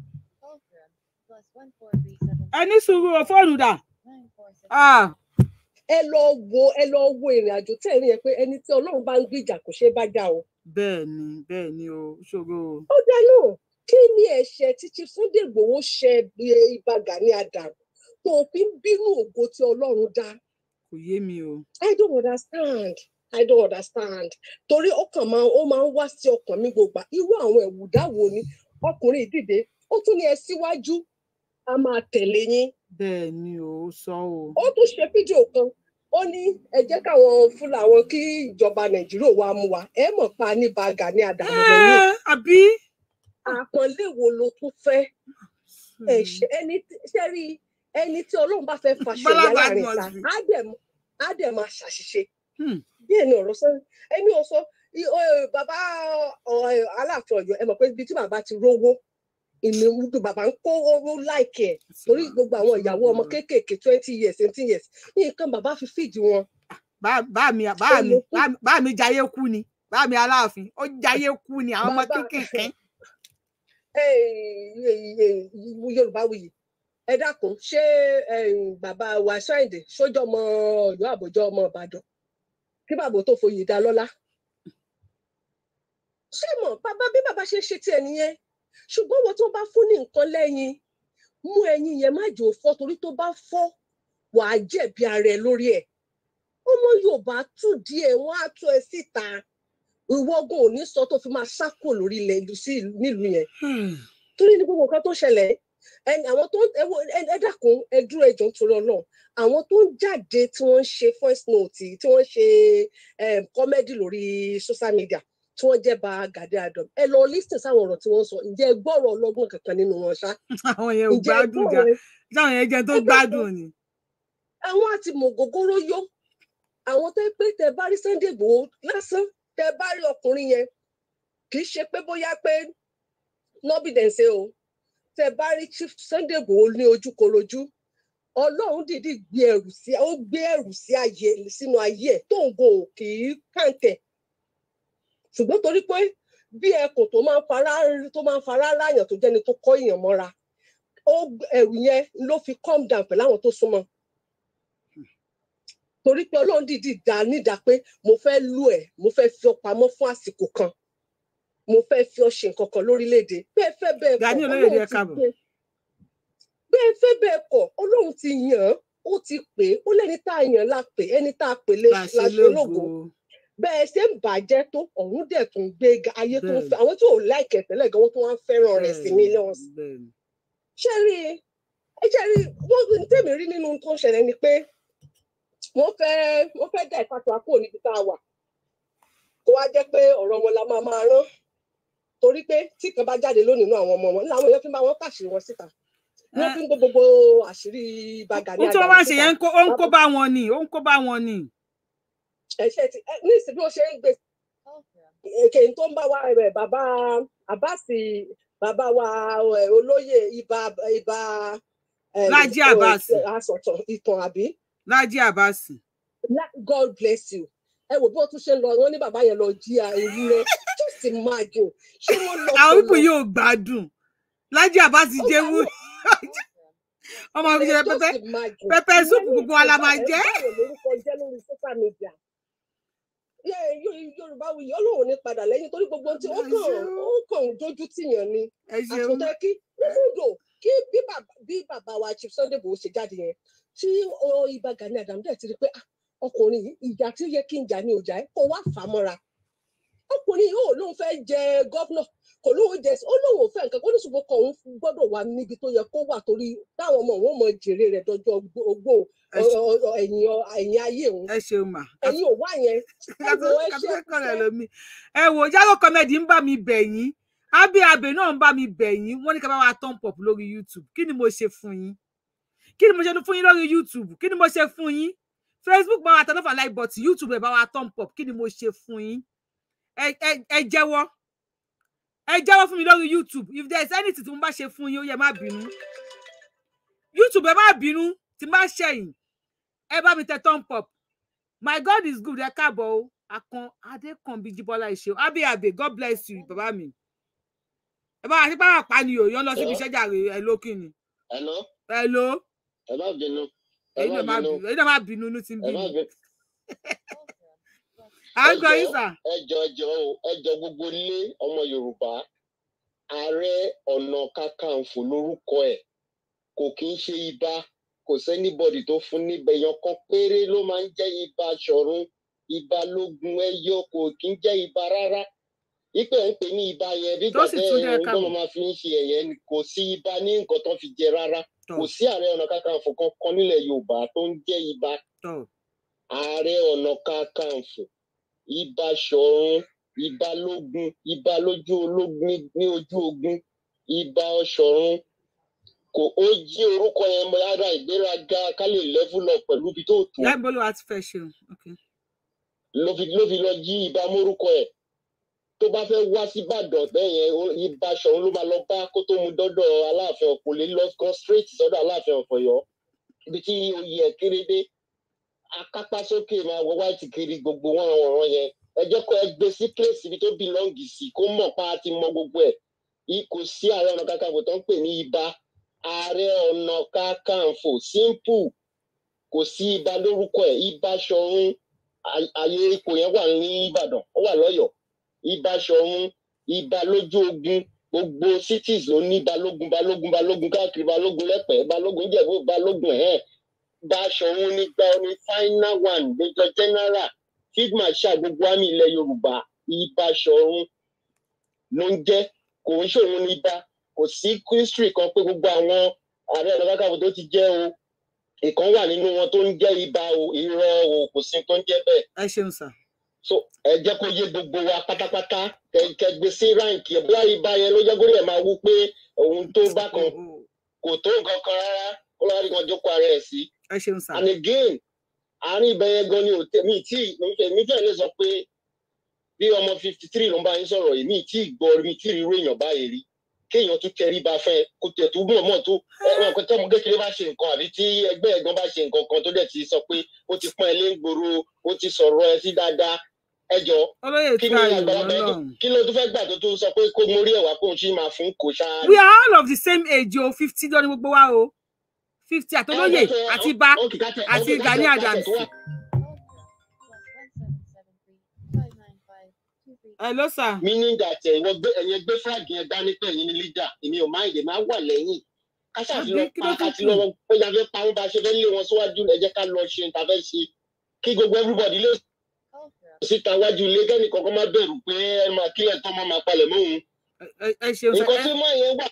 ẹ ní sùúrù fóònù dà. Ah. Ah. ẹ lọ wo ẹ lọ wo ìrìn àjò tẹ̀ ẹ̀rín yẹn pé ẹni tí ọlọ́run bá ń gbìjà kò ṣeé bá jà o. bẹ́ẹ̀ni bẹ́ẹ̀ni o ṣòro. ó dáná kí ni ẹ̀ṣẹ̀ títí Sunday Igboho ṣe Ìbà Gani Adams tó fi ń bínú ògo tí ọlọ́run dá. kò yé mi o. I don't understand. I don't understand torí ọkàn máa ó máa ń wá sí ọkàn mi gbogbo irú àwọn ẹ̀wù dáwo ni ọkùnrin ìdìde ó tún ní ẹ síwájú a máa tẹ̀lé yín. bẹ́ẹ̀ ni ò sọ o. ó tún ṣe fídíò kan ó ní ẹ jẹ́ káwọn fúlà wọn kí ìjọba nàìjíríà wàá mú wa ẹ mọ̀ pa ní bàgà ní àdàmú lẹ́yìn. Ah, àbí. àpọ̀nlé wo ló tún fẹ́ ẹ hmm. ṣe ẹni ṣe rí ẹni tí ọlọ́run bá fẹ́ fàṣẹ yálà rẹ̀ ta á dẹ̀ máa ṣàṣìṣe díẹ̀ ni ọ̀rọ̀ sọ́ọ́ ẹ̀mí ò sọ bàbá aláàfin Ọ̀yọ́ ẹ mọ̀ pé ibi tí bàbá ti rówó ìní wúdù bàbá ń kó owó láìkẹ torí gbogbo àwọn ìyàwó ọmọ kéékèèké twenty years eighteen years nǹkan bàbá fi fíìdì wọn. bá mi bá mi bá mi jayé kú ni bá mi aláàfin ó jayé kú ni àwọn ọmọ kéékèèké. yorùbá wuyì ẹ dákun ṣé bàbá wa ṣáìdì sójọmọ Ọ̀yọ́ àbójọ ọmọ Ìbàdàn kí bàbá tó foyè dá lọ́lá ṣé mọ̀ bàbá bí bàbá ṣe ṣe tiẹ̀ nìyẹn ṣùgbọ́n wọn tó bá fún ní nǹkan lẹ́yìn mú ẹyin yẹn má jò fọ́ torí tó bá fọ́ wàá jẹ̀bi ara ẹ lórí ẹ̀ ọmọ Yorùbá tú díẹ̀ wọ́n á tú ẹ síta ìwọ́gùn ò ní sọ tó fi máa ṣákò lórí ilẹ̀ sí nílùú yẹn hmm. torí ní gbogbo nǹkan tó ṣẹlẹ̀ ẹni àwọn tó ẹ dákun ẹ dúró ẹjọ nítorí Ọlọ́run àwọn tó ń jáde tí wọ́n ń ṣe voice note tí wọ́n ń ṣe eh, comedy lórí social media tí wọ́n jẹ́ bá Gani Adams ẹ lọ lísìn sáwọn ọ̀rọ̀ tí wọ́n sọ ǹjẹ́ ẹ gbọ́rọ̀ ọlọ́gbọ́n kankan nínú wọn ṣá. àwọn yẹn ò gbádùn jà táwọn yẹn jẹ tó gbádùn ni. àwọn àti mọ̀gògóró yó àwọn tẹ́ pé tẹ́ bá rí Sunday Igboho lásán tẹ́ bá rí ọkùnrin yẹn kì í ṣe pé bóyá pé nọ́bìdẹ̀ǹsẹ̀ o tẹ bá rí Chief Sunday Igboho ní ojúkorojú Ọlọ́run dìdí gbé ẹrù sí ó gbé ẹrù sí ayé sínú ayé ẹ̀ tó ń go kì í kàǹkẹ̀ ṣùgbọ́n torí pé bí ẹkùn tó máa ń fara tó máa ń fara láàyàn tó jẹ́ni tó kọ́ èèyàn mọ́ra ó ẹrù yẹn ló fi calm down pẹ̀lú àwọn tó súnmọ́ torí pé Ọlọ́run dìdí dá nídàá pé mo fẹ́ lù ẹ́ mo fẹ́ fi ọ pamọ́ fún àsìkò kan mo fẹ́ fi ọ ṣe nǹkan kan lórílẹ̀‐èdè bẹ́ẹ̀ fẹ́ bẹ́ẹ̀ kọ̀ ọlọ́run ti pè bẹ́ẹ̀ fẹ́ bẹ́ẹ̀ kọ̀ ọlọ́run ti yàn án ó ti pè é ó lẹ́ni tá a yàn la pè ẹni tá a pè lè láṣọlógo bẹ́ẹ̀ ṣe ń bàjẹ́ tó ọ̀hún dẹ̀ tún gbé ayé tó ń fẹ́ àwọn tí ò láìkẹ̀ tẹ́lẹ̀ gan wọ́n tó wá ń fẹ́ràn rẹ̀ sí millions ṣé rí ẹ jẹ́ rí wọ́n tèmi rí nínú tó ń ṣẹlẹ̀ ni pé wọ́n fẹ́ wọ́n fẹ́ dá ìpàtàkó níbi tá a wà kó wá jẹ́ pé ọ̀rọ̀ wọn la máa máa rán torí pé tí kan bá jáde lónìí nínú àwọn ọmọ wọn láwọn èèyàn fi máa wọn pàṣẹ wọn síta wọn eh. fi ń kó gbogbo àṣírí bàgà ní àgbà síta. ó ń kó bá wọn ni ó ń kó bá wọn ni. ẹṣẹ ti ní ìsìn ṣe ń gbé èké tó ń bá wa rẹ bàbá àbáàsì bàbá wa olóyè ibà ibà. Lájí Àbáàsì. Asọ̀tàn ìtàn àbí. Lájí Àbáàsì. God bless you. Ẹ wò bí wọ́n tún ṣe ń lọ, wọ́n ní bàbá yẹn lọ jí ewúrẹ́ láti máa jò ṣé wọ́n lọ. àwọn pípọ̀ yóò gbádùn Lájí Abbas jẹ́ wú ọmọ mi jẹ pẹpẹ pẹpẹ súpù gbogbo wa la máa jẹ. Yorùbá wuyì Ọlọ́run ní padà lẹ́yìn torí gbogbo tí ó kàn ó kàn dójú tìyàn ni àtúntò kí rúdò kí bí bàbá wa Chief Sunday Igboho ṣe jáde yẹn tí Ìbà Gani Adams dẹ̀ ti rí pé ah, ọkùnrin ìjà tí ó yẹ kí n jà ní ọjà ẹ kó wá fà mọ́ra ọkùnrin yóò lóun fẹ́ jẹ gọ́fúnà kò lóun jẹ ó lóun fẹ́ nǹkan kó ní ṣùgbọ́n kọ òun gbọ́dọ̀ wà níbi tó yẹ kó wà torí táwọn ọmọ òun mọ jèrè rẹ̀ dọjọ́ ogbó ẹ̀yìn ẹ̀yìn ayé òun ẹ ṣeun mà ẹ̀yìn òwá yẹn ẹ wò yálò kọmẹdì ń bá mi bẹ̀ yín àbí àbẹ náà ń bá mi bẹ̀ yín wọ́n ní ká bá wa turn pop lórí YouTube kí ni mo ṣe fún yín kí ni mo ṣe fún yín lórí YouTube kí ni mo ṣe fún yín Facebook bá wa turn off and like button YouTube ẹ bá wa turn pop kí ni mo ṣe fún yín ẹ jẹ́wọ́ ẹ jẹ́wọ́ fún mi lórí youtube if there is anything tí mo bá ṣe fún yín ó yẹ má bínú youtube ẹ má bínú tí má ṣẹ̀yìn ẹ bá mi tẹ thumb up my god is good ẹ káàbọ̀ o akan adékànbí jibola, ìṣe abe abe god bless you bàbá mi ẹ bá wa ṣe pàrọ̀ àpáni o yọ lọ síbi iṣẹ́ jàre ẹ ló kí ni. hello. hello. ẹ má bínú. ẹ má bínú ẹ má bínú inú ti ń àgbọ̀ ìsà. ẹjọ ẹjọ ẹjọ gbogbo ilé ọmọ Yorùbá ààrẹ ọ̀nà kakanfò lórúkọ ẹ̀ kò kí ń ṣe ibà kò sẹ́nibọ̀dì tó fún níbẹ̀ yan kan péré ló máa ń jẹ́ ibà ṣọ̀run ibà lógun ẹyọ kò kí ń jẹ́ ibà rárá ipe ń pè ní ibà yẹn bí gbàgbé ẹ̀rùn tó máa fi ń ṣe ẹ̀yẹ kò sí ibà ní nǹkan tó fi jẹ rárá kò sí ààrẹ ọ̀nà kakanfò kankan nílẹ̀ Yorùbá tó ń jẹ́ ibà ààrẹ ọ̀nà kakanfò ibà ṣọ̀run ibà lógun ibà lójú ológun ní ojú ogun ibà ọṣọ̀run kò ó jí orúkọ yẹn mọ ara ìgbéraga ká lè level up pẹ̀lú ibi tó tó. láìbọ́lú àti fẹ́ ṣe o. ló fi ló fi lọ jí ibà mórúkọ ẹ̀ e. tó bá fẹ́ wá sí Ìbàdàn bẹ́ẹ̀ yẹn ibà ṣọ̀run ló máa lọ bá kó tó mu dọ́dọ̀ Aláàfin Ọ̀pọ̀ lè lọ kan straight sọ́dọ̀ Aláàfin Ọ̀fọ̀yọ́ ibi tí oyè ẹ̀ kéré dé akápásókè máa wọ wáìtì kiri gbogbo wọn ọ̀ràn yẹn ẹ jẹ́ kó ẹ gbé sí pílẹ̀sì ibi tó bìlọ́ǹgì sí kó mọ̀ pa á ti mọ gbogbo ẹ̀ kò sí ààrẹ ọ̀nà kakanfò tó ń pè ní ibà ààrẹ ọ̀nà kakanfò simple kò sí ibà lórúkọ ẹ̀ ibà ṣọ̀ún àyè ipò yẹn wà ní ìbàdàn ó wà lọ́yọ̀ọ́ ibà ṣọ̀ún ibà lójú ogun gbogbo cities ló ní balógun balógun balógun káàkiri balógun lẹ́pẹ̀ẹ́ balógun jẹ̀bú balógun ẹ̀hẹ́ Báṣọ̀run nígbà oní final one major general field marshal àmì ilẹ̀ Yorùbá Ìbáṣọ̀run ló ń jẹ́ kò ń ṣòun ní bá kò sí history kan pé gbogbo àwọn ààrẹ ọ̀nà tó ti jẹ́ o ìkan wà nínú wọn tó ń jẹ́ ibà o irọ́ o kò sí tó ń jẹ́ bẹ́ẹ̀. ẹ ṣeun sà. so ẹ jẹ́ kó yé gbogbo wa pátápátá kẹgbẹ sí ráǹkì bóyá ibà yẹn ló jẹ́ kó máa wú pé òun tó bá kan kò tó nǹkan kan rárá kó lọ́wọ́ rí wọn jókòó ara ẹ̀ sí ẹ ṣeun sá. and again àárín ibẹ̀ yẹn gan ni ò tẹ̀ mí tí mi fẹ́ lè sọ pé bí ọmọ fifty three ló ń bá yín sọ̀rọ̀ yìí tí gbọ́ mi tí irú èèyàn báyìí rí kéèyàn tún kẹrí bá fẹ́ kó tẹ̀ tó mọ̀ọ́mọ̀ tó ẹ̀wọ̀n kan tó ọmọ kékeré bá ṣe nǹkan àbí tí ẹgbẹ́ ẹ̀gbọ́n bá ṣe nǹkan kan tó dẹ̀ ti sọ pé ó ti pọ́n ẹ lé ó ti sọ̀rọ̀ ẹ sí dáadáa ẹ jọ kí ni àgbàlagbà ẹ kí ló tún fẹ́ gbà tó tó sọ pé kó mórí ẹ̀wà kó n ṣì máa fún kò ṣáá. we are all of the same age o fifty jọ ni gbogbo wa o fifty àtolóyè àti bá àti Gani Adams. Hello, sir. meaning that ìwọ eh, gbé ẹ̀yin gbé flag yẹn dání pé ẹ̀yin ni leader èmi ò máa ń yè máa wà lẹ́yìn káṣáàfin lọ pa àti lọ ó yà fẹ́ pa wọn bá ṣe fẹ́ lé wọn síwájú ẹ jẹ́ ká lọ ṣe nǹkan fẹ́ ṣe kí gbogbo everybody lè síta wájú ilé kẹ́nìkan kan má bẹ̀rù pé ẹ máa kílẹ̀ tán máa máa palẹ̀ mọ́ òun. nǹkan tí mọ̀ yẹn wà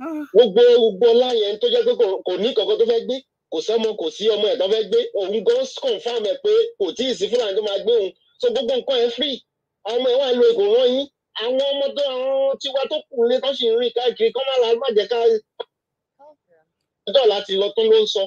gbogbo gbogbo láyẹn tó jẹ́ pé kò ní kankan tó fẹ́ gbé kò sọ́mọ kò sí ọmọ ẹ̀ tó fẹ́ gbé òun gan confam ẹ̀ pé kò tí ì sí fúlàní tó máa gbé òun so gbogbo nǹkan ẹ̀ free àwọn ọmọ ẹ̀ wà lo ìkò wọ́n yín àwọn ọmọ tó àwọn tiwa tó kù ní tó sì ń rìn káàkiri kọ́ má la má jẹ́ ká dọ̀ láti lọ tó ló ń sọ.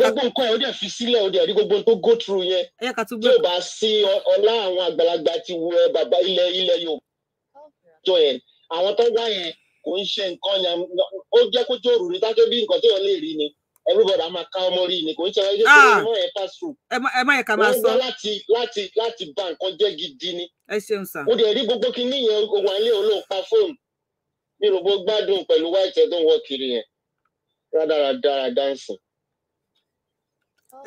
gbogbo nǹkan ẹ̀ fi sílẹ̀ ó dẹ̀ gbogbo tó go through yẹn tí ò bá sí ọlá àwọn àgbàlagbà ti wọ bàbá ilẹ̀ ilẹ̀ Yorùbá jọ yẹn àwọn tó wá yẹn kò ń ṣe nǹkan yàn ó jẹ́ kó jòrò ní tájọ́ bí nǹkan téèyàn lè rí ni everybody a máa ká ọmọ rí ni kò ń ṣe ẹjọ́ tó ń mọ̀ ẹ́ pass through. ẹ ká máa sọ. láti láti láti bà nǹkan jẹ́ gidi ni. ẹ ṣeun sá. ó dẹ̀ rí gbogbo kinní yẹn ohun àìlè olóòpa fóònù mi ò gbọ́ gbádùn pẹ̀lú white ẹ̀ tó ń wọ kiri yẹn rádaràdára dáǹsì.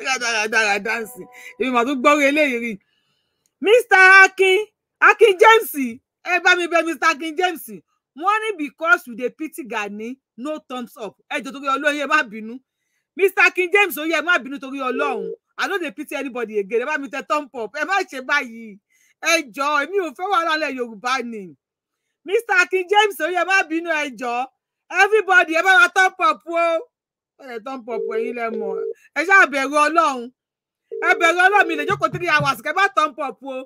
rádaràdára dáǹsì èmi màá tún gbọ́rọ̀ eléyìí rí Mr. Akin Akin James ẹ bá mi bẹ̀ Mr. Akin James wọ́n ní because we dey pity Gani no thumbs up ẹjọ torí Ọlọ́run ẹ má bínú Mr King James oyè ẹ má bínú torí Ọlọ́run I no dey pity anybody again ẹ bá mi tẹ thumb up ẹ má ṣe báyìí ẹjọ èmi ò fẹ́ wàhálà lẹ Yorùbá ni Mr King James oyè ẹ má bínú ẹjọ everybody ẹ bá wa thumb up o ẹ thumb up ẹ̀yin lẹ mọ̀ ẹ ṣáà bẹ̀rù Ọlọ́run ẹ bẹ̀rù Ọlọ́run mi lè jókòó three hours kẹ bá thumb up o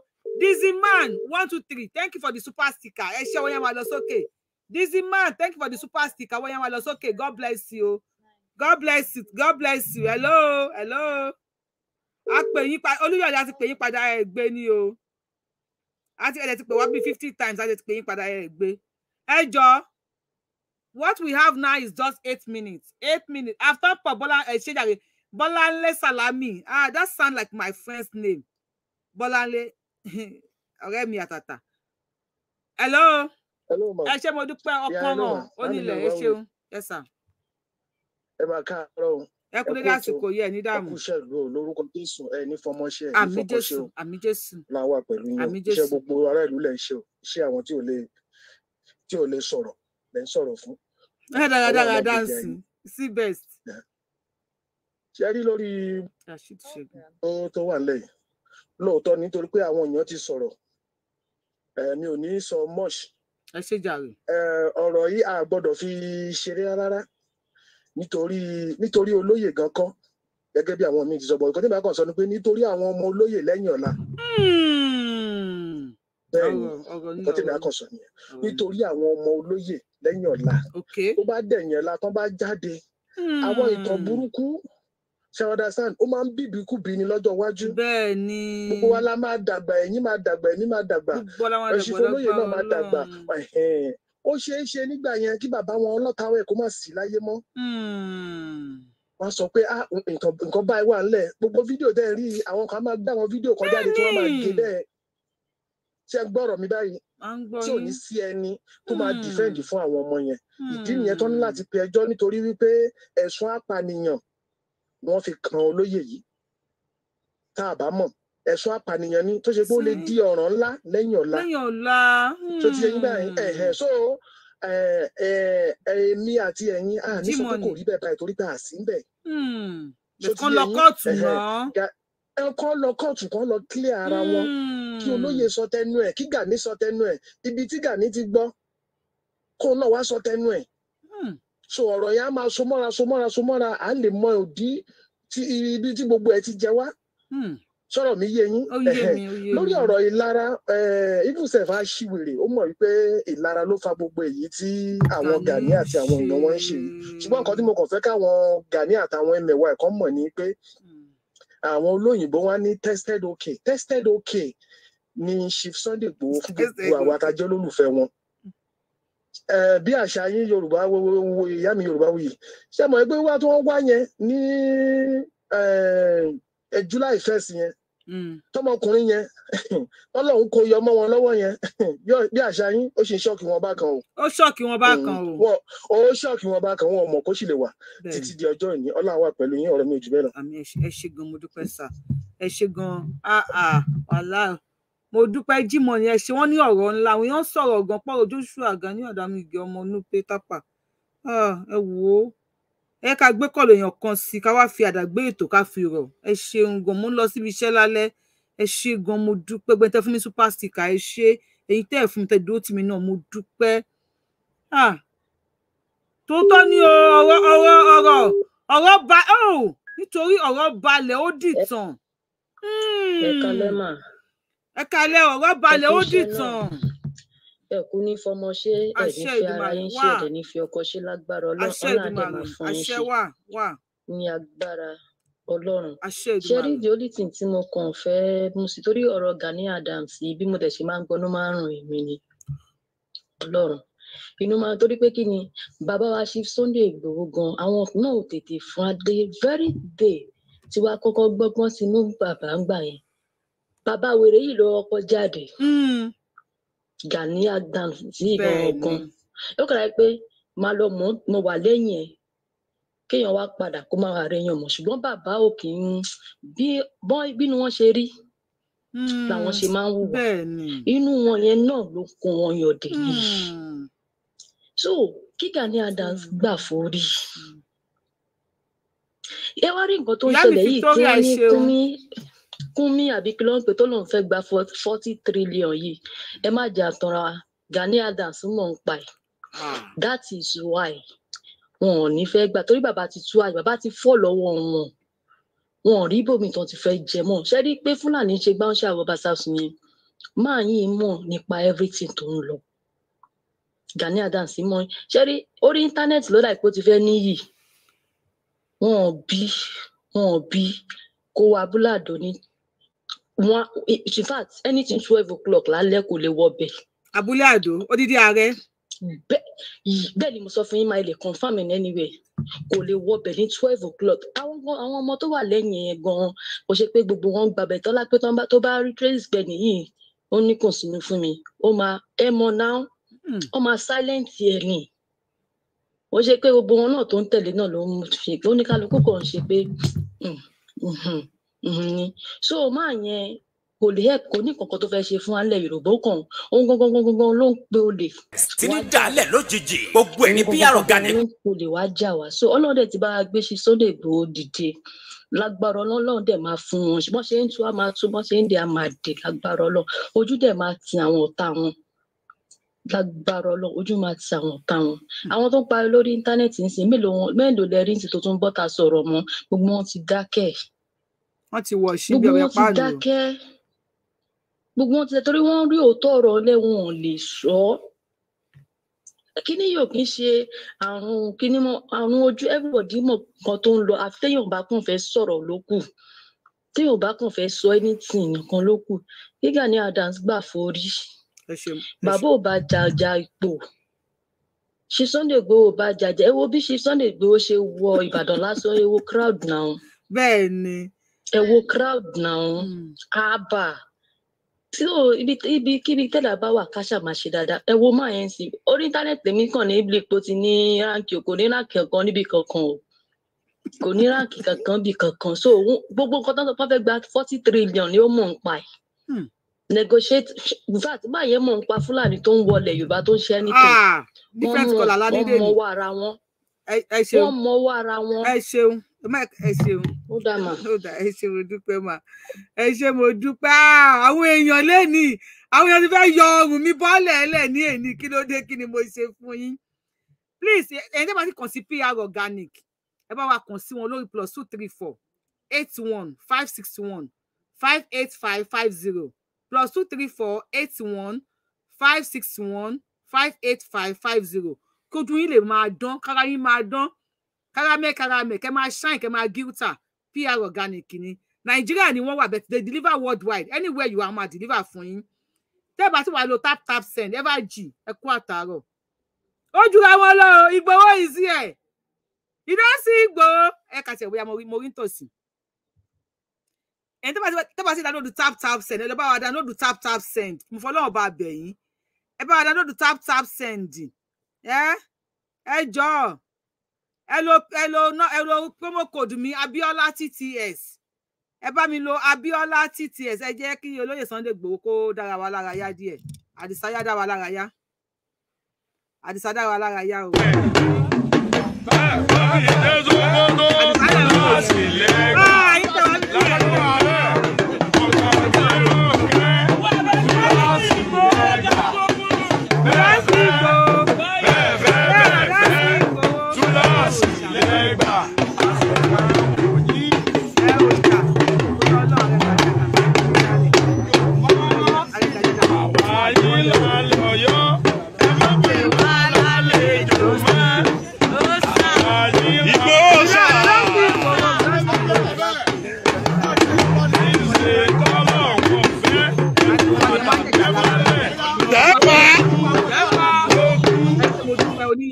Dizzy man one two three thank you for the super sticker ẹ ṣe ọwọ́ yẹn máa lọ sókè. Okay. Dizzy man, thank you for the super stick. Àwọn yẹn wá lọ sókè. God bless you. God bless you. God bless you. Hello. Hello. A pè yín padà. Olúyọ̀lé a ti pè yín padà ẹ̀ gbé ni o. A ti ẹ̀dẹ̀ ti pè wá bí fifty times. A ti pè yín padà ẹ̀ gbé. Ẹ What we have now is just eight minutes. Eight minutes. After Bola Eshejare, Bolanle Salami. Ah, that sound like my friend's name. Bolanle. Ọ̀rẹ́ mi àtàtà. Hello ẹ ṣé mo dúpẹ́ ọpọmọ onílẹ̀ ẹ ṣeun ẹ sàn. ẹ máa káàárọ̀ o ẹ kú ní lásìkò yẹ ní dààmú. ẹ kú ṣẹ́gun o lórúkọ jésù ẹ ní fọmọṣẹ ẹ ní fọkọṣẹ o àmì jésù làwọn àpẹlú yín iṣẹ́ gbogbo ará ìlú lẹ ń ṣe o iṣẹ́ àwọn tí ò lè tí ò lè sọ̀rọ̀ lẹ ń sọ̀rọ̀ fún. ẹ dáradára dáǹsì sí best. ṣe rí lórí ohun tó wà nílẹ̀ yìí lóòótọ́ nítorí pé àwọn èèyàn ti sọ̀rọ̀ mi ò ní sọ much ẹ ṣe jàre. ọ̀rọ̀ yìí a gbọ́dọ̀ fi ṣeré rárá nítorí nítorí olóyè gan kọ́ gẹ́gẹ́ bí àwọn míì ti sọ bọ̀ ìkọ́ni bá kàn sọ ni pé nítorí àwọn ọmọ olóyè lẹ́yìn ọ̀la. Hmm. bẹ́ẹ̀ ni ìkọ́ni bá kàn sọ nìyẹn nítorí àwọn ọmọ olóyè lẹ́yìn ọ̀la tó bá dẹ̀yìn ọ̀la tán bá jáde hmm. àwọn ìtàn burúkú ṣe understand ó máa ń bìbí kú bí ni lọ́jọ́ iwájú. bẹ́ẹ̀ ni. gbogbo wa la máa dàgbà ẹ̀yin máa dàgbà ẹ̀mí máa dàgbà ẹ̀ṣinfolóye náà máa dàgbà ó ṣeé ṣe nígbà yẹn kí bàbá wọn ọlọ́tàwọ̀ ẹ̀ kó má sí láyé mọ́. Hmm. wọ́n sọ pé ah, nǹkan báyìí wà ńlẹ̀ gbogbo fídíò tẹ́ rí àwọn kan máa gbé àwọn fídíò kan jáde tí wọ́n máa gé bẹ́ẹ̀ ṣe ń gbọ́rọ̀ mi báyìí tí ò ní sí ẹni tó máa dìfẹ́ǹdì hmm. fún àwọn ọmọ yẹn ìdí nìyẹn tó ní hmm. láti pe ẹjọ́ nítorí wípé ẹ̀sùn apànìyàn ni wọ́n fi kan olóyè yìí tá a bá mọ̀ ẹ̀sùn apànìyàn ni tó ṣe pé ó lè di ọ̀ràn ńlá lẹ́yìn ọ̀la lẹ́yìn ọ̀la tó ti yẹn gbà yín hmm. ẹ̀hẹ̀ so èmi àti ẹ̀yin à ní sọ pé kò rí bẹ́ẹ̀ báyìí torí pé à sí ń bẹ̀. Hmm. kan lọ kóòtù náà. kan lọ kóòtù kan lọ clear ara wọn hmm. kí olóyè sọ tẹnu ẹ̀ kí Gani sọ tẹnu ẹ̀ ibi tí Gani ti gbọ́ kó náà wá sọ tẹnu ẹ̀ so ọ̀rọ̀ yẹn á máa so mọ́ra so mọ́ra so mọ́ra à ń lè mọ òdí tí ibi tí gbogbo ẹ̀ ti jẹ wá hmm. sọ̀rọ̀ mi yé yín lórí ọ̀rọ̀ ìlara ibùsẹ̀ fà ṣìwèrè ó mọ̀ wípé ìlara ló fa gbogbo èyí tí àwọn Gani àti àwọn èèyàn wọn ń ṣe ṣùgbọ́n nǹkan tí mo kàn fẹ́ káwọn Gani àtàwọn ẹmẹ̀wà ẹ̀kọ́ mọ̀ ni pé àwọn olóyìnbó wa ní tested ok tested ok ni Chief Sunday Igboho fún gbogbo àwọn atajọ́ lólùfẹ́ wọn bí àṣà yín yorùbá wo ìyá mi yorùbá wuyì ṣé mọ̀ pé wá tí wọ́n wá yẹn ní july first yẹn hmm. tọmọkùnrin yẹn ọlọ́run kò yọ ọmọ wọn lọ́wọ́ yẹn bí àṣà yín ó ṣe ṣọ́ọ̀kì wọn bá kan o. ó ṣọ́ọ̀kì wọn bá kan o. Hmm, ó ṣọ́ọ̀kì wọn bá kan wọn mọ̀ kó sì lè wà títí di ọjọ́ ìní ọlọ́run wà pẹ̀lú yín ọ̀rọ̀ mi ò jù bẹ́ẹ̀ lọ. àmì ẹ ṣé gan mo dúpẹ́ sá ẹ ṣé gan ah ah wàhálà mo dúpẹ́ jimoh yẹn ṣe wọ́n ní ọ̀rọ̀ ńlá àwọn èèyàn sọ̀rọ̀ gan pọ̀rọ̀ joshua gan ní ọ̀dà amúgi ọmọ nupe tápà ẹ wò ó ẹ ká gbé kọ̀lọ̀ èèyàn kan sí ká wá fi àdàgbé ètò ká fi rọ̀ ẹ ṣeun gan mo ń lọ síbi iṣẹ́ lálẹ́ ẹ ṣe gan mo dúpẹ́ gbẹ́ntẹ fún mi super sticker ẹ ṣe èyí tẹ́ ẹ̀ fún mi tẹ́ dúró tì mí náà mo dúpẹ́ tòótọ́ ni ọ̀rọ̀ ọ̀rọ̀ ọ̀rọ̀ ọ̀rọ̀ ba oh, nítorí ọ̀rọ̀ balẹ̀ ó dìtàn. Hmm. ẹ kálẹ́ mà ẹ kalẹ ọ̀rọ̀ balẹ̀ ó dìtàn. ẹ kú ní fọmọ ṣe ẹ̀yin fi ara yín ṣe ẹ̀dẹ̀ ní fi ọkọ ṣe lágbára ọlọ́run ọ̀làdẹ̀ máa fún yín ṣe ní agbára ọlọ́run ṣe rí the only thing tí mo kàn fẹ́ mo sì torí ọ̀rọ̀ Gani Adams bí mo dẹ̀ ṣe máa ń gbọ́nú máa ń rùn èmi ni ọlọ́run inú máa torí pé kí ni bàbá wa Chief Sunday Igboho gan àwọn náà tètè fún adé very day tí wàá kọ́kọ́ gbọ́gbọ́n sínú bàbá ń gbà yẹn bàbá wèrè yìí ló ọkọ jáde hmm. Gani Adams sí ìbọn ọkan ó kàrà pé máa lọ mọ mo wà lẹ́yìn ẹ kéèyàn wá padà kó máa rẹ yan mọ ṣùgbọ́n bàbá ò kì í bí bínú wọn ṣe rí hmm. làwọn ṣe máa ń hùwà inú wọn yẹn náà ló kó wọn yọdẹ yìí hmm. so kí Gani Adams gbà forí ẹ wá rí nǹkan tó ń ṣẹlẹ̀ yìí kí wọn ní kí kúnmí àbí kí ló ń pè tó lòun fẹ́ gba forty trillion yìí ẹ má jà tanra Gani Adams mọ̀ ń pa ẹ̀ that is why wọn ò ní fẹ́ gbà torí bàbá ti tú àyè bàbá ti fọ́ lọ́wọ́ wọn wọn ò rí bòmí tán ti fẹ́ jẹ mọ́ ṣé rí i pé Fúlàní ṣe gbá ń ṣe àwọn basas yẹn máa yín mọ̀ nípa everything tó ń lọ Gani Adams mọ̀ ṣé rí orí íńtánẹ́ẹ̀tì lọ́dà ìpò ti fẹ́ níyì wọn ò bí wọn ò bí kó wa búlàdó ní wọn in fact anything twelve o'clock lálẹ́ kò lè wọbẹ̀. abúlé àdó odidi ààrẹ. bẹ́ẹ̀ ni mo sọ fún yín máa lè confam in anywhere kò lè wọbẹ̀ ní twelve o'clock àwọn àwọn ọmọ tó wà lẹ́yìn ẹ̀ gan-an kò ṣe pé gbogbo wọn gbàbẹ̀ tọ́lá pé tó bá rí trace gbẹ̀ nìyí ó ní kò sínú fún mi ó máa ẹ mọ náà hmm. ó máa silent ẹ ní ó ṣe pé gbogbo wọn náà tó ń tẹ̀lé náà ló ń ṣe oníkálukú kàn ṣe pé hmm, hmm, ni so máa yẹn kò lè help kò ní kankan tó fẹ́ ṣe fún alẹ́ yorùbá kan òun gangan gangan ló ń pe olè. tí ní dalẹ̀ lójijì gbogbo ẹni bí àrògà ni. olè wá jà wá so ọlọ́dẹ ti bá a gbé ṣe Sunday Igboho dìde lágbára ọlọ́run dẹ̀ máa fún wọn bọ́n ṣe ń tú a máa tú bọ́n ṣe ń dè a máa dè lágbára ọlọ́run ojú dẹ̀ máa ti àwọn ọ̀tá wọn lágbára ọlọ́run ojú máa ti àwọn ọ̀tá wọn. àwọn tó ń pariwo lórí íńtánẹ́ẹ̀tì ń sìn mélòó lẹ́rìí tó tún bọ́ta sọ̀rọ̀ mọ́ gbogbo wọn ti dákẹ́ wọ́n ti wọ síbi ọ̀yọ́ páàlù. gbogbo wọn ti dákẹ́ gbogbo wọn ti dákẹ́ torí wọ́n rí òótọ́ ọ̀rọ̀ lẹ́wọ̀n ò lè sọ kíní yóò kí ṣe àrùn kíní mọ àrùn ojú everybody mọ kan tó ń lọ àfi téèyàn bá kàn fẹ́ sọ̀rọ̀ ló kù téèyàn bá kàn fẹ́ sọ anything nìkan ló kù gíga ní Adams gbà forí bàbá ò bá jàjà ipò ṣe Sunday Igboho bá jàjà ẹ wo bí ṣe Sunday Igboho ṣe wọ Ìbàdàn lásán ẹ crowd náà. bẹ́ẹ̀ ẹ wo crowd náà àbà hmm. tí o ibi ibi kíbi tẹ́lá bá wà ká ṣàmà ṣe dáadáa ẹ wo máa yẹn sí orí íńtánẹ́ẹ̀tì èmi kàn ní iblipo ti ní ráǹkì kò ní ráǹkì kankan níbi kankan o kò ní ráǹkì kankan bí kankan so gbogbo nǹkan tó ń sọ pé fẹ́ gba forty trillion ni ó mọ̀ ń pa ẹ̀ hmm. negotiate vat báyẹn mọ̀ ń pa fúlàní tó ń wọlé yorùbá tó ń ṣe ẹni tó ah, wọ́n mọ̀ wọ́n mọ̀ wọ́ ara wọn wọ́n mọ̀ wọ́ ara wọn. ẹ ṣeun ẹ ṣeun mo dúpẹ́ mà ẹ ṣe mo dúpẹ́ àwọn èèyàn lẹni àwọn èèyàn ti fẹ́ yọ ọrùn mi bọ́ọ̀lẹ̀ ẹlẹ̀ ní kí ló dé kí ni mo ṣe fún yín please ẹ̀yin tẹ́ bá ti kàn sí pr organic ẹ bá wa kàn sí wọn lórí plus two three four eight one five six one five eight five five zero plus two three four eight one five six one five eight five five zero kójú yín lè máa dán kára yín máa dán karamẹ karamẹ kẹ máa shine kẹ máa guilta pr organic ni nàìjíríà ni wọ́n wà bẹ́ẹ̀ they deliver worldwide anywhere you are ma deliver fún yín tẹ́ẹ̀bà tí wàá lo tap tap send evergy ẹ kú àtàárọ̀ ó jura wọn lọ Ìgbòho ìsí ẹ̀ iná sí Ìgbòho ẹ kàtẹ́ ìwé mo rí tòsí ẹni tẹ́ẹ̀bà sí ìdánilódù tap tap send ẹ lọ bá wa dánilódù tap tap send mo fọlọ́wọ́ bá bẹ̀ yín ẹ bá wa dánilódù tap tap send ẹ ẹ jọ̀ọ́ ẹ lo ẹ lo ná ẹ lo promo code mi abiola tts ẹ bá mi lo abiola tts ẹ jẹ́ kí olóyè sunday gbòó kó dára wa lára yá díẹ̀ àdìsá yá dá wa lára yá àdìsá dá wa lára yá o. àdìsá yá dá wa lára yá o.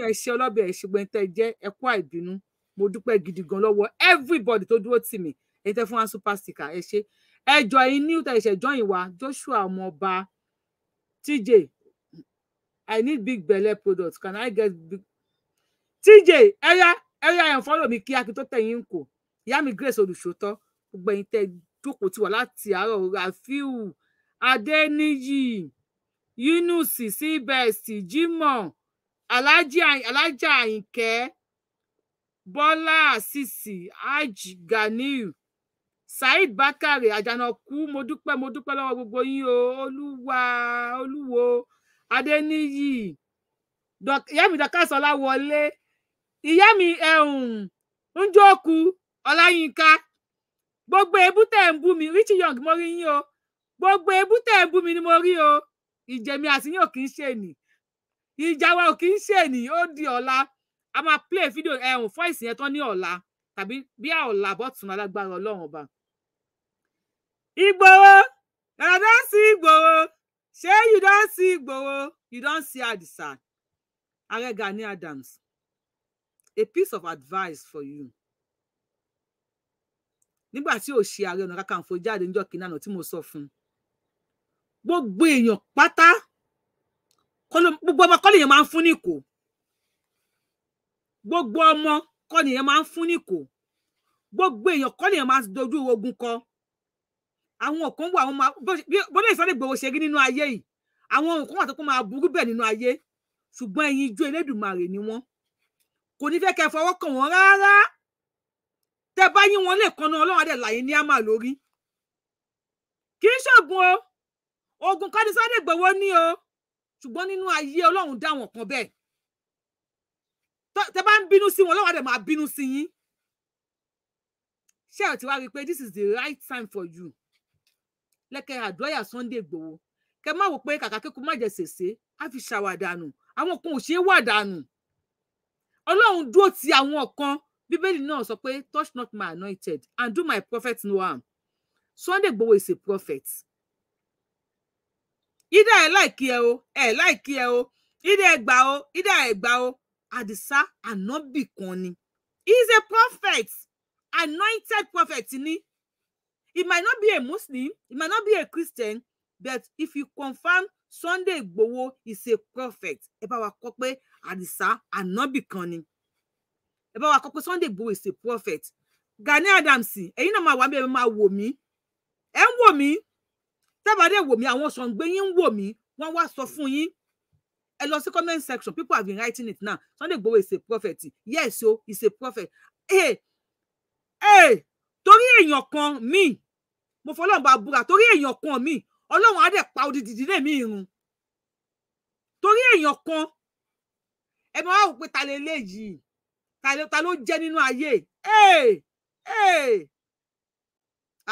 ẹ ṣe ọlọ́bẹ̀ ẹ ṣùgbọ́n tẹ́ jẹ́ ẹ kú àìbínú mo dúpẹ́ gidi gan lọ́wọ́ everybody tó dúró tì mí ẹ tẹ́ fún wa super sticker ẹ ṣe ẹ jọ yín ní ìtàn ìṣẹ̀ jọ́yìn wa Joshua ọmọọba TJ I need big belle product can I get big TJ ẹyá ẹyá ẹ̀ ń fọ́lọ̀ mi kí akin tó tẹ̀yìn ń kò ìyá mi Grace olùṣòótọ́ gbogbo ẹ̀yin tẹ́ jókòó ti láti àárọ̀ Rafiu Adéníyì Yunusi Síbẹ̀sì Jimoh alájà alájà àyìnkẹ́ bọ́lá àṣìṣì aj ganiu saheed bakare àjànàkú mo dúpẹ́ mo dúpẹ́ lọ́wọ́ gbogbo yín o olúwa olúwo adéníyì ìyá mi dọkàsọ ọláwọlé ìyá mi ẹhùn njókù ọláyínká gbogbo ebú tẹ̀ ń bú mi rich young mo rí yín o gbogbo ebú tẹ̀ ń bú mi ni mo rí o ìjẹ̀mí àti yín kì í ṣe nì ìjà wa ò kì í ṣe ènì ó di ọ̀la a máa play fídíò ẹ̀hún fọ́ìsì yẹn tán ní ọ̀la tàbí bí a ọ̀la bọ́tùn alágbára ọlọ́run ọba. Ìgbòho na don see Ìgbòho shey you don see Ìgbòho you don see Adisa Ààrẹ Gani Adams a piece of advice for you nígbà tí ò ṣe Ààrẹ Ọ̀nà Kakanfò jáde níjọ́ kìnnà tí mo sọ fún gbogbo èèyàn pátá gbogbo ọmọ kọ́ nìyẹn máa ń fún nìkò gbogbo ọmọ kọ́ nìyẹn máa ń fún nìkò gbogbo èèyàn kọ́ nìyẹn máa dojú ogun kọ àwọn kan wà wọn máa bọ́dọ̀ ìsọ́lẹ̀ gbòòwò ṣe rí nínú ayé yìí àwọn nǹkan wà tó kó máa burú bẹ̀ nínú ayé ṣùgbọ́n ẹ̀yin ijó Elédùmarè ni wọ́n kò ní fẹ́ kẹ́ fọwọ́ kàn wọ́n rárá tẹ bá yín wọn lè kanna Ọlọ́run adẹ̀ láyé ní àmà lórí kì í ṣògùn ṣùgbọ́n nínú ayé ọlọ́run dá wọn kan bẹ́ẹ̀ tẹ bá ń bínú sí wọn ọlọ́run àdè máa bínú sí yín ṣé ẹ ti wá rí i pé this is the right time for you lẹkẹ àdúrà Sunday Igboho kẹ má wò pé kàkà kíkún má jẹ sèse á fi ṣàwàdànù àwọn kan ò ṣeé wàdànù ọlọ́run dúró ti àwọn kan bíbélì náà sọ pé touch not my anointed and do my prophet no harm Sunday Igboho is a prophet ìdá ẹ láìkí ẹ o ẹ láìkí ẹ o ìdá ẹ gbà o ìdá ẹ gbà o àdìsá ànábì kan ni he is a prophet anointed prophet ni he might not be a muslim he might not be a christian but if you confirm Sunday Igboho is a prophet ẹ bá wa kọ pé àdìsá ànábì kan ni ẹ bá wa kọ pé Sunday Igboho is a prophet Gani Adamsi? ẹ̀yin náà máa wà bí ẹ máa wò mí ẹ ń wò mí tẹ́bàdé wò mí àwọn ṣọ̀ǹgbé yín ń wò mí wọ́n wá sọ fún yín ẹ lọ sí comment section people have been writing it now Sunday Igboho is a prophet yes o is a prophet torí èèyàn kan míì mo fọlọ́run bá búra torí èèyàn kan míì ọlọ́run á pa odidi ìdílé mi irun torí èèyàn kan ẹ máa wò pé ta lè léyìí ta ló jẹ́ nínú ayé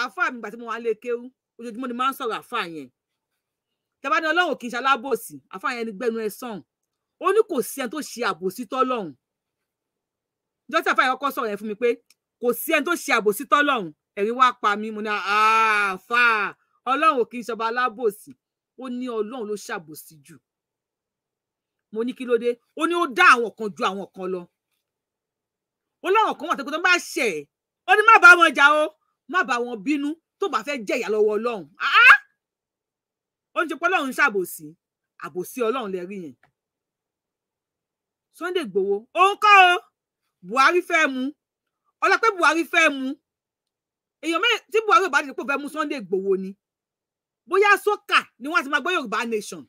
àáfàá mi gbà tí mo wà lè kéwú ojoojúmọ́ ni máa ń sọ̀rọ̀ àfa yẹn tẹ́bá ní ọlọ́run kì í ṣe alábòsí àfa yẹn ni gbẹnu ẹ sàn ó ní kò sí ẹni tó ṣe àbòsí tọ́lọ́run jọ́sí àfa yẹn kọ́kọ́ sọ̀rọ̀ yẹn fún mi pé kò sí ẹni tó ṣe àbòsí tọ́lọ́run ẹ̀rín wá pa mí mo ní àáfà ọlọ́run kì í ṣọba alábòsí ó ní ọlọ́run ló ṣàbòsí jù mo ní kí ló dé ó ní ó dá àwọn kan ju àwọn kan lọ ó láwọn kan wà tó kó tó bá ṣẹ̀ ó ní má bá wọn jà o má bá wọn bínú tó bá fẹ́ jẹ̀yà lọ́wọ́ ọlọ́run ó ń ṣe pé ọlọ́run ń ṣàbòsí àbòsí ọlọ́run lè rí yẹn Sunday Igboho ó ń kọ́ o Buhari fẹ́ mu ọlọ́pẹ́ Buhari fẹ́ mu èèyàn mẹ́rin tí Buhari ò bá dìde pò fẹ́ mu Sunday Igboho ni bóyá sókà ni wọ́n ti máa gbọ́ Yorùbá Nation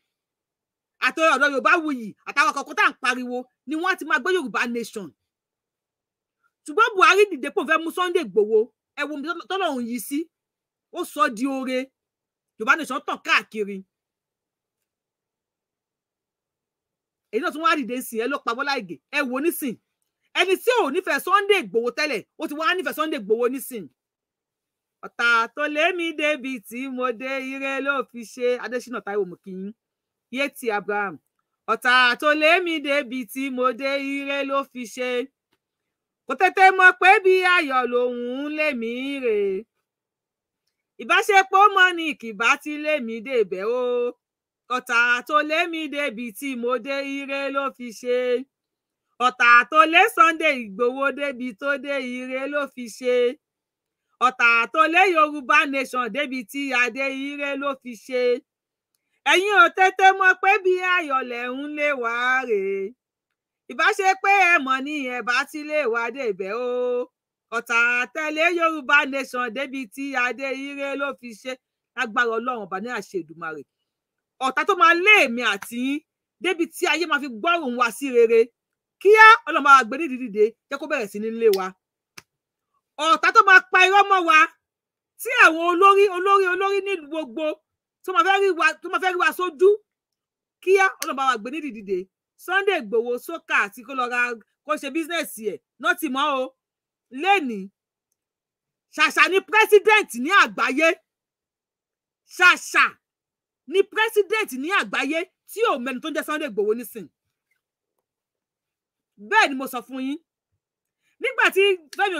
àti ọ̀dọ̀ Yorùbá wuyì àtàwọn ọ̀kọ̀ọ̀kan tá à ń pariwo ni wọ́n ti máa gbọ́ Yorùbá Nation ṣùgbọ́n Buhari dìde pò fẹ́ mu Sunday Igboho ẹ wo tọ́lọ́run yìí sí ó sọ di oore yorùbá nation tàn káàkiri èyí náà tún wá dìde sí ẹ ló pa Bọ́lá Ìgè ẹ wò nísìn ẹni tí ò nífẹ̀ẹ́ Sunday Ìgbòho tẹ́lẹ̀ ó ti wá nífẹ̀ẹ́ Sunday Ìgbòho nísìn ọ̀tá tó lé mi débi tí mo dé ire ló fi ṣe Adésínà Táíwò Mùkíyìn Yétí Abraham ọ̀tá tó lé mi débi tí mo dé ire ló fi ṣe kò tètè mọ̀ pé bí ayọ̀ lòun lèmi rèé ìbáṣepọ̀ monic ìbá ti lé mi débẹ̀ o ọ̀tàrà tó lé mi débi tí mo dé ire ló fi ṣe ọ̀tàrà tó lé Sunday Ìgbòho débi tó dé ire ló fi ṣe ọ̀tàrà tó lé Yorùbá nation débi tí adé ire ló fi ṣe ẹ̀yin ò tètè mọ̀ pé bí ayọ̀lẹ̀ ń lé wá rèé ìbáṣepẹ́ ẹ mọ̀ ni ẹ̀ bá ti lé wá débẹ̀ o ọ̀tà àtẹ̀lé yorùbá nation débi tí adé ire ló fi ṣe lágbára ọlọ́run ọba ní àṣẹ Èdùmàrè ọ̀tá tó máa lé èmi àti yín débi tí ayé máa fi gbọ́rùn wa sí rere kíá ọlọ́run máa gbé nídìí dìde jẹ́ kó bẹ̀rẹ̀ sí ní lé wa ọ̀tá tó máa pa irọ́ mọ́ wa tí àwọn olórí olórí olórí ní gbogbo tó máa fẹ́ rí wa tó máa fẹ́ rí wa sójú kíá ọlọ́run máa gbé nídìí dìde Sunday Igboho sókà àti kó lọ ra kó ṣe bísínẹ́sì ẹ̀ náà ti mọ́ o lẹ́ni ṣàṣà ni president ní àgbáyé ṣàṣà ni president ní àgbáyé tí ò mẹ́ni tó ń jẹ́ Sunday Igboho nísìn bẹ́ẹ̀ ni mo sọ fún yín nígbà tí Fẹ́mi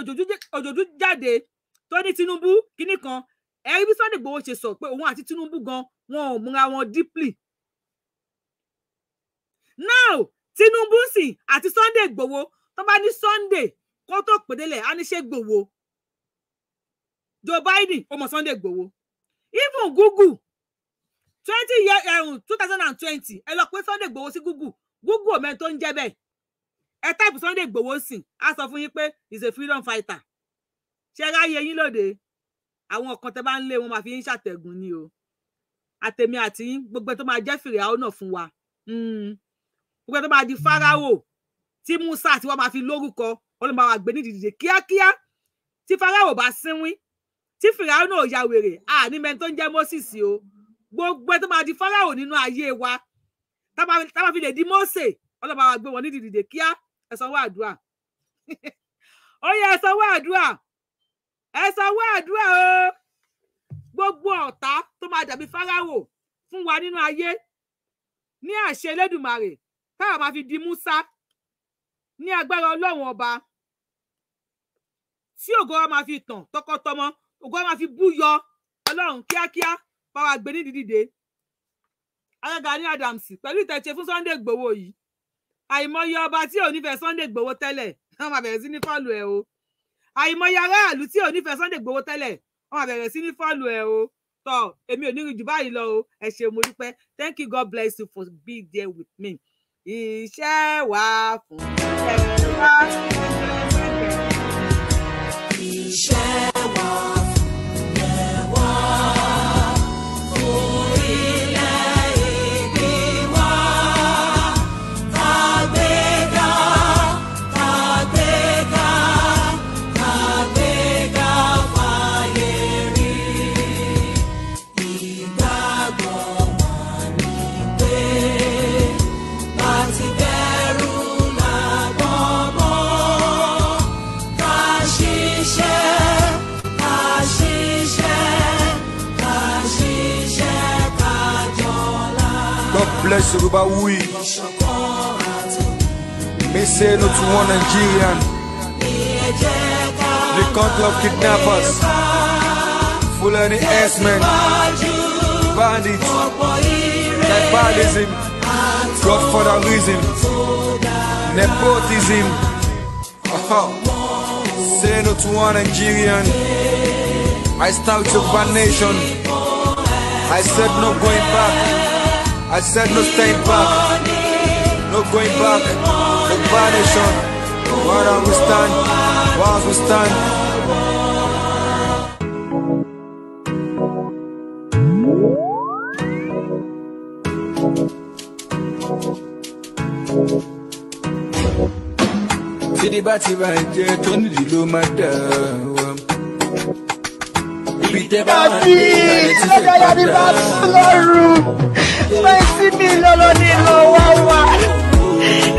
Òjòjú jáde tó ní Tinubu kínní kan ẹ̀rí bí Sunday Igboho ṣe sọ pé òun àti Tinubu gan wọn ò múra wọn deeply now Tinubu sì àti Sunday Igboho tó bá ní Sunday kó tó pèdélẹ̀ á ní ṣe gbòwó Joe Biden ó mọ Sunday gbòwó even Google twenty year ẹ̀rùn um, two thousand and twenty ẹ lọ pé Sunday gbòwó sí Google Google ò mẹ́ni tó ń jẹ́ bẹ́ẹ̀ ẹ táìpù Sunday gbòwó sìn á sọ fún yín pé is a freedom fighter ṣe ráyè yín lóde àwọn ọ̀kan tẹ bá ń lé wọn máa fi ń ṣàtẹ̀gùn ni o àtẹ̀mí àti gbogbo tó máa jẹ́ fìrìhàwó náà fún wa hmm. gbogbo tó máa di fáráwò tí Musa àti wọn máa fi lórúkọ wọn ló máa wà gbé ní dìde kíákíá tí Fáráò bá sínwín tí Fáráò náà ya wèrè àní mẹni tó ń jẹ́ Moses o gbogbo ẹ tó máa di Fáráò nínú ayé wa tábà fi lè di Mósè wọn ló máa wà gbé wọn ní dìde kíá ẹ sanwó àdúrà ó yẹ ẹ sanwó àdúrà ẹ sanwó àdúrà o gbogbo ọ̀tá tó máa dàbí Fáráò fún wa nínú ayé ní àṣẹ Elédùmarè táwa máa fi di Músá ní agbára Ọlọ́run ọba tí ògo wa máa fi tàn tọkọtọmọ ògo wa máa fi bú yọ ọlọ́run kíákíá báwa gbé ní dídìde alága ní Adams pẹ̀lú ìtẹ̀ṣe fún Sunday Igboho yìí àìmọye ọba tí ò nífẹ̀ẹ́ Sunday Igboho tẹ́lẹ̀ wọ́n máa bẹ̀rẹ̀ sí ní fọ́ọ̀lù ẹ̀ o àìmọye aráàlú tí ò nífẹ̀ẹ́ Sunday Igboho tẹ́lẹ̀ wọ́n máa bẹ̀rẹ̀ sí ní fọ́ọ̀lù ẹ̀ o tọ́ èmi ò ní rìn jù báyìí lọ o ẹ ṣé mo dúpẹ́ thank you God bless you for being there with me iṣẹ́ wà fún ẹ̀rọ wá. share one. bless Rubawi. May say no to one Nigerian. The country of kidnappers. Full of the ass men. Bandits. Tribalism. reason. Nepotism. Oh, say no to one Nigerian. I start to your nation. I said no going back. I said no staying back, no going back, no vanishing. Why don't we stand? Why don't we stand? tí ní bá ti bàjẹ́ tó nídìí ló má dà wá níbi tẹ́ bá wà fẹ́ǹsì mi lọ́lọ́ ní lọ wá wá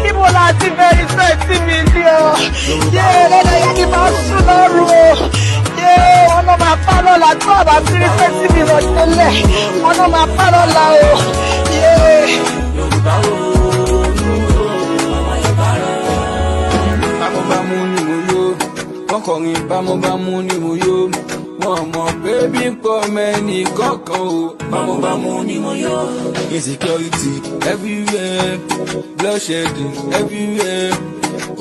níbo la ti bẹ̀rẹ̀ fẹ́ǹsì mi ní ọ yé lọ́lọ́ yẹn bá sùn o yé ọ̀nà máa pa lọ́la tó àbá sí rí fẹ́ǹsì mi lọ tẹ́lẹ̀ ọ̀nà máa pa lọ́la o yé. Yorùbá wo. ni mo yó wọn kọrin bámúbámú ni mo yó wọn mọ̀ pé bí n pọ̀ mẹ́ni kankan o. bámúbámú ni mo yọ. insecurity everywhere bloodshedding everywhere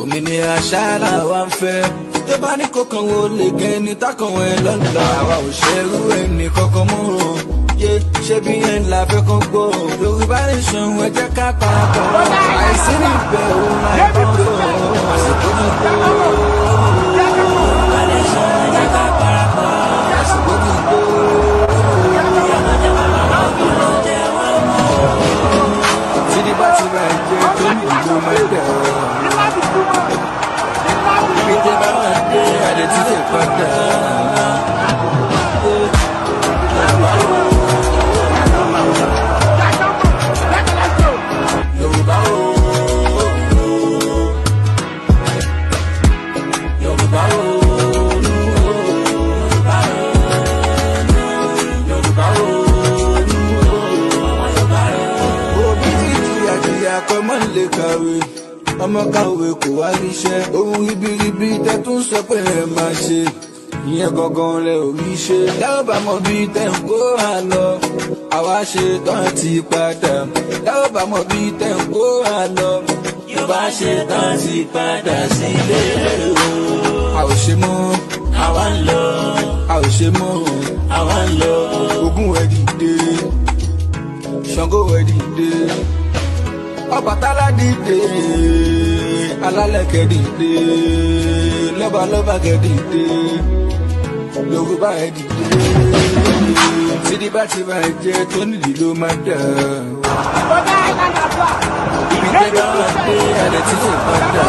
òmìnira ṣáàlà wa ń fẹ́. tó bá ní kọkàn wo lè gẹ ẹni tákàn ẹ lọ́nà àwa ò ṣerú ẹni kankan mọ́ o. yé ṣé bí yẹn la fẹ́ kán gbọ́ o. lórí bá lè ṣan ẹ jẹ́ ká parapọ̀. àìsí níbẹ̀ òun àìbọ̀n fún ọ. àsìkò náà kó o. Ibi tí bá máa dé, àdètí ṣe pàtàkì. ọmọ kàwé kò wá ríṣẹ́ ohun ribiribi tẹ́ tún sọ pé ẹ máa ṣe ìyẹn gangan lẹ ò rí ṣe dábàá mọ bí tẹ́ ń kó hà lọ àwa ṣe tán ti padà dábàá mọ bí tẹ́ ń kó hà lọ yóò bá ṣe tán ti padà sílé o. a ò ṣe mọ́. àwa ń lọ. a ò ṣe mọ́. àwa ń lọ. ogun ẹ̀ dìde Ṣàngó ẹ̀ dìde Ọbàtálá dìde alálẹ̀ kẹ́dìdé lọ́ba lọ́ba kẹ́dìdé yorùbá ẹ̀ dìde sídi bá ti máa jẹ tó di ló máa dà. ibi tẹ́lẹ̀ wà dé àdẹ̀tí kò bá dà.